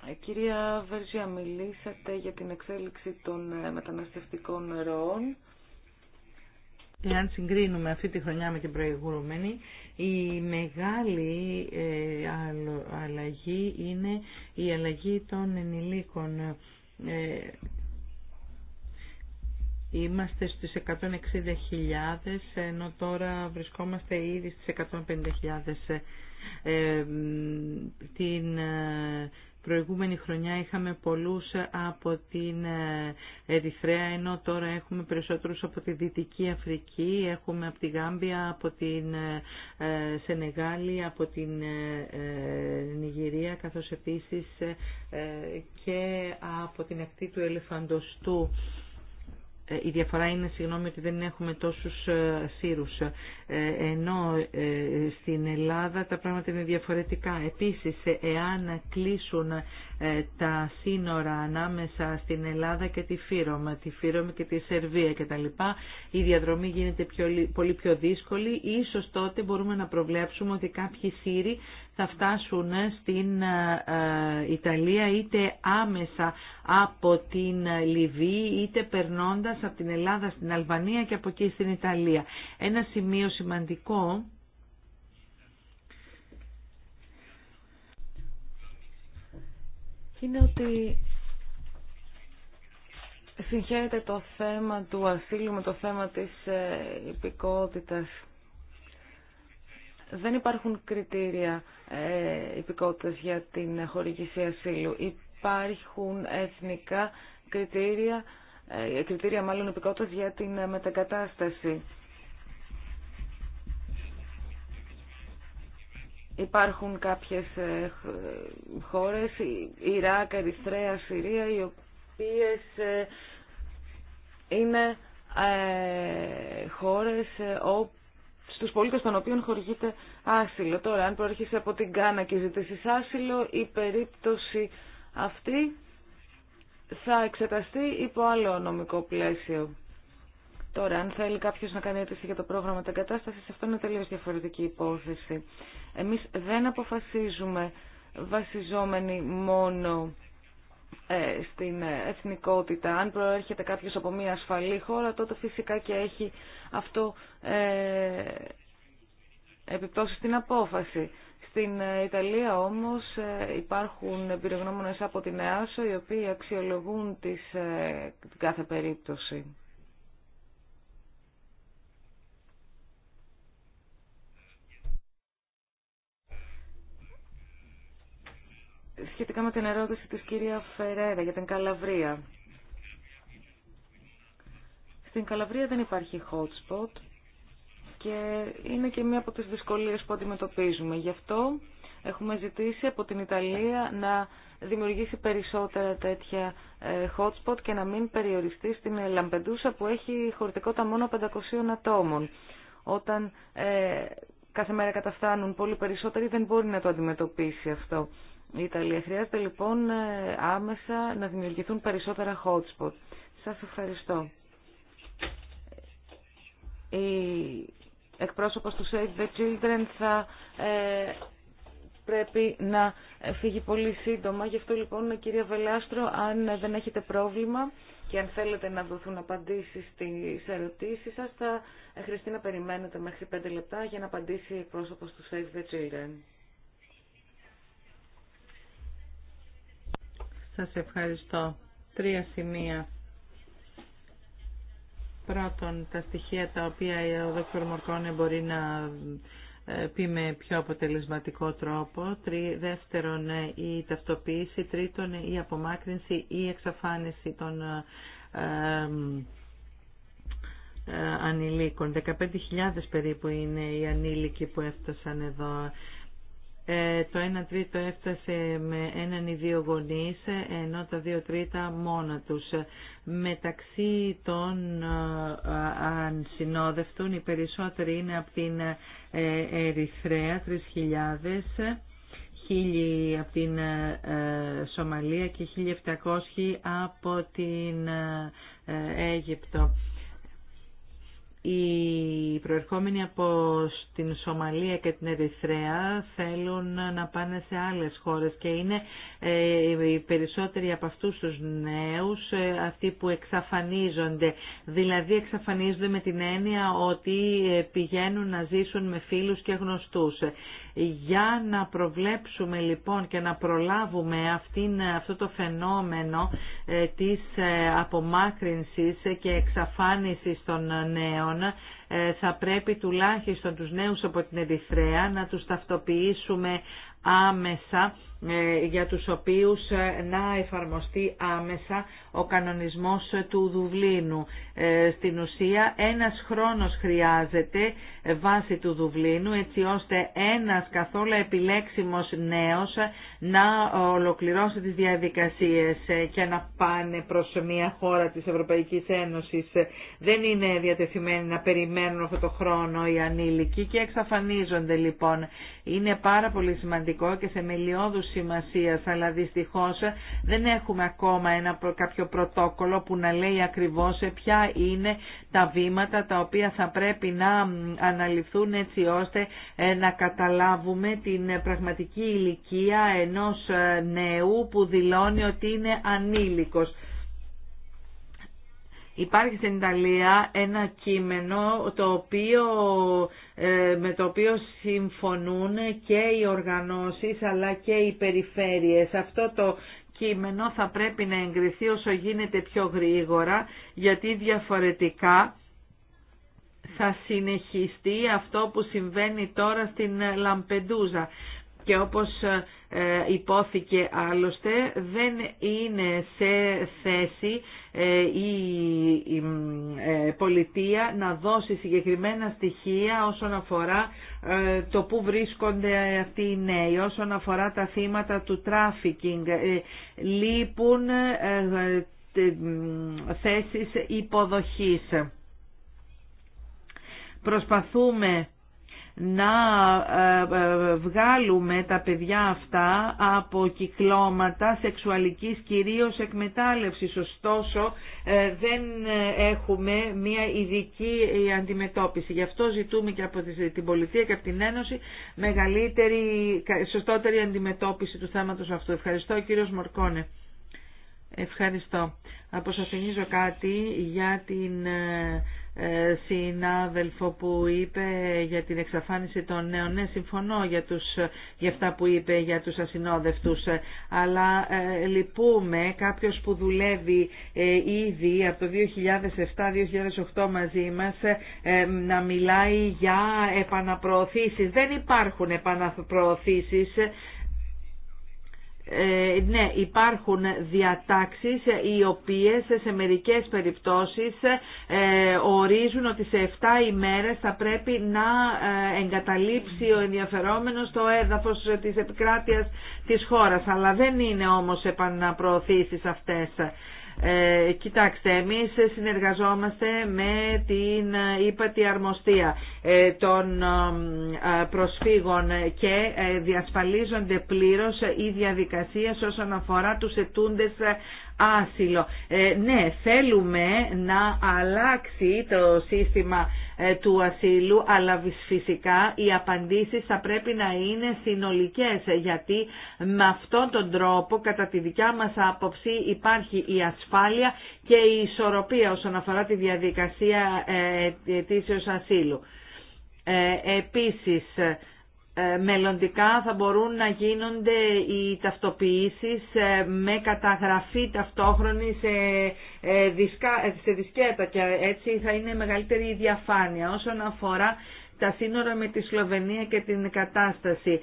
Ε, κυρία Βερζιά, μιλήσατε για την εξέλιξη των ε, μεταναστευτικών ροών εάν συγκρίνουμε αυτή τη χρονιά με την προηγούμενη, η μεγάλη ε, αλλαγή είναι η αλλαγή των ενηλίκων. Ε, είμαστε στις 160.000 ενώ τώρα βρισκόμαστε ήδη στις 150.000. Ε, την Προηγούμενη χρονιά είχαμε πολλούς από την ε, Ερυθρέα, ενώ τώρα έχουμε περισσότερους από τη Δυτική Αφρική, έχουμε από τη Γάμπια, από την ε, ε, Σενεγάλη, από την Νιγηρία, καθώς επίσης και από την ακτή του Ελεφαντοστού. Ε, η διαφορά είναι, συγγνώμη, ότι δεν έχουμε τόσους ε, σύρους. Ε, ενώ στην Ελλάδα τα πράγματα είναι διαφορετικά. Επίσης, εάν κλείσουν τα σύνορα ανάμεσα στην Ελλάδα και τη Φύρωμα, τη Φύρωμα και τη Σερβία κτλ, η διαδρομή γίνεται πιο, πολύ πιο δύσκολη. Ίσως τότε μπορούμε να προβλέψουμε ότι κάποιοι σύροι θα φτάσουν στην ε, ε, Ιταλία είτε άμεσα από την Λιβύη είτε περνώντας από την Ελλάδα στην Αλβανία και από εκεί στην Ιταλία. Ένα σημείο σημαντικό είναι ότι συγχαίρεται το θέμα του ασύλου με το θέμα της ε, υπηκότητας δεν υπάρχουν κριτήρια ε, για την χορηγήση ασύλου. Υπάρχουν εθνικά κριτήρια, ε, κριτήρια μάλλον υπηκότητας για την ε, μετακατάσταση. Υπάρχουν κάποιες ε, χώρες, Ιράκ, Ερυθρέα, Συρία, οι οποίες είναι χώρες όπου στους πολίτες των οποίων χορηγείται άσυλο. Τώρα, αν προέρχεσαι από την Κάνα και ζητήσεις άσυλο, η περίπτωση αυτή θα εξεταστεί υπό άλλο νομικό πλαίσιο. Τώρα, αν θέλει κάποιος να κάνει αίτηση για το πρόγραμμα κατάσταση, αυτό είναι τελείως διαφορετική υπόθεση. Εμείς δεν αποφασίζουμε βασιζόμενοι μόνο ε, στην ε, εθνικότητα. Αν προέρχεται κάποιος από μια ασφαλή χώρα, τότε φυσικά και έχει αυτό ε, επιπτώσει στην απόφαση. Στην ε, Ιταλία όμως υπάρχουν εμπειρογνώμονες από την ΕΑΣΟ οι οποίοι αξιολογούν τις, την κάθε περίπτωση. σχετικά με την ερώτηση της κυρία Φερέρα για την Καλαβρία. Στην Καλαβρία δεν υπάρχει hot spot και είναι και μία από τις δυσκολίες που αντιμετωπίζουμε. Γι' αυτό έχουμε ζητήσει από την Ιταλία να δημιουργήσει περισσότερα τέτοια ε, hot spot και να μην περιοριστεί στην Λαμπεντούσα που έχει χωρητικότητα μόνο 500 ατόμων. Όταν ε, κάθε μέρα καταφτάνουν πολύ περισσότεροι δεν μπορεί να το αντιμετωπίσει αυτό η Ιταλία. Χρειάζεται λοιπόν ε, άμεσα να δημιουργηθούν περισσότερα hotspot. Σας ευχαριστώ. Η εκπρόσωπος του Save the Children θα ε, πρέπει να φύγει πολύ σύντομα. Γι' αυτό λοιπόν κυρία Βελάστρο, αν δεν έχετε πρόβλημα και αν θέλετε να δοθούν απαντήσεις στις ερωτήσεις σας, θα ε, χρειαστεί να περιμένετε μέχρι 5 λεπτά για να απαντήσει η εκπρόσωπος του Save the Children. Σας ευχαριστώ. Τρία σημεία. Πρώτον, τα στοιχεία τα οποία ο Δ. Μορκόνε μπορεί να ε, πει με πιο αποτελεσματικό τρόπο. Τρί, δεύτερον, ε, η ταυτοποίηση. Τρίτον, ε, η απομάκρυνση ή εξαφάνιση των ε, ε, ανηλίκων. 15.000 περίπου είναι οι ανήλικοι που έφτασαν εδώ. Ε, το 1 τρίτο έφτασε με έναν ή δύο γονείς, ενώ τα δύο τρίτα μόνα τους. Μεταξύ των ε, ανσυνόδευτων οι περισσότεροι είναι από την ε, Ερυθρέα, 3.000, 1.000 από την Σομαλία και 1.700 από την Αίγυπτο οι προερχόμενοι από την Σομαλία και την Ερυθρέα θέλουν να πάνε σε άλλες χώρες και είναι ε, οι περισσότεροι από αυτούς τους νέους ε, αυτοί που εξαφανίζονται. Δηλαδή εξαφανίζονται με την έννοια ότι ε, πηγαίνουν να ζήσουν με φίλους και γνωστούς. Για να προβλέψουμε λοιπόν και να προλάβουμε αυτήν, αυτό το φαινόμενο ε, της ε, απομάκρυνσης και εξαφάνισης των νέων, ε, θα πρέπει τουλάχιστον τους νέους από την Ερυθρέα να τους ταυτοποιήσουμε άμεσα ε, για τους οποίους ε, να εφαρμοστεί άμεσα ο κανονισμός του Δουβλίνου. Ε, στην ουσία ένας χρόνος χρειάζεται βάση του Δουβλίνου έτσι ώστε ένας καθόλου επιλέξιμος νέος να ολοκληρώσει τις διαδικασίες και να πάνε προς μια χώρα της Ευρωπαϊκής Ένωσης. Δεν είναι διατεθειμένοι να περιμένουν αυτό το χρόνο οι ανήλικοι και εξαφανίζονται λοιπόν. Είναι πάρα πολύ σημαντικό σημαντικό και θεμελιώδους σημασία, αλλά δυστυχώς δεν έχουμε ακόμα ένα, κάποιο πρωτόκολλο που να λέει ακριβώς ποια είναι τα βήματα τα οποία θα πρέπει να αναλυθούν έτσι ώστε ε, να καταλάβουμε την πραγματική ηλικία ενός ε, νέου που δηλώνει ότι είναι ανήλικος. Υπάρχει στην Ιταλία ένα κείμενο το οποίο, ε, με το οποίο συμφωνούν και οι οργανώσεις αλλά και οι περιφέρειες. Αυτό το κείμενο θα πρέπει να εγκριθεί όσο γίνεται πιο γρήγορα γιατί διαφορετικά θα συνεχιστεί αυτό που συμβαίνει τώρα στην Λαμπεντούζα και όπως ε, υπόθηκε άλλωστε δεν είναι σε θέση ε, η ε, πολιτεία να δώσει συγκεκριμένα στοιχεία όσον αφορά το που βρίσκονται αυτοί οι νέοι, όσον αφορά τα θύματα του τράφικινγκ. Λείπουν θέσεις υποδοχής. Προσπαθούμε να ε, ε, βγάλουμε τα παιδιά αυτά από κυκλώματα σεξουαλικής κυρίως εκμετάλλευσης. Ωστόσο ε, δεν έχουμε μια ειδική αντιμετώπιση. Γι' αυτό ζητούμε και από την Πολιτεία και από την Ένωση μεγαλύτερη, σωστότερη αντιμετώπιση του θέματος αυτού. Ευχαριστώ κύριος Μορκόνε. Ευχαριστώ. Αποσαφηνίζω κάτι για την ε, συνάδελφο που είπε για την εξαφάνιση των νέων. Ναι, συμφωνώ για, τους, για αυτά που είπε για τους ασυνόδευτους, αλλά ε, λυπούμε κάποιος που δουλεύει ε, ήδη από το 2007-2008 μαζί μας ε, να μιλάει για επαναπροωθήσεις. Δεν υπάρχουν επαναπροωθήσεις ε, ναι, υπάρχουν διατάξεις οι οποίες σε μερικές περιπτώσεις ε, ορίζουν ότι σε 7 ημέρες θα πρέπει να ε, εγκαταλείψει ο ενδιαφερόμενος το έδαφος της επικράτειας της χώρας. Αλλά δεν είναι όμως επαναπροωθήσεις αυτές. Ε, κοιτάξτε, εμείς συνεργαζόμαστε με την ύπατη ε, αρμοστία ε, των ε, προσφύγων και διασφαλίζονται πλήρως οι διαδικασίες όσον αφορά τους ετούντες άσυλο. Ε, ναι, θέλουμε να αλλάξει το σύστημα ε, του ασύλου, αλλά φυσικά οι απαντήσεις θα πρέπει να είναι συνολικές, γιατί με αυτόν τον τρόπο, κατά τη δικιά μας άποψη, υπάρχει η ασφάλεια και η ισορροπία όσον αφορά τη διαδικασία ε, αιτήσεως ασύλου. Ε, επίσης, ε, μελλοντικά θα μπορούν να γίνονται οι ταυτοποιήσεις ε, με καταγραφή ταυτόχρονη σε, ε, σε δισκέτα και έτσι θα είναι μεγαλύτερη η διαφάνεια όσον αφορά τα σύνορα με τη Σλοβενία και την κατάσταση.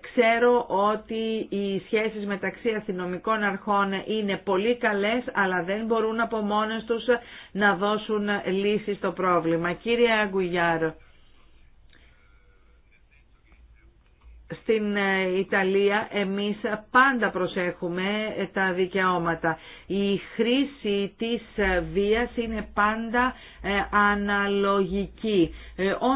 ξέρω ότι οι σχέσεις μεταξύ αστυνομικών αρχών είναι πολύ καλές, αλλά δεν μπορούν από μόνες τους να δώσουν λύση στο πρόβλημα. Κύριε Αγκουγιάρο. στην ε, Ιταλία εμείς πάντα προσέχουμε ε, τα δικαιώματα. Η χρήση της ε, βίας είναι πάντα αναλογική.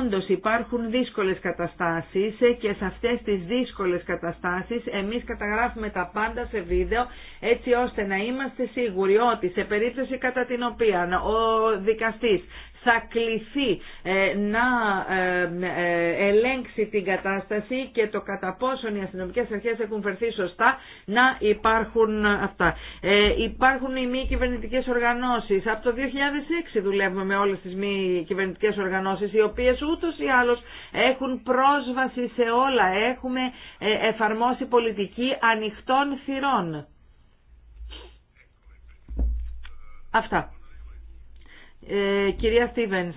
Όντως υπάρχουν δύσκολες καταστάσεις και σε αυτές τις δύσκολες καταστάσεις εμείς καταγράφουμε τα πάντα σε βίντεο έτσι ώστε να είμαστε σίγουροι ότι σε περίπτωση κατά την οποία ο δικαστής θα κληθεί ε, να ε, ε, ελέγξει την κατάσταση και το κατά πόσον οι αστυνομικές αρχές έχουν φερθεί σωστά να υπάρχουν αυτά. Υπάρχουν οι μη κυβερνητικέ οργανώσεις. Από το 2006 δουλεύουμε με όλες τις μη κυβερνητικέ οργανώσεις οι οποίες ούτως ή άλλως έχουν πρόσβαση σε όλα. Έχουμε εφαρμόσει πολιτική ανοιχτών θυρών. Αυτά. Ε, κυρία Στίβενς,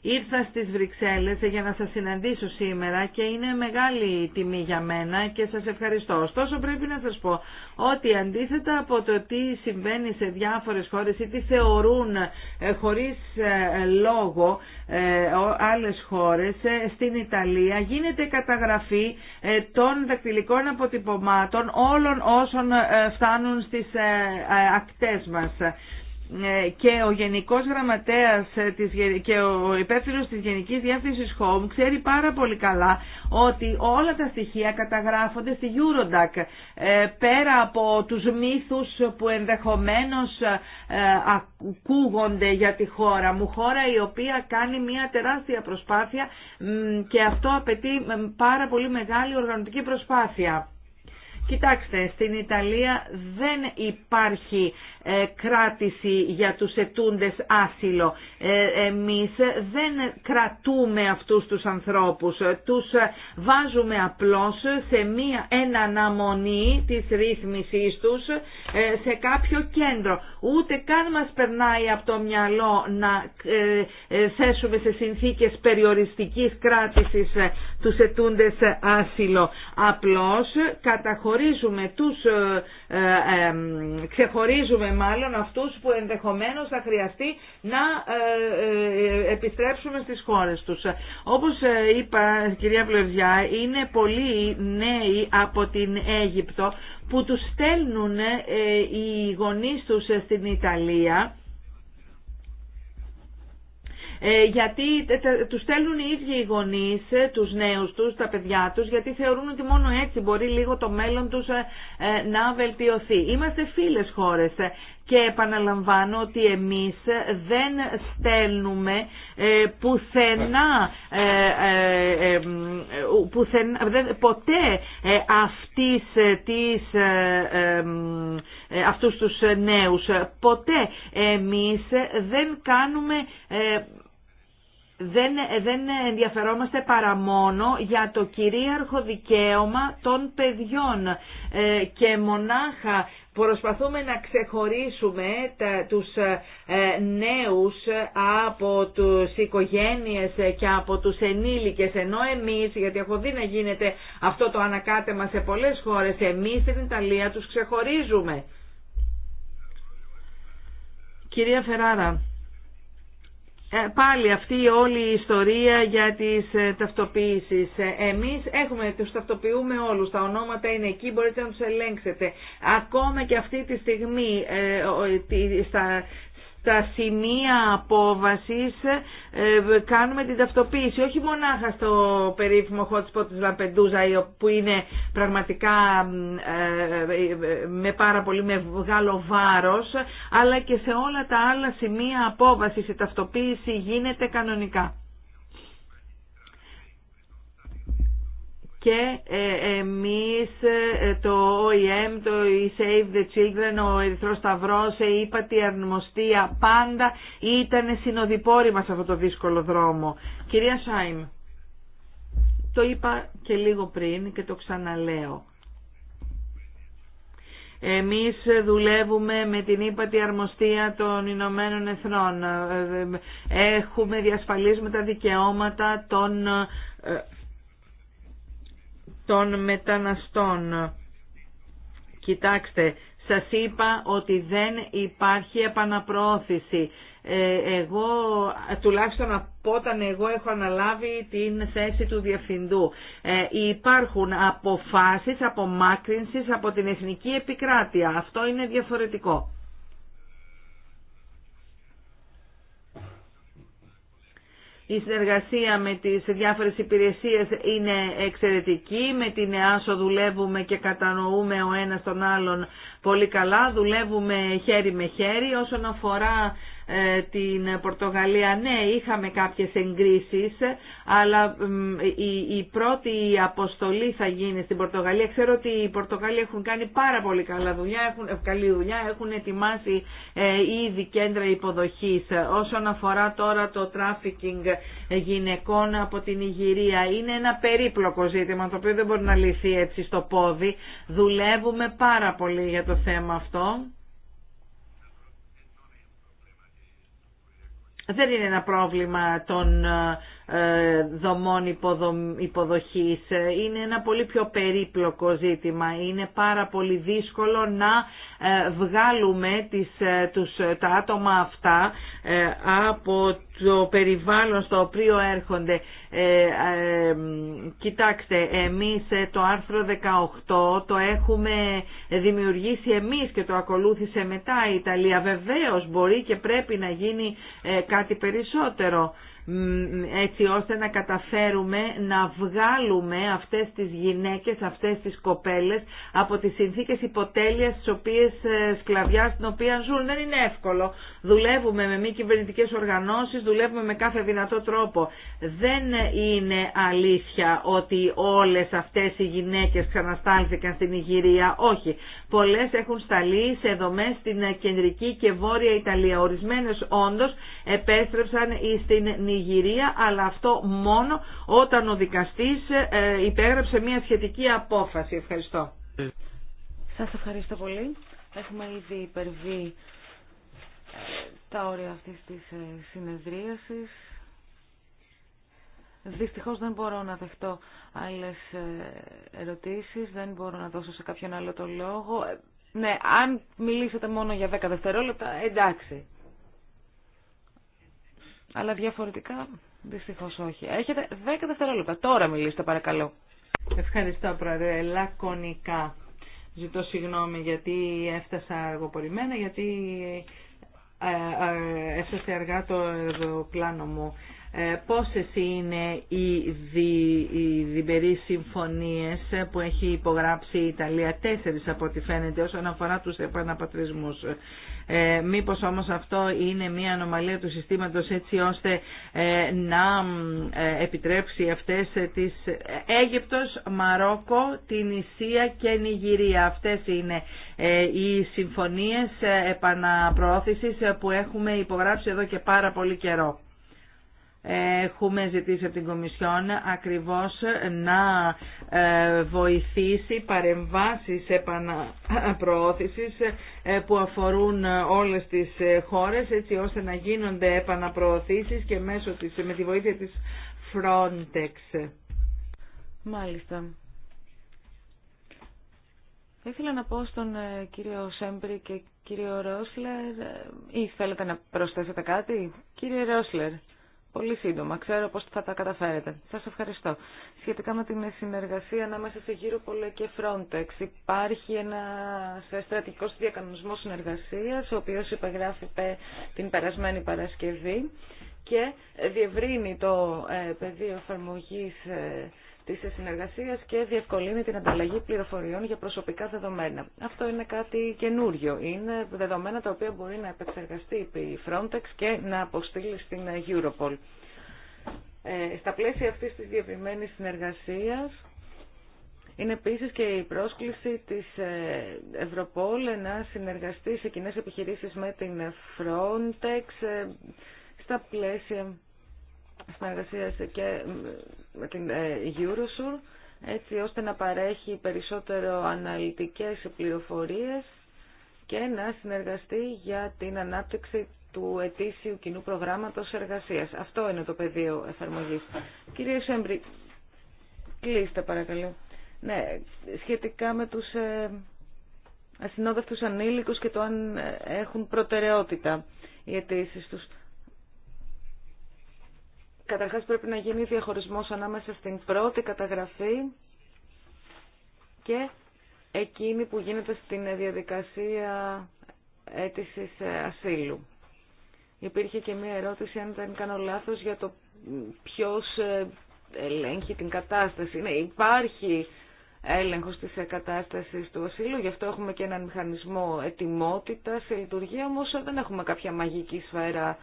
ήρθα στις Βρυξέλλες για να σας συναντήσω σήμερα και είναι μεγάλη τιμή για μένα και σας ευχαριστώ. Ωστόσο πρέπει να σας πω ότι αντίθετα από το τι συμβαίνει σε διάφορες χώρες ή τι θεωρούν ε, χωρίς ε, λόγο άλλες χώρες, στην Ιταλία γίνεται καταγραφή των δακτυλικών αποτυπωμάτων όλων όσων φτάνουν στις ακτές μας. Ε, και ο Γενικός Γραμματέας ε, της, και ο υπεύθυνο της Γενικής Διεύθυνσης Home ξέρει πάρα πολύ καλά ότι όλα τα στοιχεία καταγράφονται στη Eurodac ε, πέρα από τους μύθους που ενδεχομένως ακούγονται για τη χώρα μου χώρα η οποία κάνει μια τεράστια προσπάθεια και αυτό απαιτεί πάρα πολύ μεγάλη οργανωτική προσπάθεια. Κοιτάξτε, στην Ιταλία δεν υπάρχει ε, κράτηση για τους ετούντες άσυλο. Ε, εμείς δεν κρατούμε αυτούς τους ανθρώπους, τους βάζουμε απλώς σε μία αναμονή της ρύθμισής τους ε, σε κάποιο κέντρο. Ούτε καν μας περνάει από το μυαλό να θέσουμε σε συνθήκες περιοριστικής κράτησης τους ετούντες άσυλο. Απλώς καταχωρίζουμε τους ε, ξεχωρίζουμε μάλλον αυτούς που ενδεχομένως θα χρειαστεί να ε, ε, επιστρέψουμε στις χώρες τους. Όπως είπα κυρία Βλεβιά, είναι πολλοί νέοι από την Αίγυπτο που τους στέλνουν οι γονείς τους στην Ιταλία ε, γιατί τους στέλνουν οι ίδιοι οι γονείς, ε, τους νέους τους, τα παιδιά τους, γιατί θεωρούν ότι μόνο έτσι μπορεί λίγο το μέλλον τους ε, να βελτιωθεί. Είμαστε φίλες χώρες και επαναλαμβάνω ότι εμείς δεν στέλνουμε πουθενά, ποτέ αυτής της, αυτούς τους νέους. Ποτέ εμείς δεν κάνουμε ε, δεν, δεν ενδιαφερόμαστε παρά μόνο για το κυρίαρχο δικαίωμα των παιδιών ε, και μονάχα Προσπαθούμε να ξεχωρίσουμε τα, τους ε, ε, νέους από τους οικογένειες και από τους ενήλικες ενώ εμείς, γιατί έχω δει να γίνεται αυτό το ανακάτεμα σε πολλές χώρες, εμείς στην Ιταλία τους ξεχωρίζουμε. Κυρία Φεράρα. Ε, πάλι αυτή όλη η ιστορία για τις ε, ταυτοποίησεις. Ε, εμείς έχουμε, τους ταυτοποιούμε όλους, τα ονόματα είναι εκεί, μπορείτε να τους ελέγξετε. Ακόμα και αυτή τη στιγμή στα στα σημεία απόβασης ε, ε, κάνουμε την ταυτοποίηση, όχι μονάχα στο περίφημο hot spot της Λαμπεντούζα που είναι πραγματικά ε, με πάρα πολύ μεγάλο βάρος, αλλά και σε όλα τα άλλα σημεία απόβασης η ταυτοποίηση γίνεται κανονικά. και ε, εμείς ε, το OEM, το Save the Children, ο Ερυθρός Σταυρός, ε, η ύπατη αρνημοστία, πάντα ήταν συνοδοιπόροι μας αυτό το δύσκολο δρόμο. Κυρία Σάιμ, το είπα και λίγο πριν και το ξαναλέω. Εμείς δουλεύουμε με την ύπατη αρμοστία των Ηνωμένων Εθνών. Έχουμε διασφαλίσουμε τα δικαιώματα των των μεταναστών. Κοιτάξτε, σας είπα ότι δεν υπάρχει επαναπροώθηση. Ε, εγώ, τουλάχιστον από όταν εγώ έχω αναλάβει την θέση του Διευθυντού, ε, υπάρχουν αποφάσεις απομάκρυνσης από την εθνική επικράτεια. Αυτό είναι διαφορετικό. Η συνεργασία με τις διάφορες υπηρεσίες είναι εξαιρετική. Με την ΕΑΣΟ δουλεύουμε και κατανοούμε ο ένας τον άλλον πολύ καλά. Δουλεύουμε χέρι με χέρι όσον αφορά ε, την Πορτογαλία, ναι, είχαμε κάποιες εγκρίσεις, αλλά η, πρώτη αποστολή θα γίνει στην Πορτογαλία. Ξέρω ότι οι Πορτογάλοι έχουν κάνει πάρα πολύ καλά δουλειά, έχουν, ε, καλή δουλειά, έχουν ετοιμάσει ε, ήδη κέντρα υποδοχής. Όσον αφορά τώρα το τράφικινγκ γυναικών από την Ιγυρία, είναι ένα περίπλοκο ζήτημα, το οποίο δεν μπορεί να λυθεί έτσι στο πόδι. Δουλεύουμε πάρα πολύ για το θέμα αυτό. δεν είναι ένα πρόβλημα των ε, ε, δομών υποδοχής. Ε, είναι ένα πολύ πιο περίπλοκο ζήτημα. Είναι πάρα πολύ δύσκολο να ε, βγάλουμε τις, τους, τα άτομα αυτά από το περιβάλλον στο οποίο έρχονται. κοιτάξτε, εμείς το άρθρο 18 το έχουμε δημιουργήσει εμείς και το ακολούθησε μετά η Ιταλία. Βεβαίως μπορεί και πρέπει να γίνει κάτι περισσότερο έτσι ώστε να καταφέρουμε να βγάλουμε αυτές τις γυναίκες, αυτές τις κοπέλες από τις συνθήκες υποτέλειας στις οποίες ε, σκλαβιά στην οποία ζουν. Δεν είναι εύκολο. Δουλεύουμε με μη κυβερνητικέ οργανώσεις, δουλεύουμε με κάθε δυνατό τρόπο. Δεν είναι αλήθεια ότι όλες αυτές οι γυναίκες ξαναστάλθηκαν στην Ιγυρία. Όχι. Πολλές έχουν σταλεί σε δομές στην κεντρική και βόρεια Ιταλία. Ορισμένες όντως επέστρεψαν στην αλλά αυτό μόνο όταν ο δικαστής ε, υπέγραψε μια σχετική απόφαση. Ευχαριστώ. Σας ευχαριστώ πολύ. Έχουμε ήδη υπερβεί ε, τα όρια αυτής της ε, συνεδρίασης. Δυστυχώς δεν μπορώ να δεχτώ άλλες ερωτήσεις, δεν μπορώ να δώσω σε κάποιον άλλο το λόγο. Ναι, αν μιλήσετε μόνο για 10 δευτερόλεπτα, εντάξει. Αλλά διαφορετικά δυστυχώ όχι. Έχετε 10 δευτερόλεπτα. Τώρα μιλήστε παρακαλώ. Ευχαριστώ πρόεδρε. Λακωνικά. Ζητώ συγγνώμη γιατί έφτασα αργοπορημένα, γιατί ε, ε, έφτασε αργά το πλάνο μου. Ε, πόσες είναι οι, δι, οι συμφωνίες που έχει υπογράψει η Ιταλία, τέσσερις από ό,τι φαίνεται όσον αφορά τους επαναπατρισμούς. Ε, μήπως όμως αυτό είναι μια ανομαλία του συστήματος έτσι ώστε ε, να ε, επιτρέψει αυτές τις ε, Αίγυπτος, Μαρόκο, την Ισία και Νιγηρία. Αυτές είναι οι συμφωνίες επαναπροώθησης που έχουμε υπογράψει εδώ και πάρα πολύ καιρό. Έχουμε ζητήσει από την Κομισιόν ακριβώς να ε, βοηθήσει παρεμβάσεις επαναπροώθησης ε, που αφορούν όλες τις ε, χώρες έτσι ώστε να γίνονται επαναπροωθήσεις και μέσω της, με τη βοήθεια της Frontex. Μάλιστα. Θα ήθελα να πω στον κύριο Σέμπρη και κύριο Ρόσλερ ή θέλετε να προσθέσετε κάτι. Κύριε Ρόσλερ πολύ σύντομα. Ξέρω πώς θα τα καταφέρετε. Σας ευχαριστώ. Σχετικά με την συνεργασία ανάμεσα σε γύρω πολλέ και Frontex, υπάρχει ένα στρατηγικός διακανονισμός συνεργασίας, ο οποίος υπεγράφεται την περασμένη Παρασκευή και διευρύνει το ε, πεδίο εφαρμογής ε, Τη συνεργασία και διευκολύνει την ανταλλαγή πληροφοριών για προσωπικά δεδομένα. Αυτό είναι κάτι καινούριο. Είναι δεδομένα τα οποία μπορεί να επεξεργαστεί η Frontex και να αποστείλει στην Europol. Ε, στα πλαίσια αυτή της διευρυμένης συνεργασίας είναι επίσης και η πρόσκληση της ε, Ευρωπόλ να συνεργαστεί σε κοινέ επιχειρήσεις με την Frontex ε, στα πλαίσια συνεργασίας και με την ε, Eurosur έτσι ώστε να παρέχει περισσότερο αναλυτικές πληροφορίες και να συνεργαστεί για την ανάπτυξη του ετήσιου κοινού προγράμματος εργασίας. Αυτό είναι το πεδίο εφαρμογής. Κύριε Σέμπρη, κλείστε παρακαλώ. Ναι, σχετικά με τους ε, ασυνόδευτους ανήλικους και το αν ε, έχουν προτεραιότητα οι αιτήσει τους. Καταρχάς πρέπει να γίνει διαχωρισμός ανάμεσα στην πρώτη καταγραφή και εκείνη που γίνεται στην διαδικασία αίτησης ασύλου. Υπήρχε και μία ερώτηση, αν δεν κάνω λάθος, για το ποιος ελέγχει την κατάσταση. Ναι, υπάρχει έλεγχος της κατάστασης του ασύλου, γι' αυτό έχουμε και έναν μηχανισμό ετοιμότητας, σε λειτουργία, όμως δεν έχουμε κάποια μαγική σφαίρα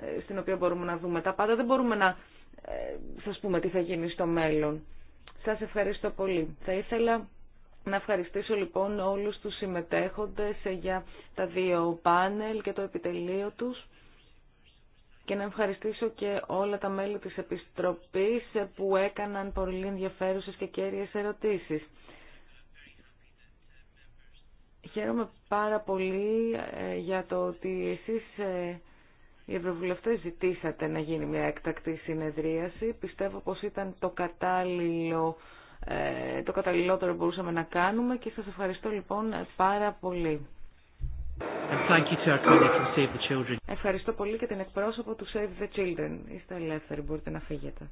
ε, στην οποία μπορούμε να δούμε τα πάντα. Δεν μπορούμε να ε, σας πούμε τι θα γίνει στο μέλλον. Σας ευχαριστώ πολύ. Θα ήθελα να ευχαριστήσω λοιπόν όλους τους συμμετέχοντες ε, για τα δύο πάνελ και το επιτελείο τους και να ευχαριστήσω και όλα τα μέλη της Επιστροπής που έκαναν πολύ ενδιαφέρουσες και κέρυες ερωτήσεις. Χαίρομαι πάρα πολύ για το ότι εσείς οι ευρωβουλευτές ζητήσατε να γίνει μια έκτακτη συνεδρίαση. Πιστεύω πως ήταν το κατάλληλο ε, το καταλληλότερο που μπορούσαμε να κάνουμε και σας ευχαριστώ λοιπόν πάρα πολύ. Ευχαριστώ πολύ και την εκπρόσωπο του Save the Children. Είστε ελεύθεροι, μπορείτε να φύγετε.